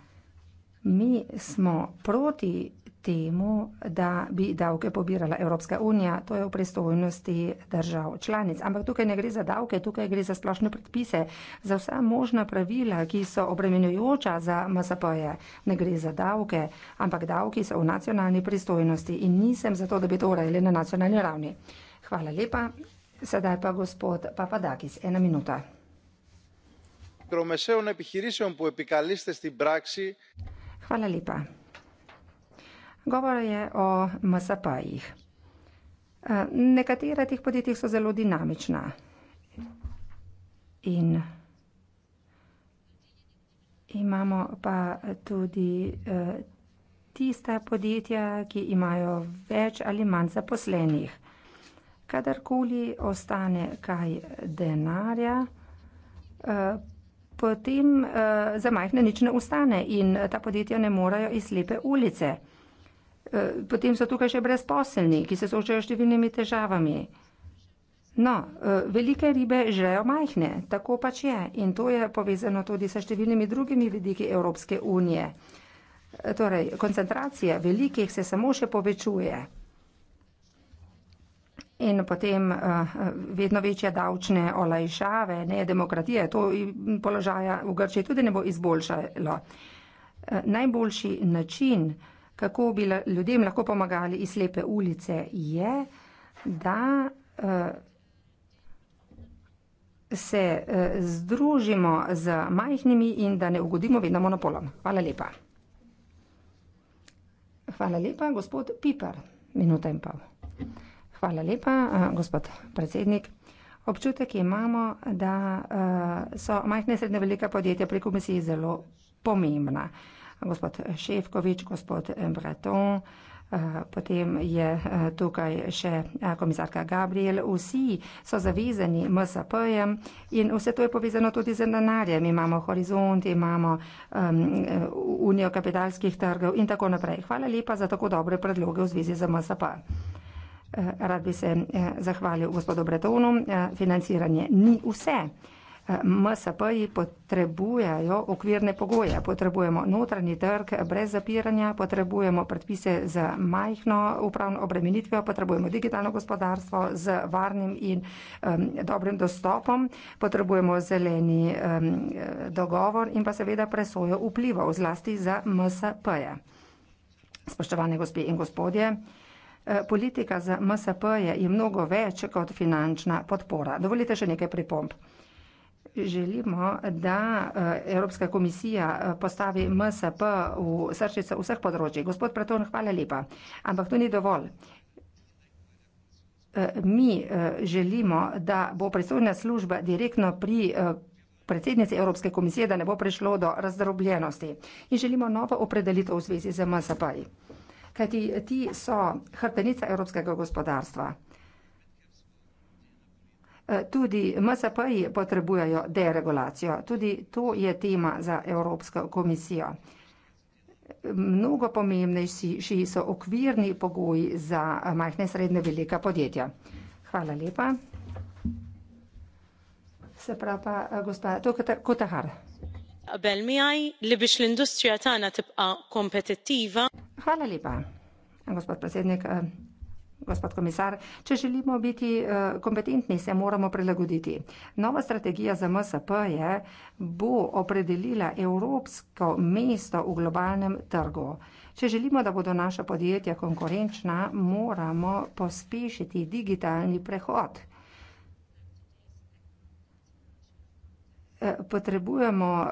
Mi smo proti temu, da bi davke pobirala Evropska unija, to je v pristojnosti držav članic. Ampak tukaj ne gre za davke, tukaj gre za splošne predpise, za vsa možna pravila, ki so obremenjujoča za MSP-je. Ne gre za davke, ampak davki so v nacionalni pristojnosti in nisem za to, da bi to urejali na nacionalni ravni. Hvala lepa. Sedaj pa gospod Papadakis, ena minuta μικρομεσαίων επιχειρήσεων που επικαλείστε στην πράξη. Hvala lepa. Govor je o MSP-jih. E, nekatera tih podjetij so zelo dinamična in imamo pa tudi e, tista podjetja, ki imajo več ali manj zaposlenih. Kadarkoli ostane kaj denarja, e, potem eh, za majhne nič ne ostane in eh, ta podjetja ne morajo iz slepe ulice. Eh, potem so tukaj še brezposelni, ki se soočajo s številnimi težavami. No, velike ribe žrejo majhne, tako pač je in to je povezano tudi sa številnimi drugimi vidiki Evropske unije. Torej, koncentracija velikih se samo še povečuje in potem eh, vedno večje davčne olajšave, ne demokratije, to položaja v Grčiji tudi ne bo izboljšalo. Eh, najboljši način, kako bi ljudem lahko pomagali iz slepe ulice, je, da eh, se združimo z majhnimi in da ne ugodimo vedno monopolom. Hvala lepa. Hvala lepa, gospod Piper. Minuta in pol. Hvala lepa, gospod predsednik. Občutek imamo, da so majhne in srednje velika podjetja pri komisiji zelo pomembna. Gospod Šefkovič, gospod Breton, potem je tukaj še komisarka Gabriel. Vsi so zavezani MSP-jem in vse to je povezano tudi z denarjem. Imamo horizont, imamo um, unijo kapitalskih trgov in tako naprej. Hvala lepa za tako dobre predloge v zvezi z MSP. -em. Eh, rad bi se eh, zahvalil gospodu Bretonu. Eh, financiranje ni vse. MSP-ji potrebujejo okvirne pogoje, potrebujemo notranji trg brez zapiranja, potrebujemo predpise z majhno upravno obremenitvijo, potrebujemo digitalno gospodarstvo z varnim in um, dobrim dostopom, potrebujemo zeleni um, dogovor in pa seveda presojo vplivov zlasti za MSP-je. Spoštovane gospe in gospodje, Eh, politika za MSP je, je mnogo več kot finančna podpora. Dovolite še nekaj pripomb. Želimo, da eh, Evropska komisija eh, postavi MSP v srčice vseh področji. Gospod Preton, hvala lepa. Ampak to ni dovolj. Mi želimo, da bo predstavljena služba direktno pri predsednici Evropske komisije, da ne bo prišlo do razdrobljenosti. In želimo novo opredelitev v zvezi z MSP-ji kajti ti so hrbtenica evropskega gospodarstva. E, tudi MSP-ji potrebujejo deregulacijo, tudi to je tema za Evropsko komisijo. Mnogo pomembnejši so okvirni pogoji za majhne srednje velika podjetja. Hvala lepa. Se prav pa, e, gospa, to Kotahar. Belmijaj, lebiš l'industrija tana tipa kompetitiva. Hvala lepa, gospod predsednik. Eh, gospod komisar, če želimo biti eh, kompetentni, se moramo prilagoditi. Nova strategija za MSP je, bo opredelila evropsko mesto v globalnem trgu. Če želimo, da bodo naša podjetja konkurenčna, moramo pospešiti digitalni prehod. Eh, potrebujemo um,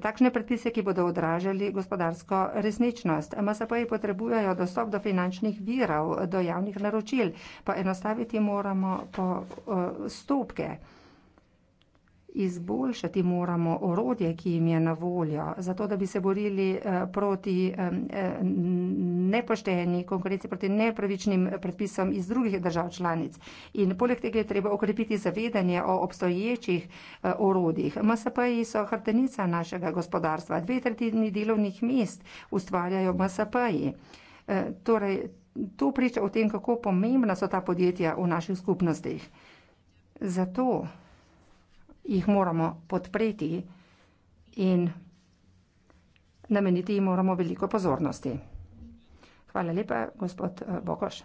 takšne predpise, ki bodo odražali gospodarsko resničnost. MSP-ji potrebujejo dostop do finančnih virov, do javnih naročil, pa enostaviti moramo po uh, stopke izboljšati moramo orodje, ki jim je na voljo, zato da bi se borili eh, proti eh, nepošteni konkurenci, proti nepravičnim predpisom iz drugih držav članic. In poleg tega je treba okrepiti zavedanje o obstoječih eh, orodjih. MSP-ji so hrtenica našega gospodarstva. Dve tretjini delovnih mest ustvarjajo MSP-ji. Torej, to priča o tem, kako pomembna so ta podjetja v naših skupnostih. Zato jih moramo podpreti in nameniti jim moramo veliko pozornosti. Hvala lepa, gospod eh, Bokoš.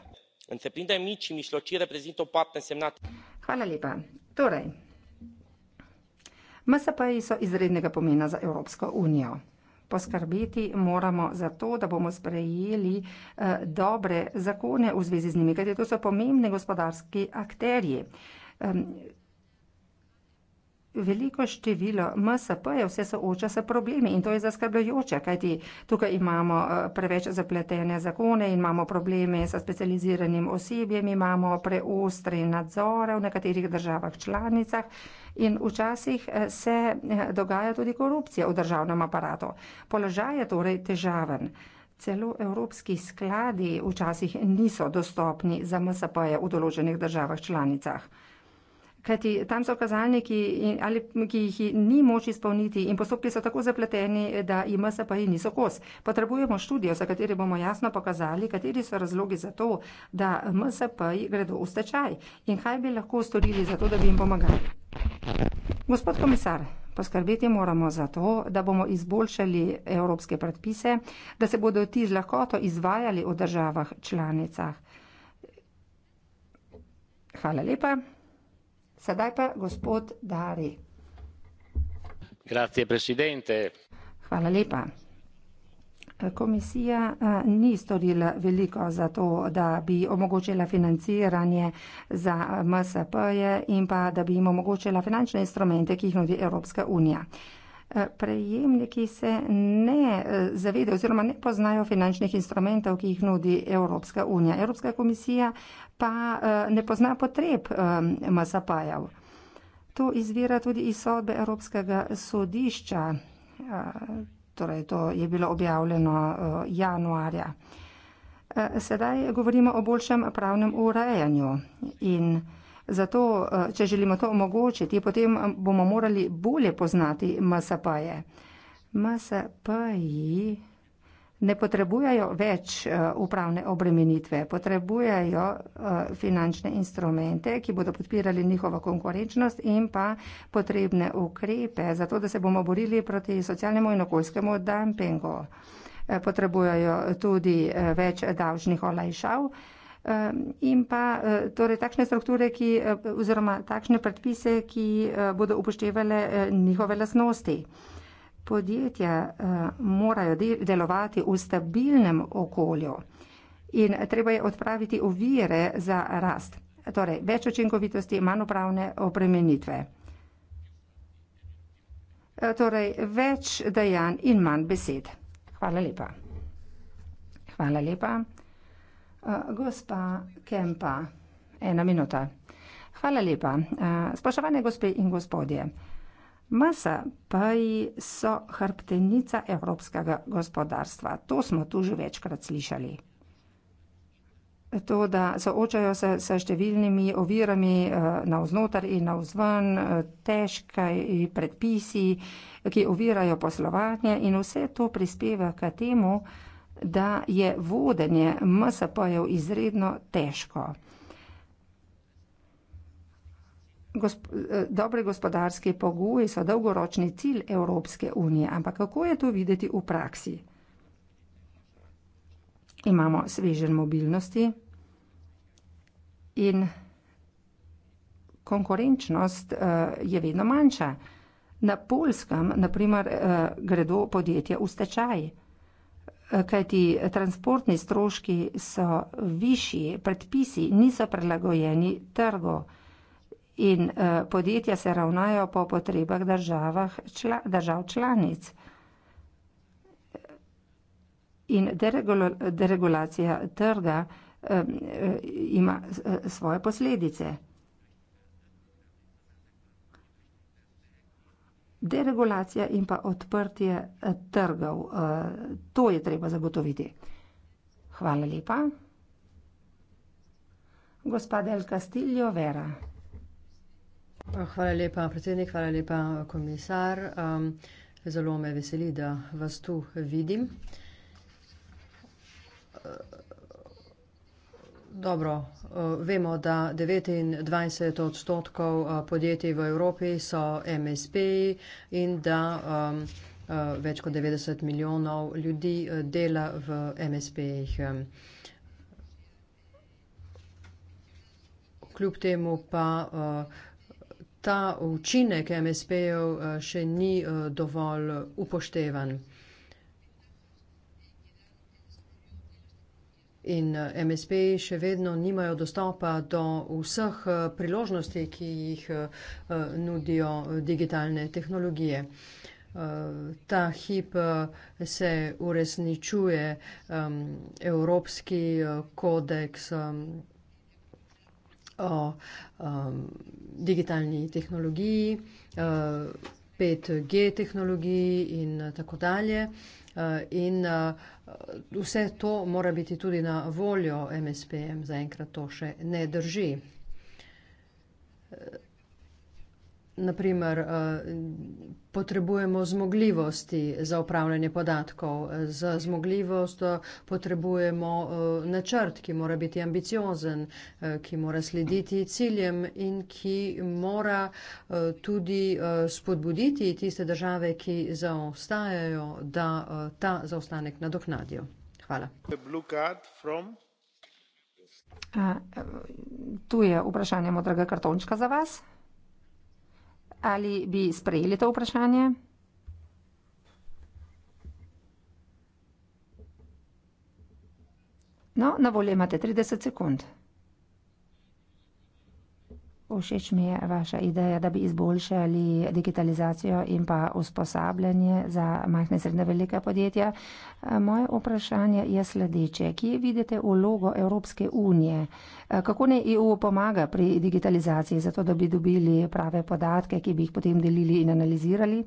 Hvala lepa. Torej, MSP-ji so izrednega pomena za Evropsko unijo. Poskrbeti moramo za to, da bomo sprejeli eh, dobre zakone v zvezi z njimi, kajti to so pomembni gospodarski akterji. Eh, veliko število MSP-jev se sooča s problemi in to je zaskrbljujoče, kajti tukaj imamo eh, preveč zapletene zakone, imamo probleme s specializiranim osebjem, imamo preostre nadzore v nekaterih državah članicah. In včasih eh, se eh, dogaja tudi korupcija v državnem aparatu. Položaj je torej težaven. Celo evropski skladi včasih niso dostopni za MSP-je v določenih državah članicah. Kajti tam so kazalniki, in, ali, ki jih ni moč izpolniti in postopki so tako zapleteni, da ima se pa in niso kos. Potrebujemo študijo, za katero bomo jasno pokazali, kateri so razlogi za to, da MSP gredo v stečaj in kaj bi lahko storili za to, da bi jim pomagali. Gospod komisar, poskrbeti moramo za to, da bomo izboljšali evropske predpise, da se bodo ti z lahkoto izvajali v državah članicah. Hvala lepa sedaj pa gospod dari hvala lepa komisija eh, ni storila veliko za to da bi omogočila financiranje za eh, msp-je in pa da bi jim omogočila finančne instrumente ki jih nudi evropska unija eh, Prejemniki se ne zavedajo oziroma ne poznajo finančnih instrumentov, ki jih nudi Evropska unija. Evropska komisija pa eh, ne pozna potreb eh, Mazapajev. To izvira tudi iz sodbe Evropskega sodišča, eh, torej to je bilo objavljeno januarja. Sedaj govorimo o boljšem pravnem urejanju in zato, če želimo to omogočiti, potem bomo morali bolje poznati MSP-je. MSP-ji. MSP ne potrebujejo več eh, upravne obremenitve, potrebujejo eh, finančne instrumente, ki bodo podpirali njihovo konkurenčnost in pa potrebne ukrepe za to, da se bomo borili proti socialnemu in okoljskemu dumpingu. Eh, potrebujejo tudi več davčnih olajšav in pa torej takšne strukture, ki, oziroma takšne predpise, ki bodo upoštevale njihove lasnosti. Podjetja eh, morajo delovati v stabilnem okolju in treba je odpraviti ovire za rast, torej več učinkovitosti, manj upravne opremenitve. Eh, torej več dejanj in manj besed. Hvala lepa. Hvala lepa. Eh, gospa Kempa, ena minuta. Hvala lepa. Spoštovane gospe in gospodje. Masa pa so hrbtenica evropskega gospodarstva. To smo tu že večkrat slišali. To, da soočajo se s številnimi ovirami eh, na vznotraj in na vzven, eh, težki predpisi, ki ovirajo poslovanje in vse to prispeva k temu, da je vodenje MSP-jev izredno težko gosp eh, dobre gospodarske pogoje so dolgoročni cilj Evropske unije, ampak kako je to videti v praksi? Imamo svežen mobilnosti in konkurenčnost eh, je vedno manjša. Na Polskem, naprimer, eh, gredo podjetja v stečaj, kajti transportni stroški so višji, predpisi niso prilagojeni trgu in eh, podjetja se ravnajo po potrebah državah, čla, držav članic. In deregula, deregulacija trga eh, eh, ima eh, svoje posledice. Deregulacija in pa odprtje eh, trgov, eh, to je treba zagotoviti. Hvala lepa. Gospa Del Castillo Vera. Hvala lepa, predsednik, hvala lepa, komisar. Um, zelo me veseli, da vas tu vidim. Dobro, uh, vemo, da 29 odstotkov uh, podjetij v Evropi so MSP in da um, uh, več kot 90 milijonov ljudi dela v MSP-jih. Um, kljub temu pa uh, ta učinek MSP-jev eh, še ni eh, dovolj upoštevan. In eh, MSP še vedno nimajo dostopa do vseh priložnosti, ki jih nudijo digitalne tehnologije. Ta hip se uresničuje Evropski kodeks o um, digitalni tehnologiji, uh, 5G tehnologiji in uh, tako dalje. Uh, in uh, vse to mora biti tudi na voljo MSPM, zaenkrat to še ne drži naprimer, eh, potrebujemo zmogljivosti za upravljanje podatkov, za zmogljivost eh, potrebujemo eh, načrt, ki mora biti ambiciozen, ki mora slediti ciljem in ki mora tudi spodbuditi tiste države, ki zaostajajo, da ta zaostanek nadoknadijo. Hvala. Tu je vprašanje modrega kartončka za vas. Ali bi sprejeli to vprašanje? No, na voljo imate 30 sekund. Všeč mi je vaša ideja, da bi izboljšali digitalizacijo in pa usposabljanje za majhne in srednje velika podjetja. Moje vprašanje je sledeče. Kje vidite vlogo Evropske unije? Kako naj EU pomaga pri digitalizaciji, zato da bi dobili prave podatke, ki bi jih potem delili in analizirali?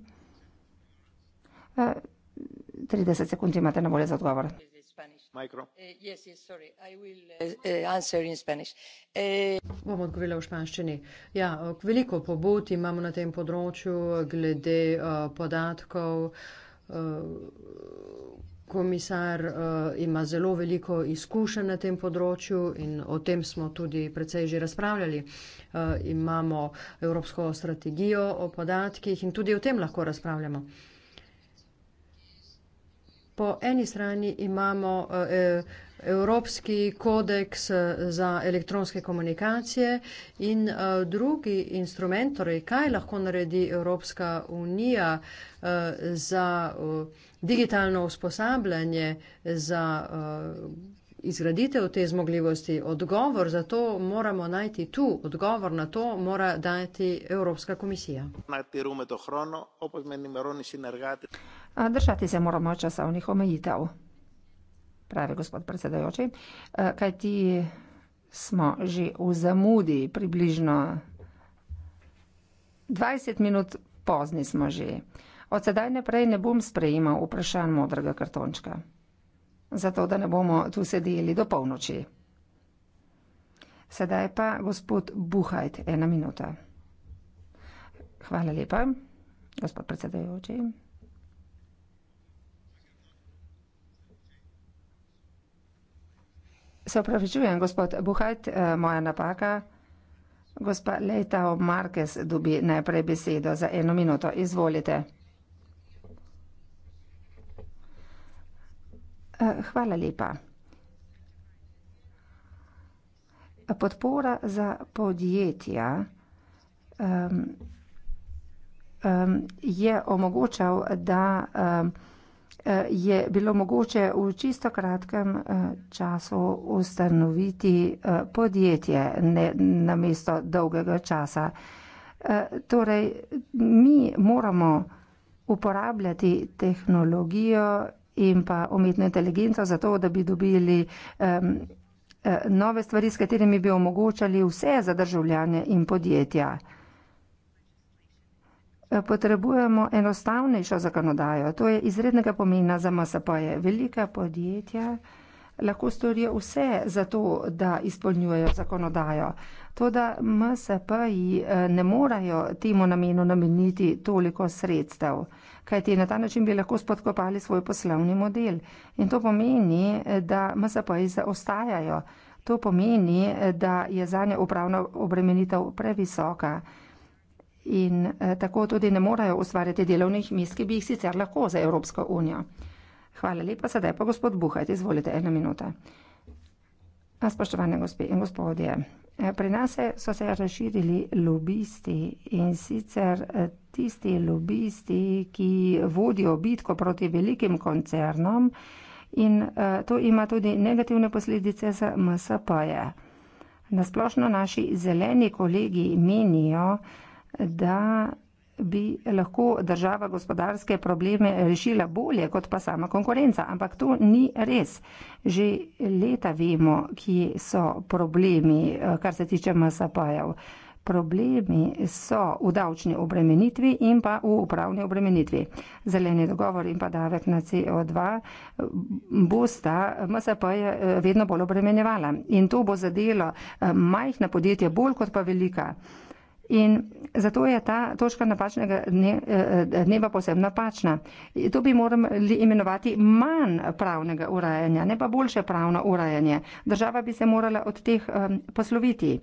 30 eh, sekund imate na voljo za odgovor veliko pobud imamo na tem področju glede uh, podatkov. Uh, komisar uh, ima zelo veliko izkušenj na tem področju in o tem smo tudi precej že razpravljali. Imamo evropsko strategijo o podatkih in tudi o tem lahko razpravljamo. Po eni strani imamo eh, eh, Evropski kodeks eh, za elektronske komunikacije in drugi instrument, torej kaj lahko naredi Evropska unija za digitalno usposabljanje, za izgraditev te zmogljivosti, odgovor za to moramo najti tu, odgovor na to mora dati Evropska komisija držati se moramo časovnih omejitev, pravi gospod predsedajoči, e, kaj ti smo že v zamudi, približno 20 minut pozni smo že. Od sedaj naprej ne bom sprejemal vprašanj modrega kartončka, zato da ne bomo tu sedeli do polnoči. Sedaj pa gospod Buhajt, ena minuta. Hvala lepa, gospod predsedajoči. Se opravičujem, gospod Buhajt, eh, moja napaka. Gospa Leitao Marquez dobi najprej besedo za eno minuto. Izvolite. Eh, hvala lepa. Podpora za podjetja um, um, je omogočal, da um, Eh, je bilo mogoče v čisto kratkem eh, času ustanoviti eh, podjetje ne, na mesto dolgega časa. Torej, mi moramo uporabljati tehnologijo in pa umetno inteligenco za to, da bi dobili um, nove stvari, s katerimi bi omogočali vse za državljanje in podjetja. Eh, potrebujemo enostavnejšo zakonodajo. To je izrednega pomena za MSP. -je. Velika podjetja lahko storijo vse za to, da izpolnjujejo zakonodajo. To, da MSP-ji eh, ne morajo temu namenu nameniti toliko sredstev, kajti na ta način bi lahko spodkopali svoj poslovni model. In to pomeni, eh, da MSP-ji zaostajajo. To pomeni, da je zanje upravna obremenitev previsoka in eh, tako tudi ne morejo ustvarjati delovnih mest, ki bi jih sicer lahko za Evropsko unijo. Hvala lepa, sedaj pa gospod Buhajt, izvolite eno minuto. Spoštovane gospe in gospodje, eh, pri nas so se razširili lobisti in sicer eh, tisti lobisti, ki vodijo bitko proti velikim koncernom in to ima tudi negativne posledice za MSP-je. Nasplošno naši zeleni kolegi menijo, da da bi lahko država gospodarske probleme rešila bolje kot pa sama konkurenca. Ampak to ni res. Že leta vemo, kje so problemi, eh, kar se tiče MSP-jev. Problemi so v davčni obremenitvi in pa v upravni obremenitvi. Zeleni dogovor in pa davek na CO2 eh, bosta MSP eh, vedno bolj obremenjevala. In to bo zadelo majhna podjetja bolj kot pa velika. In zato je ta točka napačnega eh, eh, dneva posebno napačna. To bi morali imenovati manj pravnega urajanja, ne pa boljše pravno urajanje. Država bi se morala od teh eh, posloviti.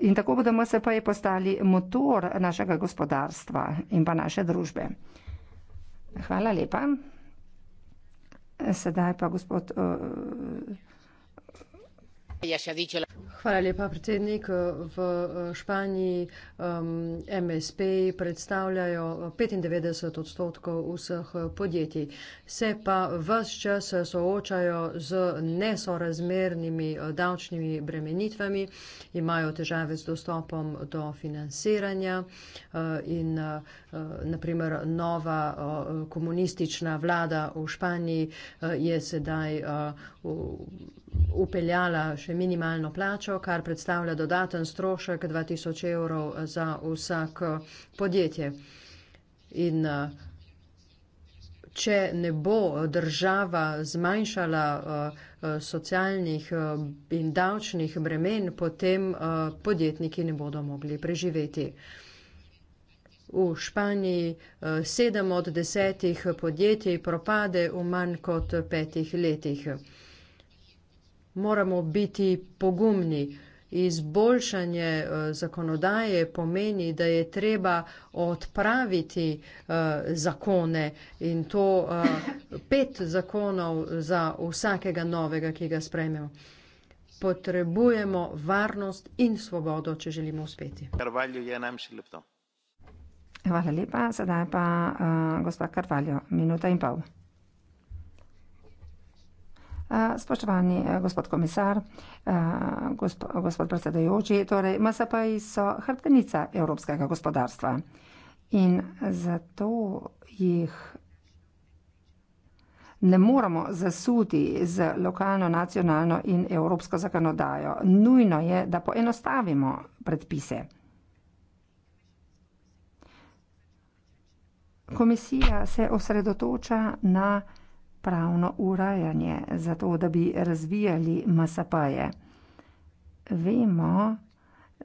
In tako bodo MSP-ji postali motor našega gospodarstva in pa naše družbe. Hvala lepa. Sedaj pa gospod. Uh, Hvala lepa, predsednik. V eh, Španiji um, MSP predstavljajo 95 odstotkov vseh eh, podjetij. Se pa vse čas eh, soočajo z nesorazmernimi davčnimi bremenitvami, imajo težave z dostopom do financiranja in naprimer nova komunistična vlada v Španiji je sedaj. Uh, upeljala še minimalno plačo, kar predstavlja dodaten strošek 2000 evrov za vsak eh, podjetje. In eh, če ne bo država zmanjšala eh, socialnih in davčnih bremen, potem podjetniki ne bodo mogli preživeti. V Španiji sedem od desetih podjetij propade v manj kot petih letih moramo biti pogumni. Izboljšanje eh, zakonodaje pomeni, da je treba odpraviti eh, zakone in to eh, pet zakonov za vsakega novega, ki ga sprejmemo. Potrebujemo varnost in svobodo, če želimo uspeti. Karvalju je nam še lepto. Hvala lepa, sedaj pa uh, gospod Karvalju, minuta in pol. Spoštovani eh, gospod komisar, eh, gospod predsedajoči, torej MSP-ji so hrbtenica evropskega gospodarstva in zato jih ne moremo zasuti z lokalno, nacionalno in evropsko zakonodajo. Nujno je, da poenostavimo predpise. Komisija se osredotoča na pravno urajanje, zato da bi razvijali MSP-je. Vemo,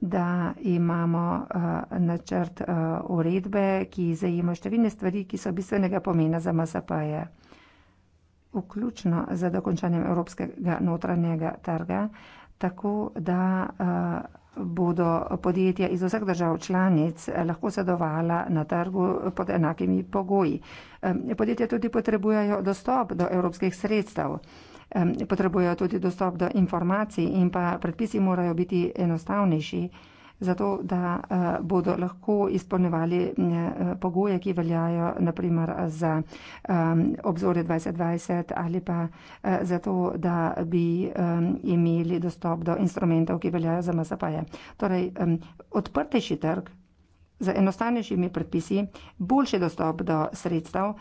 da imamo uh, načrt uh, uredbe, ki zajema številne stvari, ki so bistvenega pomena za MSP-je. Vključno za dokončanjem evropskega notranjega trga, tako da uh, bodo podjetja iz vseh držav članic eh, lahko sedovala na trgu pod enakimi pogoji. Podjetja tudi potrebujejo dostop do evropskih sredstev, potrebujejo tudi dostop do informacij in pa predpisi morajo biti enostavnejši zato da eh, bodo lahko izpolnjevali eh, pogoje, ki veljajo naprimer za ehm, obzore 2020 ali pa eh, zato, da bi ehm, imeli dostop do instrumentov, ki veljajo za MSP-je. Torej, ehm, odprtejši trg za enostavnejšimi predpisi, boljši dostop do sredstev,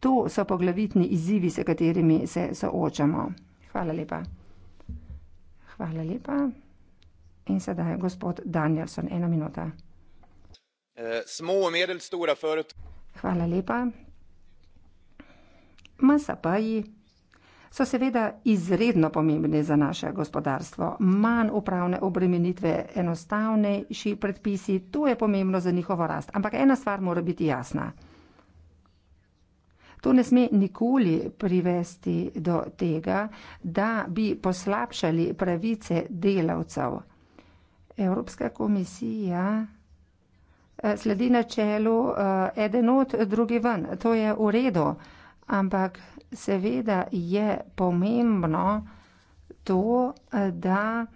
to so poglavitni izzivi, s katerimi se soočamo. Hvala lepa. Hvala lepa. In sedaj gospod Danielson, ena minuta. Eh, Smo omedel stora förut. Hvala lepa. MSP-ji so seveda izredno pomembni za naše gospodarstvo. Manj upravne obremenitve, enostavnejši predpisi, to je pomembno za njihovo rast. Ampak ena stvar mora biti jasna. To ne sme nikoli privesti do tega, da bi poslabšali pravice delavcev. Evropska komisija eh, sledi načelu eh, eden od, drugi ven. To je v redu, ampak seveda je pomembno to, eh, da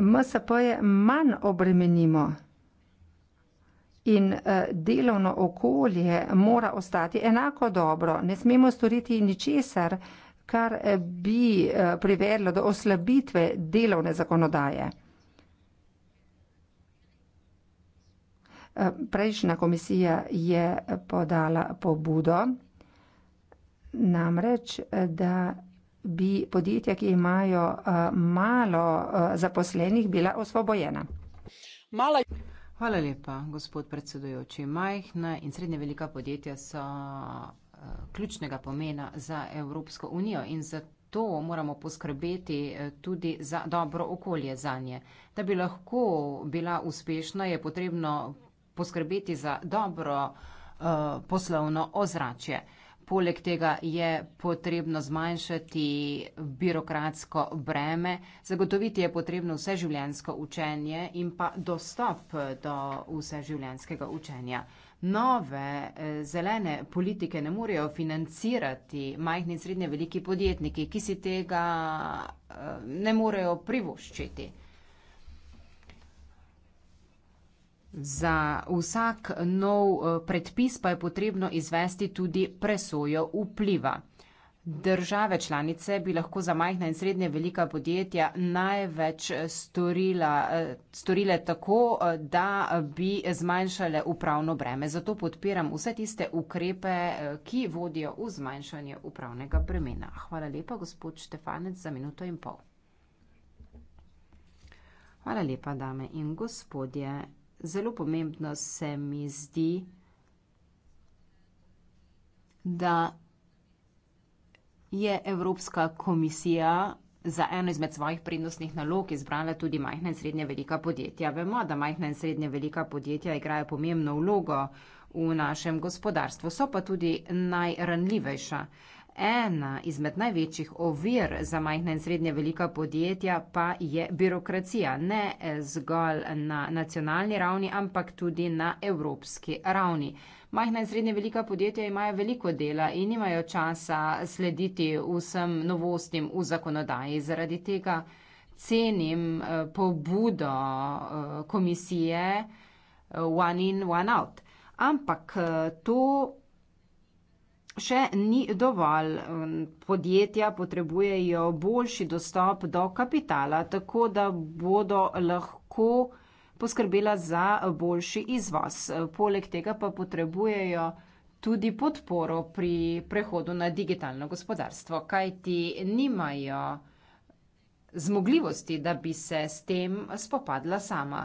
MSP-je manj obremenimo in delovno okolje mora ostati enako dobro. Ne smemo storiti ničesar, kar eh, bi eh, privedlo do oslabitve delovne zakonodaje. Eh, prejšnja komisija je podala pobudo namreč, da bi podjetja, ki imajo malo zaposlenih, bila osvobojena. Mala. Hvala lepa, gospod predsedujoči. Majhna in srednje velika podjetja so ključnega pomena za Evropsko unijo in zato moramo poskrbeti eh, tudi za dobro okolje za nje. Da bi lahko bila uspešna, je potrebno poskrbeti za dobro uh, poslovno ozračje. Poleg tega je potrebno zmanjšati birokratsko breme, zagotoviti je potrebno vseživljenjsko učenje in pa dostop do vseživljenjskega učenja nove eh, zelene politike ne morejo financirati majhni in srednje veliki podjetniki, ki si tega eh, ne morejo privoščiti. Za vsak nov eh, predpis pa je potrebno izvesti tudi presojo vpliva. Države članice bi lahko za majhna in srednje velika podjetja največ storila, eh, storile tako, eh, da bi zmanjšale upravno breme. Zato podpiram vse tiste ukrepe, eh, ki vodijo v zmanjšanje upravnega bremena. Hvala lepa, gospod Štefanec, za minuto in pol. Hvala lepa, dame in gospodje. Zelo pomembno se mi zdi, da je Evropska komisija za eno izmed svojih prednostnih nalog izbrala tudi majhna in srednje velika podjetja. Vemo, da majhna in srednje velika podjetja igrajo pomembno vlogo v našem gospodarstvu, so pa tudi najranljivejša. Ena izmed največjih ovir za majhna in srednje velika podjetja pa je birokracija, ne zgolj na nacionalni ravni, ampak tudi na evropski ravni. Majhna in srednje velika podjetja imajo veliko dela in nimajo časa slediti vsem novostim v zakonodaji. Zaradi tega cenim eh, pobudo eh, komisije eh, One in One out. Ampak to še ni dovolj. Mm, podjetja potrebujejo boljši dostop do kapitala, tako da bodo lahko poskrbela za boljši izvoz. Poleg tega pa potrebujejo tudi podporo pri prehodu na digitalno gospodarstvo, kajti nimajo zmogljivosti, da bi se s tem spopadla sama.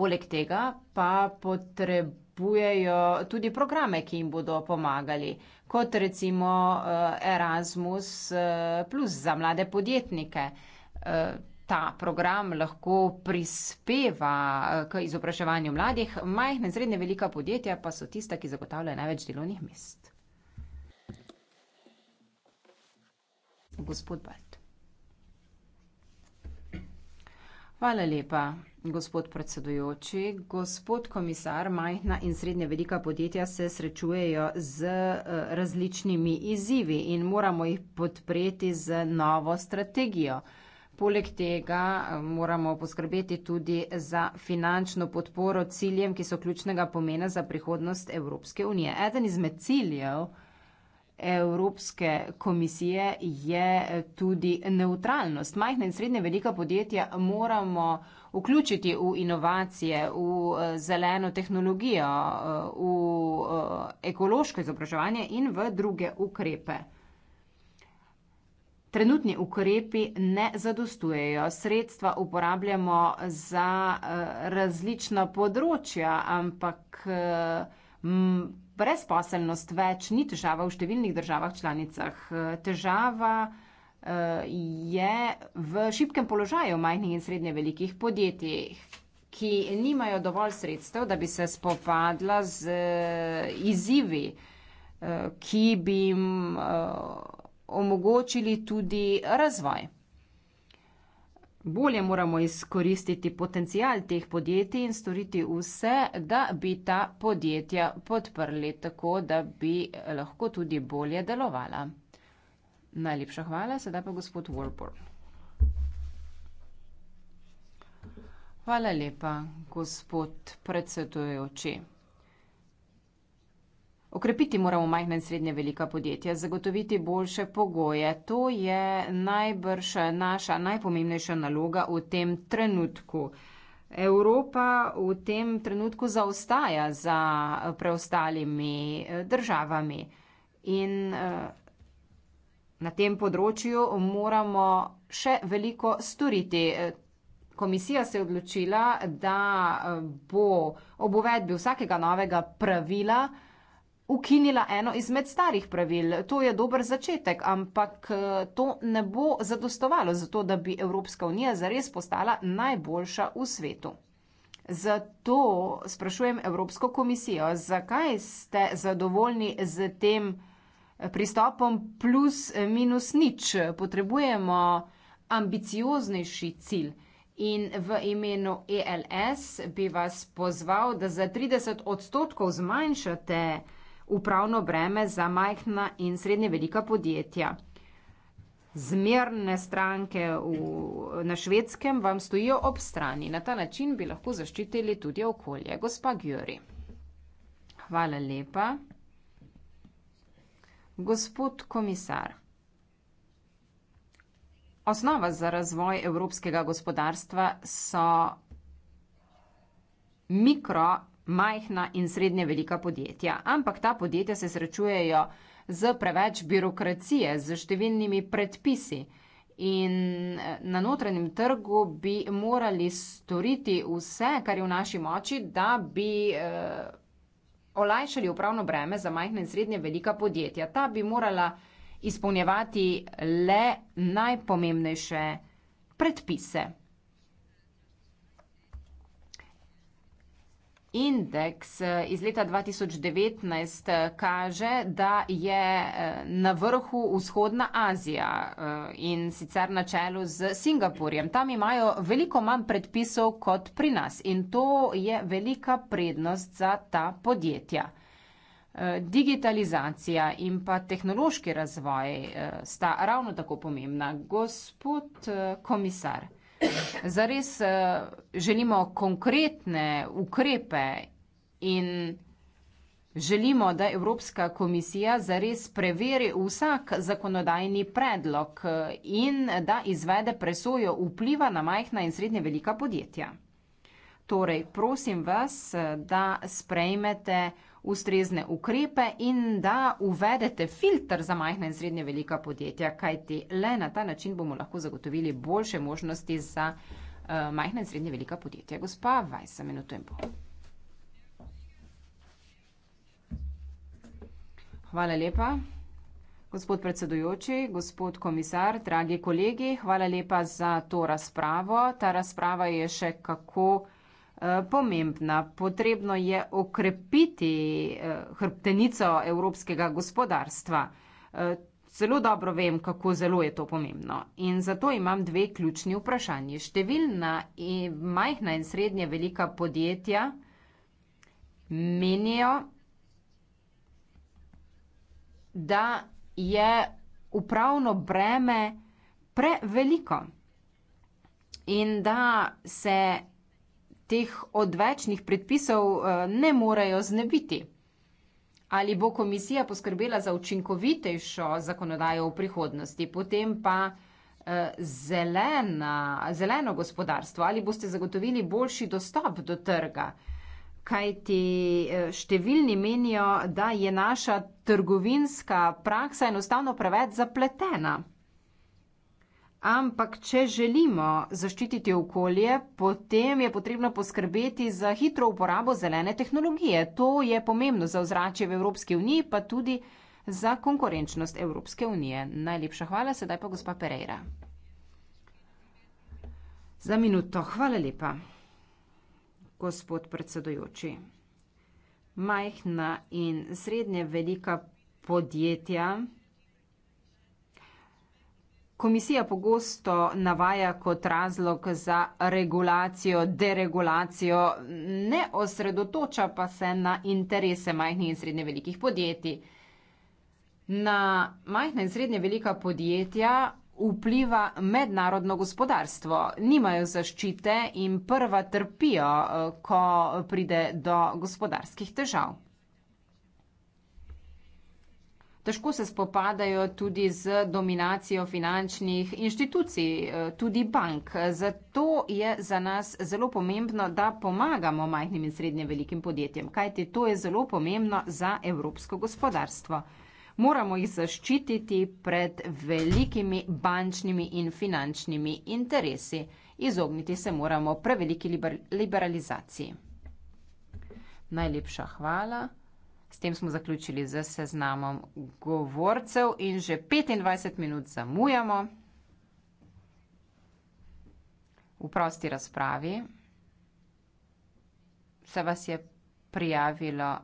Poleg tega pa potrebujejo Potrebujejo tudi programe, ki jim bodo pomagali, kot recimo eh, Erasmus eh, Plus za mlade podjetnike. Eh, ta program lahko prispeva eh, k izobraževanju mladih, majhne in srednje velika podjetja pa so tista, ki zagotavljajo največ delovnih mest. Gospod Balt. Hvala lepa, gospod predsedujoči. Gospod komisar, majhna in srednje velika podjetja se srečujejo z eh, različnimi izzivi in moramo jih podpreti z novo strategijo. Poleg tega eh, moramo poskrbeti tudi za finančno podporo ciljem, ki so ključnega pomena za prihodnost Evropske unije. Eden izmed ciljev Evropske komisije je eh, tudi neutralnost. Majhna in srednje velika podjetja moramo vključiti v inovacije, v eh, zeleno tehnologijo, v ekološko izobraževanje in v druge ukrepe. Trenutni ukrepi ne zadostujejo, sredstva uporabljamo za eh, različna področja, ampak eh, brezposelnost več ni težava v številnih državah članicah. Eh, težava je v šibkem položaju majhnih in srednje velikih podjetij, ki nimajo dovolj sredstev, da bi se spopadla z izzivi, ki bi jim omogočili tudi razvoj. Bolje moramo izkoristiti potencial teh podjetij in storiti vse, da bi ta podjetja podprli tako, da bi lahko tudi bolje delovala. Najlepša hvala, sedaj pa gospod Warburg. Hvala lepa, gospod predsedujoči. Okrepiti moramo majhne in srednje velika podjetja, zagotoviti boljše pogoje. To je najbrž naša najpomembnejša naloga v tem trenutku. Evropa v tem trenutku zaostaja za preostalimi eh, državami in eh, na tem področju moramo še veliko storiti. Komisija se je odločila, da eh, bo ob uvedbi vsakega novega pravila ukinila eno izmed starih pravil. To je dober začetek, ampak eh, to ne bo zadostovalo za to, da bi Evropska unija zares postala najboljša v svetu. Zato sprašujem Evropsko komisijo, zakaj ste zadovoljni z tem eh, pristopom plus eh, minus nič. Potrebujemo ambicioznejši cilj. In v imenu ELS bi vas pozval, da za 30 odstotkov zmanjšate upravno breme za majhna in srednje velika podjetja. Zmerne stranke v, na švedskem vam stojijo ob strani. Na ta način bi lahko zaščitili tudi okolje. Gospa Gjuri. Hvala lepa. Gospod komisar. Osnova za razvoj evropskega gospodarstva so mikro majhna in srednje velika podjetja, ampak ta podjetja se srečujejo z preveč birokracije, z številnimi predpisi. In eh, na notranjem trgu bi morali storiti vse, kar je v naši moči, da bi eh, olajšali upravno breme za majhna in srednje velika podjetja. Ta bi morala izpolnjevati le najpomembnejše predpise. Indeks eh, iz leta 2019 eh, kaže, da je eh, na vrhu vzhodna Azija in sicer na čelu z Singapurjem. Tam imajo veliko manj predpisov kot pri nas in to je velika prednost za ta podjetja. Digitalizacija in pa tehnološki razvoj sta ravno tako pomembna. Gospod komisar zares eh, želimo konkretne ukrepe in želimo, da Evropska komisija zares preveri vsak zakonodajni predlog eh, in da izvede presojo vpliva na majhna in srednje velika podjetja. Torej, prosim vas, da sprejmete ustrezne ukrepe in da uvedete filter za majhna in srednje velika podjetja, kajti le na ta način bomo lahko zagotovili boljše možnosti za uh, majhna in srednje velika podjetja. Gospa, vaj sem minuto in pol. Hvala lepa. Gospod predsedujoči, gospod komisar, dragi kolegi, hvala lepa za to razpravo. Ta razprava je še kako. Eh, pomembna. Potrebno je okrepiti eh, hrbtenico evropskega gospodarstva. Eh, zelo dobro vem, kako zelo je to pomembno. In zato imam dve ključni vprašanje. Številna in majhna in srednje velika podjetja menijo, da je upravno breme preveliko in da se teh odvečnih predpisov eh, ne morejo znebiti? Ali bo komisija poskrbela za učinkovitejšo zakonodajo v prihodnosti, potem pa eh, zelena, zeleno gospodarstvo? Ali boste zagotovili boljši dostop do trga? Kajti eh, številni menijo, da je naša trgovinska praksa enostavno preveč zapletena. Ampak, če želimo zaščititi okolje, potem je potrebno poskrbeti za hitro uporabo zelene tehnologije. To je pomembno za ozračje v Evropski uniji, pa tudi za konkurenčnost Evropske unije. Najlepša hvala, sedaj pa gospa Pereira. Za minuto, hvala lepa, gospod predsedojoči. Majhna in srednje velika podjetja komisija pogosto navaja kot razlog za regulacijo, deregulacijo, ne osredotoča pa se na interese majhnih in srednje velikih podjetij. Na majhna in srednje velika podjetja vpliva mednarodno gospodarstvo. Nimajo zaščite in prva trpijo, ko pride do gospodarskih težav težko se spopadajo tudi z dominacijo finančnih inštitucij, eh, tudi bank. Zato je za nas zelo pomembno, da pomagamo majhnim in srednje velikim podjetjem, kajti to je zelo pomembno za evropsko gospodarstvo. Moramo jih zaščititi pred velikimi bančnimi in finančnimi interesi. Izogniti se moramo preveliki liberalizaciji. Najlepša hvala. S tem smo zaključili z seznamom govorcev in že 25 minut zamujamo v prosti razpravi. Se vas je prijavilo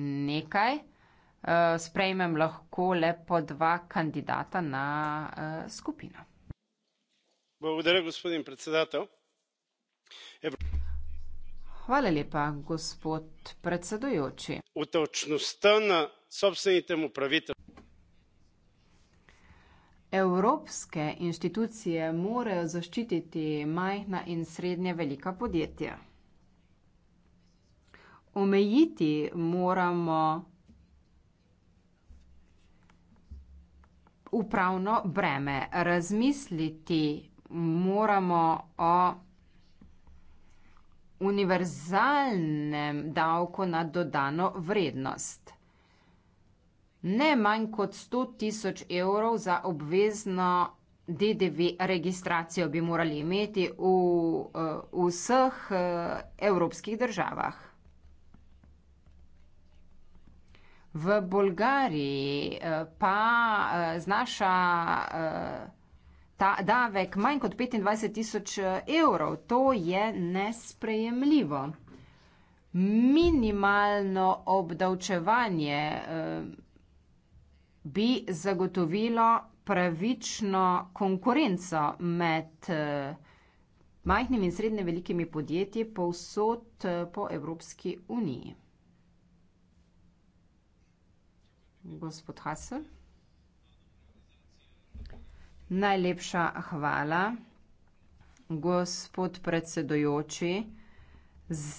nekaj. Eh, sprejmem lahko le po dva kandidata na eh, skupino. Bogodaj, gospodin predsedatelj. Hvala lepa, gospod predsedujoči. Utočnosti na sobstvenite mu pravite. Evropske inštitucije morajo zaščititi majhna in srednje velika podjetja. Omejiti moramo upravno breme, razmisliti moramo o univerzalnem davku na dodano vrednost. Ne manj kot 100 tisoč evrov za obvezno DDV registracijo bi morali imeti v, v eh, vseh eh, evropskih državah. V Bolgariji eh, pa znaša ta davek manj kot 25 tisoč evrov. To je nesprejemljivo. Minimalno obdavčevanje eh, bi zagotovilo pravično konkurenco med eh, majhnimi in srednje velikimi podjetji povsod eh, po Evropski uniji. Gospod Hasel. Najlepša hvala, gospod predsedujoči.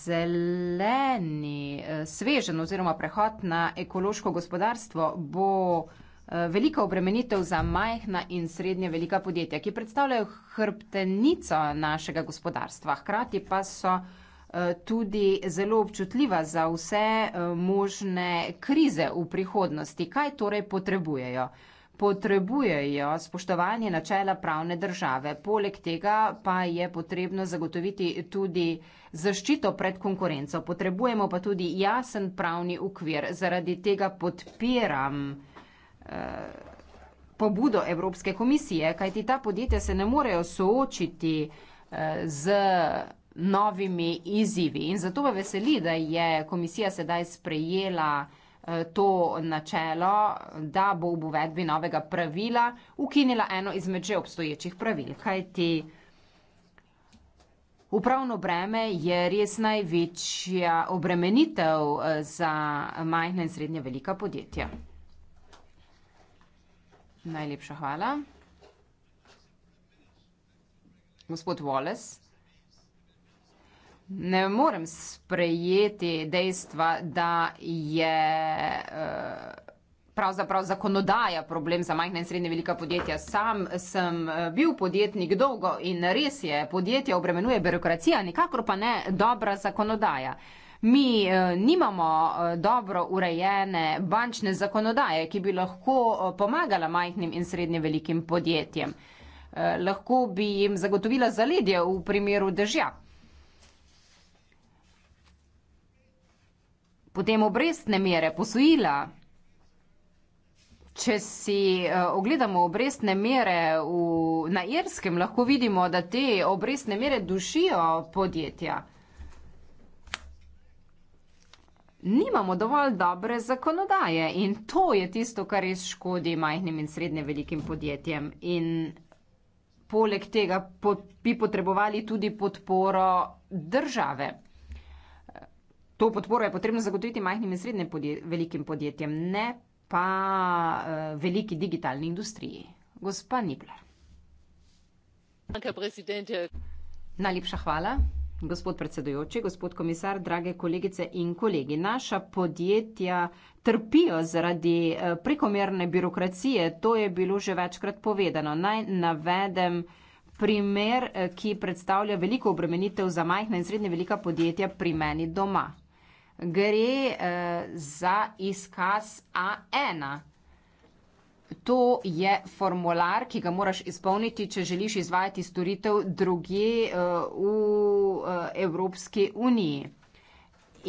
Zeleni eh, svežen oziroma prehod na ekološko gospodarstvo bo eh, velika obremenitev za majhna in srednje velika podjetja, ki predstavljajo hrbtenico našega gospodarstva. Hkrati pa so eh, tudi zelo občutljiva za vse možne krize v prihodnosti. Kaj torej potrebujejo? potrebujejo spoštovanje načela pravne države. Poleg tega pa je potrebno zagotoviti tudi zaščito pred konkurenco. Potrebujemo pa tudi jasen pravni ukvir. Zaradi tega podpiram eh, pobudo Evropske komisije, kajti ta podjetja se ne morejo soočiti eh, z novimi izzivi. In zato me veseli, da je komisija sedaj sprejela eh, to načelo, da bo v uvedbi novega pravila ukinila eno izmed že obstoječih pravil. Kaj ti upravno breme je res največja obremenitev eh, za majhne in srednje velika podjetja? Najlepša hvala. Gospod Wallace. Ne morem sprejeti dejstva, da je eh, pravzaprav zakonodaja problem za majhne in srednje velika podjetja. Sam sem eh, bil podjetnik dolgo in res je, podjetja obremenuje birokracija, nikakor pa ne dobra zakonodaja. Mi eh, nimamo dobro urejene bančne zakonodaje, ki bi lahko pomagala majhnim in srednje velikim podjetjem. Lahko bi jim zagotovila zaledje v primeru držav. potem obrestne mere, posojila. Če si eh, ogledamo obrestne mere v, na Irskem, lahko vidimo, da te obrestne mere dušijo podjetja. Nimamo dovolj dobre zakonodaje in to je tisto, kar res škodi majhnim in srednje velikim podjetjem. In poleg tega pot, bi potrebovali tudi podporo države to podporo je potrebno zagotoviti majhnim in srednjim podje velikim podjetjem, ne pa uh, veliki digitalni industriji. Gospa Nibler. Najlepša hvala. Gospod predsedujoči, gospod komisar, drage kolegice in kolegi, naša podjetja trpijo zaradi eh, prekomerne birokracije, to je bilo že večkrat povedano. Naj navedem primer, eh, ki predstavlja veliko obremenitev za majhna in srednje velika podjetja pri meni doma gre eh, za izkaz A1. To je formular, ki ga moraš izpolniti, če želiš izvajati storitev druge eh, v eh, Evropski uniji.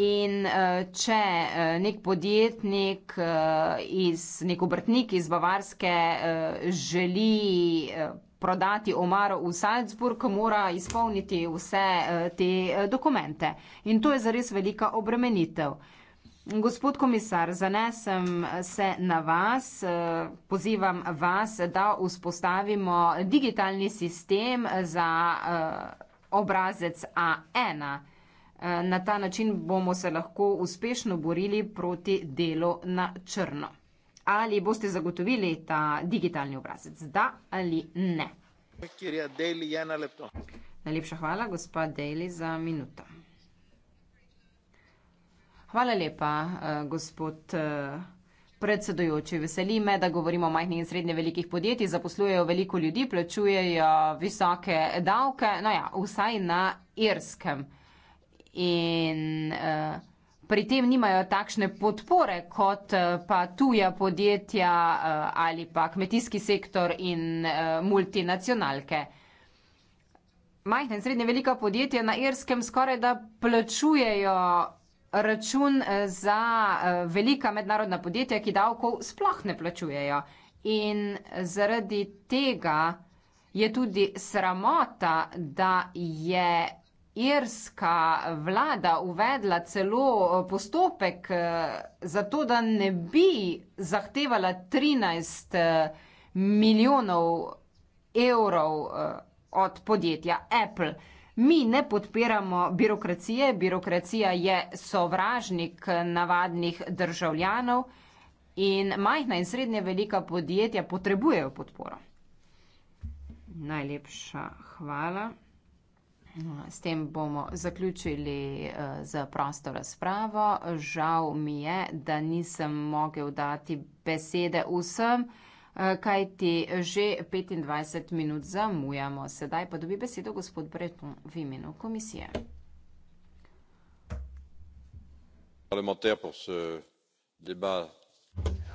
In eh, če eh, nek podjetnik eh, iz, nek obrtnik iz Bavarske želi prodati omaro v Salzburg, mora izpolniti vse eh, te eh, dokumente. In to je zares velika obremenitev. Gospod komisar, zanesem se na vas, eh, pozivam vas, da vzpostavimo digitalni sistem za obrazec A1. Na ta način bomo se lahko uspešno borili proti delu na črno. Ali boste zagotovili ta digitalni obrazec? Da ali ne? Najlepša hvala, gospa Daly, za minuto. Hvala lepa, eh, gospod eh, predsedujoči. Veseli me, da govorimo o majhnih in srednje velikih podjetij, zaposlujejo veliko ljudi, plačujejo visoke davke, no ja, vsaj na irskem. In, uh, pri tem nimajo takšne podpore kot eh, pa tuja podjetja eh, ali pa kmetijski sektor in eh, multinacionalke. Majhne in srednje velika podjetja na Irskem skoraj da plačujejo račun za velika mednarodna podjetja, ki davkov sploh ne plačujejo. In zaradi tega je tudi sramota, da je irska vlada uvedla celo eh, postopek eh, za to, da ne bi zahtevala 13 eh, milijonov evrov od podjetja Apple. Mi ne podpiramo birokracije, birokracija je sovražnik navadnih državljanov in majhna in srednje velika podjetja potrebujejo podporo. Najlepša hvala. S tem bomo zaključili z eh, prosto razpravo. Žal mi je, da nisem mogel dati besede vsem, eh, kaj ti že 25 minut zamujamo. Sedaj pa dobi besedo gospod Breton v imenu komisije.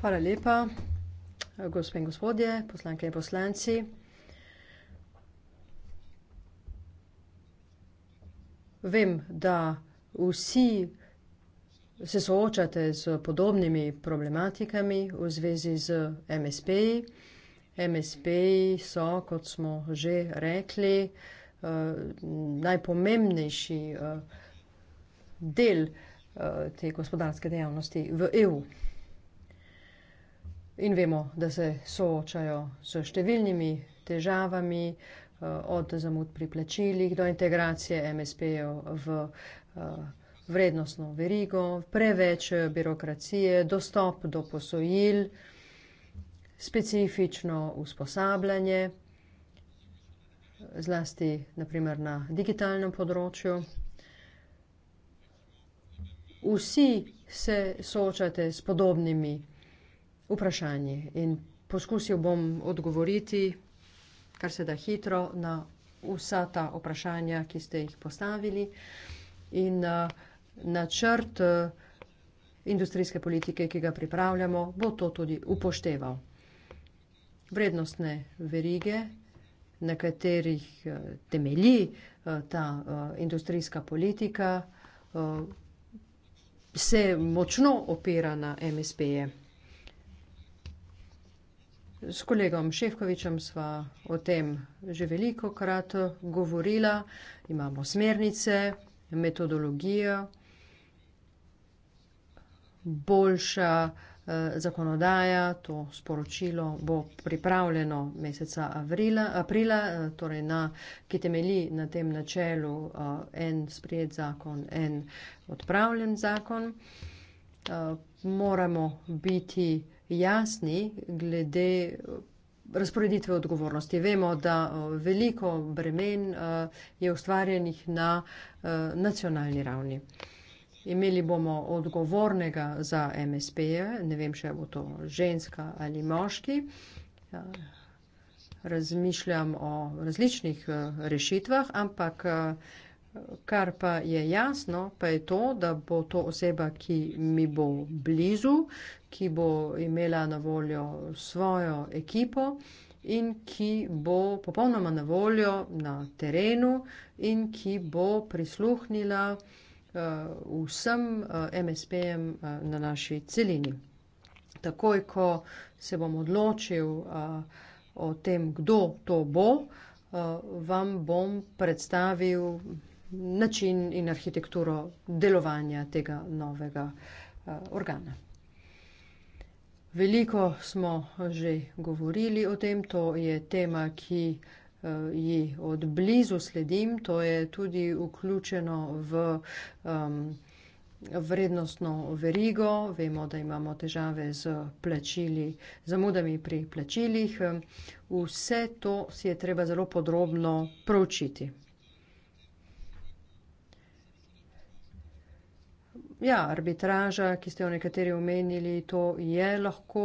Hvala lepa, gospe in gospodje, poslanke in poslanci. vem, da vsi se soočate s podobnimi problematikami v zvezi z MSP-ji. MSP-ji so, kot smo že rekli, eh, najpomembnejši eh, del eh, te gospodarske dejavnosti v EU. In vemo, da se soočajo s številnimi težavami, uh, Eh, od zamud pri plačilih do integracije MSP-jev v eh, vrednostno verigo, preveč eh, birokracije, dostop do posojil, specifično usposabljanje, zlasti naprimer na digitalnem področju. Vsi se soočate s podobnimi vprašanji in poskusil bom odgovoriti kar se da hitro na vsa ta vprašanja, ki ste jih postavili. In uh, načrt uh, industrijske politike, ki ga pripravljamo, bo to tudi upošteval. Vrednostne verige, na katerih uh, temelji ta industrijska politika, se močno opira na MSP-je. S kolegom Šefkovičem sva o tem že veliko krat govorila, imamo smernice, metodologijo, boljša eh, zakonodaja, to sporočilo bo pripravljeno meseca avrila, aprila, eh, torej na, ki temelji na tem načelu eh, en sprijet zakon, en odpravljen zakon. Eh, moramo biti eh, jasni glede razporeditve odgovornosti. Vemo, da veliko bremen e, je ustvarjenih na e, nacionalni ravni. Imeli bomo odgovornega za MSP-je, ne vem, če bo to ženska ali moški. Ja, razmišljam o različnih e, rešitvah, ampak Kar pa je jasno, pa je to, da bo to oseba, ki mi bo blizu, ki bo imela na voljo svojo ekipo in ki bo popolnoma na voljo na terenu in ki bo prisluhnila uh, vsem uh, eh, MSP-jem uh, eh, na naši celini. Takoj, ko se bom odločil uh, o tem, kdo to bo, uh, vam bom predstavil način in arhitekturo delovanja tega novega eh, organa. Veliko smo že govorili o tem, to je tema, ki eh, ji odblizu sledim, to je tudi vključeno v um, vrednostno verigo. Vemo, da imamo težave z plačili, zamudami pri plačilih. Vse to si je treba zelo podrobno pročiti. Ja, arbitraža, ki ste jo nekateri omenili, to je lahko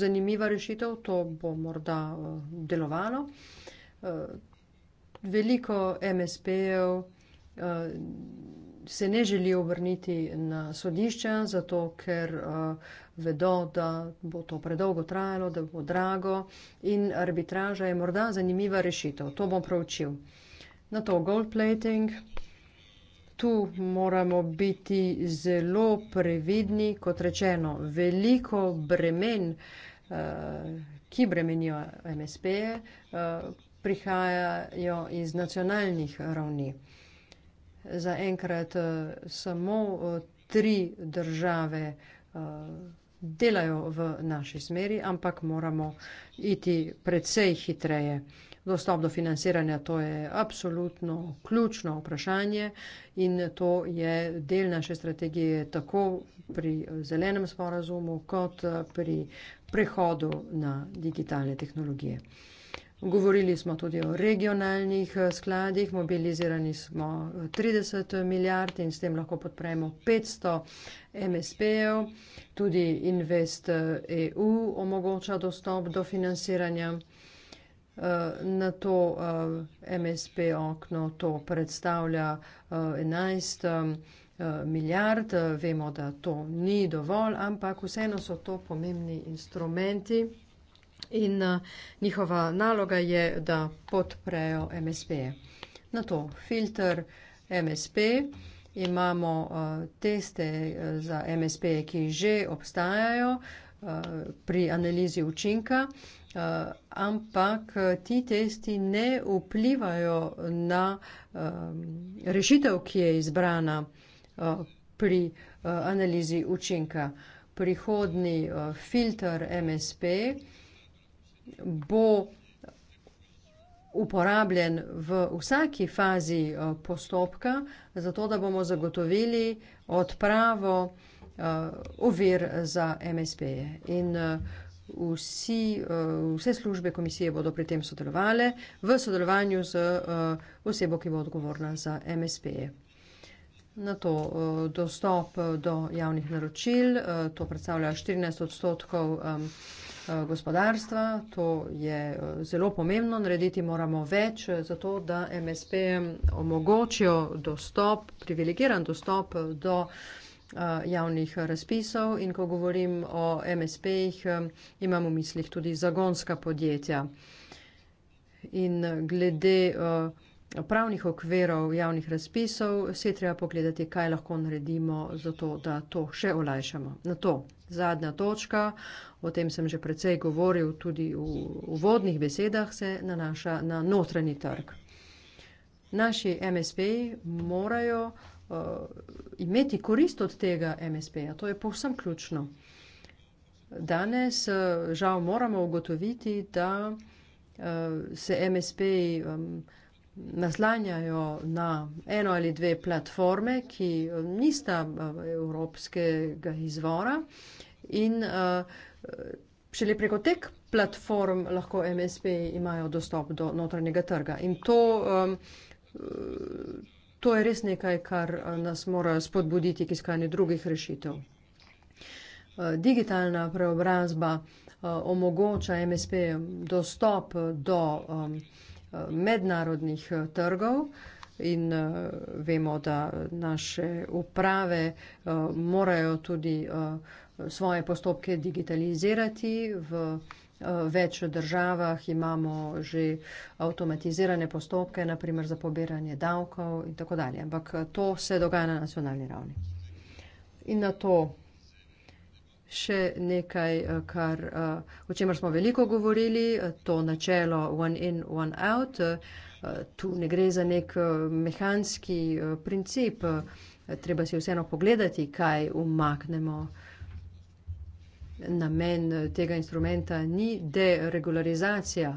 zanimiva rešitev, to bo morda eh, delovalo. Eh, veliko MSP-jev eh, se ne želi obrniti na sodišča, zato ker vedo, da bo to predolgo trajalo, da bo drago in arbitraža je morda zanimiva rešitev. To bom pravčil. Na to gold plating tu moramo biti zelo previdni, kot rečeno, veliko bremen, eh, ki bremenijo MSP-je, eh, prihajajo iz nacionalnih ravni. Zaenkrat eh, samo tri države delajo v naši smeri, ampak moramo iti precej hitreje. Dostop do financiranja to je absolutno ključno vprašanje in to je del naše strategije tako pri zelenem sporazumu kot pri prehodu na digitalne tehnologije. Govorili smo tudi o regionalnih eh, skladih, mobilizirani smo 30 eh, milijard in s tem lahko podpremo 500 MSP-jev. Tudi Invest EU eh, e omogoča dostop do financiranja. Eh, na to eh, MSP okno to predstavlja 11 eh, milijard. Vemo, da to ni dovolj, ampak vseeno so to pomembni instrumenti in njihova naloga je, da podprejo MSP. Na to filter MSP. Imamo teste za MSP, ki že obstajajo pri analizi učinka. Eh, ampak eh, ti testi ne vplivajo na eh, rešitev, ki je izbrana pri analizi učinka. Prihodni filter MSP bo uporabljen v vsaki fazi postopka, zato da bomo zagotovili odpravo ovir za MSP-je. In Vsi, eh, vse službe komisije bodo pri tem sodelovali v sodelovanju z eh, osebo, ki bo odgovorna za MSP. Na to eh, dostop do javnih naročil, to predstavlja 14 odstotkov gospodarstva, to je zelo pomembno, narediti moramo več za to, da MSP omogočijo dostop, privilegiran dostop do Eh, javnih razpisov in ko govorim o MSP-jih, eh, imam v mislih tudi zagonska podjetja. In glede eh, pravnih okverov javnih razpisov se je treba pogledati, kaj lahko naredimo za to, da to še olajšamo. Na to zadnja točka, o tem sem že precej govoril tudi v uvodnih besedah, se nanaša na notranji trg. Naši MSP morajo uh, imeti korist od tega MSP-ja. To je povsem ključno. Danes eh, žal moramo ugotoviti, da uh, se MSP-ji um, naslanjajo na eno ali dve platforme, ki nista evropskega izvora in uh, šele preko tek platform lahko MSP imajo dostop do notranjega trga. In to um, to je res nekaj, kar eh, nas mora spodbuditi k iskanju drugih rešitev. Eh, digitalna preobrazba eh, omogoča MSP dostop do mednarodnih trgov in vemo, da naše uprave morajo tudi svoje postopke digitalizirati v Eh, več državah imamo že avtomatizirane postopke, naprimer za pobiranje davkov in tako dalje. Ampak eh, to se dogaja na nacionalni ravni. In na to še nekaj, eh, kar, o čemer smo veliko govorili, to načelo one in one out. Tu ne gre za nek mehanski princip, treba si vseeno pogledati, kaj umaknemo namen eh, tega instrumenta ni deregularizacija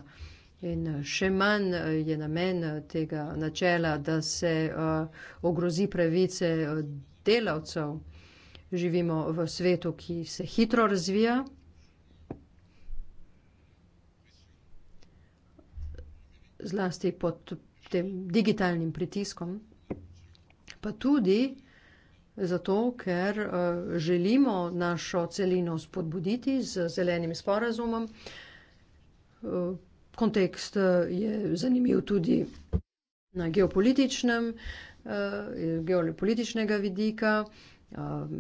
in eh, še manj eh, je namen tega načela, da se ogrozi pravice delavcev. Živimo v svetu, ki se hitro razvija. Zlasti pod tem digitalnim pritiskom. Pa tudi Zato, ker eh, želimo našo celino spodbuditi z zelenim sporazumom. Eh, kontekst eh, je zanimiv tudi na geopolitičnem, geopolitičnega vidika,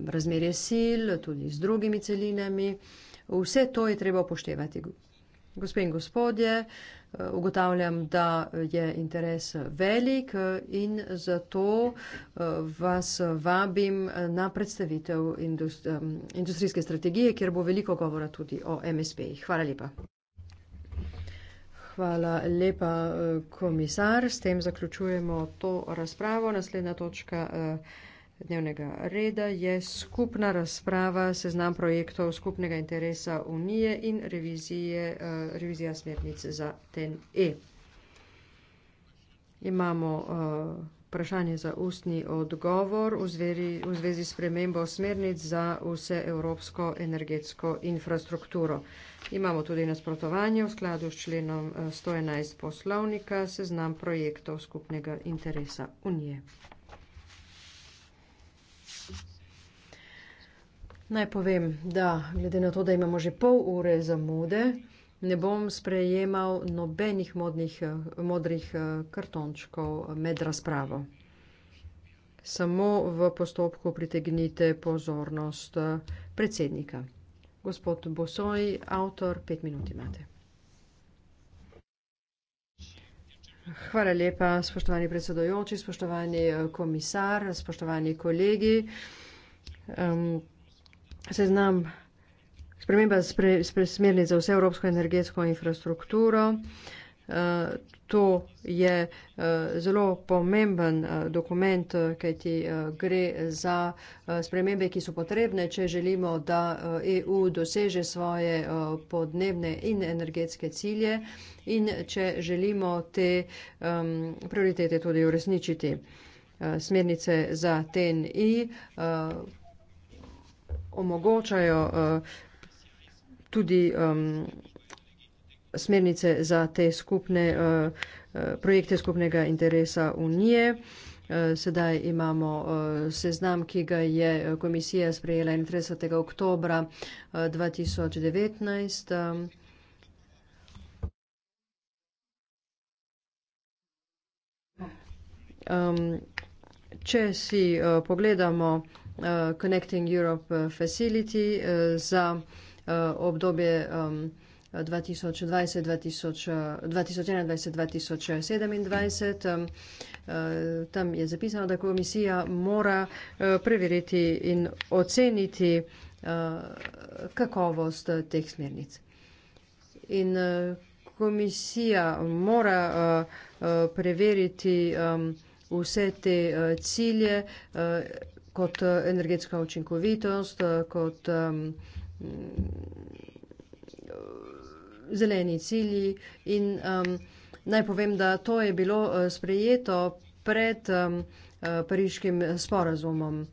razmerje sil, tudi z drugimi celinami. Vse to je treba upoštevati. Gospe in gospodje, Eh, ugotavljam, da je interes eh, velik eh, in zato vas vabim na predstavitev industrijske strategije, kjer bo veliko govora tudi o MSP-jih. Hvala lepa. Hvala lepa, komisar. S tem zaključujemo to razpravo. Naslednja točka dnevnega reda je skupna razprava seznam projektov skupnega interesa Unije in revizije, eh, revizija smernic za TNE. Imamo eh, vprašanje za ustni odgovor v, zveri, v zvezi s premembo smernic za vse evropsko energetsko infrastrukturo. Imamo tudi nasprotovanje v skladu s členom 111 eh, poslovnika seznam projektov skupnega interesa Unije. Naj povem, da glede na to, da imamo že pol ure zamude, ne bom sprejemal nobenih modnih, modrih eh, kartončkov eh, med razpravo. Samo v postopku pritegnite pozornost eh, predsednika. Gospod Bosoj, avtor, pet minut imate. Hvala lepa, spoštovani predsedojoči, spoštovani komisar, spoštovani kolegi. Um, seznam sprememba spre, spre smernic za vse evropsko energetsko infrastrukturo. Eh, to je eh, zelo pomemben eh, dokument, kajti gre za spremembe, ki so potrebne, če želimo, da EU e doseže svoje podnebne in energetske cilje in če želimo te prioritete tudi uresničiti. Smernice za TNI omogočajo eh, tudi smernice za te skupne eh, eh, projekte skupnega interesa Unije. Sedaj imamo seznam, ki ga je komisija sprejela 31. oktobra 2019. Um, če si uh, pogledamo uh, uh, Connecting Europe uh, Facility uh, za uh, obdobje um, 2021-2027. Um, uh, tam je zapisano, da komisija mora uh, preveriti in oceniti kakovost teh smernic. In komisija mora preveriti um, vse te cilje kot eh, energetska učinkovitost, eh, kot um, zeleni cilji. In um, naj povem, da to je bilo sprejeto pred um, pariškim sporazumom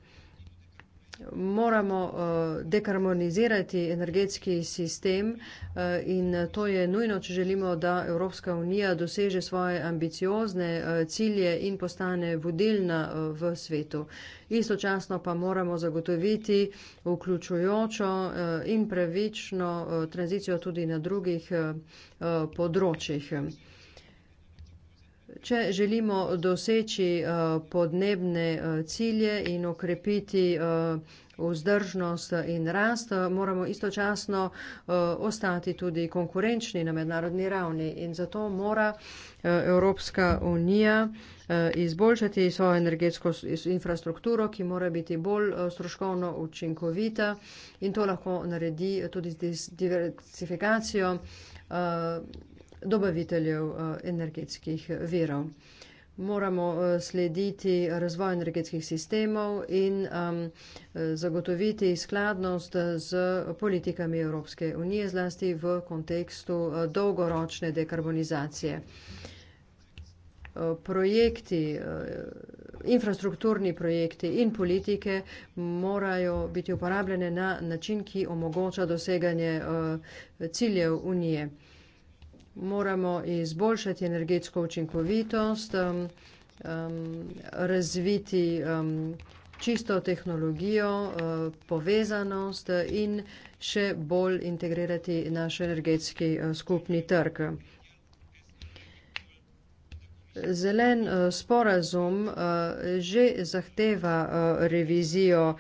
moramo eh, dekarbonizirati energetski sistem eh, in to je nujno, če želimo, da Evropska unija doseže svoje ambiciozne eh, cilje in postane vodilna v svetu. Istočasno pa moramo zagotoviti vključujočo in pravično tranzicijo tudi na drugih področjih. Če želimo doseči eh, podnebne eh, cilje in okrepiti eh, vzdržnost in rast, moramo istočasno ostati tudi konkurenčni na mednarodni ravni in zato mora Evropska unija izboljšati svojo energetsko infrastrukturo, ki mora biti bolj stroškovno učinkovita in to lahko naredi tudi z diversifikacijo dobaviteljev eh, energetskih virov. Moramo eh, slediti razvoju energetskih sistemov in um, zagotoviti skladnost z politikami Evropske unije, zlasti v kontekstu dolgoročne dekarbonizacije. Projekti, infrastrukturni projekti in politike morajo biti uporabljene na način, ki omogoča doseganje ciljev unije moramo izboljšati energetsko učinkovitost, um, um, razviti um, čisto tehnologijo, uh, povezanost in še bolj integrirati naš energetski uh, skupni trg. Zelen uh, sporazum že zahteva revizijo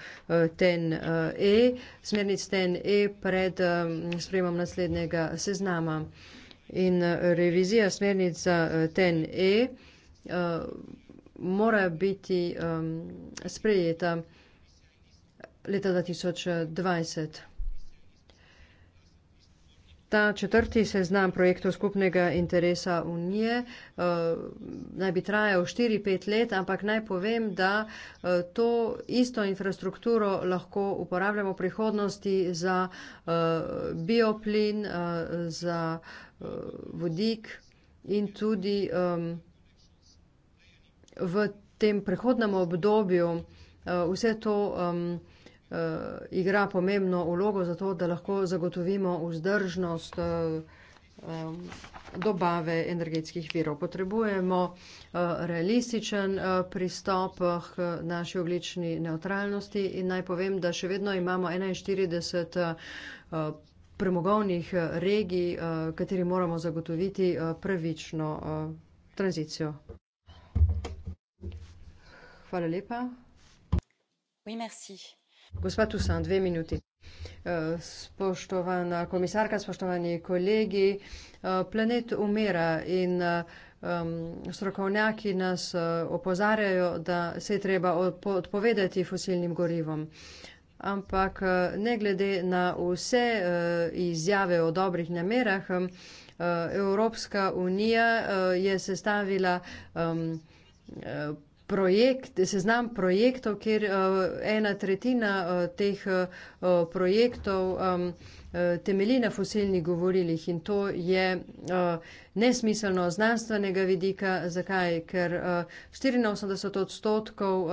TEN-E, smernic TEN-E pred sprejemom naslednjega seznama. In eh, revizija smernica eh, TNE eh, mora biti ehm, sprejeta leta 2020. Ta četrti seznam projektov skupnega interesa Unije naj bi trajal 4-5 let, ampak naj povem, da to isto infrastrukturo lahko uporabljamo v prihodnosti za bioplin, za bioplin, Eh, vodik in tudi, v tem prehodnem obdobju, eh, vse to, eh, igra pomembno vlogo zato, da lahko zagotovimo vzdržnost, dobave energetskih virov. Potrebujemo, realističen, pristop k naši ogljični nevtralnosti in naj povem, da še vedno imamo enainštirideset, premogovnih eh, regij, eh, kateri moramo zagotoviti eh, pravično tranzicijo. Hvala lepa. Oui, merci. Gospa Tusan, dve minuti. Spoštovana komisarka, spoštovani kolegi, planet umira in strokovnjaki nas opozarjajo, da se je treba odpovedati fosilnim gorivom ampak eh, ne glede na vse eh, izjave o dobrih namerah, eh, Evropska unija je sestavila projekt, seznam projektov, kjer ena tretjina teh projektov temelji na fosilnih govorilih in to je nesmiselno znanstvenega vidika. Zakaj? Ker 84 odstotkov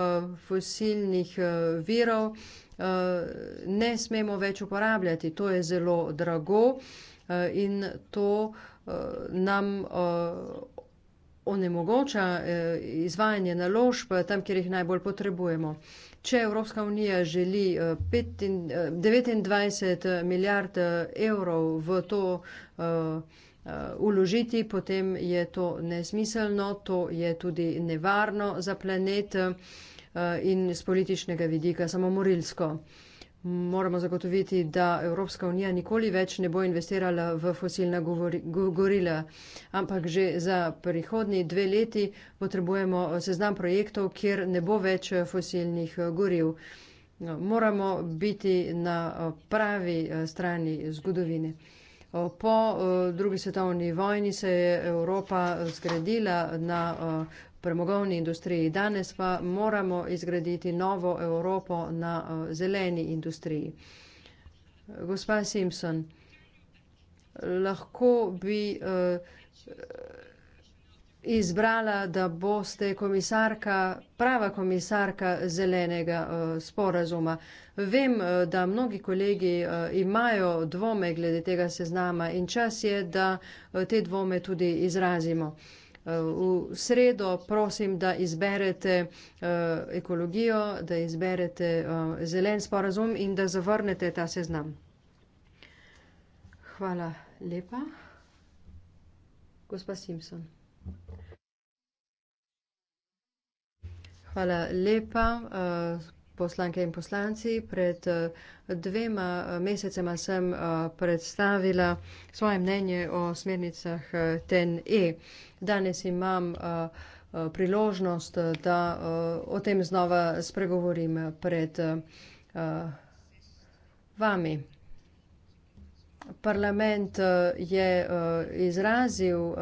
fosilnih virov ne smemo več uporabljati. To je zelo drago eh, in to eh, nam eh, onemogoča izvajanje naložb tam, kjer jih najbolj potrebujemo. Če Evropska unija želi 29 milijard evrov v to uložiti, potem je to nesmiselno, to je tudi nevarno za planet. Eh, in z političnega vidika samomorilsko. Moramo zagotoviti, da Evropska unija nikoli več ne bo investirala v fosilna gorila, ampak že za prihodnji dve leti potrebujemo eh, seznam projektov, kjer ne bo več eh, fosilnih goril. No, moramo biti na pravi strani zgodovine. Po drugi svetovni vojni se je Evropa zgradila na premogovni industriji. Danes pa moramo izgraditi novo Evropo na eh, zeleni industriji. Gospa Simpson, lahko bi eh, izbrala, da boste komisarka, prava komisarka zelenega eh, sporazuma. Vem, da mnogi kolegi imajo dvome glede tega seznama in čas je, da te dvome tudi izrazimo v sredo prosim, da izberete eh, ekologijo, da izberete eh, zelen sporazum in da zavrnete ta seznam. Hvala lepa. Gospa Simpson. Hvala lepa. Uh, poslanke in poslanci, pred eh, dvema eh, mesecema sem eh, predstavila svoje mnenje o smernicah TNE. Danes imam priložnost, da o tem znova spregovorim pred vami. Parlament je izrazil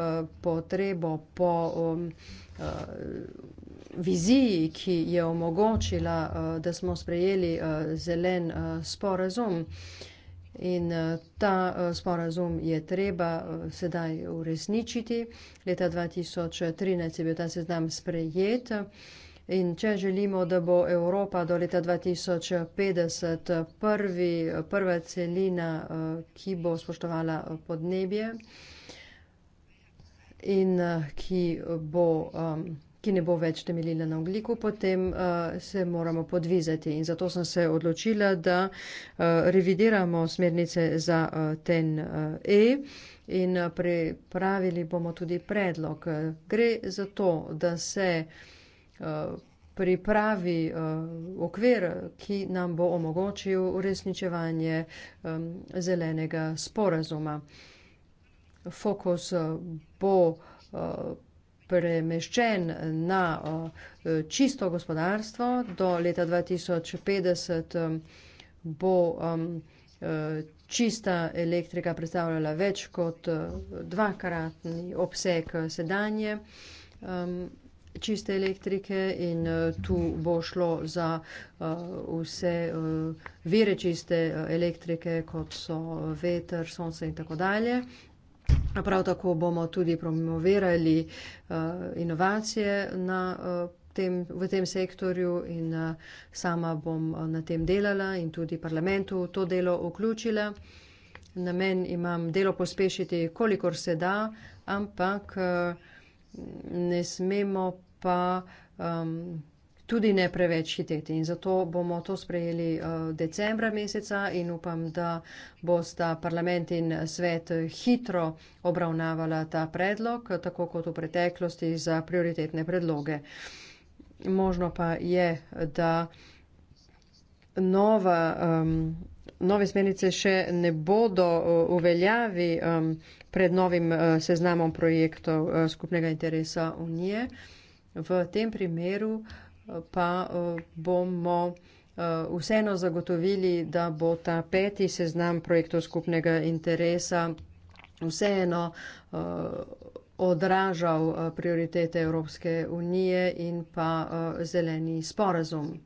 potrebo po um, viziji, ki je omogočila, eh, da smo sprejeli eh, zelen eh, sporazum. In ta sporazum je treba sedaj uresničiti. Leta 2013 je bil ta seznam sprejet. In če želimo, da bo Evropa do leta 2050 prvi, prva celina, ki bo spoštovala podnebje in ki bo. Um, ki ne bo več temeljila na ogliku, potem uh, se moramo podvizati. In zato sem se odločila, da uh, revidiramo smernice za uh, ten uh, E. In pripravili bomo tudi predlog. Gre za to, da se pripravi okvir, ki nam bo omogočil uresničevanje zelenega sporazuma. Fokus bo premeščen na e, čisto gospodarstvo. Do leta 2050 e, bo um, e, čista elektrika predstavljala več kot dvakratni obseg sedanje um, čiste elektrike in tu bo šlo za vse vire čiste elektrike, kot so veter, sonce in tako dalje. Prav tako bomo tudi promovirali eh, inovacije na eh, tem, v tem sektorju in eh, sama bom na tem delala in tudi parlamentu to delo vključila. Namen imam delo pospešiti, kolikor se da, ampak ne smemo pa. Ehm, tudi ne preveč hiteti. In zato bomo to sprejeli eh, decembra meseca in upam, da bosta parlament in svet hitro obravnavala ta predlog, tako kot v preteklosti za prioritetne predloge. Možno pa je, da nova, um, nove smernice še ne bodo uveljavi eh, um, pred novim uh, seznamom projektov uh, skupnega interesa Unije. V tem primeru uh, pa eh, bomo eh, vseeno zagotovili, da bo ta peti seznam projektov skupnega interesa vseeno eh, odražal prioritete Evropske unije in pa zeleni sporazum.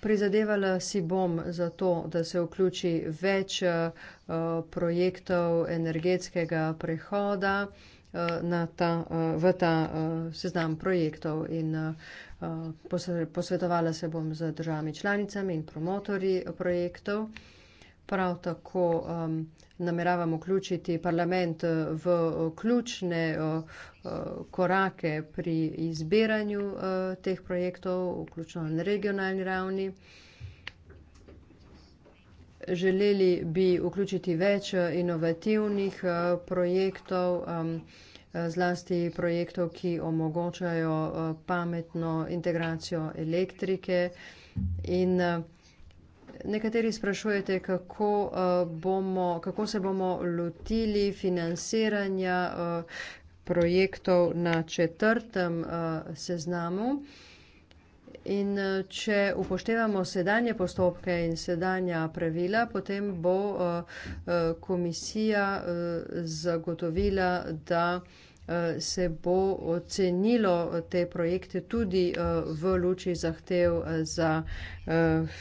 Prizadevala si bom za to, da se vključi več projektov energetskega prehoda, Eh, na ta, eh, v ta eh, seznam projektov in posvetovala se bom z državami članicami in promotori projektov. Prav tako um, nameravam vključiti parlament v ključne uh, korake pri izbiranju uh, teh projektov, vključno na regionalni ravni. Uh, Želeli bi vključiti več eh, inovativnih eh, projektov, eh, zlasti projektov, ki omogočajo pametno integracijo elektrike. In nekateri sprašujete, kako, bomo, kako se bomo lotili financiranja projektov na četrtem seznamu. In eh, če upoštevamo sedanje postopke in sedanja pravila, potem bo eh, eh, komisija zagotovila, da se bo ocenilo te projekte tudi v luči zahtev za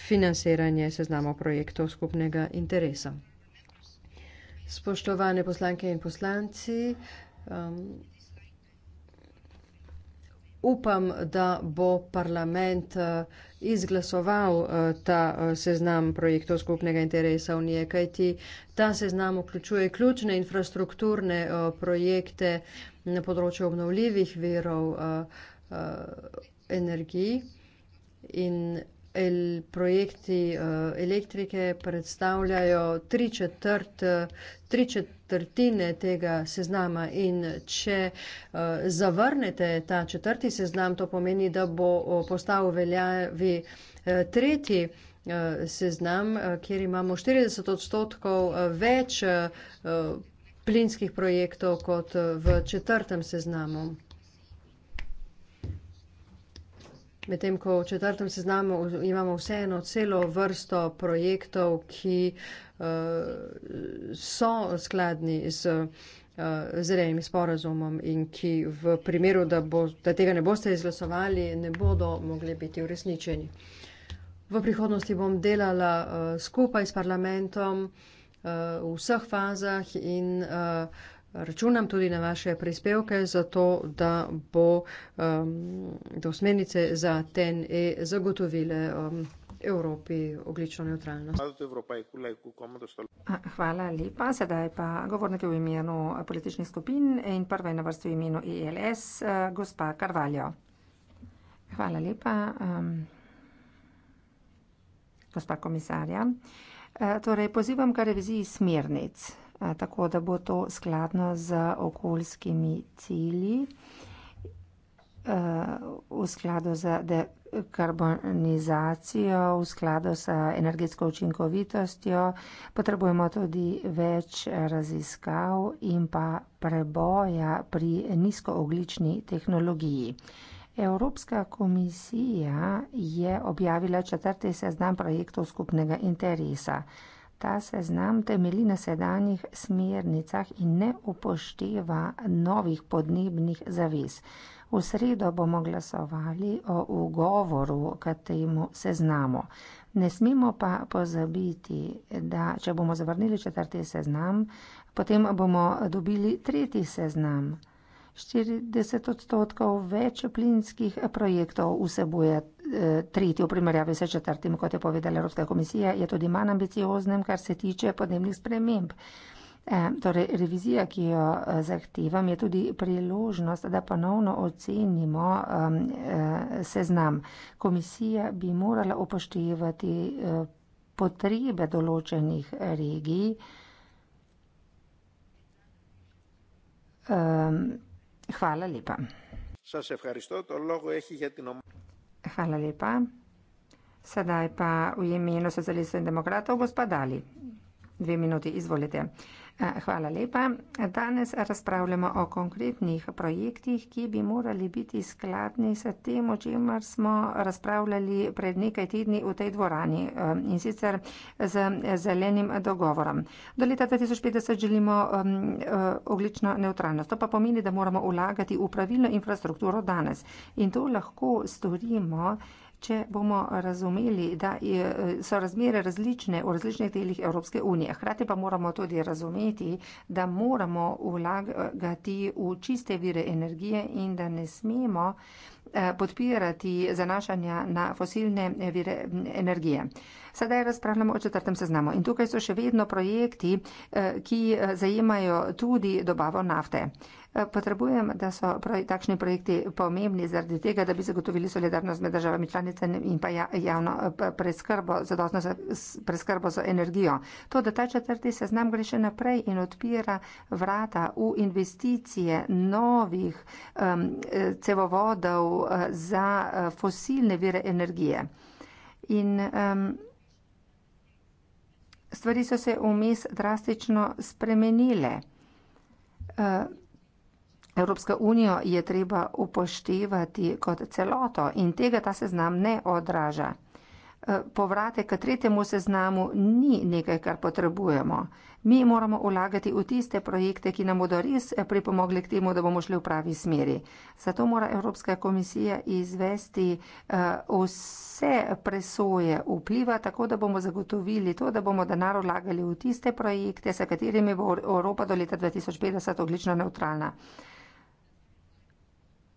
financiranje seznamo projektov skupnega interesa. Spoštovane poslanke in poslanci, um, upam, da bo parlament eh, izglasoval eh, ta eh, seznam projektov skupnega interesa Unije, kajti ta seznam vključuje ključne infrastrukturne projekte na področju obnovljivih virov energij in el, projekti uh, elektrike predstavljajo tri, četrt, tri četrtine tega seznama in če uh, zavrnete ta četrti seznam, to pomeni, da bo postal veljavi uh, tretji uh, seznam, uh, kjer imamo 40 odstotkov uh, več. Uh, plinskih projektov kot v četrtem seznamu. medtem ko v četrtem seznamu imamo vseeno celo vrsto projektov, ki uh, so skladni z eh, zrejem sporazumom in ki v primeru, da, bo, da tega ne boste izglasovali, ne bodo mogli biti uresničeni. V prihodnosti bom delala uh, skupaj s parlamentom uh, v vseh fazah in uh, Računam tudi na vaše prispevke, zato da bo um, do smernice za TNE zagotovile um, Evropi oglično neutralnost. Hvala lepa. Sedaj pa govornike v imenu političnih skupin in prva je na vrstu v imenu ELS, uh, eh, gospa Karvaljo. Hvala lepa, um, gospa komisarja. Uh, torej, pozivam k reviziji smernic tako da bo to skladno z okoljskimi cilji, v skladu z dekarbonizacijo, v skladu z energetsko učinkovitostjo. Potrebujemo tudi več raziskav in pa preboja pri nizkooglični tehnologiji. Evropska komisija je objavila četrti seznam projektov skupnega interesa. Ta seznam temeli na sedanjih smernicah in ne upošteva novih podnebnih zavez. V sredo bomo glasovali o ugovoru k temu seznamu. Ne smemo pa pozabiti, da če bomo zavrnili četrti seznam, potem bomo dobili tretji seznam štirideset odstotkov več plinskih projektov vsebuje eh, tretji v primerjavi s četrtim, kot je povedala Evropska komisija, je tudi manj ambicioznem, kar se tiče podnebnih sprememb. Eh, torej, revizija, ki jo eh, zahtevam, je tudi priložnost, da ponovno ocenimo ehm, seznam. Komisija bi morala upoštevati potrebe določenih regij. Ehm, Hvala lepa. Hvala lepa. Sedaj pa v imenu socialistov in demokratov gospodali. Dve minuti, izvolite. Hvala lepa. Danes razpravljamo o konkretnih projektih, ki bi morali biti skladni s tem, o čemer smo razpravljali pred nekaj tedni v tej dvorani eh, in sicer z zelenim dogovorom. Do leta 2050 želimo eh, oglično neutralnost. To pa pomeni, da moramo vlagati v pravilno infrastrukturo danes. In to lahko storimo če bomo razumeli, da so razmere različne v različnih delih Evropske unije. Hrati pa moramo tudi razumeti, da moramo vlagati v čiste vire energije in da ne smemo Eh, podpirati zanašanja na fosilne vire energije. Sedaj razpravljamo o četrtem seznamu in tukaj so še vedno projekti, eh, ki eh, zajemajo tudi dobavo nafte. Potrebujem, da so takšni projekti pomembni zaradi tega, da bi zagotovili solidarnost med državami članicami in pa ja-, javno preskrbo, zadostno preskrbo za energijo. To, da ta četrti seznam gre še naprej in odpira vrata v investicije novih um, cevovodov, Eh, za eh, fosilne vire energije. In um, stvari so se vmes drastično spremenile. Uh, eh, Evropska unija je treba upoštevati kot celoto in tega ta seznam ne odraža. Eh, povratek k tretjemu seznamu ni nekaj, kar potrebujemo. Mi moramo vlagati v tiste projekte, ki nam bodo res eh, pripomogli k temu, da bomo šli v pravi smeri. Zato mora Evropska komisija izvesti eh, vse presoje vpliva, tako da bomo zagotovili to, da bomo denar vlagali v tiste projekte, sa katerimi bo Evropa do leta 2050 oglično neutralna.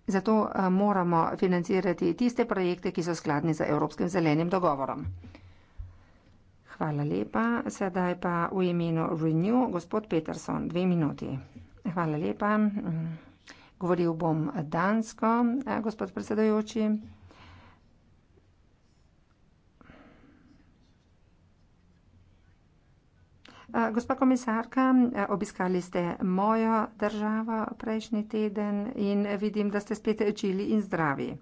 Zato eh, moramo financirati tiste projekte, ki so skladni za Evropskim zelenim dogovorom. Hvala lepa. Sedaj pa v imenu Renew, gospod Peterson, dve minuti. Hvala lepa. Mm, govoril bom dansko, eh, gospod predsedojoči. Gospa komisarka, obiskali ste mojo državo prejšnji teden in vidim, da ste spet čili in zdravi.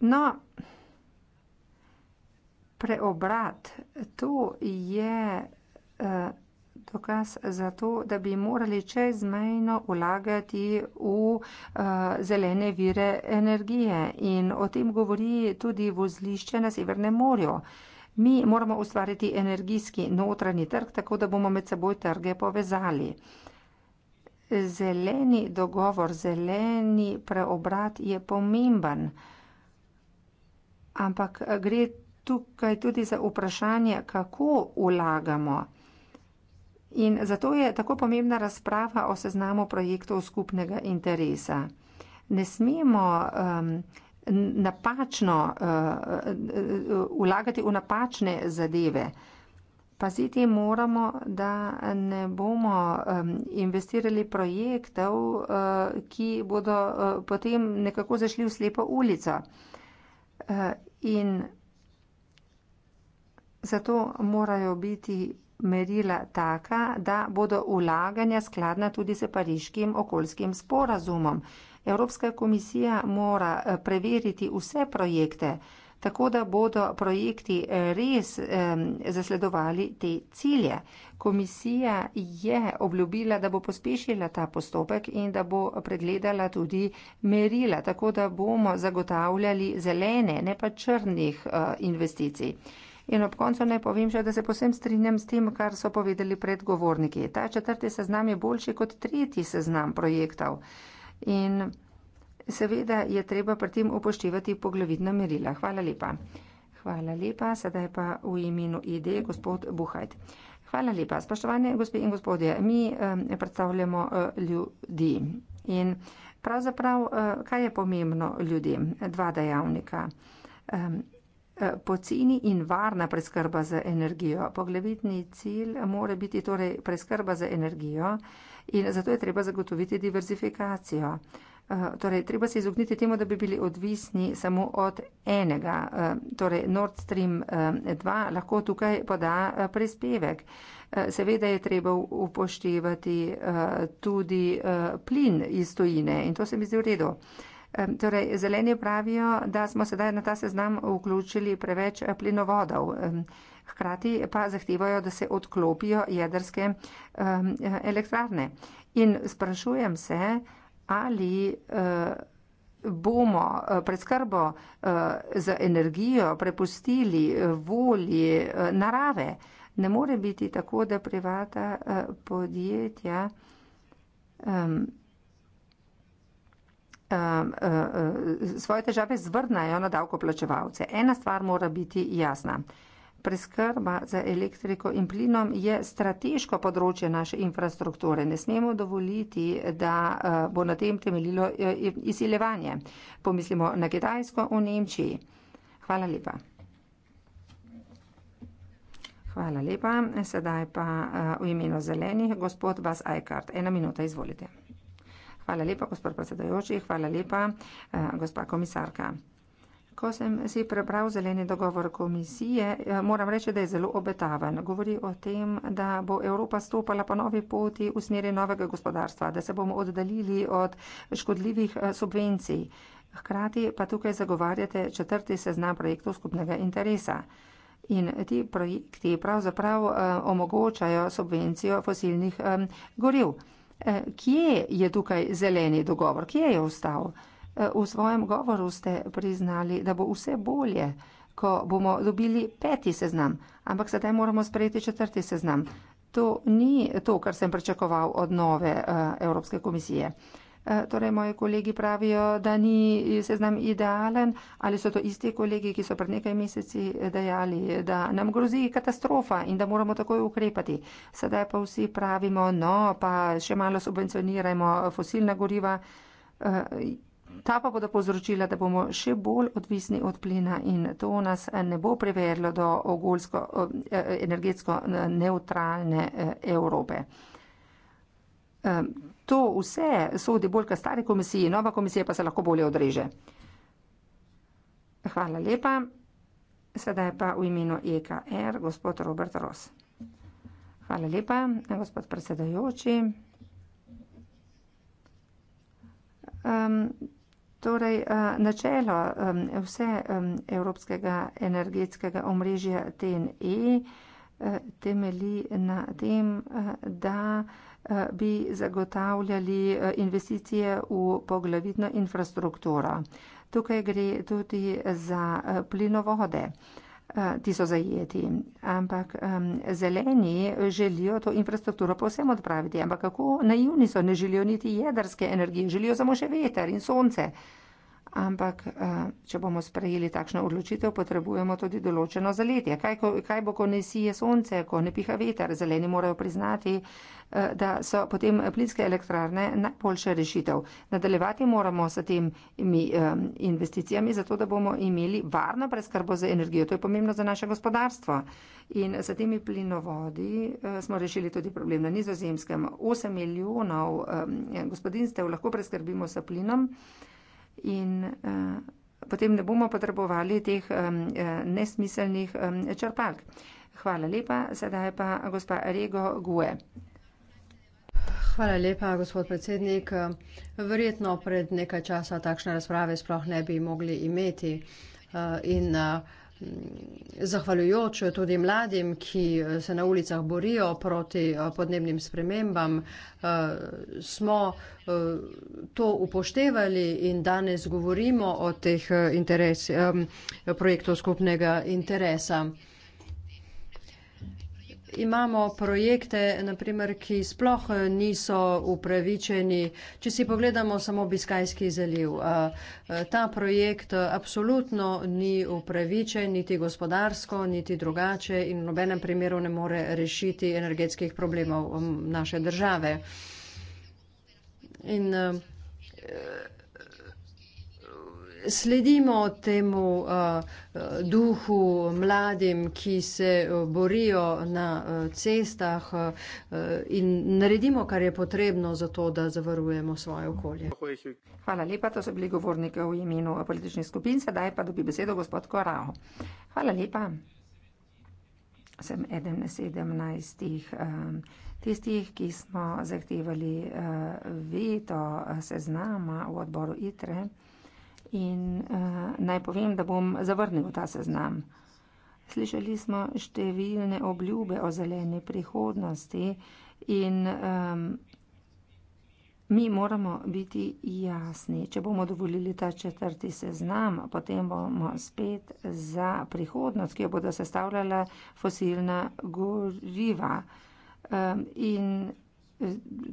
No, preobrat, to je uh, dokaz za to, da bi morali čezmejno vlagati v eh, zelene vire energije. In o tem govori tudi vozlišče na Severnem morju. Mi moramo ustvariti energijski notranji trg, tako da bomo med seboj trge povezali. Zeleni dogovor, zeleni preobrat je pomemben, ampak gre tukaj tudi za vprašanje, kako vlagamo. In zato je tako pomembna razprava o seznamu projektov skupnega interesa. Ne smemo um, napačno uh, ulagati uh, v napačne zadeve. Paziti moramo, da ne bomo um, investirali projektov, uh, ki bodo uh, potem nekako zašli v slepo ulico. Uh, in zato morajo biti merila taka, da bodo vlaganja skladna tudi s pariškim okoljskim sporazumom. Evropska komisija mora eh, preveriti vse projekte, tako da bodo projekti eh, res eh, zasledovali te cilje. Komisija je obljubila, da bo pospešila ta postopek in da bo pregledala tudi merila, tako da bomo zagotavljali zelene, ne pa črnih eh, investicij. Eh, In ob koncu naj povem še, da se posem strinjam s tem, kar so povedali predgovorniki. Ta četrti seznam je boljši kot tretji seznam projektov. In seveda je treba pri tem upoštevati poglavitna merila. Hvala lepa. Hvala lepa, sedaj pa v imenu ID, gospod Buhajt. Hvala lepa. Spoštovane gospe in gospodje, mi eh, predstavljamo eh, ljudi. In pravzaprav, eh, kaj je pomembno ljudem? Dva dejavnika. Eh, Eh, poceni in varna preskrba z energijo. Poglavitni cilj mora biti torej preskrba z energijo in zato je treba zagotoviti diverzifikacijo. Eh, torej, treba se izogniti temu, da bi bili odvisni samo od enega. Eh, torej, Nord Stream 2 lahko tukaj poda prispevek. Seveda je treba upoštevati tudi plin iz tojine in to se mi zdi v redu. Torej, zeleni pravijo, da smo sedaj na ta seznam vključili preveč plinovodov. Hkrati pa zahtevajo, da se odklopijo jedrske elektrarne. In sprašujem se, ali e, bomo e, predskrbo e, z energijo prepustili volji narave. Ne more biti tako, da privata podjetja. Um, uh, uh, svoje težave zvrnajo na davkoplačevalce. Ena stvar mora biti jasna. Preskrba za elektriko in plinom je strateško področje naše infrastrukture. Ne smemo dovoliti, da uh, bo na tem temeljilo izsilevanje. Pomislimo na Kitajsko v Nemčiji. Hvala lepa. Hvala lepa. Sedaj pa v imenu zelenih gospod Vas Aikart. Ena minuta, izvolite. Hvala lepa, gospod predsedojoči, hvala lepa, eh, gospa komisarka. Ko sem si prebral zeleni dogovor komisije, eh, moram reči, da je zelo obetaven. Govori o tem, da bo Evropa stopala po novi poti v smeri novega gospodarstva, da se bomo oddaljili od škodljivih eh, subvencij. Hkrati pa tukaj zagovarjate četrti seznam projektov skupnega interesa. In ti projekti pravzaprav omogočajo subvencijo fosilnih goriv. Eh, kje je tukaj zeleni dogovor? Kje je ostal? Eh, v svojem govoru ste priznali, da bo vse bolje, ko bomo dobili peti seznam, ampak sedaj moramo sprejeti četrti seznam. To ni to, kar sem pričakoval od nove eh, Evropske komisije. Eh, torej, moji kolegi pravijo, da ni seznam idealen, ali so to isti kolegi, ki so pred nekaj meseci eh, dejali, da nam grozi katastrofa in da moramo takoj ukrepati. Sedaj pa vsi pravimo, no, pa še malo subvencionirajmo fosilna goriva. Eh, ta pa bodo povzročila, da bomo še bolj odvisni od plina in to nas ne bo privedlo do ogolsko, energetsko neutralne Evrope to vse sodi bolj k stari komisiji, nova komisija pa se lahko bolje odreže. Hvala lepa. Sedaj pa v imenu EKR gospod Robert Ross. Hvala lepa, gospod predsedajoči. Um, torej, eh, načelo um, vse um, evropskega energetskega omrežja TNE uh, eh, temeli na tem, uh, da uh, bi zagotavljali eh, investicije v poglavitno infrastrukturo. Tukaj gre tudi za eh, plinovode, eh, ti so zajeti, ampak zeleni želijo to infrastrukturo povsem odpraviti, ampak kako naivni so, ne želijo niti jedrske energije, želijo samo še veter in sonce ampak eh, če bomo sprejeli takšno odločitev, potrebujemo tudi določeno zaletje. Kaj, kaj bo, ko ne sije sonce, ko ne piha veter? Zeleni morajo priznati, eh, da so potem plinske elektrarne najboljša rešitev. Nadaljevati moramo s temi eh, investicijami, zato da bomo imeli varno preskrbo za energijo. To je pomembno za naše gospodarstvo. In s temi plinovodi smo rešili tudi problem na nizozemskem. 8 milijonov gospodinstev lahko preskrbimo s plinom in eh, potem ne bomo potrebovali teh eh, eh, nesmiselnih eh, črpalk. Hvala lepa, sedaj pa gospa Rego Gue. Hvala lepa, gospod predsednik. Verjetno pred nekaj časa takšne razprave sploh ne bi mogli imeti. Eh, in, eh, zahvaljujoč tudi mladim, ki se na ulicah borijo proti eh, podnebnim spremembam, eh, smo eh, to upoštevali in danes govorimo o teh interes, projektov skupnega interesa imamo projekte, naprimer, ki sploh eh, niso upravičeni. Če si pogledamo samo Biskajski zaliv, eh, eh, ta projekt absolutno ni upravičen, niti gospodarsko, niti drugače in v nobenem primeru ne more rešiti energetskih problemov mm, naše države. In, sledimo temu uh, uh, duhu mladim, ki se uh, borijo na uh, cestah uh, uh, in naredimo, kar je potrebno za to, da zavarujemo svoje okolje. Hvala lepa, to so bili govornike v imenu političnih skupin, sedaj pa dobi besedo gospod Korao. Hvala lepa. Sem eden na sedemnajstih um, tistih, ki smo zahtevali veto seznama v odboru ITRE in uh, naj povem, da bom zavrnil ta seznam. Slišali smo številne obljube o zeleni prihodnosti in um, mi moramo biti jasni. Če bomo dovolili ta četrti seznam, potem bomo spet za prihodnost, ki jo bodo sestavljala fosilna goriva. Um, in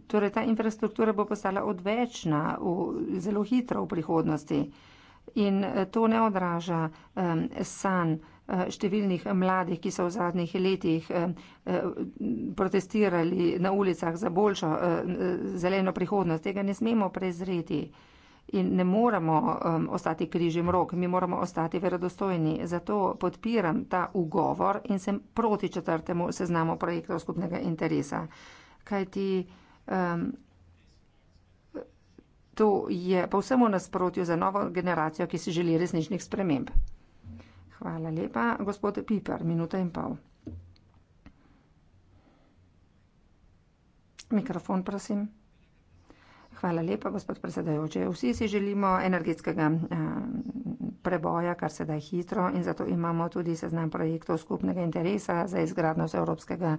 torej ta infrastruktura bo postala odvečna v, zelo hitro v prihodnosti. In eh, to ne odraža um, san eh, številnih mladih, ki so v zadnjih letih eh, protestirali na ulicah za boljšo zeleno prihodnost. Tega ne smemo prezreti in ne moramo ostati križem rok, mi moramo ostati verodostojni. Zato podpiram ta ugovor in sem proti četrtemu seznamu projektov skupnega interesa kajti um, to je pa vsemu nasprotju za novo generacijo, ki si želi resničnih sprememb. Hvala lepa, gospod Piper, minuta in pol. Mikrofon, prosim. Hvala lepa, gospod predsedajoče. Vsi si želimo energetskega. Um, preboja, kar se da hitro in zato imamo tudi seznam projektov skupnega interesa za izgradnost evropskega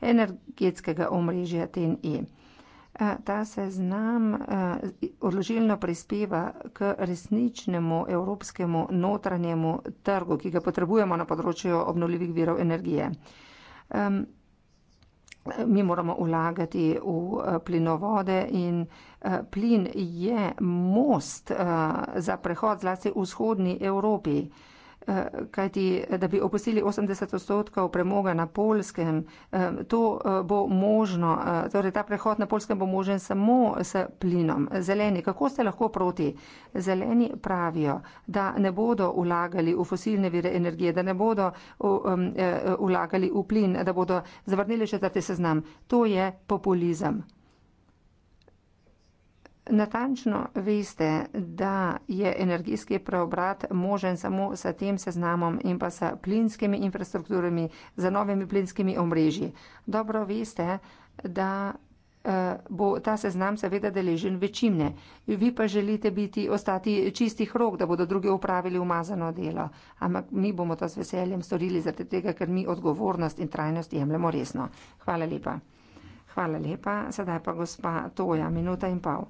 energetskega omrežja TNI. Eh, ta seznam eh, odložilno prispeva k resničnemu evropskemu notranjemu trgu, ki ga potrebujemo na področju obnovljivih virov energije mi moramo ulagati v eh, plinovode in eh, plin je most eh, za prehod zlasti v vzhodni Evropi. Eh, kajti eh, da bi opustili 80 odstotkov premoga na polskem, eh, to bo možno, torej ta prehod na polskem bo možen samo s plinom. Zeleni, kako ste lahko proti? Zeleni pravijo, da ne bodo vlagali v fosilne vire energije, da ne bodo vlagali v plin, da bodo zavrnili četrti seznam. To je populizem. Natančno veste, da je energijski preobrat možen samo s tem seznamom in pa s plinskimi infrastrukturami, z novimi plinskimi omrežji. Dobro veste, da eh, bo ta seznam seveda deležen večine. Vi pa želite biti, ostati čistih rok, da bodo drugi upravili umazano delo. Ampak mi bomo to z veseljem storili, zaradi tega, ker mi odgovornost in trajnost jemljemo resno. Hvala lepa. Hvala lepa. Sedaj pa gospa Toja, minuta in pol.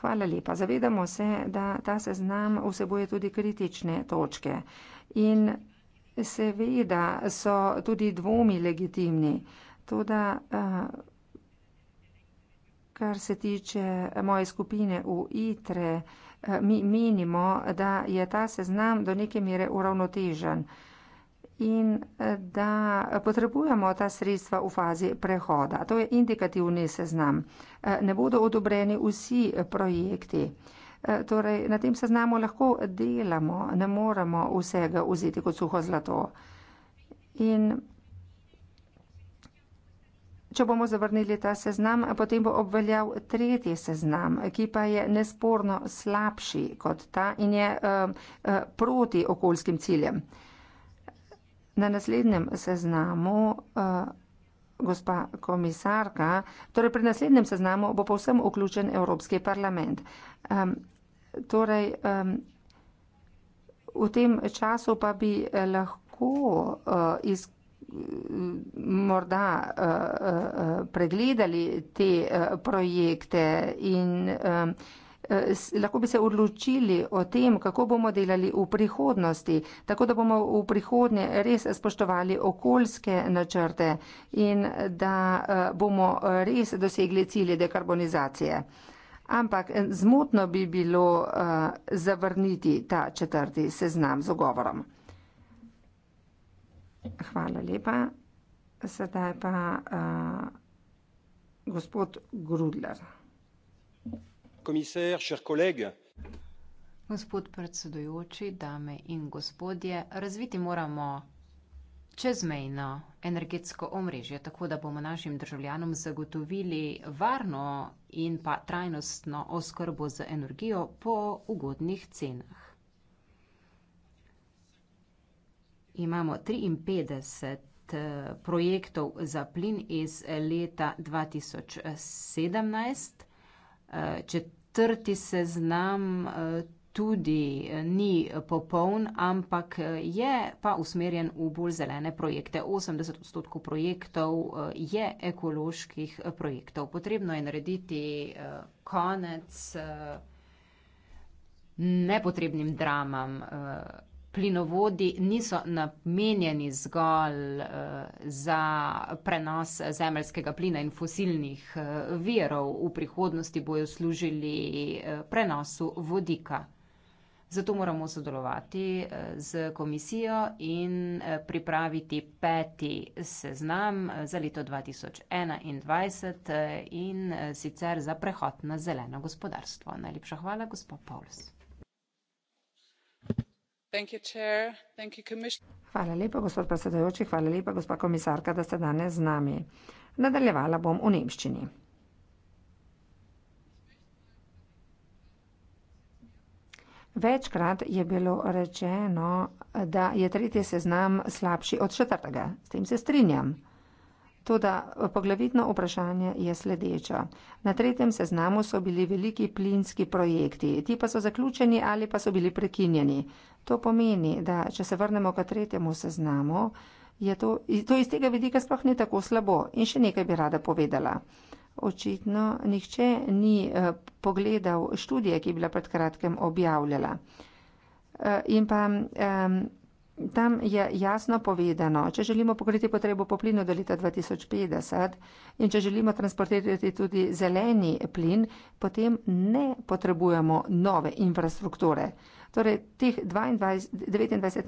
Hvala lepa. Zavedamo se, da ta seznam vseboje tudi kritične točke. In seveda so tudi dvomi legitimni. Toda, eh, kar se tiče moje skupine v ITRE, eh, mi menimo, da je ta seznam do neke mere uravnotežen in eh, da potrebujemo ta sredstva v fazi prehoda. To je indikativni seznam. Eh, ne bodo odobreni vsi projekti. Eh, torej, na tem seznamu lahko delamo, ne moremo vsega vzeti kot suho zlato. In če bomo zavrnili ta seznam, potem bo obveljal tretji seznam, ki pa je nesporno slabši kot ta in je uh, uh, proti okoljskim ciljem. Uh, Na naslednjem seznamu, uh, gospa komisarka, torej pri naslednjem seznamu bo povsem vključen Evropski parlament. Um, torej, um, v tem času pa bi lahko uh, iz, morda uh, uh, pregledali te uh, projekte in uh, Eh, lahko bi se odločili o tem, kako bomo delali v prihodnosti, tako da bomo v prihodnje res spoštovali okoljske načrte in da eh, bomo eh, res dosegli cilje dekarbonizacije. Ampak zmotno bi bilo zavrniti ta četrti seznam z ogovorom. Hvala lepa. Sedaj pa uh, gospod Grudler. Gospod predsedujoči, dame in gospodje, razviti moramo čezmejno energetsko omrežje, tako da bomo našim državljanom zagotovili varno in pa trajnostno oskrbo z energijo po ugodnih cenah. Imamo 53 eh, projektov za plin iz leta 2017 četrti seznam eh, tudi eh, ni popoln, ampak eh, je pa usmerjen v bolj zelene projekte. 80 odstotkov projektov je ekoloških projektov. Potrebno je narediti konec nepotrebnim dramam plinovodi niso namenjeni zgolj eh, za prenos zemeljskega plina in fosilnih eh, virov, v prihodnosti bojo služili eh, prenosu vodika. Zato moramo sodelovati z komisijo in pripraviti peti seznam za leto 2021 in sicer za prehod na zeleno gospodarstvo. Najlepša hvala, gospod Pavlis. Hvala lepa, gospod predsedojoči, hvala lepa, gospa komisarka, da ste danes z nami. Nadaljevala bom v nemščini. Večkrat je bilo rečeno, da je tretji seznam slabši od četrtega. S tem se strinjam. Toda eh, poglavitno vprašanje je sledeče. Na tretjem seznamu so bili veliki plinski projekti, ti pa so zaključeni ali pa so bili prekinjeni. To pomeni, da če se vrnemo k tretjemu seznamu, je to, to iz tega vidika sploh ni tako slabo. In še nekaj bi rada povedala. Očitno nihče ni eh, pogledal študije, ki je bila pred kratkem objavljala. Eh, in pa tam je jasno povedano, če želimo pokriti potrebo po plinu do leta 2050 in če želimo transportirati tudi zeleni plin, potem ne potrebujemo nove infrastrukture. Torej, tih 22, 29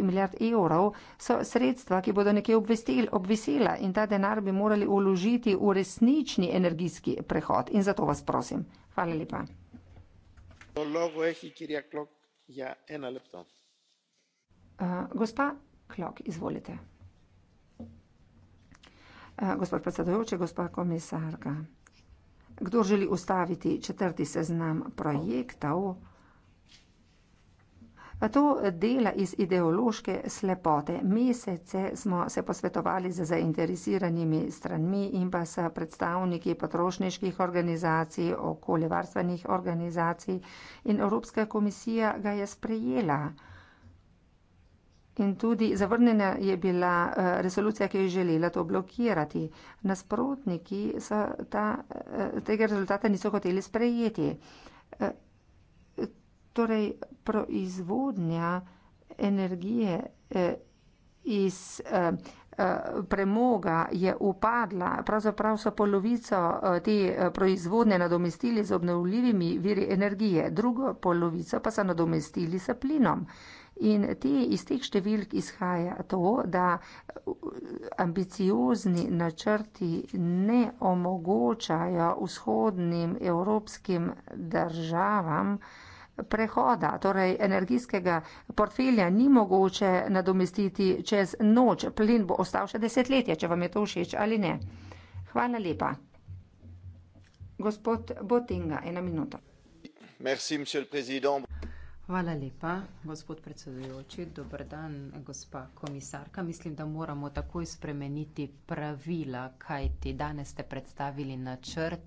milijard evrov so sredstva, ki bodo nekje obvestil, obvisila in ta denar bi morali uložiti v resnični energijski prehod. In zato vas prosim. Hvala lepa. Logo je, ki je klok, ja, ena leptona. Eh, gospa Klok, izvolite. Eh, gospod predsedujoči, gospa komisarka, kdo želi ustaviti četrti seznam projektov? Eh, to dela iz ideološke slepote. Mesece smo se posvetovali z zainteresiranimi stranmi in pa s predstavniki potrošniških organizacij, okoljevarstvenih organizacij in Evropska komisija ga je sprejela in tudi zavrnjena je bila eh, resolucija, ki je želela to blokirati. Nasprotniki so ta, eh, tega rezultata niso hoteli sprejeti. Eh, torej, proizvodnja energije iz premoga je upadla, pravzaprav so polovico te proizvodne nadomestili z obnovljivimi viri energije, drugo polovico pa so nadomestili s plinom. In te, iz teh številk izhaja to, da uh, ambiciozni načrti ne omogočajo vzhodnim evropskim državam prehoda, torej energijskega portfelja ni mogoče nadomestiti čez noč. Plin bo ostal še desetletje, če vam je to všeč ali ne. Hvala lepa. Gospod Botinga, ena minuta. Merci, Hvala lepa, gospod predsedujoči. Dobar dan, gospa komisarka. Mislim, da moramo takoj spremeniti pravila, kaj ti danes ste predstavili načrt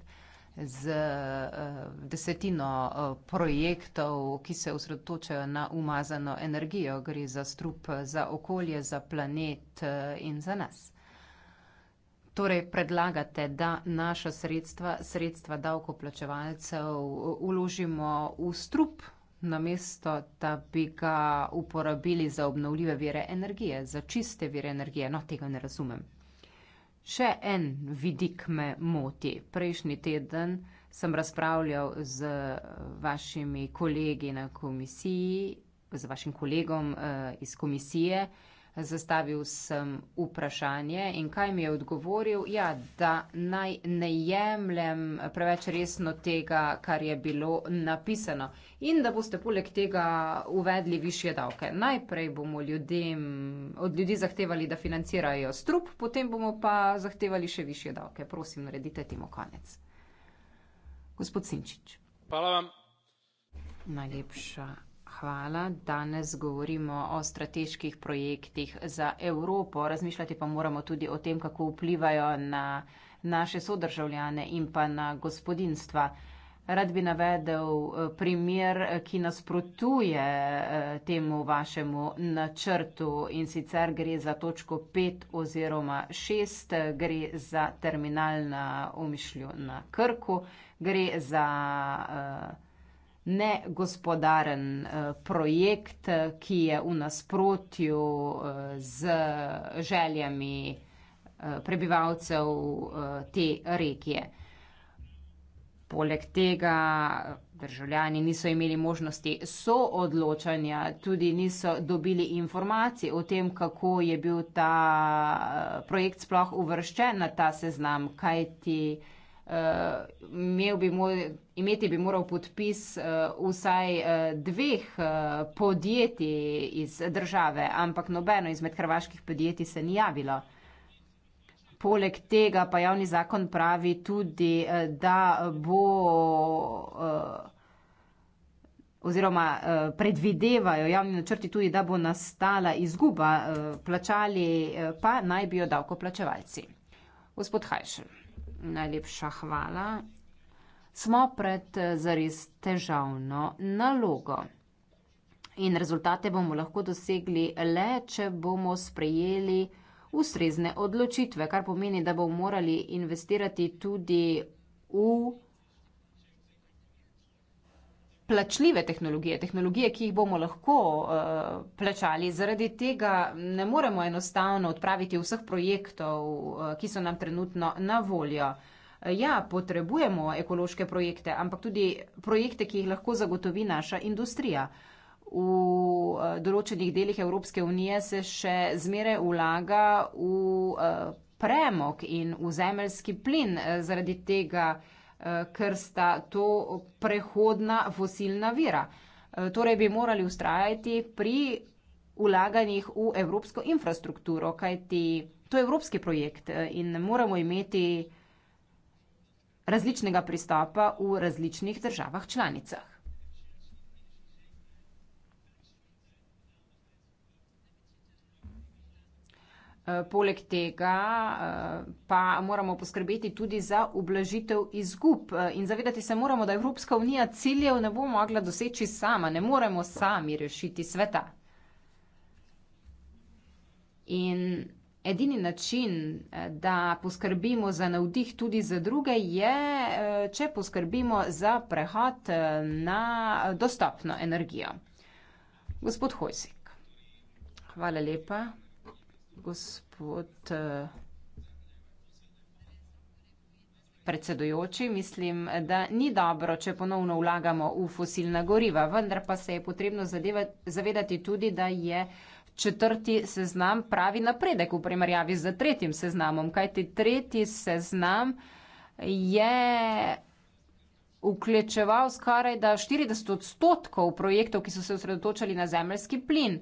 z eh, desetino eh, projektov, ki se osredotočajo na umazano energijo. Gre za strup za okolje, za planet eh, in za nas. Torej, predlagate, da naša sredstva, sredstva davkoplačevalcev, uložimo v strup namesto da bi ga uporabili za obnovljive vire energije, za čiste vire energije. No, tega ne razumem. Še en vidik me moti. Prejšnji teden sem razpravljal z eh, vašimi kolegi na komisiji, z vašim kolegom eh, iz komisije zastavil sem vprašanje in kaj mi je odgovoril, ja, da naj ne jemljem preveč resno tega, kar je bilo napisano in da boste poleg tega uvedli više davke. Najprej bomo ljudem, od ljudi zahtevali, da financirajo strup, potem bomo pa zahtevali še više davke. Prosim, naredite temu konec. Gospod Sinčič. Hvala vam. Najlepša Hvala. Danes govorimo o strateških projektih za Evropo. Razmišljati pa moramo tudi o tem, kako vplivajo na naše sodržavljane in pa na gospodinstva. Rad bi navedel eh, primer, ki nasprotuje eh, temu vašemu načrtu in sicer gre za točko 5 oziroma 6, eh, gre za terminal na omišlju na Krku, gre za. Uh, negospodaren eh, projekt, eh, ki je v nasprotju eh, z željami prebivalcev te regije. Poleg tega državljani niso imeli možnosti soodločanja, tudi niso dobili informacij o tem, kako je bil ta projekt sploh uvrščen na ta seznam, kajti Eh, imel bi mo imeti bi moral podpis uh, vsaj uh, dveh uh, podjetij iz države, ampak nobeno izmed hrvaških podjetij se ni javilo. Poleg tega pa javni zakon pravi tudi, uh, da bo. Uh, oziroma eh, predvidevajo javni načrti tudi, da bo nastala izguba, eh, plačali eh, pa naj bi jo davkoplačevalci. Gospod Hajšel. Najlepša hvala. Smo pred eh, zares težavno nalogo. In rezultate bomo lahko dosegli le, če bomo sprejeli ustrezne odločitve, kar pomeni, da bomo morali investirati tudi v plačljive tehnologije, tehnologije, ki jih bomo lahko uh, plačali. Zaradi tega ne moremo enostavno odpraviti vseh projektov, uh, ki so nam trenutno na voljo. Eh, ja, potrebujemo ekološke projekte, ampak tudi projekte, ki jih lahko zagotovi naša industrija. V določenih delih Evropske unije se še zmeraj vlaga v premog in v zemeljski plin. Zaradi tega uh, Eh, ker sta to prehodna fosilna vira. Eh, torej bi morali ustrajati pri ulaganjih v evropsko infrastrukturo, kajti to je evropski projekt eh, in moramo imeti različnega pristopa v različnih državah članicah. Eh, poleg tega eh, pa moramo poskrbeti tudi za ublažitev izgub eh, in zavedati se moramo, da Evropska unija ciljev ne bo mogla doseči sama, ne moremo sami rešiti sveta. In edini način, da poskrbimo za navdih tudi za druge, je, če poskrbimo za prehod na dostopno energijo. Gospod Hojsik, hvala lepa. Gospod eh, predsedujoči, mislim, da ni dobro, če ponovno vlagamo v fosilna goriva, vendar pa se je potrebno zadeva, zavedati tudi, da je četrti seznam pravi napredek v primerjavi z tretjim seznamom, kajti tretji seznam je vključeval skoraj da 40 odstotkov projektov, ki so se osredotočali na zemljski plin.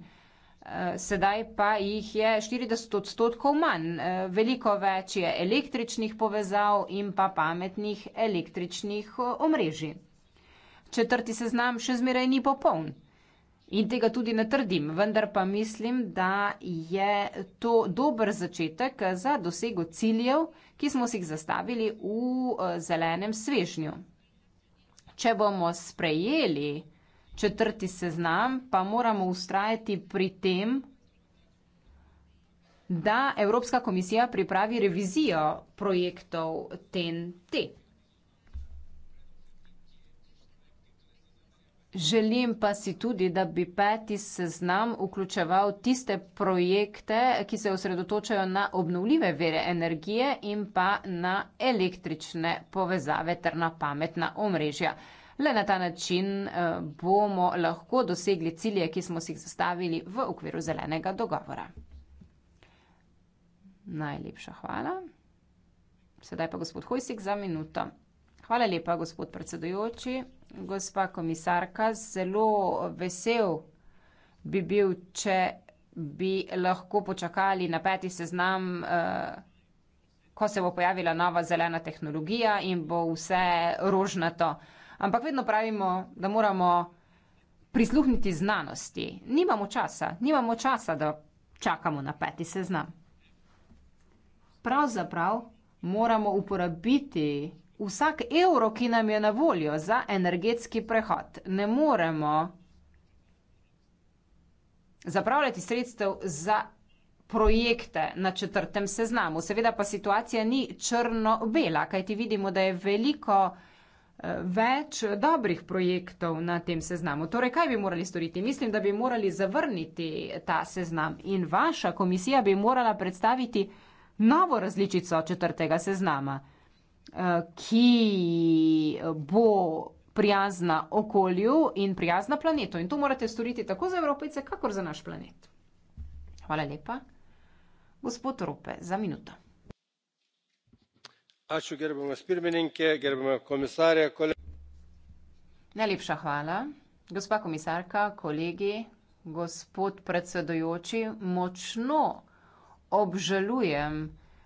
Sedaj pa jih je 40 odstotkov manj. Veliko več je električnih povezav in pa pametnih električnih omrežij. Četrti seznam še zmeraj ni popoln. In tega tudi ne trdim, vendar pa mislim, da je to dober začetek za dosego ciljev, ki smo si jih zastavili v eh, zelenem svežnju. Če bomo sprejeli četrti seznam, pa moramo ustrajati pri tem, da Evropska komisija pripravi revizijo projektov TNT. Želim pa si tudi, da bi peti seznam vključeval tiste projekte, ki se osredotočajo na obnovljive vere energije in pa na električne povezave ter na pametna omrežja. Le na ta način eh, bomo lahko dosegli cilje, ki smo si jih zastavili v okviru zelenega dogovora. Najlepša hvala. Sedaj pa gospod Hojsik za minuto. Hvala lepa, gospod predsedujoči, gospa komisarka. Zelo vesel bi bil, če bi lahko počakali na peti seznam, eh, ko se bo pojavila nova zelena tehnologija in bo vse rožnato. Ampak vedno pravimo, da moramo prisluhniti znanosti. Nimamo časa, nimamo časa, da čakamo na peti seznam. Pravzaprav moramo uporabiti vsak evro, ki nam je na voljo za energetski prehod. Ne moremo zapravljati sredstev za projekte na četrtem seznamu. Seveda pa situacija ni črno-bela, kajti vidimo, da je veliko več dobrih projektov na tem seznamu. Torej, kaj bi morali storiti? Mislim, da bi morali zavrniti ta seznam in vaša komisija bi morala predstaviti novo različico četrtega seznama, eh, ki bo prijazna okolju in prijazna planetu. In to morate storiti tako za Evropejce, kakor za naš planet. Hvala lepa. Gospod Rope, za minuto gerbiamas pirmininke gerbiama komisare kolegos. Najlepša hvala. Gospa komisarka, kolegi, gospod predsedujoči, močno obžalujem,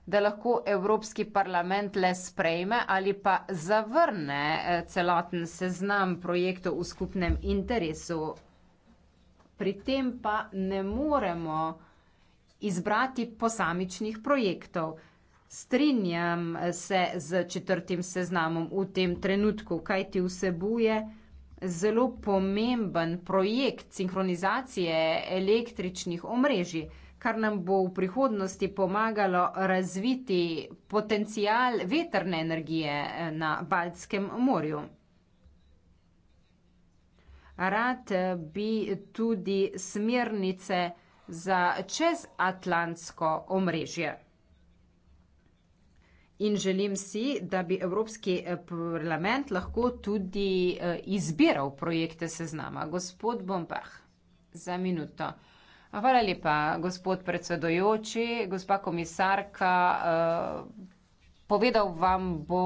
da lahko Evropski parlament le sprejme ali pa zavrne eh, celoten seznam projektov v skupnem interesu. Pri tem pa ne moremo izbrati posamičnih projektov strinjam eh, se z četrtim seznamom v tem trenutku, kajti vsebuje zelo pomemben projekt sinhronizacije električnih omrežij, kar nam bo v prihodnosti pomagalo razviti potencial veterne energije eh, na Baltskem morju. Rad eh, bi tudi smernice za čezatlantsko omrežje. In želim si, da bi Evropski eh, parlament lahko tudi eh, izbiral projekte seznama. Gospod Bombah, za minuto. Hvala lepa, gospod predsedojoči, gospa komisarka. Eh, povedal vam bo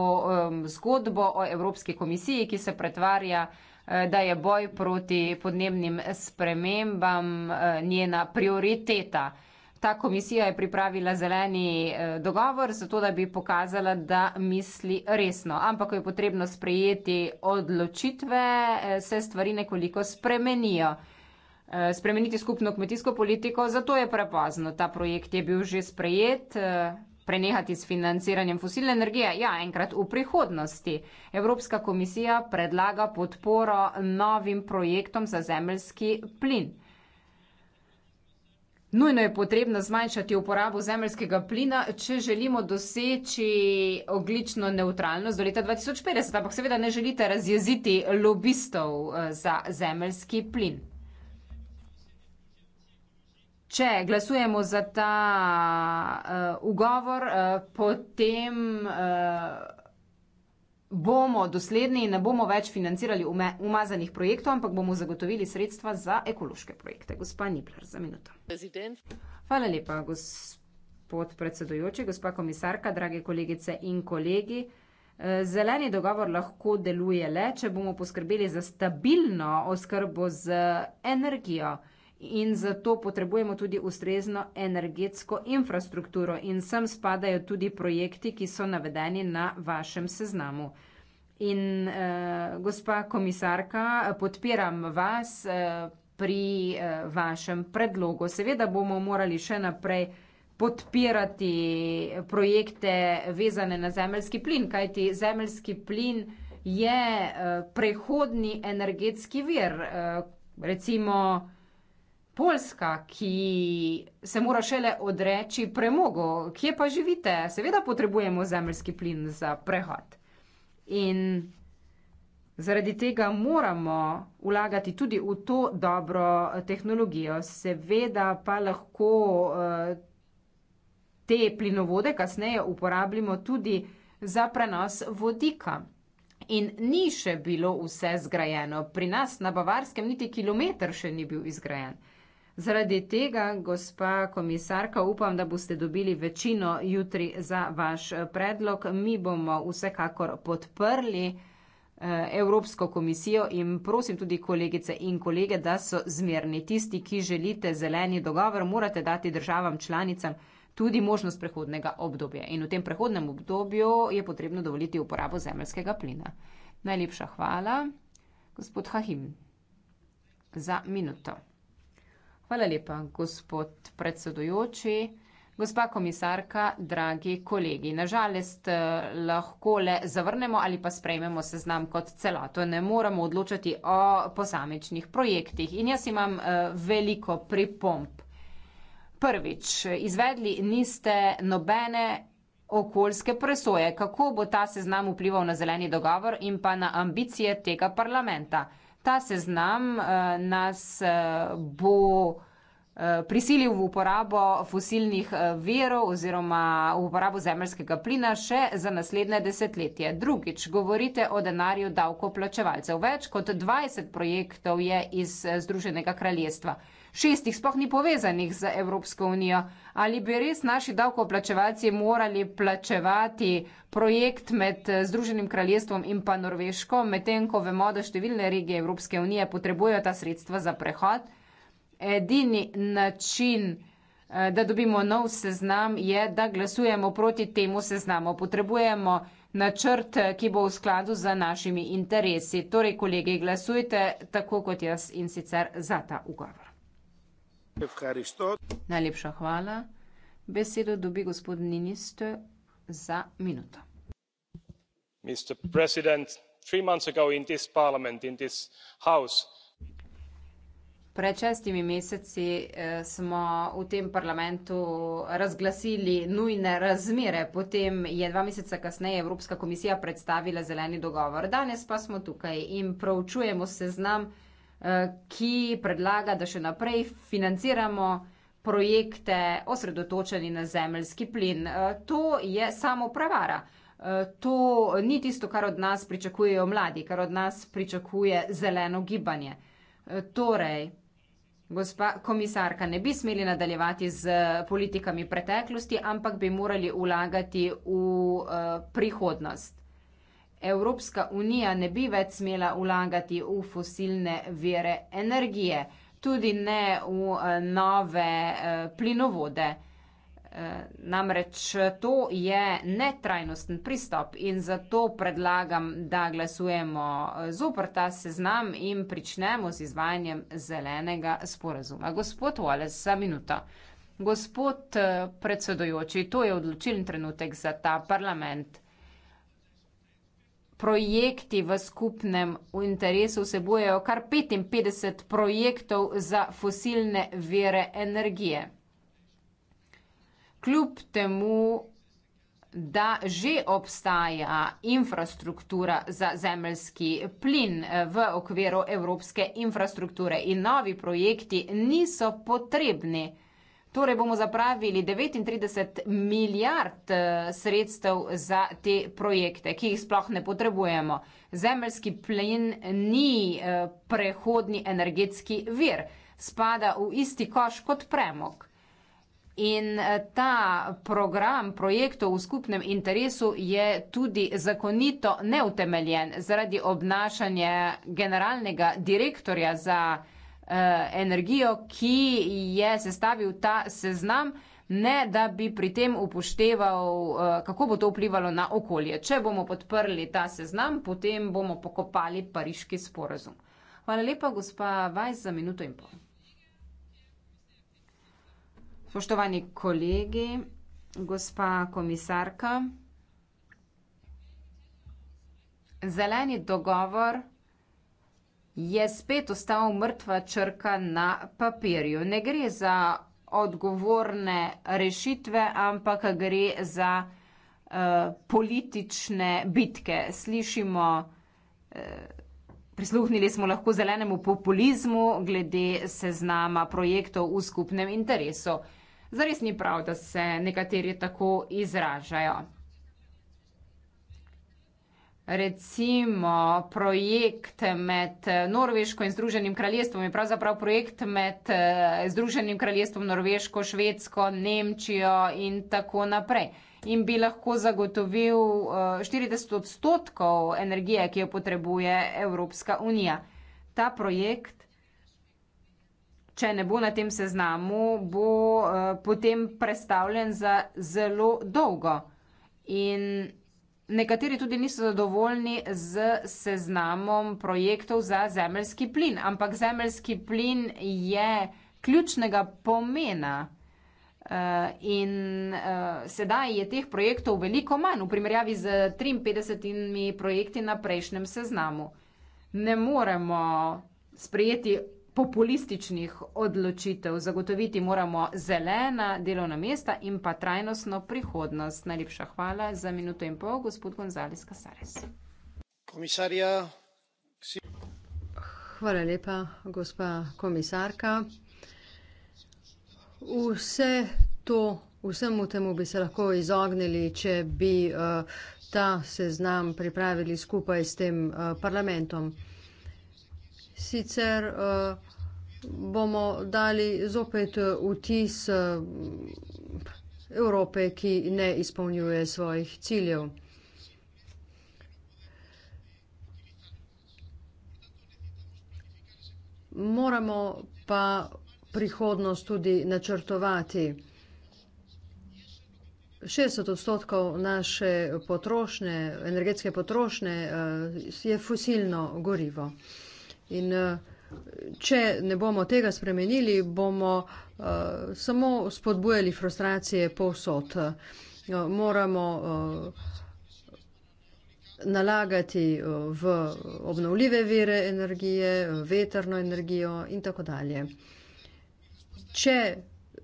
zgodbo o Evropski komisiji, ki se pretvarja, da je boj proti podnebnim spremembam njena prioriteta. Ta komisija je pripravila zeleni eh, dogovor, zato da bi pokazala, da misli resno. Ampak, ko je potrebno sprejeti odločitve, eh, se stvari nekoliko spremenijo. Eh, spremeniti skupno kmetijsko politiko, zato je prepozno. Ta projekt je bil že sprejet. Prenehati s financiranjem fosilne energije, ja, enkrat v prihodnosti. Evropska komisija predlaga podporo novim projektom za zemljski plin. Nujno je potrebno zmanjšati uporabo zemljskega plina, če želimo doseči oglično neutralnost do leta 2050, ampak seveda ne želite razjeziti lobistov eh, za zemljski plin. Če glasujemo za ta uh, ugovor, uh, potem. Uh, bomo dosledni in ne bomo več financirali umazanih projektov, ampak bomo zagotovili sredstva za ekološke projekte. Gospa Nipler, za minuto. Hvala lepa, gospod predsedujoči, gospa komisarka, drage kolegice in kolegi. Eh, zeleni dogovor lahko deluje le, če bomo poskrbeli za stabilno oskrbo z energijo in zato potrebujemo tudi ustrezno energetsko infrastrukturo in sem spadajo tudi projekti, ki so navedeni na vašem seznamu. In eh, gospa komisarka, podpiram vas eh, pri eh, vašem predlogu. Seveda bomo morali še naprej podpirati projekte vezane na zemljski plin, kajti zemljski plin je eh, prehodni energetski vir. Eh, recimo, Poljska, ki se mora šele odreči premogu, kje pa živite, seveda potrebujemo zemljski plin za prehod. In zaradi tega moramo vlagati tudi v to dobro tehnologijo. Seveda pa lahko eh, te plinovode kasneje uporabljamo tudi za prenos vodika. In ni še bilo vse zgrajeno. Pri nas na Bavarskem niti kilometr še ni bil izgrajen. Zaradi tega, gospa komisarka, upam, da boste dobili večino jutri za vaš eh, predlog. Mi bomo vsekakor podprli eh, Evropsko komisijo in prosim tudi kolegice in kolege, da so zmerni. Tisti, ki želite zeleni dogovor, morate dati državam članicam tudi možnost prehodnega obdobja. In v tem prehodnem obdobju je potrebno dovoliti uporabo zemljskega plina. Najlepša hvala, gospod Hahim, za minuto. Hvala lepa, gospod predsedujoči. Gospa komisarka, dragi kolegi, nažalost eh, lahko le zavrnemo ali pa sprejmemo seznam kot celoto. Ne moramo odločati o posamičnih projektih in jaz imam eh, veliko pripomp. Prvič, izvedli niste nobene okoljske presoje, kako bo ta seznam vplival na zeleni dogovor in pa na ambicije tega parlamenta. Ta seznam eh, nas eh, bo eh, prisilil v uporabo fosilnih verov oziroma v uporabo zemljskega plina še za naslednje desetletje. Drugič, govorite o denarju davkoplačevalcev. Več kot 20 projektov je iz Združenega kraljestva šestih sploh ni povezanih z Evropsko unijo. Ali bi res naši davkoplačevalci morali plačevati projekt med eh, Združenim kraljestvom in pa Norveško, medtem ko vemo, da številne regije Evropske unije potrebujejo ta sredstva za prehod? Edini način, eh, da dobimo nov seznam, je, da glasujemo proti temu seznamu. Potrebujemo načrt, eh, ki bo v skladu z našimi interesi. Torej, kolegi, glasujte tako kot jaz in sicer za ta ugovor. Najlepša hvala. Besedo dobi gospod minister za minuto. Pred šestimi meseci eh, smo v tem parlamentu razglasili nujne razmere, potem je dva meseca kasneje Evropska komisija predstavila zeleni dogovor. Danes pa smo tukaj in proučujemo seznam ki predlaga, da še naprej financiramo projekte osredotočeni na zemljski plin. E, to je samo prevara. E, to ni tisto, kar od nas pričakujejo mladi, kar od nas pričakuje zeleno gibanje. E, torej, gospa komisarka, ne bi smeli nadaljevati z politikami preteklosti, ampak bi morali vlagati v prihodnost. Evropska unija ne bi več smela vlagati v fosilne vire energije, tudi ne v eh, nove eh, plinovode. Eh, namreč to je netrajnosten pristop in zato predlagam, da glasujemo zopr ta seznam in pričnemo z izvajanjem zelenega sporazuma. Gospod Wallace, za minuto. Gospod predsedojoči, to je odločilen trenutek za ta parlament projekti v skupnem interesu vsebujejo kar 55 projektov za fosilne vere energije. Kljub temu, da že obstaja infrastruktura za zemljski plin v okviru evropske infrastrukture in novi projekti niso potrebni, Torej bomo zapravili 39 milijard eh, sredstev za te projekte, ki jih sploh ne potrebujemo. Zemljski plin ni eh, prehodni energetski vir, spada v isti koš kot premog. In eh, ta program projektov v skupnem interesu je tudi zakonito neutemeljen zaradi obnašanja generalnega direktorja za energetski vir. Eh, energijo, ki je sestavil ta seznam, ne da bi pri tem upošteval, eh, kako bo to vplivalo na okolje. Če bomo podprli ta seznam, potem bomo pokopali pariški sporazum. Hvala lepa, gospa Vajs, za minuto in pol. Spoštovani kolegi, gospa komisarka, zeleni dogovor je spet ostal mrtva črka na papirju. Ne gre za odgovorne rešitve, ampak gre za uh, politične bitke. Slišimo, uh, prisluhnili smo lahko zelenemu populizmu glede seznama projektov v skupnem interesu. Zares ni prav, da se nekateri tako izražajo recimo projekt med eh, Norveško in Združenim kraljestvom, je pravzaprav projekt med eh, Združenim kraljestvom, Norveško, Švedsko, Nemčijo in tako naprej. In bi lahko zagotovil 40 eh, odstotkov energije, ki jo potrebuje Evropska unija. Ta projekt. Če ne bo na tem seznamu, bo uh, potem predstavljen za zelo dolgo. In Nekateri tudi niso zadovoljni z seznamom projektov za zemljski plin, ampak zemljski plin je ključnega pomena. Uh, in uh, sedaj je teh projektov veliko manj v primerjavi z 53 projekti na prejšnjem seznamu. Ne moremo sprejeti populističnih odločitev. Zagotoviti moramo zelena delovna mesta in pa trajnostno prihodnost. Najlepša hvala za minuto in pol, gospod Gonzales Casares. Komisarja. Hvala lepa, gospa komisarka. Vse to, vsemu temu bi se lahko izognili, če bi uh, ta seznam pripravili skupaj s tem uh, parlamentom sicer eh, bomo dali zopet eh, vtis eh, Evrope, ki ne izpolnjuje svojih ciljev. Moramo pa prihodnost tudi načrtovati. Šestdeset odstotkov naše potrošnje, energetske potrošnje je fosilno gorivo. In eh, če ne bomo tega spremenili, bomo eh, samo spodbujali frustracije povsod. Eh, moramo nalagati v obnovljive vire energije, veterno energijo in tako dalje. Če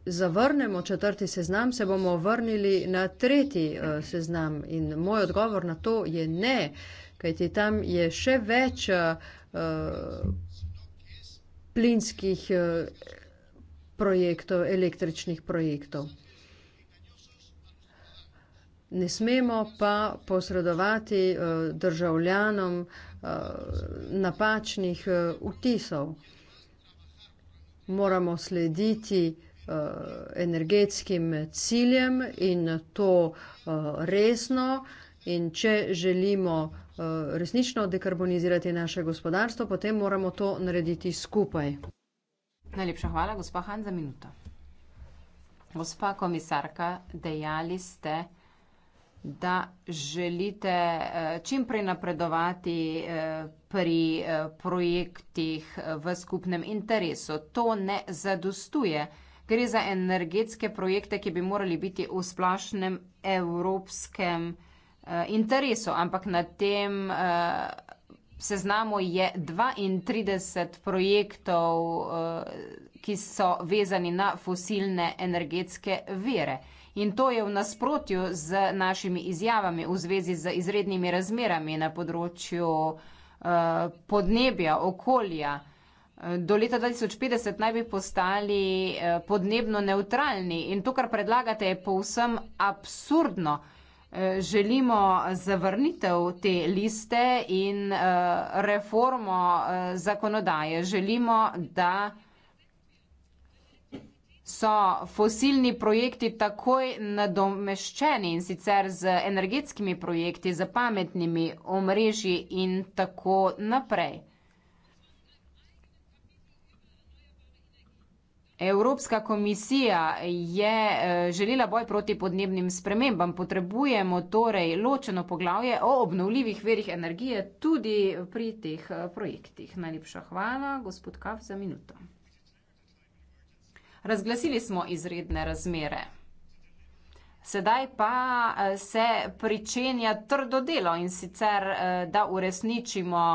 zavrnemo četrti seznam, se bomo vrnili na tretji seznam in moj odgovor na to je ne, kajti tam je še več plinskih eh, projektov, električnih projektov. Ne smemo pa posredovati eh, državljanom eh, napačnih vtisov. Moramo slediti energetskim ciljem in to resno, in če želimo Eh, resnično dekarbonizirati naše gospodarstvo, potem moramo to narediti skupaj. Najlepša hvala, gospa Han, za minuto. Gospa komisarka, dejali ste, da želite eh, čimprej napredovati eh, pri projektih v skupnem interesu. To ne zadostuje. Gre za energetske projekte, ki bi morali biti v splašnem evropskem interesu. Eh, interesov, ampak na tem uh, seznamu je 32 projektov, uh, ki so vezani na fosilne energetske vere. In to je v nasprotju z našimi izjavami v zvezi z izrednimi razmerami na področju uh, podnebja, okolja. Do leta 2050 naj bi postali podnebno neutralni in to, kar predlagate, je povsem absurdno. Uh, želimo zavrnitev te liste in eh, reformo eh, zakonodaje. Želimo, da so fosilni projekti takoj nadomeščeni in sicer z energetskimi projekti, z pametnimi omrežji in tako naprej. Evropska komisija je eh, želela boj proti podnebnim spremembam. Potrebujemo torej ločeno poglavje o obnovljivih verjih energije tudi pri teh eh, projektih. Najlepša hvala, gospod Kav, za minuto. Razglasili smo izredne razmere. Sedaj pa eh, se pričenja trdo delo in sicer, da uresničimo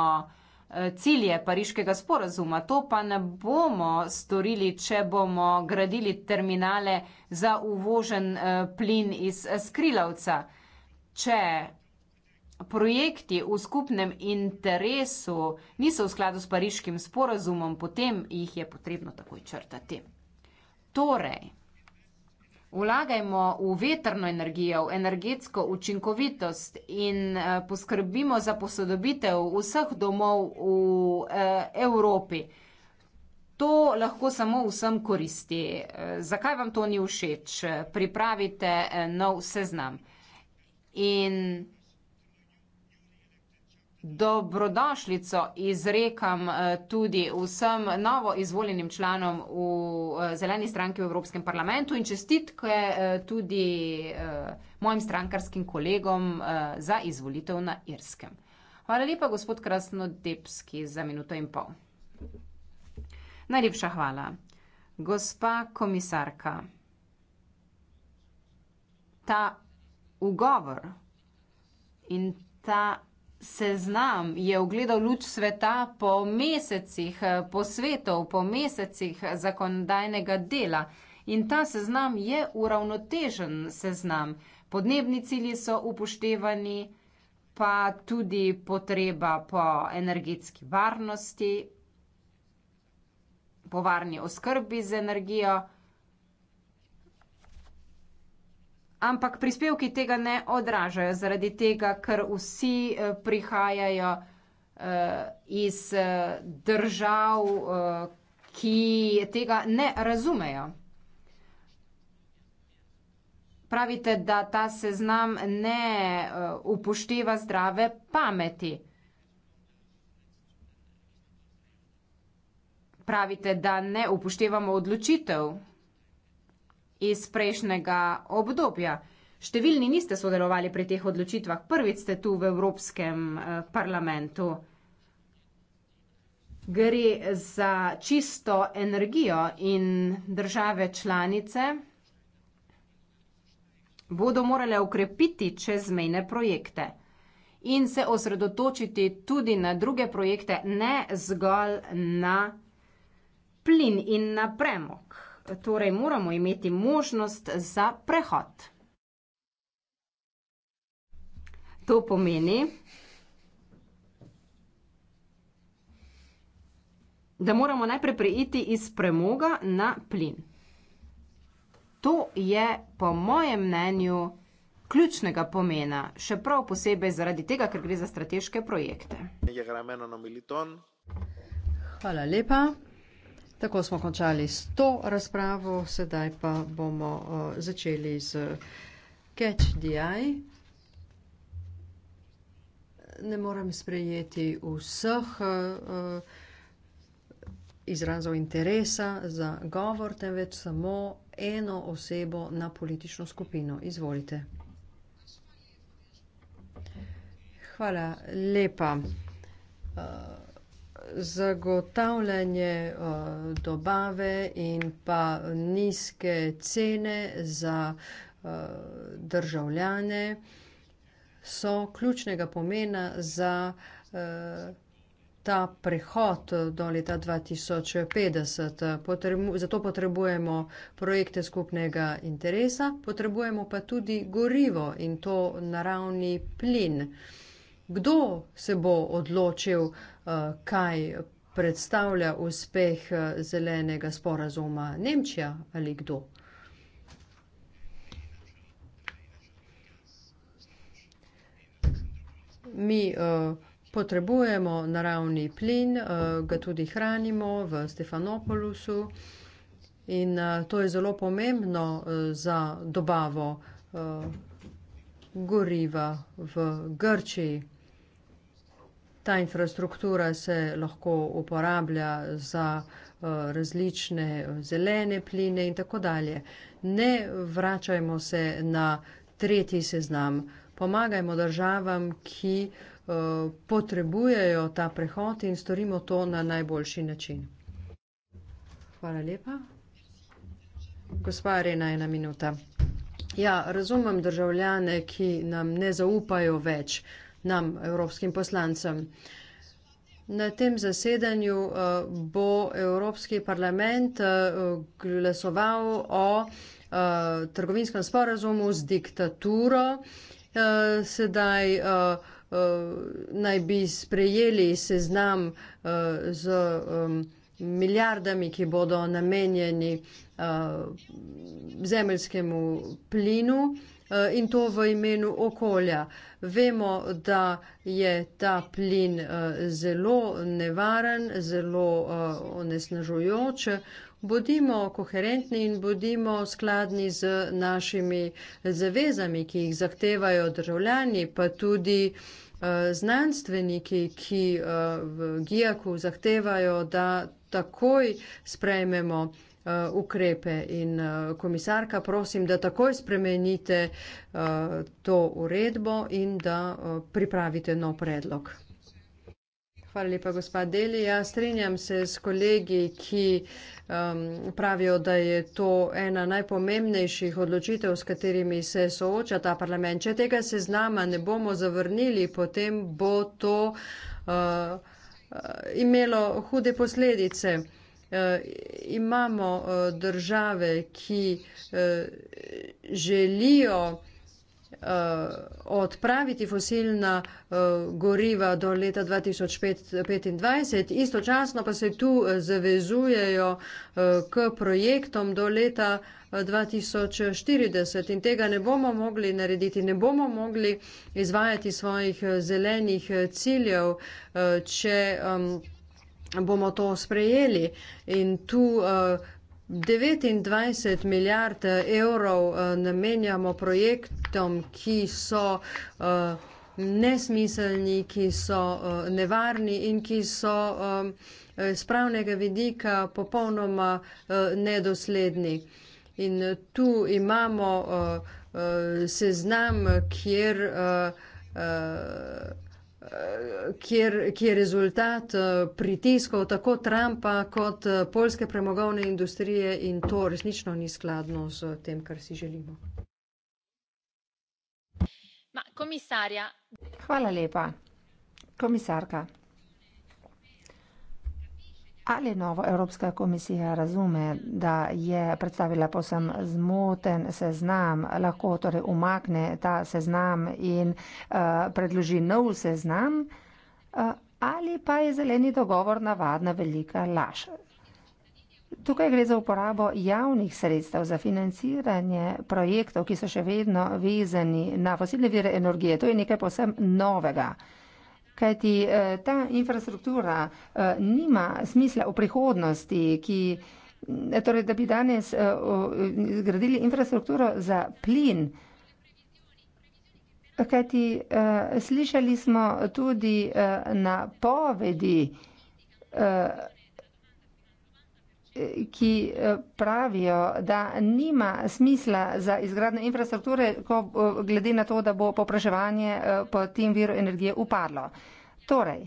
Eh, cilje pariškega sporazuma. To pa ne bomo storili, če bomo gradili terminale za uvožen eh, plin iz eh, skrilavca. Če projekti v skupnem interesu niso v skladu s pariškim sporazumom, potem jih je potrebno takoj črtati. Torej, Vlagajmo v veterno energijo, v energetsko učinkovitost in eh, poskrbimo za posodobitev vseh domov v eh, Evropi. To lahko samo vsem koristi. Eh, zakaj vam to ni všeč? Pripravite nov seznam. In dobrodošlico izrekam eh, tudi vsem novo izvoljenim članom v eh, Zeleni stranki v Evropskem parlamentu in čestitke eh, tudi mojim strankarskim kolegom za izvolitev na Irskem. Hvala lepa, gospod Krasnodepski, za minuto in pol. Najlepša hvala. Gospa komisarka, ta ugovor in ta seznam je ogledal luč sveta po mesecih eh, posvetov, po mesecih zakonodajnega dela. In ta seznam je uravnotežen seznam. Podnebni cilji so upoštevani, pa tudi potreba po energetski varnosti, po varni oskrbi z energijo. ampak prispevki tega ne odražajo, zaradi tega, ker vsi eh, prihajajo eh, iz eh, držav, ki tega ne razumejo. Pravite, da ta seznam ne upošteva zdrave pameti. Pravite, da ne upoštevamo odločitev iz prejšnjega obdobja. Številni niste sodelovali pri teh odločitvah, prvič ste tu v Evropskem eh, parlamentu. Gre za čisto energijo in države članice bodo morale ukrepiti čezmejne projekte in se osredotočiti tudi na druge projekte, ne zgolj na plin in na premok torej moramo imeti možnost za prehod. To pomeni, da moramo najprej preiti iz premoga na plin. To je po mojem mnenju ključnega pomena, še prav posebej zaradi tega, ker gre za strateške projekte. Hvala lepa. Tako smo končali s to razpravo, sedaj pa bomo uh, začeli z eh, Catch DI. Ne morem sprejeti vseh uh, izrazov interesa za govor, temveč samo eno osebo na politično skupino. Izvolite. Hvala lepa. Uh, zagotavljanje eh, dobave in pa nizke cene za eh, državljane so ključnega pomena za eh, ta prehod do leta dva tisoč petdeset. zato potrebujemo projekte skupnega interesa, potrebujemo pa tudi gorivo, in to naravni plin kdo se bo odločil, eh, kaj predstavlja uspeh eh, zelenega sporazuma, Nemčija ali kdo? Mi eh, potrebujemo naravni plin, ga tudi hranimo v Stefanopolusu in to je zelo pomembno za dobavo goriva v Grčiji. Ta infrastruktura se lahko uporablja za eh, različne zelene pline in tako dalje. Ne vračajmo se na tretji seznam. Pomagajmo državam, ki eh, potrebujejo ta prehod in storimo to na najboljši način. Hvala lepa. Gospa Arena, ena minuta. Ja, razumem državljane, ki nam ne zaupajo več nam, evropskim poslancem. Na tem zasedanju eh, bo Evropski parlament eh, glasoval o eh, trgovinskem sporazumu z diktaturo. Sedaj naj bi sprejeli seznam z milijardami, ki bodo namenjeni zemeljskemu plinu in to v imenu okolja. Vemo, da je ta plin eh, zelo nevaren, zelo eh, onesnažujoč. Bodimo koherentni in bodimo skladni z našimi zavezami, ki jih zahtevajo državljani, pa tudi eh, znanstveniki, ki v GIAK-u zahtevajo, da takoj sprejmemo Eh, ukrepe. In eh, komisarka, prosim, da takoj spremenite eh, to uredbo in da pripravite nov predlog. Hvala lepa, gospod Deli. Ja, strinjam se s kolegi, ki um, pravijo, da je to ena najpomembnejših odločitev, s katerimi se sooča ta parlament. Če tega seznama ne bomo zavrnili, potem bo to uh, imelo hude posledice. Eh, imamo eh, države, ki eh, želijo odpraviti fosilna goriva do leta 2025, istočasno pa se tu zavezujejo k projektom do leta 2040 in tega ne bomo mogli narediti, ne bomo mogli izvajati svojih zelenih ciljev, če vsega bomo to sprejeli. In tu uh, eh, 29 milijard eh, evrov uh, namenjamo projektom, ki so uh, nesmiselni, ki so uh, nevarni in ki so uh, z pravnega vidika popolnoma uh, nedosledni. In tu imamo uh, uh, seznam, kjer uh, uh, kjer, ki je rezultat eh, pritiskov tako Trumpa kot eh, polske premogovne industrije in to resnično ni skladno s tem, kar si želimo. Ma, komisarja. Hvala lepa. Komisarka. Ali nova Evropska komisija razume, da je predstavila posem zmoten seznam, lahko torej umakne ta seznam in uh, predloži nov seznam, uh, ali pa je zeleni dogovor navadna velika laž? Tukaj gre za uporabo javnih sredstev za financiranje projektov, ki so še vedno vezani na fosilne vire energije. To je nekaj posem novega. Uh, kajti eh, ta infrastruktura eh, nima smisla v prihodnosti, ki, eh, torej, da bi danes zgradili infrastrukturo za plin. Kajti slišali smo tudi napovedi, ki eh, pravijo, da nima smisla za izgradno infrastrukture, ko, eh, glede na to, da bo popraševanje eh, po tem viru energije upadlo. Torej,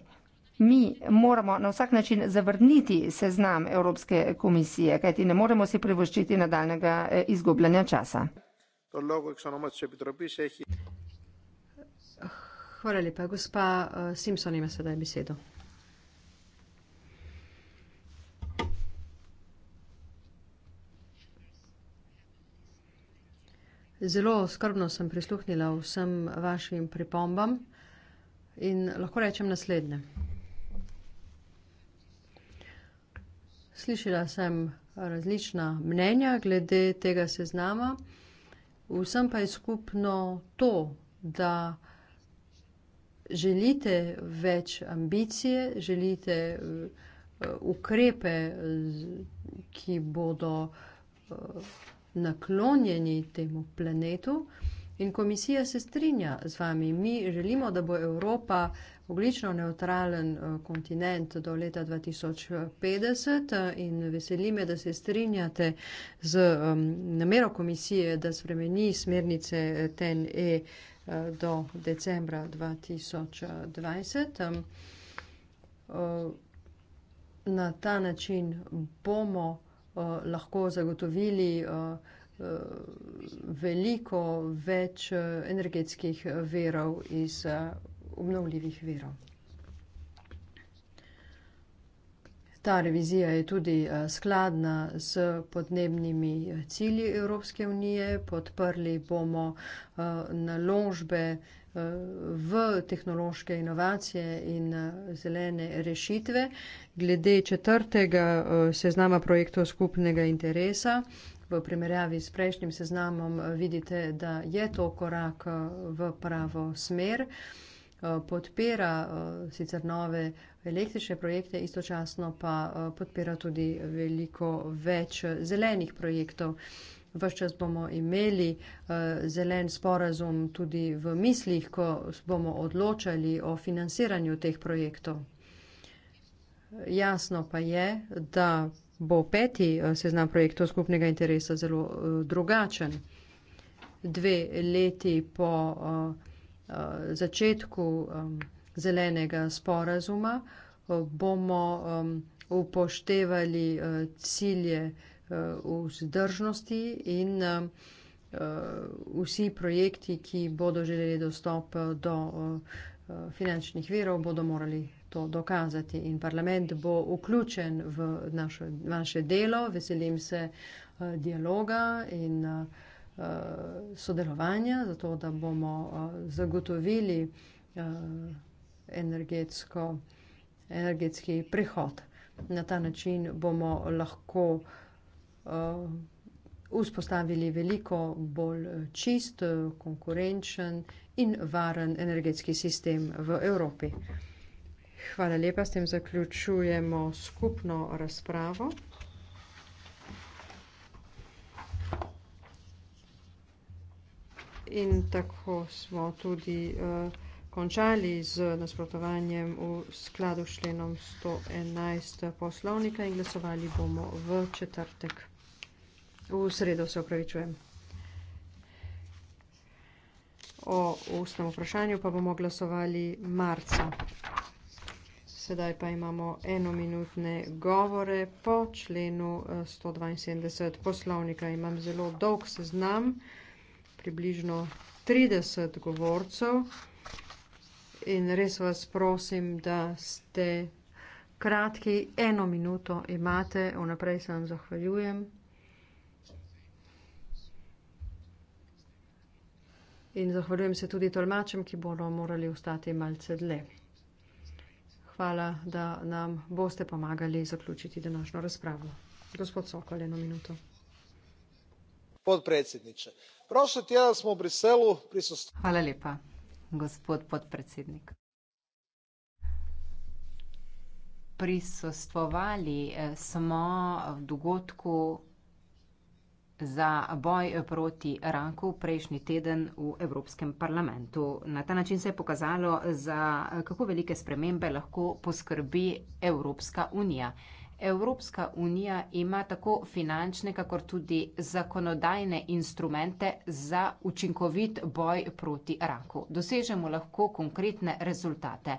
mi moramo na vsak način zavrniti seznam Evropske komisije, kajti ne moremo si privoščiti nadaljnega izgubljanja časa. Hvala lepa. Gospa Simpson ima sedaj besedo. Zelo skrbno sem prisluhnila vsem vašim pripombam in lahko rečem naslednje. Slišala sem različna mnenja glede tega seznama, vsem pa je skupno to, da želite več ambicije, želite eh, ukrepe, ki bodo eh, naklonjeni temu planetu. In komisija se strinja z vami. Mi želimo, da bo Evropa oglično neutralen eh, kontinent do leta 2050 eh, in veseli me, da se strinjate z um, namero komisije, da spremeni smernice eh, TNE do decembra 2020. Na ta način bomo Eh, lahko zagotovili eh, eh, veliko več energetskih verov iz obnovljivih verov. Ta revizija je tudi skladna z podnebnimi cilji Evropske unije. Podprli bomo naložbe v tehnološke inovacije in eh, zelene rešitve. Glede četrtega eh, seznama projektov skupnega interesa, v primerjavi s prejšnjim seznamom eh, vidite, da je to korak v pravo smer. Podpira sicer nove električne projekte, istočasno pa podpira tudi veliko več zelenih projektov. Vse čas bomo imeli eh, zelen sporazum tudi v mislih, ko bomo odločali o financiranju teh projektov. Jasno pa je, da bo peti eh, seznam projektov skupnega interesa zelo eh, drugačen. Dve leti po začetku zelenega sporazuma bomo upoštevali cilje, vzdržnosti in eh, eh, vsi projekti, ki bodo želeli dostop do eh, finančnih verov, bodo morali to dokazati in parlament bo vključen v našo, naše delo. Veselim se dialoga in sodelovanja, zato da bomo zagotovili energetsko, energetski prehod. Na ta način bomo lahko uh, Eh, vzpostavili veliko bolj eh, čist, eh, konkurenčen in varen energetski sistem v Evropi. Hvala lepa, s tem zaključujemo skupno razpravo. In tako smo tudi uh, končali z nasprotovanjem v skladu s členom 111 poslovnika in glasovali bomo v četrtek v sredo se opravičujem. O ustnem vprašanju pa bomo glasovali marca. Sedaj pa imamo enominutne govore po členu 172 eh, poslovnika. Imam zelo dolg seznam, približno 30 govorcev in res vas prosim, da ste kratki, eno minuto imate, vnaprej se vam zahvaljujem. in zahvaljujem se tudi tolmačem, ki bodo morali ostati malce dlje. Hvala, da nam boste pomagali zaključiti današnjo razpravo. Gospod Sokol, eno minuto. Podpredsedniče, prošli teden smo v Briselu prisostali. Hvala lepa, gospod podpredsednik. Prisostovali eh, smo v dogodku za boj proti raku prejšnji teden v Evropskem parlamentu. Na ta način se je pokazalo, za kako velike spremembe lahko poskrbi Evropska unija. Evropska unija ima tako finančne, kakor tudi zakonodajne instrumente za učinkovit boj proti raku. Dosežemo lahko konkretne rezultate.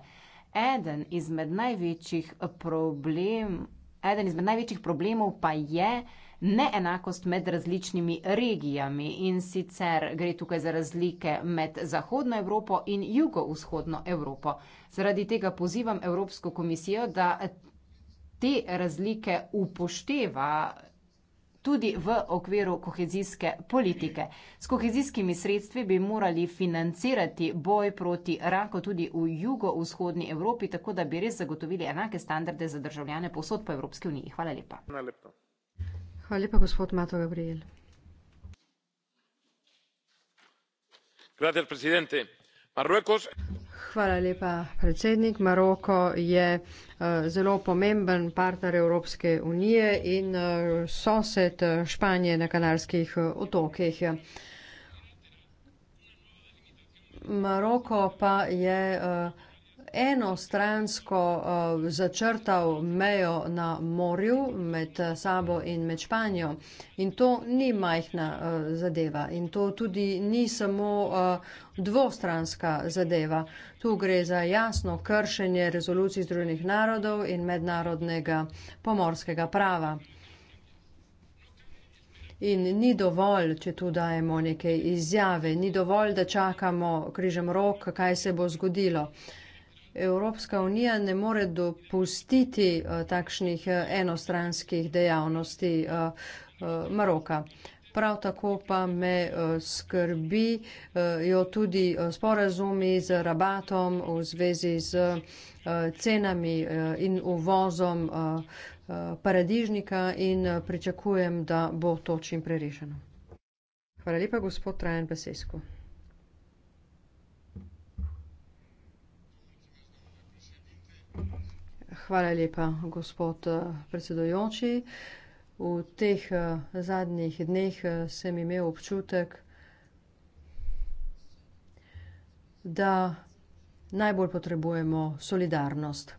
Eden izmed največjih, problem, eden izmed največjih problemov pa je, neenakost med različnimi regijami in sicer gre tukaj za razlike med Zahodno Evropo in Jugovzhodno Evropo. Zaradi tega pozivam Evropsko komisijo, da te razlike upošteva tudi v okviru kohezijske politike. S kohezijskimi sredstvi bi morali financirati boj proti raku tudi v jugovzhodni Evropi, tako da bi res zagotovili enake standarde za državljane posod po Evropski uniji. Hvala lepa. Najlepša. Hvala lepa, gospod Mato Gabrijel. Hvala lepa, predsednik. Maroko je eh, zelo pomemben partner Evropske unije in eh, sosed eh, Španije na Kanarskih otokih. Maroko pa je uh, enostransko uh, začrtal mejo na morju med eh, sabo in med Španijo. In to ni majhna uh, zadeva in to tudi ni samo uh, dvostranska zadeva. Tu gre za jasno kršenje rezolucij Združenih narodov in mednarodnega pomorskega prava. In ni dovolj, če tu dajemo neke izjave, ni dovolj, da čakamo križem rok, kaj se bo zgodilo. Uh, Evropska unija ne more dopustiti uh, takšnih uh, enostranskih dejavnosti uh, uh, Maroka. Prav tako pa me skrbi jo tudi sporazumi z rabatom v zvezi z cenami in uvozom paradižnika in pričakujem, da bo to čim prerešeno. Hvala lepa, gospod Trajan Besesko. Hvala lepa, gospod eh, predsedojoči. V teh eh, zadnjih dneh eh, sem imel občutek, da najbolj potrebujemo solidarnost.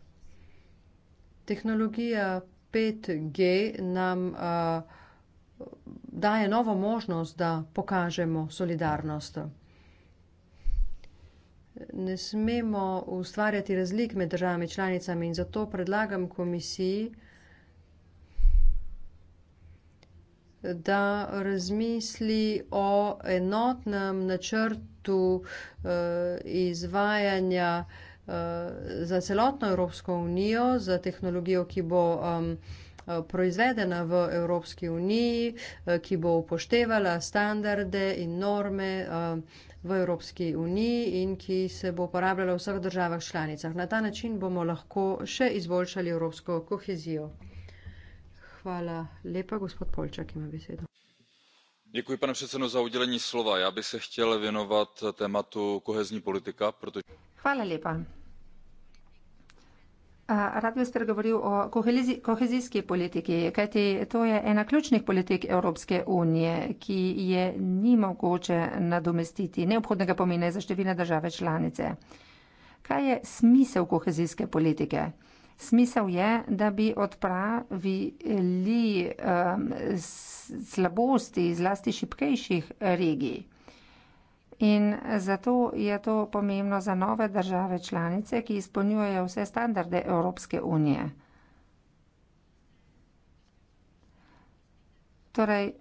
Tehnologija 5G nam uh, daje novo možnost, da pokažemo solidarnost ne smemo ustvarjati razlik med državami članicami in zato predlagam komisiji, da razmisli o enotnem načrtu uh, izvajanja uh, za celotno Evropsko unijo, za tehnologijo, ki bo um, Eh, proizvedena v Evropski uniji, eh, ki bo upoštevala standarde in norme eh, v Evropski uniji in ki se bo uporabljala v vseh državah članicah. Na ta način bomo lahko še izboljšali evropsko kohezijo. Hvala lepa, gospod Polčak ima besedo. Děkuji, pane předsedo, za udělení slova. Já bych se chtěl věnovat tématu kohezní politika, protože... Hvala lepa. Rad bi spregovoril o kohezijski politiki, kajti to je ena ključnih politik Evropske unije, ki je ni mogoče nadomestiti neobhodnega pomene za številne države članice. Kaj je smisel kohezijske politike? Smisel je, da bi odpravili um, slabosti zlasti šipkejših regij. In zato je to pomembno za nove države članice, ki izpolnjujejo vse standarde Evropske unije. Torej,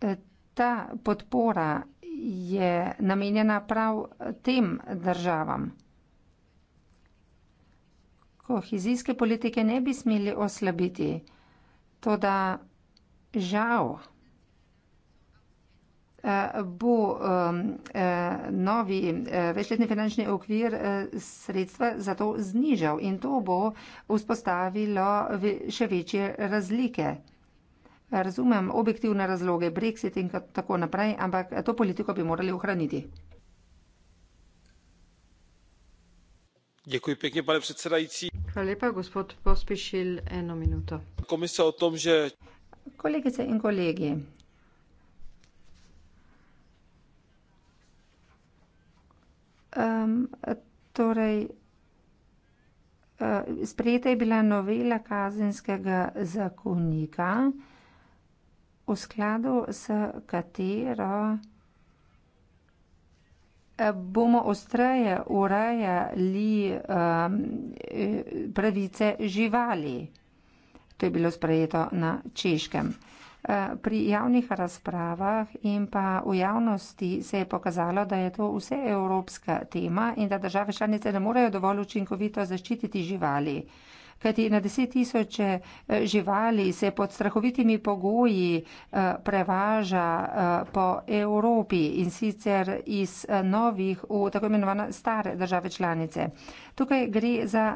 eh, ta podpora je namenjena prav tem državam. Kohezijske politike ne bi smeli oslabiti, to da žal. Eh, bo ehm, eh, novi eh, večletni finančni okvir sredstva za to znižal in to bo vzpostavilo še večje razlike. Razumem objektivne razloge, brexit in tako naprej, ampak to politiko bi morali ohraniti. Děkuji pěkně, pane předsedající. Hvala lepa, gospod Pospišil, eno minuto. Komise o tom, že... Kolegice in kolegi, Um, torej, uh, sprejeta je bila novela kazenskega zakonika, v skladu s katero eh, bomo ostreje urejali um, pravice živali. To je bilo sprejeto na češkem. Uh, Eh, pri javnih razpravah in pa v javnosti se je pokazalo, da je to vse evropska tema in da države članice ne morejo dovolj učinkovito zaščititi živali. Kajti na deset tisoče eh, živali se pod strahovitimi pogoji eh, prevaža po Evropi in sicer iz novih v tako imenovane stare države članice. Tukaj gre za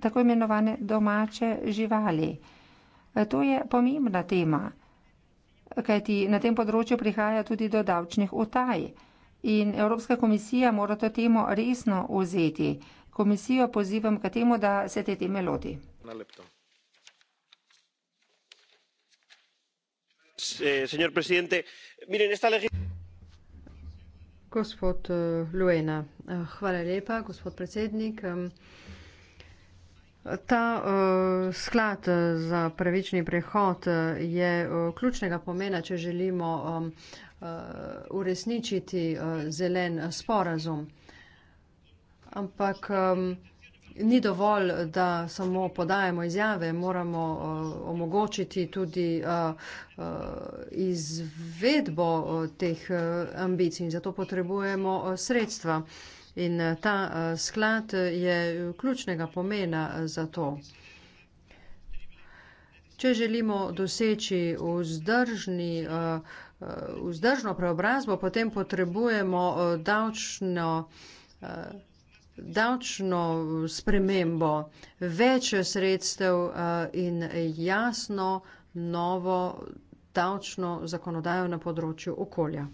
tako imenovane domače živali. To je pomembna tema kajti na tem področju prihaja tudi do davčnih utaj. In Evropska komisija mora to temo resno vzeti. Komisijo pozivam k temu, da se te teme loti. Najlepto. Eh, gospod eh, Luena, eh, hvala lepa, gospod predsednik. Ta uh, sklad za pravični prehod eh, je uh, ključnega pomena, če želimo um, uh, uresničiti uh, zelen sporazum. Ampak um, ni dovolj, da samo podajemo izjave, moramo uh, omogočiti tudi uh, uh, izvedbo uh, teh uh, ambicij in zato potrebujemo uh, sredstva. Uh, In eh, ta eh, sklad eh, je ključnega pomena za to. Če želimo doseči vzdržni, vzdržno preobrazbo, potem potrebujemo davčno, davčno spremembo, več sredstev in jasno novo davčno zakonodajo na področju okolja.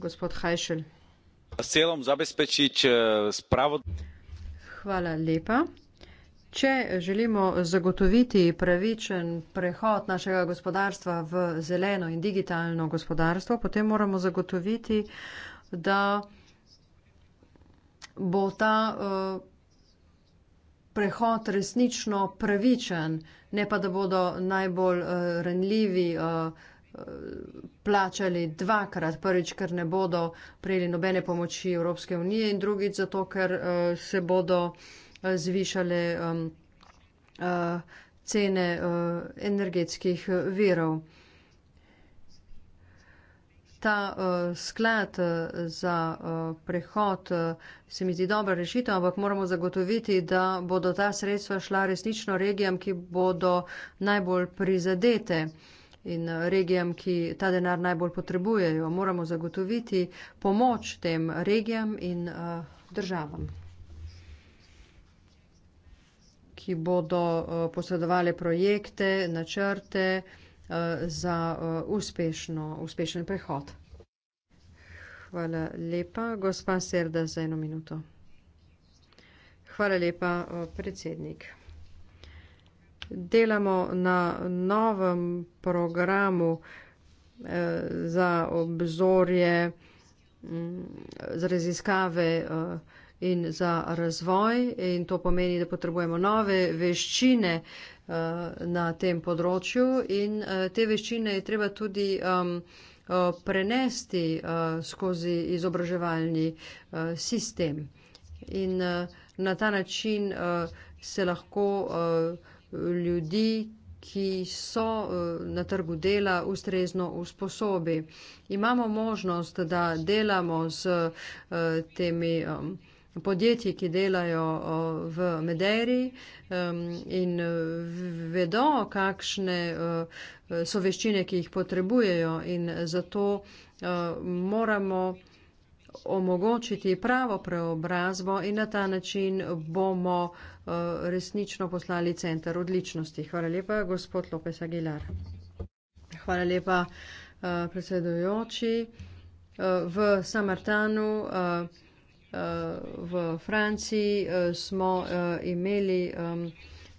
gospod Hajšel. Selom zabezpečiť eh, spravo. Hvala lepa. Če želimo zagotoviti pravičen prehod našega gospodarstva v zeleno in digitalno gospodarstvo, potem moramo zagotoviti, da bo ta eh, prehod resnično pravičen, ne pa da bodo najbolj eh, ranljivi plačali dvakrat. Prvič, ker ne bodo prejeli nobene pomoči Evropske unije in drugič zato, ker uh, se bodo eh, zvišale um, uh, cene uh, energetskih virov. Ta uh, sklad za uh, prehod uh, se mi zdi dobra rešitev, ampak moramo zagotoviti, da bodo ta sredstva šla resnično regijam, ki bodo najbolj prizadete. Uh, in eh, regijam, ki ta denar najbolj potrebujejo. Moramo zagotoviti pomoč tem regijam in eh, državam, ki bodo eh, posredovali projekte, načrte za uspešno, uspešen prehod. Hvala lepa, gospa Serda, za eno minuto. Hvala lepa, predsednik delamo na novem programu eh, za obzorje, mm, za raziskave eh, in za razvoj. In to pomeni, da potrebujemo nove veščine eh, na tem področju in te veščine je treba tudi um, prenesti skozi izobraževalni sistem. In na ta način se lahko ljudi, ki so eh, na trgu dela ustrezno usposobi. Imamo možnost, da delamo z eh, temi eh, podjetji, ki delajo v Mederi in vedo, kakšne so veščine, ki jih potrebujejo in zato moramo omogočiti pravo preobrazbo in na ta način bomo eh, resnično poslali centr odličnosti. Hvala lepa, gospod Lopes Aguilar. Hvala lepa, eh, predsedujoči. Eh, v Samartanu v Franciji smo imeli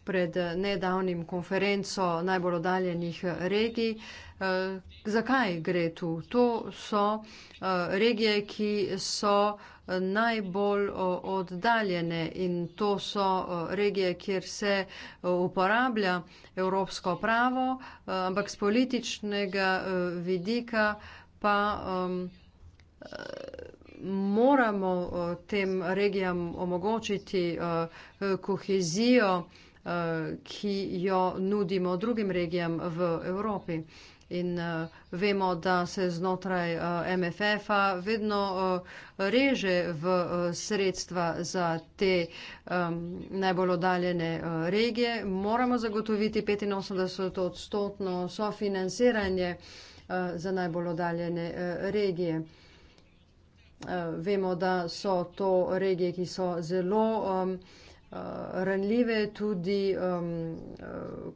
pred eh, nedavnim konferenco najbolj oddaljenih eh, regij. Eh, zakaj gre tu? To so regije, ki so najbolj oddaljene in to so regije, kjer se uporablja evropsko pravo, ampak z političnega vidika pa moramo tem regijam omogočiti kohezijo Eh, ki jo nudimo drugim regijam v Evropi. In uh, vemo, da se znotraj uh, eh, MFF-a vedno uh, reže v uh, sredstva za te um, najbolj odaljene uh, regije. Moramo zagotoviti 85 odstotno sofinanciranje uh, za najbolj odaljene uh, regije. Uh, vemo, da so to regije, ki so zelo. Um, Eh, ranljive, tudi um,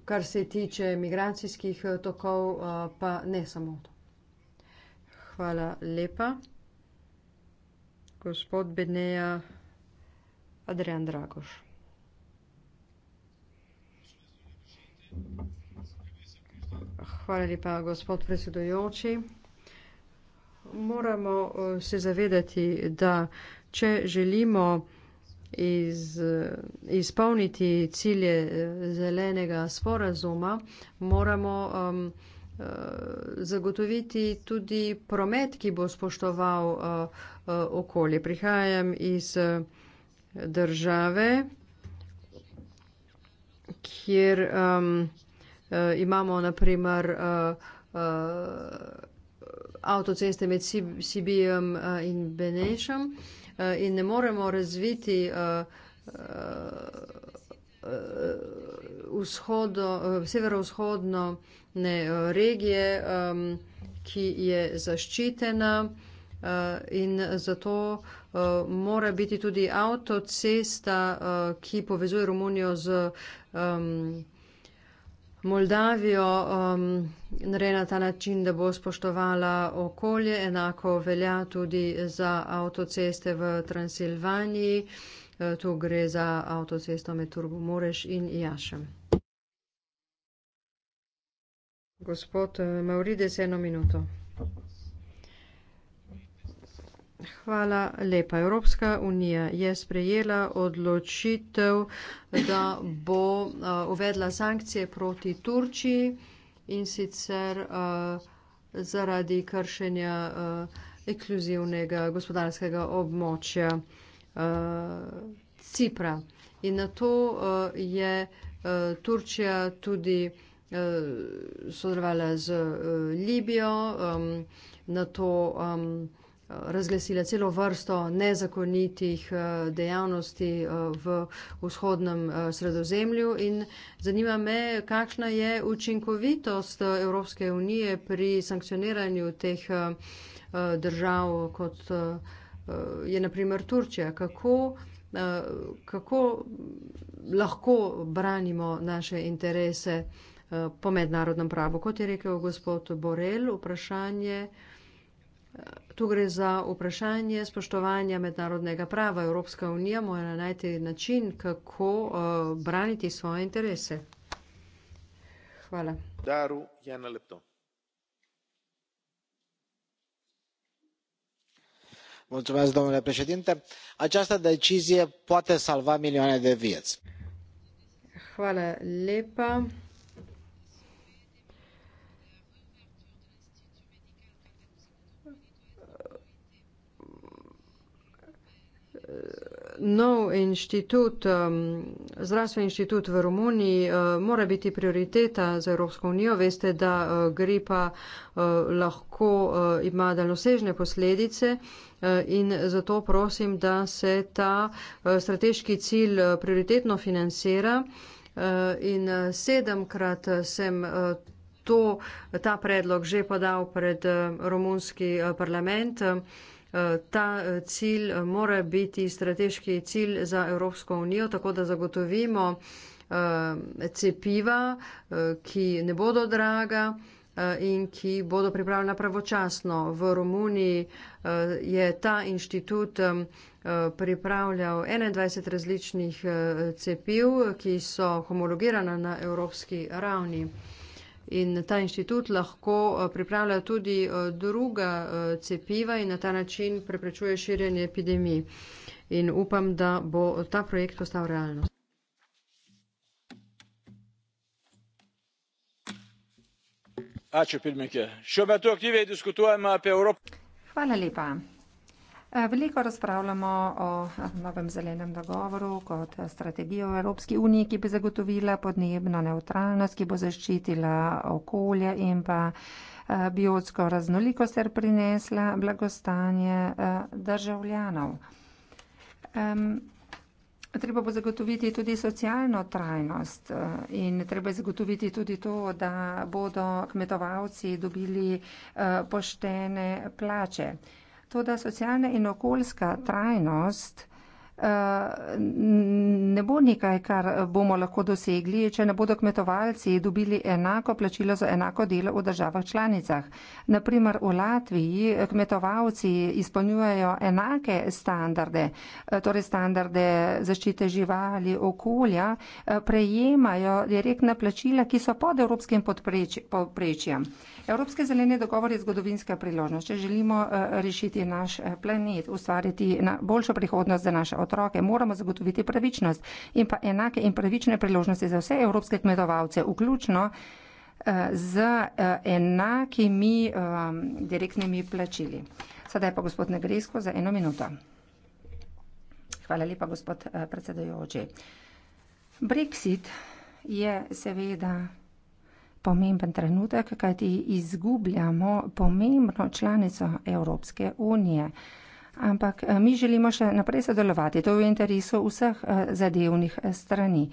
kar se tiče migracijskih eh, tokov, pa ne samo to. Hvala lepa. Gospod Beneja Adrian Dragoš. Hvala lepa, gospod predsedujoči. Moramo se zavedati, da če želimo iz, izpolniti cilje eh, zelenega sporazuma, moramo um, eh, zagotoviti tudi promet, ki bo spoštoval uh, okolje. Prihajam iz države, kjer um, imamo naprimer uh, uh, avtoceste med Sibijem in Benešem. Uh, Eh, in ne moremo razviti eh, eh, vzhodo, severovzhodno ne, regije, ki je zaščitena in zato mora biti tudi avtocesta, ki povezuje Romunijo z Moldavijo um, narejena ta način, da bo spoštovala okolje, enako velja tudi za avtoceste v Transilvaniji. Uh, tu gre za avtocesto med Turbo Moreš in Jašem. Gospod eh, Maurides, eno minuto. Hvala lepa. Evropska unija je sprejela odločitev, da bo uh, uvedla sankcije proti Turčiji in sicer uh, zaradi kršenja uh, ekskluzivnega gospodarskega območja uh, Cipra. In na to uh, je uh, Turčija tudi uh, sodelovala z uh, Libijo, um, na to. Um, razglasila celo vrsto nezakonitih eh, dejavnosti eh, v vzhodnem eh, sredozemlju in zanima me, kakšna je učinkovitost Evropske unije pri sankcioniranju teh držav, kot je naprimer Turčija. Kako, kako lahko branimo naše interese po mednarodnem pravu? Kot je rekel gospod Borel, vprašanje, Tu gre za vprašanje spoštovanja mednarodnega prava. Evropska unija mora najti način, kako uh, braniti svoje interese. Hvala. Daru, Jana Lepto. Mulțumesc, domnule președinte. Această decizie poate salva milioane de vieți. Hvala lepa. nov inštitut, um, zdravstveni inštitut v Romuniji uh, mora biti prioriteta za Evropsko unijo. Veste, da uh, gripa uh, lahko uh, ima daljnosežne posledice uh, in zato prosim, da se ta uh, strateški cilj uh, prioritetno financira. Uh, in uh, sedemkrat uh, sem. Uh, To, ta predlog že podal pred uh, romunski uh, parlament. Uh, Eh, ta eh, cilj eh, mora biti strateški cilj za Evropsko unijo, tako da zagotovimo cepiva, ki ne bodo draga in ki bodo pripravljena pravočasno. V Romuniji je ta inštitut pripravljal 21 različnih cepiv, ki so homologirana na evropski ravni. In ta inštitut lahko eh, pripravlja tudi eh, druga eh, cepiva in na ta način preprečuje širjenje epidemij. In upam, da bo ta projekt postal realnost. Ačiū, pirmininkė. Šiuo metu aktyviai diskutuojama apie Europą. Hvala lepa. Veliko razpravljamo o eh, novem zelenem dogovoru kot eh, strategijo Evropski uniji, ki bi zagotovila podnebno neutralnost, ki bo zaščitila okolje in pa eh, biotsko raznolikost ter prinesla blagostanje državljanov. Treba bo zagotoviti tudi socialno trajnost in treba je zagotoviti tudi to, da bodo kmetovalci dobili poštene plače. Toda socialna in okoljska trajnost eh, ne bo nekaj, kar bomo lahko dosegli, če ne bodo kmetovalci dobili enako plačilo za enako delo v državah članicah. Naprimer, v Latviji kmetovalci izpolnjujejo enake standarde, eh, torej standarde zaščite živali, okolja, eh, prejemajo direktna plačila, ki so pod evropskim poprečjem. Podpreč, Evropski zeleni dogovor je zgodovinska priložnost. Če želimo eh, rešiti naš eh, planet, ustvariti na boljšo prihodnost za naše otroke, moramo zagotoviti pravičnost in pa enake in pravične priložnosti za vse evropske kmetovalce, vključno eh, z enakimi direktnimi plačili. Sedaj pa gospod Negresko za eno minuto. Hvala lepa, gospod predsedojoči. Brexit je seveda pomemben trenutek, kajti izgubljamo pomembno članico Evropske unije. Ampak eh, mi želimo še naprej sodelovati, to je v interesu vseh eh, zadevnih eh, strani.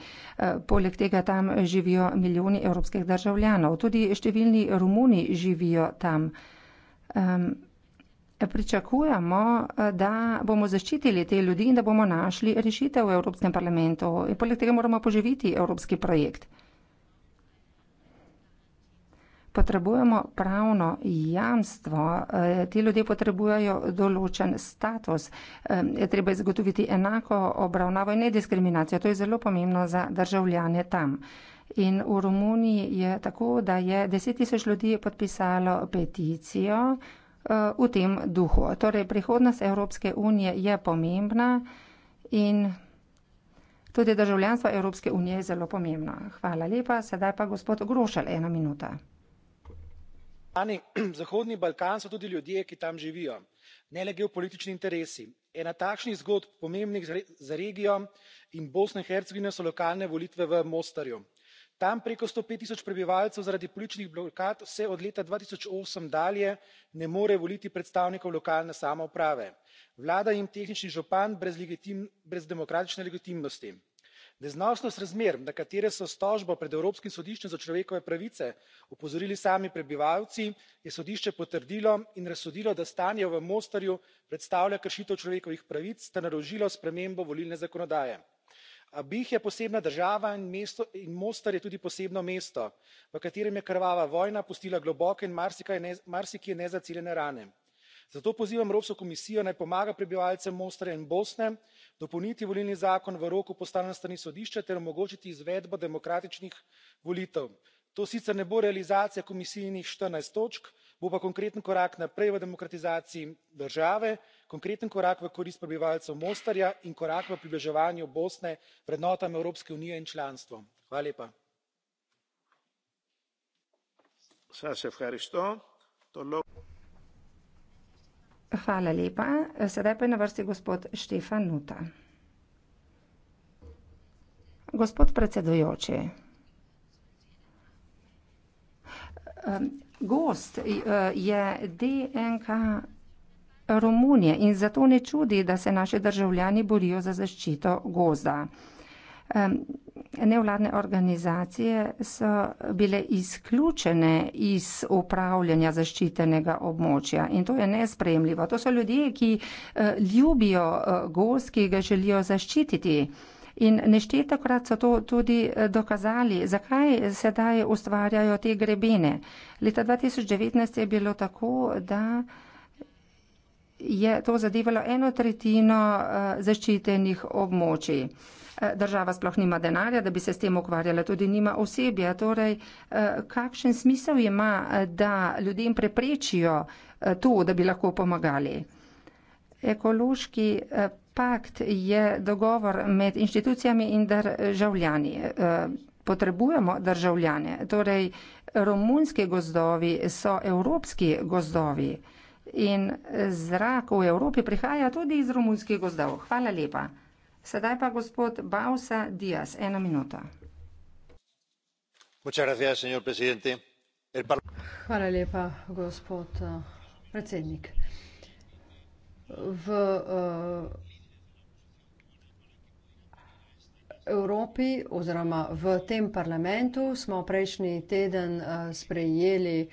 Poleg tega tam živijo milijoni evropskih državljanov, tudi številni Romuni živijo tam. Pričakujemo, da bomo zaščitili te ljudi in da bomo našli rešitev v Evropskem parlamentu. In poleg tega moramo poživiti evropski projekt potrebujemo pravno jamstvo, eh, ti ljudje potrebujejo določen status, eh, je treba zagotoviti enako obravnavo in nediskriminacijo, to je zelo pomembno za državljane tam. In v Romuniji je tako, da je 10 tisoč ljudi podpisalo peticijo eh, v tem duhu. Torej, prihodnost Evropske unije je pomembna in tudi državljanstvo Evropske unije je zelo pomembno. Hvala lepa, sedaj pa gospod Grošal, ena minuta spoštovani zahodni balkan so tudi ljudje ki tam živijo ne le geopolitični interesi. ena takšnih zgodb pomembnih za regijo in bosno in hercegovino so lokalne volitve v mostarju. tam preko sto pet tisoč prebivalcev zaradi političnih blokad vse od leta dva tisoč osem dalje ne more voliti predstavnikov lokalne samouprave. vlada jim tehnični župan brez demokratične legitimnosti neznosnost razmer na katere so s tožbo pred evropskim sodiščem za človekove pravice opozorili sami prebivalci je sodišče potrdilo in razsodilo da stanje v mostarju predstavlja kršitev človekovih pravic ter naložilo spremembo volilne zakonodaje. a bih je posebna država in mostar je tudi posebno mesto v katerem je krvava vojna pustila globoke in marsikje nezaceljene rane. zato pozivam evropsko komisijo naj pomaga prebivalcem mostarja in bosne dopolniti volilni zakon v roku postavljenem s strani sodišča ter omogočiti izvedbo demokratičnih volitev. to sicer ne bo realizacija komisijinih štirinajst točk bo pa konkreten korak naprej v demokratizaciji države konkreten korak v korist prebivalcev mostarja in korak v približevanju bosne vrednotam evropske unije in članstvu. Hvala lepa. Sedaj pa je na vrsti gospod Štefan Nuta. Gospod predsedujoči. Gost eh, je DNK Romunije in zato ne čudi, da se naši državljani borijo za zaščito gozda nevladne organizacije so bile izključene iz upravljanja zaščitenega območja in to je nespremljivo. To so ljudje, ki eh, ljubijo eh, gost, ki ga želijo zaščititi. In neštetokrat so to tudi eh, dokazali, zakaj sedaj ustvarjajo te grebene. Leta 2019 je bilo tako, da je to zadevalo eno tretjino zaščitenih območij. Eh, država sploh nima denarja, da bi se s tem ukvarjala, tudi nima osebja. Torej, eh, kakšen smisel ima, eh, da ljudem preprečijo to, da bi lahko pomagali? Ekološki pakt je dogovor med inštitucijami in državljani. Potrebujemo državljane. Torej, romunski gozdovi so evropski gozdovi in zrak v Evropi prihaja tudi iz romunskih gozdov. Hvala lepa. Sedaj pa gospod Bausa Dias, ena minuta. Hvala lepa, gospod eh, predsednik. V eh, Evropi oziroma v tem parlamentu smo prejšnji teden eh, sprejeli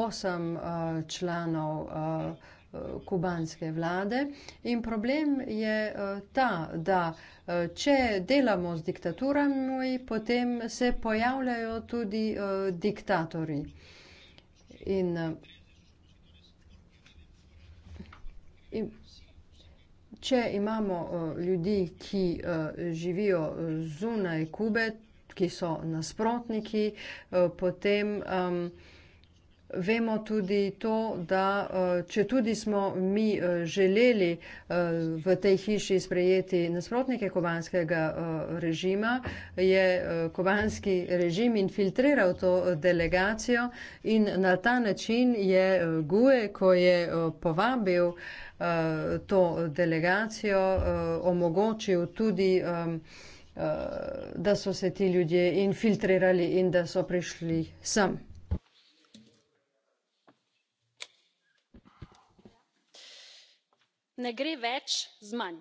osem članov parlamentu, Eh, kubanske vlade. In problem je eh, ta, da eh, če delamo z diktaturami, potem se pojavljajo tudi diktatori. In, in če imamo ljudi, ki živijo zunaj Kube, ki so nasprotniki, potem um, Vemo tudi to, da eh, če tudi smo mi eh, želeli eh, v tej hiši sprejeti nasprotnike kovanskega režima, je kovanski režim infiltriral to delegacijo in na ta način je Guje, ko je povabil to delegacijo, omogočil tudi da so se ti ljudje infiltrirali in da so prišli sem. ne gre več z manj.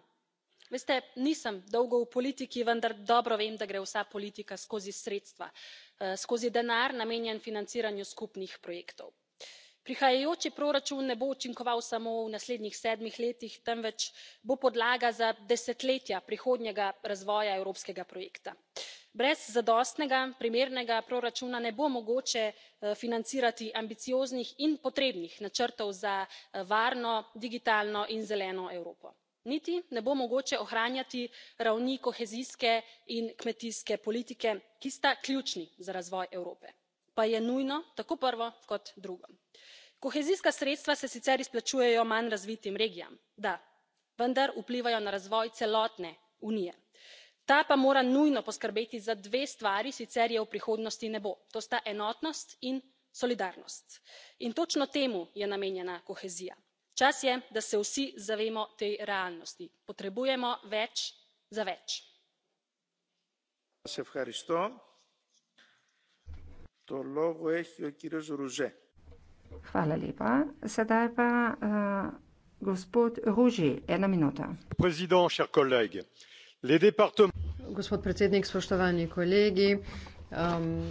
veste nisem dolgo v politiki vendar dobro vem da gre vsa politika skozi sredstva eh, skozi denar namenjen financiranju skupnih projektov. prihajajoči proračun ne bo učinkoval samo v naslednjih sedmih letih temveč bo podlaga za desetletja prihodnjega razvoja evropskega projekta brez zadostnega primernega proračuna ne bo mogoče eh, financirati ambicioznih in potrebnih načrtov za eh, varno digitalno in zeleno evropo niti ne bo mogoče ohranjati ravni kohezijske in kmetijske politike ki sta ključni za razvoj evrope pa je nujno tako prvo kot drugo. kohezijska sredstva se sicer izplačujejo manj razvitim regijam da vendar vplivajo na razvoj celotne unije ta pa mora nujno poskrbeti za dve stvari sicer je v prihodnosti ne bo to sta enotnost in solidarnost in točno temu je namenjena kohezija. čas je da se vsi zavemo te realnosti potrebujemo več za več. monsieur le eh, président chers collègues gospod predsednik, spoštovani kolegi. Um,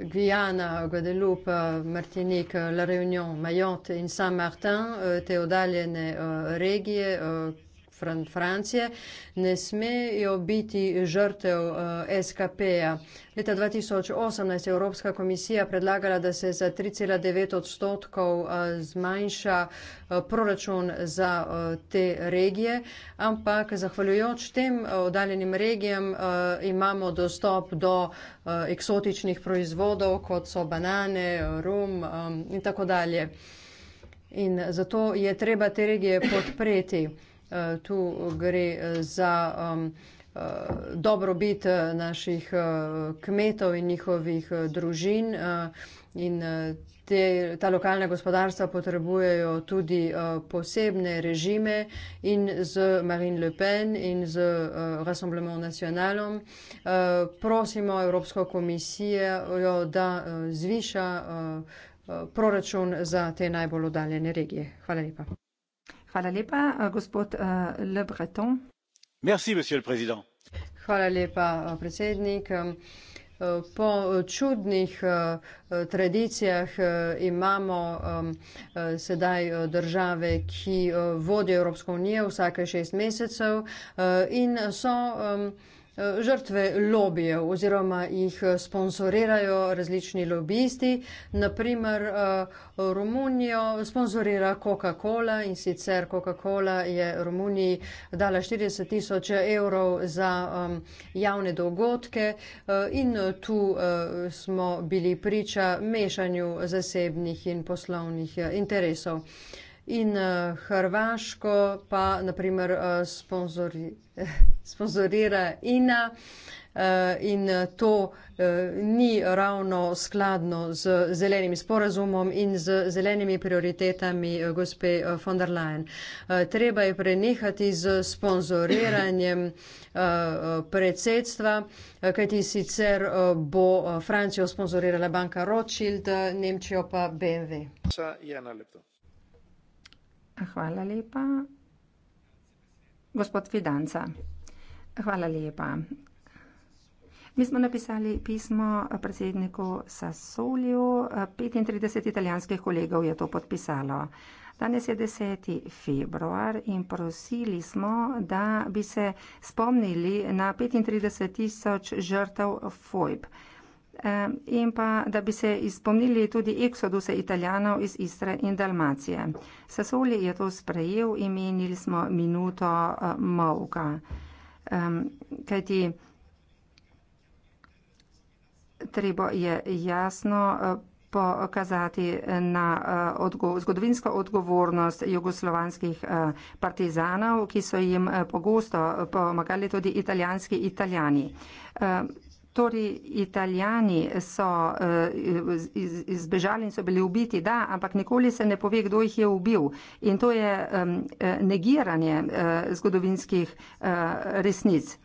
Gvijana, Guadeloupe, Martinique, La Réunion, Mayotte in Saint-Martin, uh, te oddaljene uh, regije, uh, Fran Francije, ne smejo biti žrtev uh, eh, SKP-ja. Leta 2018 je Evropska komisija predlagala, da se za 3,9 odstotkov eh, zmanjša eh, proračun za te regije, ampak zahvaljujoč tem oddaljenim regijam imamo dostop do eksotičnih proizvodov, kot so banane, rum in tako dalje. In zato je treba te regije podpreti. Eh, tu gre eh, za um, eh, dobrobit naših kmetov in njihovih družin in te, ta lokalna gospodarstva potrebujejo tudi posebne režime in z Marine Le Pen in z Rassemblement Nationalom. Prosimo Evropsko komisijo, da zviša proračun za te najbolj oddaljene regije. Hvala lepa. Hvala lepa, eh, gospod uh, Le Breton. Merci, monsieur le président. Hvala lepa, eh, predsednik. Po čudnih tradicijah imamo sedaj države, ki vodijo Evropsko unijo vsake šest mesecev in so žrtve lobijev oziroma jih eh, sponsorirajo različni lobisti. Naprimer, eh, Romunijo sponsorira Coca-Cola in sicer Coca-Cola je Romuniji dala 40 tisoč evrov za javne dogodke eh, in tu smo bili priča mešanju zasebnih in poslovnih interesov in uh, Hrvaško pa naprimer uh, eh, sponzori, sponzorira INA uh, in to uh, ni ravno skladno z zelenim sporazumom in z zelenimi prioritetami uh, gospe von der Leyen. Uh, treba je prenehati z sponzoriranjem predsedstva, kajti sicer bo Francijo sponzorirala banka Rothschild, Nemčijo pa BMW. Hvala lepa. Gospod Fidanca. Hvala lepa. Mi smo napisali pismo predsedniku Sassoliju, 35 italijanskih kolegov je to podpisalo. Danes je 10. februar in prosili smo, da bi se spomnili na 35 tisoč žrtev FOIP in pa, da bi se izpomnili tudi eksoduse italijanov iz Istre in Dalmacije. Sasoli je to sprejel in menili smo minuto eh, mavka. Kajti treba je jasno eh, pokazati na eh, odgo zgodovinsko odgovornost jugoslovanskih partizanov, ki so jim pogosto pomagali tudi italijanski italijani. Torej, italijani so eh, izbežali in so bili ubiti, da, ampak nikoli se ne pove, kdo jih je ubil. In to je eh, negiranje eh, zgodovinskih resnic.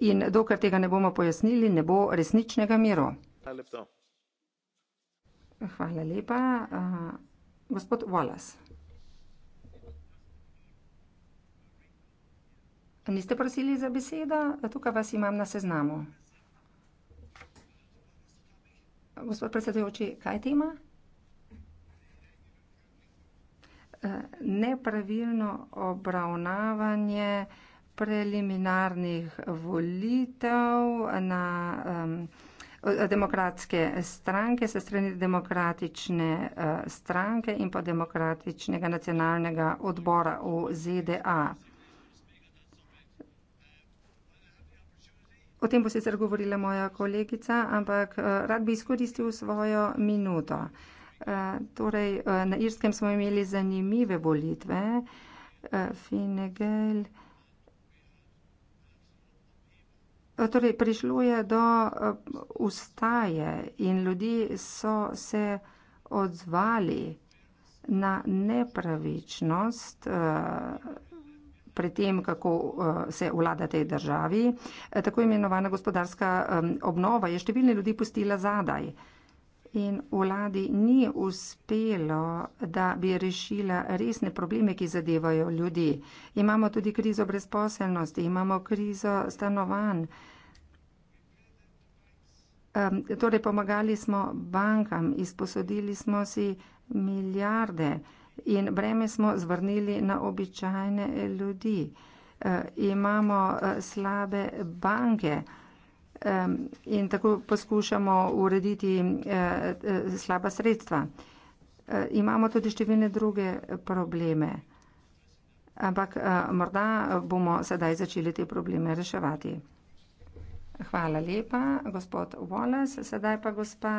In dokler tega ne bomo pojasnili, ne bo resničnega miru. Hvala lepa. Gospod Wallace. Niste prosili za besedo, tukaj vas imam na seznamu. Gospod predsedujoči, kaj tema? Eh, nepravilno obravnavanje preliminarnih volitev na um, demokratske stranke, se strani demokratične eh, stranke in pa demokratičnega nacionalnega odbora v ZDA. O tem bo sicer govorila moja kolegica, ampak uh, rad bi izkoristil svojo minuto. Uh, torej, uh, na Irskem smo imeli zanimive volitve. Uh, Finegel. Torej, prišlo je do ustaje in ljudi so se odzvali na nepravičnost. Uh, pred tem, kako eh, se vlada tej državi. Eh, tako imenovana gospodarska obnova je številne ljudi pustila zadaj. In vladi ni uspelo, da bi rešila resne probleme, ki zadevajo ljudi. Imamo tudi krizo brezposelnosti, imamo krizo stanovanj. Torej, pomagali smo bankam, izposodili smo si milijarde in breme smo zvrnili na običajne eh, ljudi. Eh, imamo eh, slabe banke in tako poskušamo urediti slaba sredstva. Imamo tudi številne druge probleme, ampak morda bomo sedaj začeli te probleme reševati. Hvala lepa, gospod Wallace. Sedaj pa gospa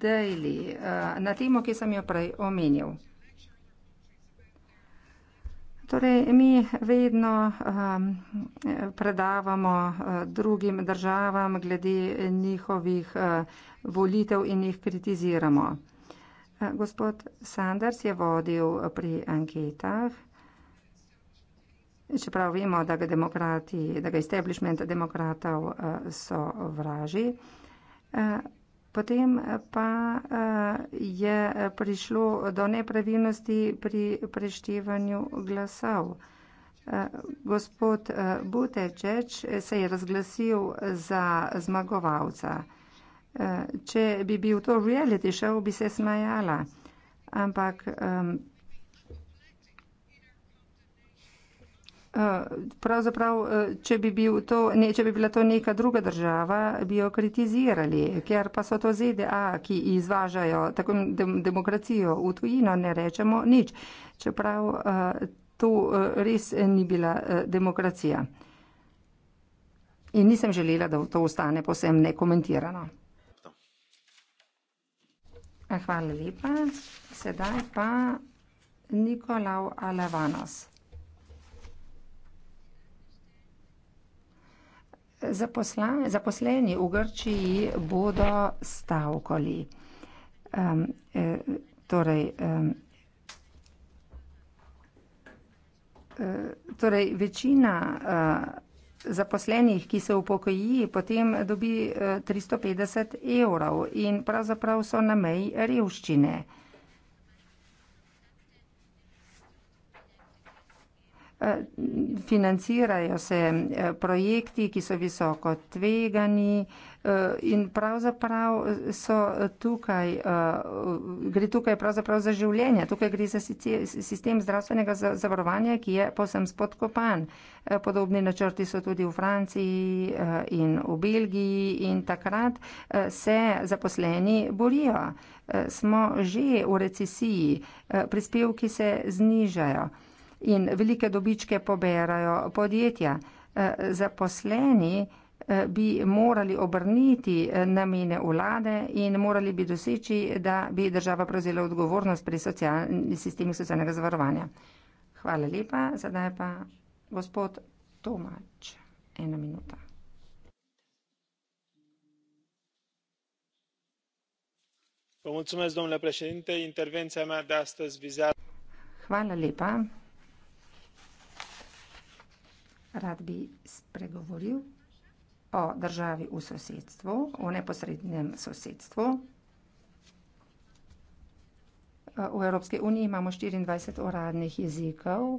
Daly na temo, ki sem jo prej omenil. Torej, mi vedno um, predavamo eh, drugim državam glede njihovih uh, volitev in jih kritiziramo. Eh, gospod Sanders je vodil pri anketah, čeprav vemo, da ga demokrati, da ga establishment demokratov uh, so vraži. Uh, Potem pa eh, je prišlo do nepravilnosti pri preštevanju glasov. Eh, gospod eh, Butečeč se je razglasil za zmagovalca. Če bi bil to reality show, bi se smajala. Ampak um, Eh, pravzaprav, eh, če bi, bil to, ne, če bi bila to neka druga država, bi jo kritizirali, ker pa so to ZDA, ki izvažajo tako demokracijo v tujino, ne rečemo nič. Čeprav eh, to res ni bila demokracija. In nisem želela, da to ostane posebno nekomentirano. Hvala lepa. Sedaj pa Nikolau Alevanos. Zaposla, zaposleni v Grčiji bodo stavkali. Um, eh, torej, eh, torej, večina eh, zaposlenih, ki se upokoji, potem dobi eh, 350 evrov in pravzaprav so na meji revščine. Eh, Eh, financirajo se eh, projekti, ki so visoko tvegani eh, in pravzaprav so tukaj, gre tukaj pravzaprav za življenje, tukaj gre za sistem zdravstvenega zavarovanja, ki je posem spodkopan. Podobni načrti so tudi v Franciji in v Belgiji in takrat se zaposleni borijo. Smo že v recesiji, prispevki se znižajo in velike dobičke poberajo podjetja. Eh, zaposleni eh, bi morali obrniti eh, namene vlade in morali bi doseči, da bi država prevzela odgovornost pri socialni, sistemi socialnega zavarovanja. Hvala lepa, zdaj pa gospod Tomač. Ena minuta. Hvala lepa. Rad bi spregovoril o državi v sosedstvu, o neposrednem sosedstvu. V Evropski uniji imamo 24 uradnih jezikov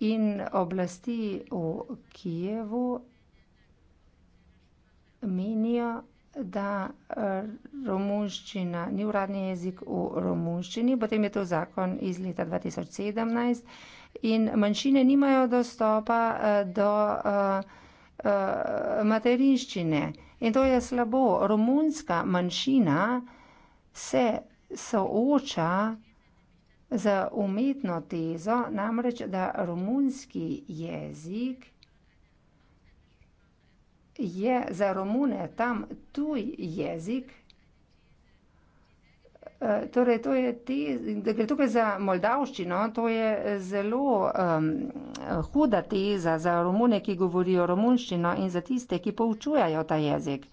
in oblasti v Kijevu menijo, da romunščina ni uradni jezik v romunščini, potem je to zakon iz leta 2017, in manjšine nimajo dostopa eh, do eh, eh, materinščine. In to je slabo. Romunska manjšina se sooča z umetno tezo, namreč da romunski jezik je za Romune tam tuj jezik, Eh, torej, to je te, da gre tukaj za moldavščino, to je eh, zelo um, huda teza za Romune, ki govorijo romunščino in za tiste, ki poučujajo ta jezik.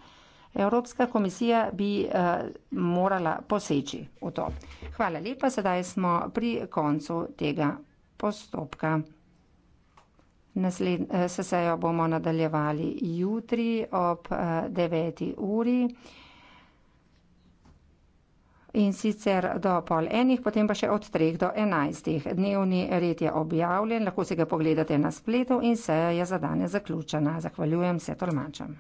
Evropska komisija bi uh, morala poseči v to. Hvala lepa, sedaj smo pri koncu tega postopka. Nasled, se sejo bomo nadaljevali jutri ob 9. Uh, uri in sicer do pol enih, potem pa še od treh do enajstih. Dnevni red je objavljen, lahko si ga pogledate na spletu in se je za danes zaključena. Zahvaljujem se tolmačem.